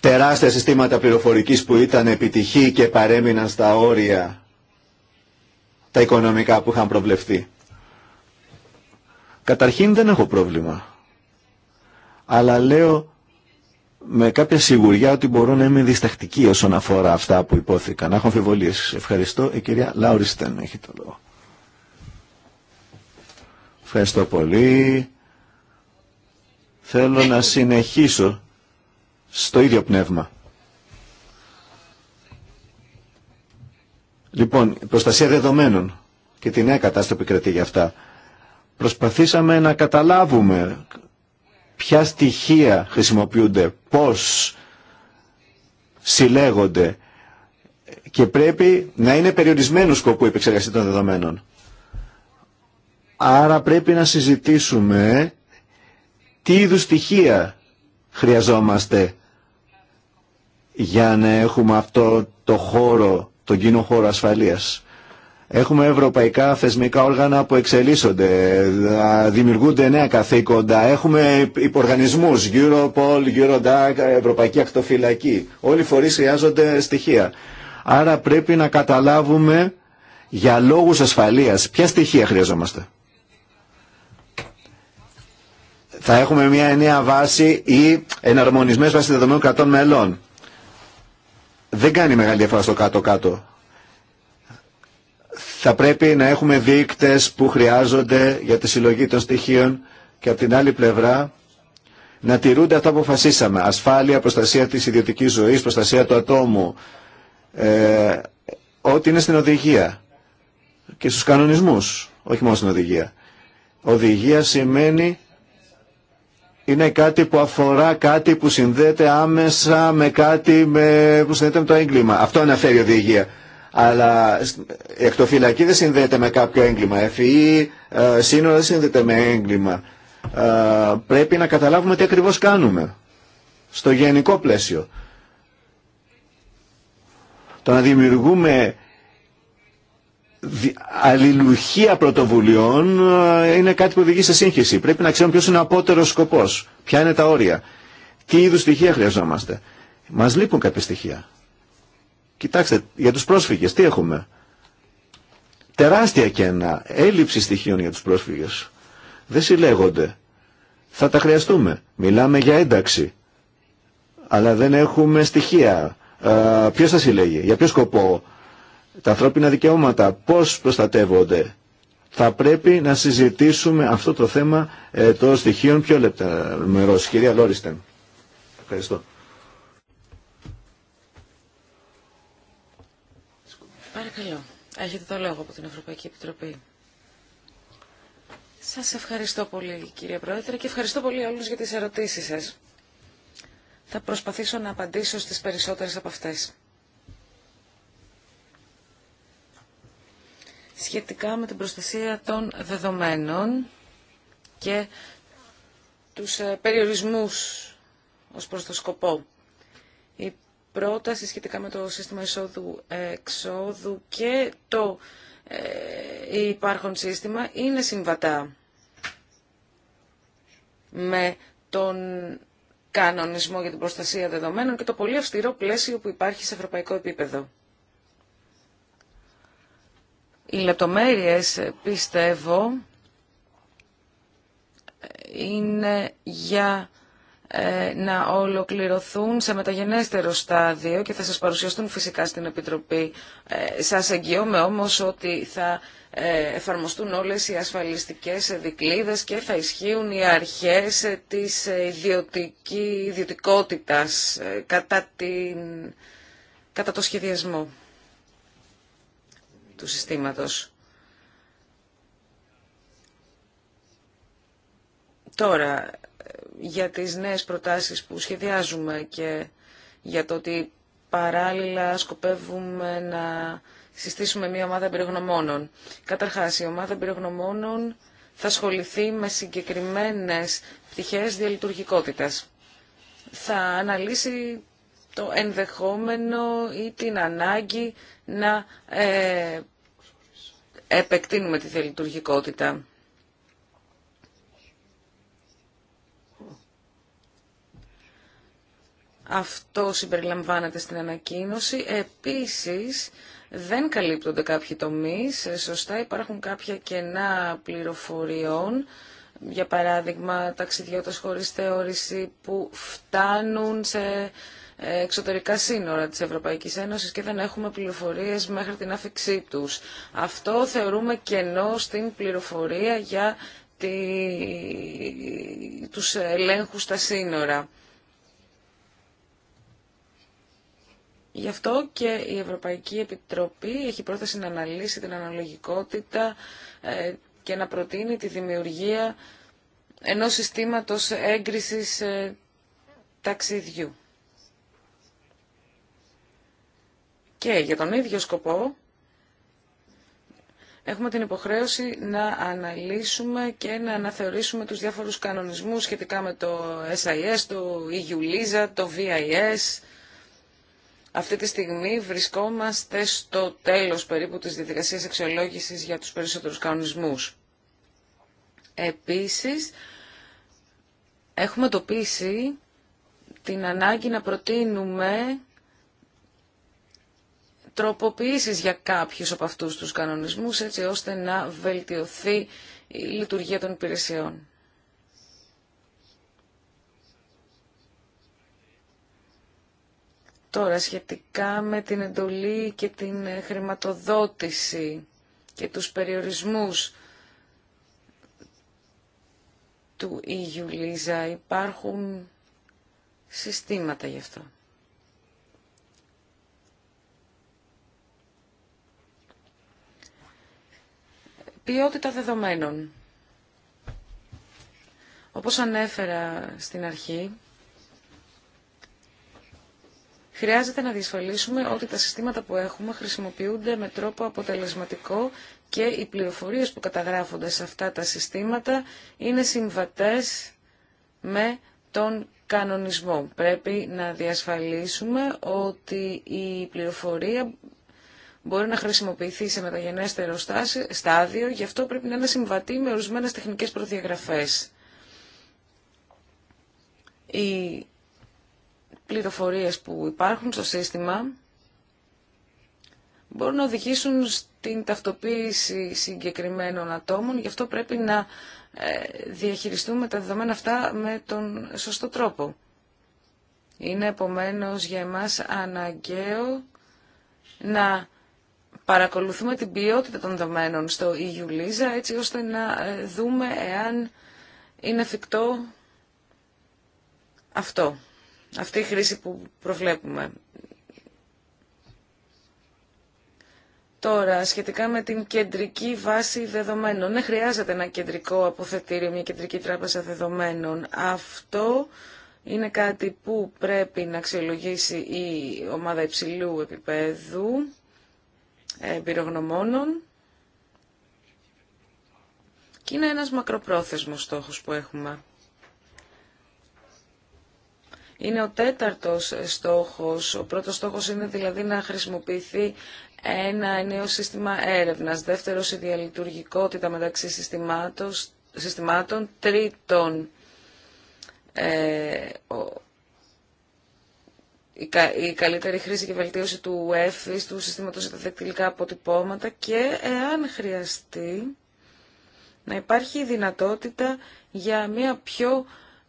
τεράστια συστήματα πληροφορικής που ήταν επιτυχή και παρέμειναν στα όρια τα οικονομικά που είχαν προβλεφθεί. Καταρχήν δεν έχω πρόβλημα. Αλλά λέω με κάποια σιγουριά ότι μπορώ να είμαι διστακτική όσον αφορά αυτά που υπόθηκαν. έχω αμφιβολίες. Ευχαριστώ. Η κυρία Λάουριστεν έχει το λόγο. Ευχαριστώ πολύ. Θέλω να συνεχίσω στο ίδιο πνεύμα. Λοιπόν, προστασία δεδομένων και τη νέα κατάσταση που κρατεί για αυτά. Προσπαθήσαμε να καταλάβουμε ποια στοιχεία χρησιμοποιούνται, πώς συλλέγονται και πρέπει να είναι περιορισμένου σκοπού η επεξεργασία των δεδομένων. Άρα πρέπει να συζητήσουμε τι είδους στοιχεία χρειαζόμαστε για να έχουμε αυτό το χώρο, τον κοινό χώρο ασφαλείας. Έχουμε ευρωπαϊκά θεσμικά όργανα που εξελίσσονται, δημιουργούνται νέα καθήκοντα, έχουμε υποργανισμούς, Europol, Eurodac, Ευρωπαϊκή Ακτοφυλακή. Όλοι οι φορείς χρειάζονται στοιχεία. Άρα πρέπει να καταλάβουμε για λόγους ασφαλείας ποια στοιχεία χρειαζόμαστε. θα έχουμε μια ενιαία βάση ή εναρμονισμένες βάσεις δεδομένων κρατών μελών. Δεν κάνει μεγάλη διαφορά στο κάτω-κάτω. Θα πρέπει να έχουμε δείκτες που χρειάζονται για τη συλλογή των στοιχείων και από την άλλη πλευρά να τηρούνται αυτά που αποφασίσαμε. Ασφάλεια, προστασία της ιδιωτικής ζωής, προστασία του ατόμου, ε, ό,τι είναι στην οδηγία και στους κανονισμούς, όχι μόνο στην οδηγία. Οδηγία σημαίνει είναι κάτι που αφορά κάτι που συνδέεται άμεσα με κάτι με, που συνδέεται με το έγκλημα. Αυτό αναφέρει η οδηγία. Αλλά η εκτοφυλακή δεν συνδέεται με κάποιο έγκλημα. Εφηή ε, σύνορα δεν συνδέεται με έγκλημα. Ε, πρέπει να καταλάβουμε τι ακριβώς κάνουμε. Στο γενικό πλαίσιο. Το να δημιουργούμε αλληλουχία πρωτοβουλειών ε, είναι κάτι που οδηγεί σε σύγχυση. Πρέπει να ξέρουμε ποιο είναι ο απότερος σκοπός, ποια είναι τα όρια, τι είδου στοιχεία χρειαζόμαστε. Μας λείπουν κάποια στοιχεία. Κοιτάξτε, για τους πρόσφυγες τι έχουμε. Τεράστια κένα, έλλειψη στοιχείων για τους πρόσφυγες. Δεν συλλέγονται. Θα τα χρειαστούμε. Μιλάμε για ένταξη. Αλλά δεν έχουμε στοιχεία. Ε, ποιο θα συλλέγει, για ποιο σκοπό, τα ανθρώπινα δικαιώματα, πώς προστατεύονται. Θα πρέπει να συζητήσουμε αυτό το θέμα ε, των στοιχείων πιο μερός. Κυρία Λόριστεν. Ευχαριστώ. Παρακαλώ. Έχετε το λόγο από την Ευρωπαϊκή Επιτροπή. Σας ευχαριστώ πολύ κυρία Πρόεδρε και ευχαριστώ πολύ όλους για τις ερωτήσεις σας. Θα προσπαθήσω να απαντήσω στις περισσότερες από αυτές. σχετικά με την προστασία των δεδομένων και τους ε, περιορισμούς ως προς το σκοπό. Η πρόταση σχετικά με το σύστημα εισόδου-εξόδου και το ε, υπάρχον σύστημα είναι συμβατά με τον κανονισμό για την προστασία δεδομένων και το πολύ αυστηρό πλαίσιο που υπάρχει σε ευρωπαϊκό επίπεδο. Οι λεπτομέρειες, πιστεύω, είναι για ε, να ολοκληρωθούν σε μεταγενέστερο στάδιο και θα σας παρουσιαστούν φυσικά στην Επιτροπή. Ε, σας εγγυώμαι όμως ότι θα ε, εφαρμοστούν όλες οι ασφαλιστικές δικλίδες και θα ισχύουν οι αρχές της ιδιωτική, ιδιωτικότητας κατά, την, κατά το σχεδιασμό του συστήματος. Τώρα, για τις νέες προτάσεις που σχεδιάζουμε και για το ότι παράλληλα σκοπεύουμε να συστήσουμε μια ομάδα εμπειρογνωμόνων. Καταρχάς, η ομάδα εμπειρογνωμόνων θα ασχοληθεί με συγκεκριμένες πτυχές διαλειτουργικότητας. Θα αναλύσει το ενδεχόμενο ή την ανάγκη να ε, επεκτείνουμε τη θελητουργικότητα. Αυτό συμπεριλαμβάνεται στην ανακοίνωση. Επίσης, δεν καλύπτονται κάποιοι τομείς. Ε, σωστά υπάρχουν κάποια κενά πληροφοριών, για παράδειγμα ταξιδιώτες χωρίς θεώρηση που φτάνουν σε εξωτερικά σύνορα της Ευρωπαϊκής Ένωσης και δεν έχουμε πληροφορίες μέχρι την άφηξή τους. Αυτό θεωρούμε κενό στην πληροφορία για τη... τους ελέγχους στα σύνορα. Γι' αυτό και η Ευρωπαϊκή Επιτροπή έχει πρόθεση να αναλύσει την αναλογικότητα ε, και να προτείνει τη δημιουργία ενός συστήματος έγκρισης ε, ταξιδιού. Και για τον ίδιο σκοπό έχουμε την υποχρέωση να αναλύσουμε και να αναθεωρήσουμε τους διάφορους κανονισμούς σχετικά με το SIS, το EU το VIS. Αυτή τη στιγμή βρισκόμαστε στο τέλος περίπου της διαδικασίας αξιολόγησης για τους περισσότερους κανονισμούς. Επίσης, έχουμε τοπίσει την ανάγκη να προτείνουμε τροποποιήσεις για κάποιους από αυτούς τους κανονισμούς έτσι ώστε να βελτιωθεί η λειτουργία των υπηρεσιών. Τώρα, σχετικά με την εντολή και την χρηματοδότηση και τους περιορισμούς του EU Λίζα, υπάρχουν συστήματα γι' αυτό. Ποιότητα δεδομένων. Όπως ανέφερα στην αρχή, χρειάζεται να διασφαλίσουμε ότι τα συστήματα που έχουμε χρησιμοποιούνται με τρόπο αποτελεσματικό και οι πληροφορίες που καταγράφονται σε αυτά τα συστήματα είναι συμβατές με τον κανονισμό. Πρέπει να διασφαλίσουμε ότι η πληροφορία μπορεί να χρησιμοποιηθεί σε μεταγενέστερο στάδιο, γι' αυτό πρέπει να είναι συμβατή με ορισμένες τεχνικές προδιαγραφές. Οι πληροφορίες που υπάρχουν στο σύστημα μπορούν να οδηγήσουν στην ταυτοποίηση συγκεκριμένων ατόμων, γι' αυτό πρέπει να ε, διαχειριστούμε τα δεδομένα αυτά με τον σωστό τρόπο. Είναι επομένως για εμάς αναγκαίο να παρακολουθούμε την ποιότητα των δεδομένων στο EU Lisa, έτσι ώστε να ε, δούμε εάν είναι εφικτό αυτό, αυτή η χρήση που προβλέπουμε. Τώρα, σχετικά με την κεντρική βάση δεδομένων. Ναι, χρειάζεται ένα κεντρικό αποθετήριο, μια κεντρική τράπεζα δεδομένων. Αυτό είναι κάτι που πρέπει να αξιολογήσει η ομάδα υψηλού επίπεδου εμπειρογνωμόνων και είναι ένας μακροπρόθεσμος στόχος που έχουμε. Είναι ο τέταρτος στόχος. Ο πρώτος στόχος είναι δηλαδή να χρησιμοποιηθεί ένα νέο σύστημα έρευνας. Δεύτερος, η διαλειτουργικότητα μεταξύ συστημάτων. Τρίτον, ε, ο, η καλύτερη χρήση και βελτίωση του ΕΦΙΣ, του συστήματος για τα δεκτυλικά αποτυπώματα και εάν χρειαστεί να υπάρχει η δυνατότητα για μια πιο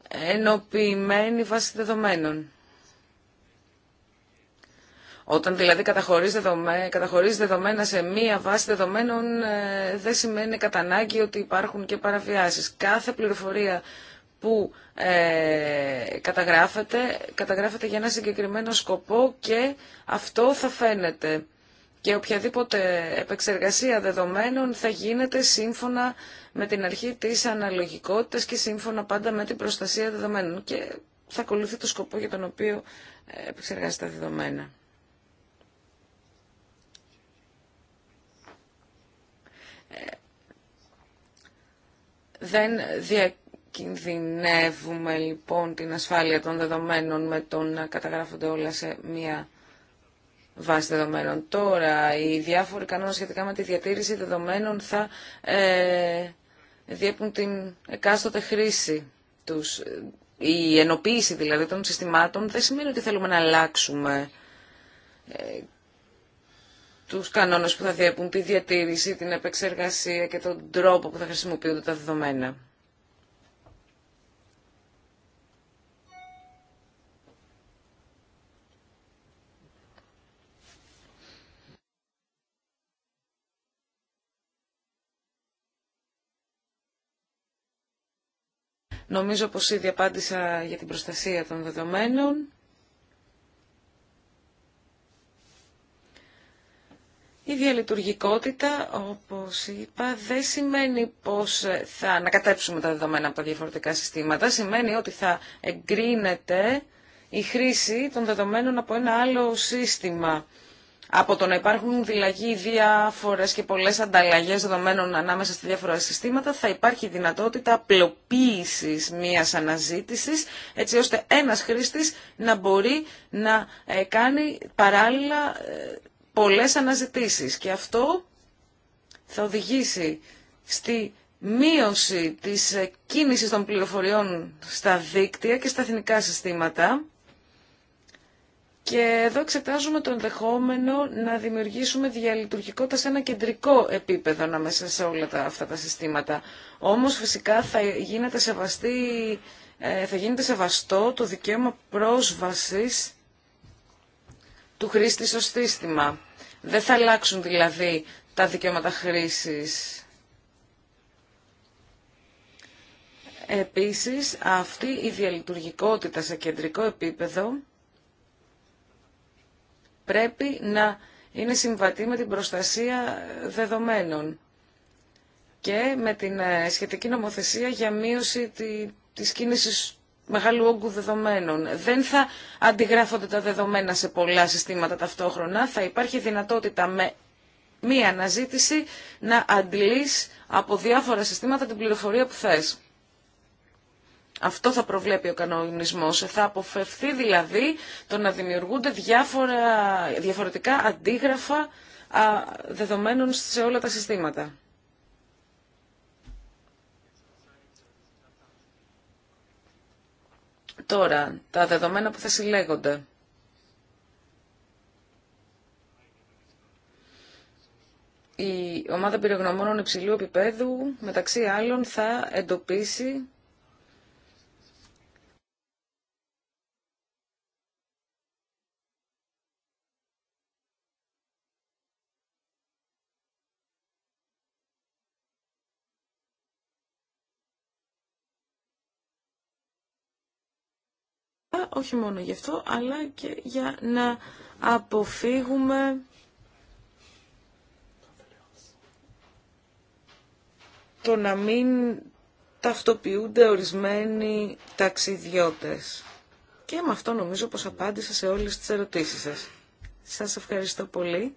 ενοποιημένη βάση δεδομένων. Όταν δηλαδή καταχωρείς, δεδομέ, δεδομένα σε μία βάση δεδομένων ε, δεν σημαίνει κατά ανάγκη ότι υπάρχουν και παραβιάσεις. Κάθε πληροφορία που ε, καταγράφεται, καταγράφεται για ένα συγκεκριμένο σκοπό και αυτό θα φαίνεται. Και οποιαδήποτε επεξεργασία δεδομένων θα γίνεται σύμφωνα με την αρχή της αναλογικότητας και σύμφωνα πάντα με την προστασία δεδομένων. Και θα ακολουθεί το σκοπό για τον οποίο ε, επεξεργάζεται τα δεδομένα. Ε, δεν δια Κινδυνεύουμε λοιπόν την ασφάλεια των δεδομένων με το να καταγράφονται όλα σε μία βάση δεδομένων. Τώρα, οι διάφοροι κανόνες σχετικά με τη διατήρηση δεδομένων θα ε, διέπουν την εκάστοτε χρήση τους. Η ενοποίηση δηλαδή των συστημάτων δεν σημαίνει ότι θέλουμε να αλλάξουμε ε, τους κανόνες που θα διέπουν τη διατήρηση, την επεξεργασία και τον τρόπο που θα χρησιμοποιούνται τα δεδομένα. Νομίζω πως ήδη απάντησα για την προστασία των δεδομένων. Η διαλειτουργικότητα, όπως είπα, δεν σημαίνει πως θα ανακατέψουμε τα δεδομένα από τα διαφορετικά συστήματα. Σημαίνει ότι θα εγκρίνεται η χρήση των δεδομένων από ένα άλλο σύστημα. Από το να υπάρχουν δηλαδή διάφορες και πολλές ανταλλαγές δεδομένων ανάμεσα στα διάφορα συστήματα θα υπάρχει δυνατότητα απλοποίησης μιας αναζήτησης έτσι ώστε ένας χρήστης να μπορεί να ε, κάνει παράλληλα ε, πολλές αναζητήσεις και αυτό θα οδηγήσει στη μείωση της ε, κίνησης των πληροφοριών στα δίκτυα και στα εθνικά συστήματα και εδώ εξετάζουμε το ενδεχόμενο να δημιουργήσουμε διαλειτουργικότητα σε ένα κεντρικό επίπεδο ανάμεσα σε όλα τα, αυτά τα συστήματα. Όμως φυσικά θα γίνεται, σεβαστή, ε, θα γίνεται σεβαστό το δικαίωμα πρόσβασης του χρήστη στο σύστημα. Δεν θα αλλάξουν δηλαδή τα δικαιώματα χρήσης. Επίσης, αυτή η διαλειτουργικότητα σε κεντρικό επίπεδο πρέπει να είναι συμβατή με την προστασία δεδομένων και με την ε, σχετική νομοθεσία για μείωση της κίνησης μεγάλου όγκου δεδομένων. Δεν θα αντιγράφονται τα δεδομένα σε πολλά συστήματα ταυτόχρονα. Θα υπάρχει δυνατότητα με μία αναζήτηση να αντλείς από διάφορα συστήματα την πληροφορία που θες. Αυτό θα προβλέπει ο κανονισμός. Θα αποφευθεί δηλαδή το να δημιουργούνται διάφορα, διαφορετικά αντίγραφα δεδομένων σε όλα τα συστήματα. Τώρα, τα δεδομένα που θα συλλέγονται. Η ομάδα πυρογνωμόνων υψηλού επίπεδου, μεταξύ άλλων, θα εντοπίσει όχι μόνο γι' αυτό, αλλά και για να αποφύγουμε το να μην ταυτοποιούνται ορισμένοι ταξιδιώτες. Και με αυτό νομίζω πως απάντησα σε όλες τις ερωτήσεις σας. Σας ευχαριστώ πολύ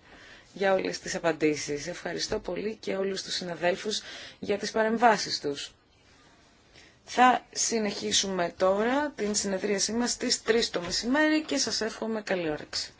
για όλες τις απαντήσεις. Ευχαριστώ πολύ και όλους τους συναδέλφους για τις παρεμβάσεις τους. Θα συνεχίσουμε τώρα την συνεδρίασή μας στις 3 το μεσημέρι και σας εύχομαι καλή όρεξη.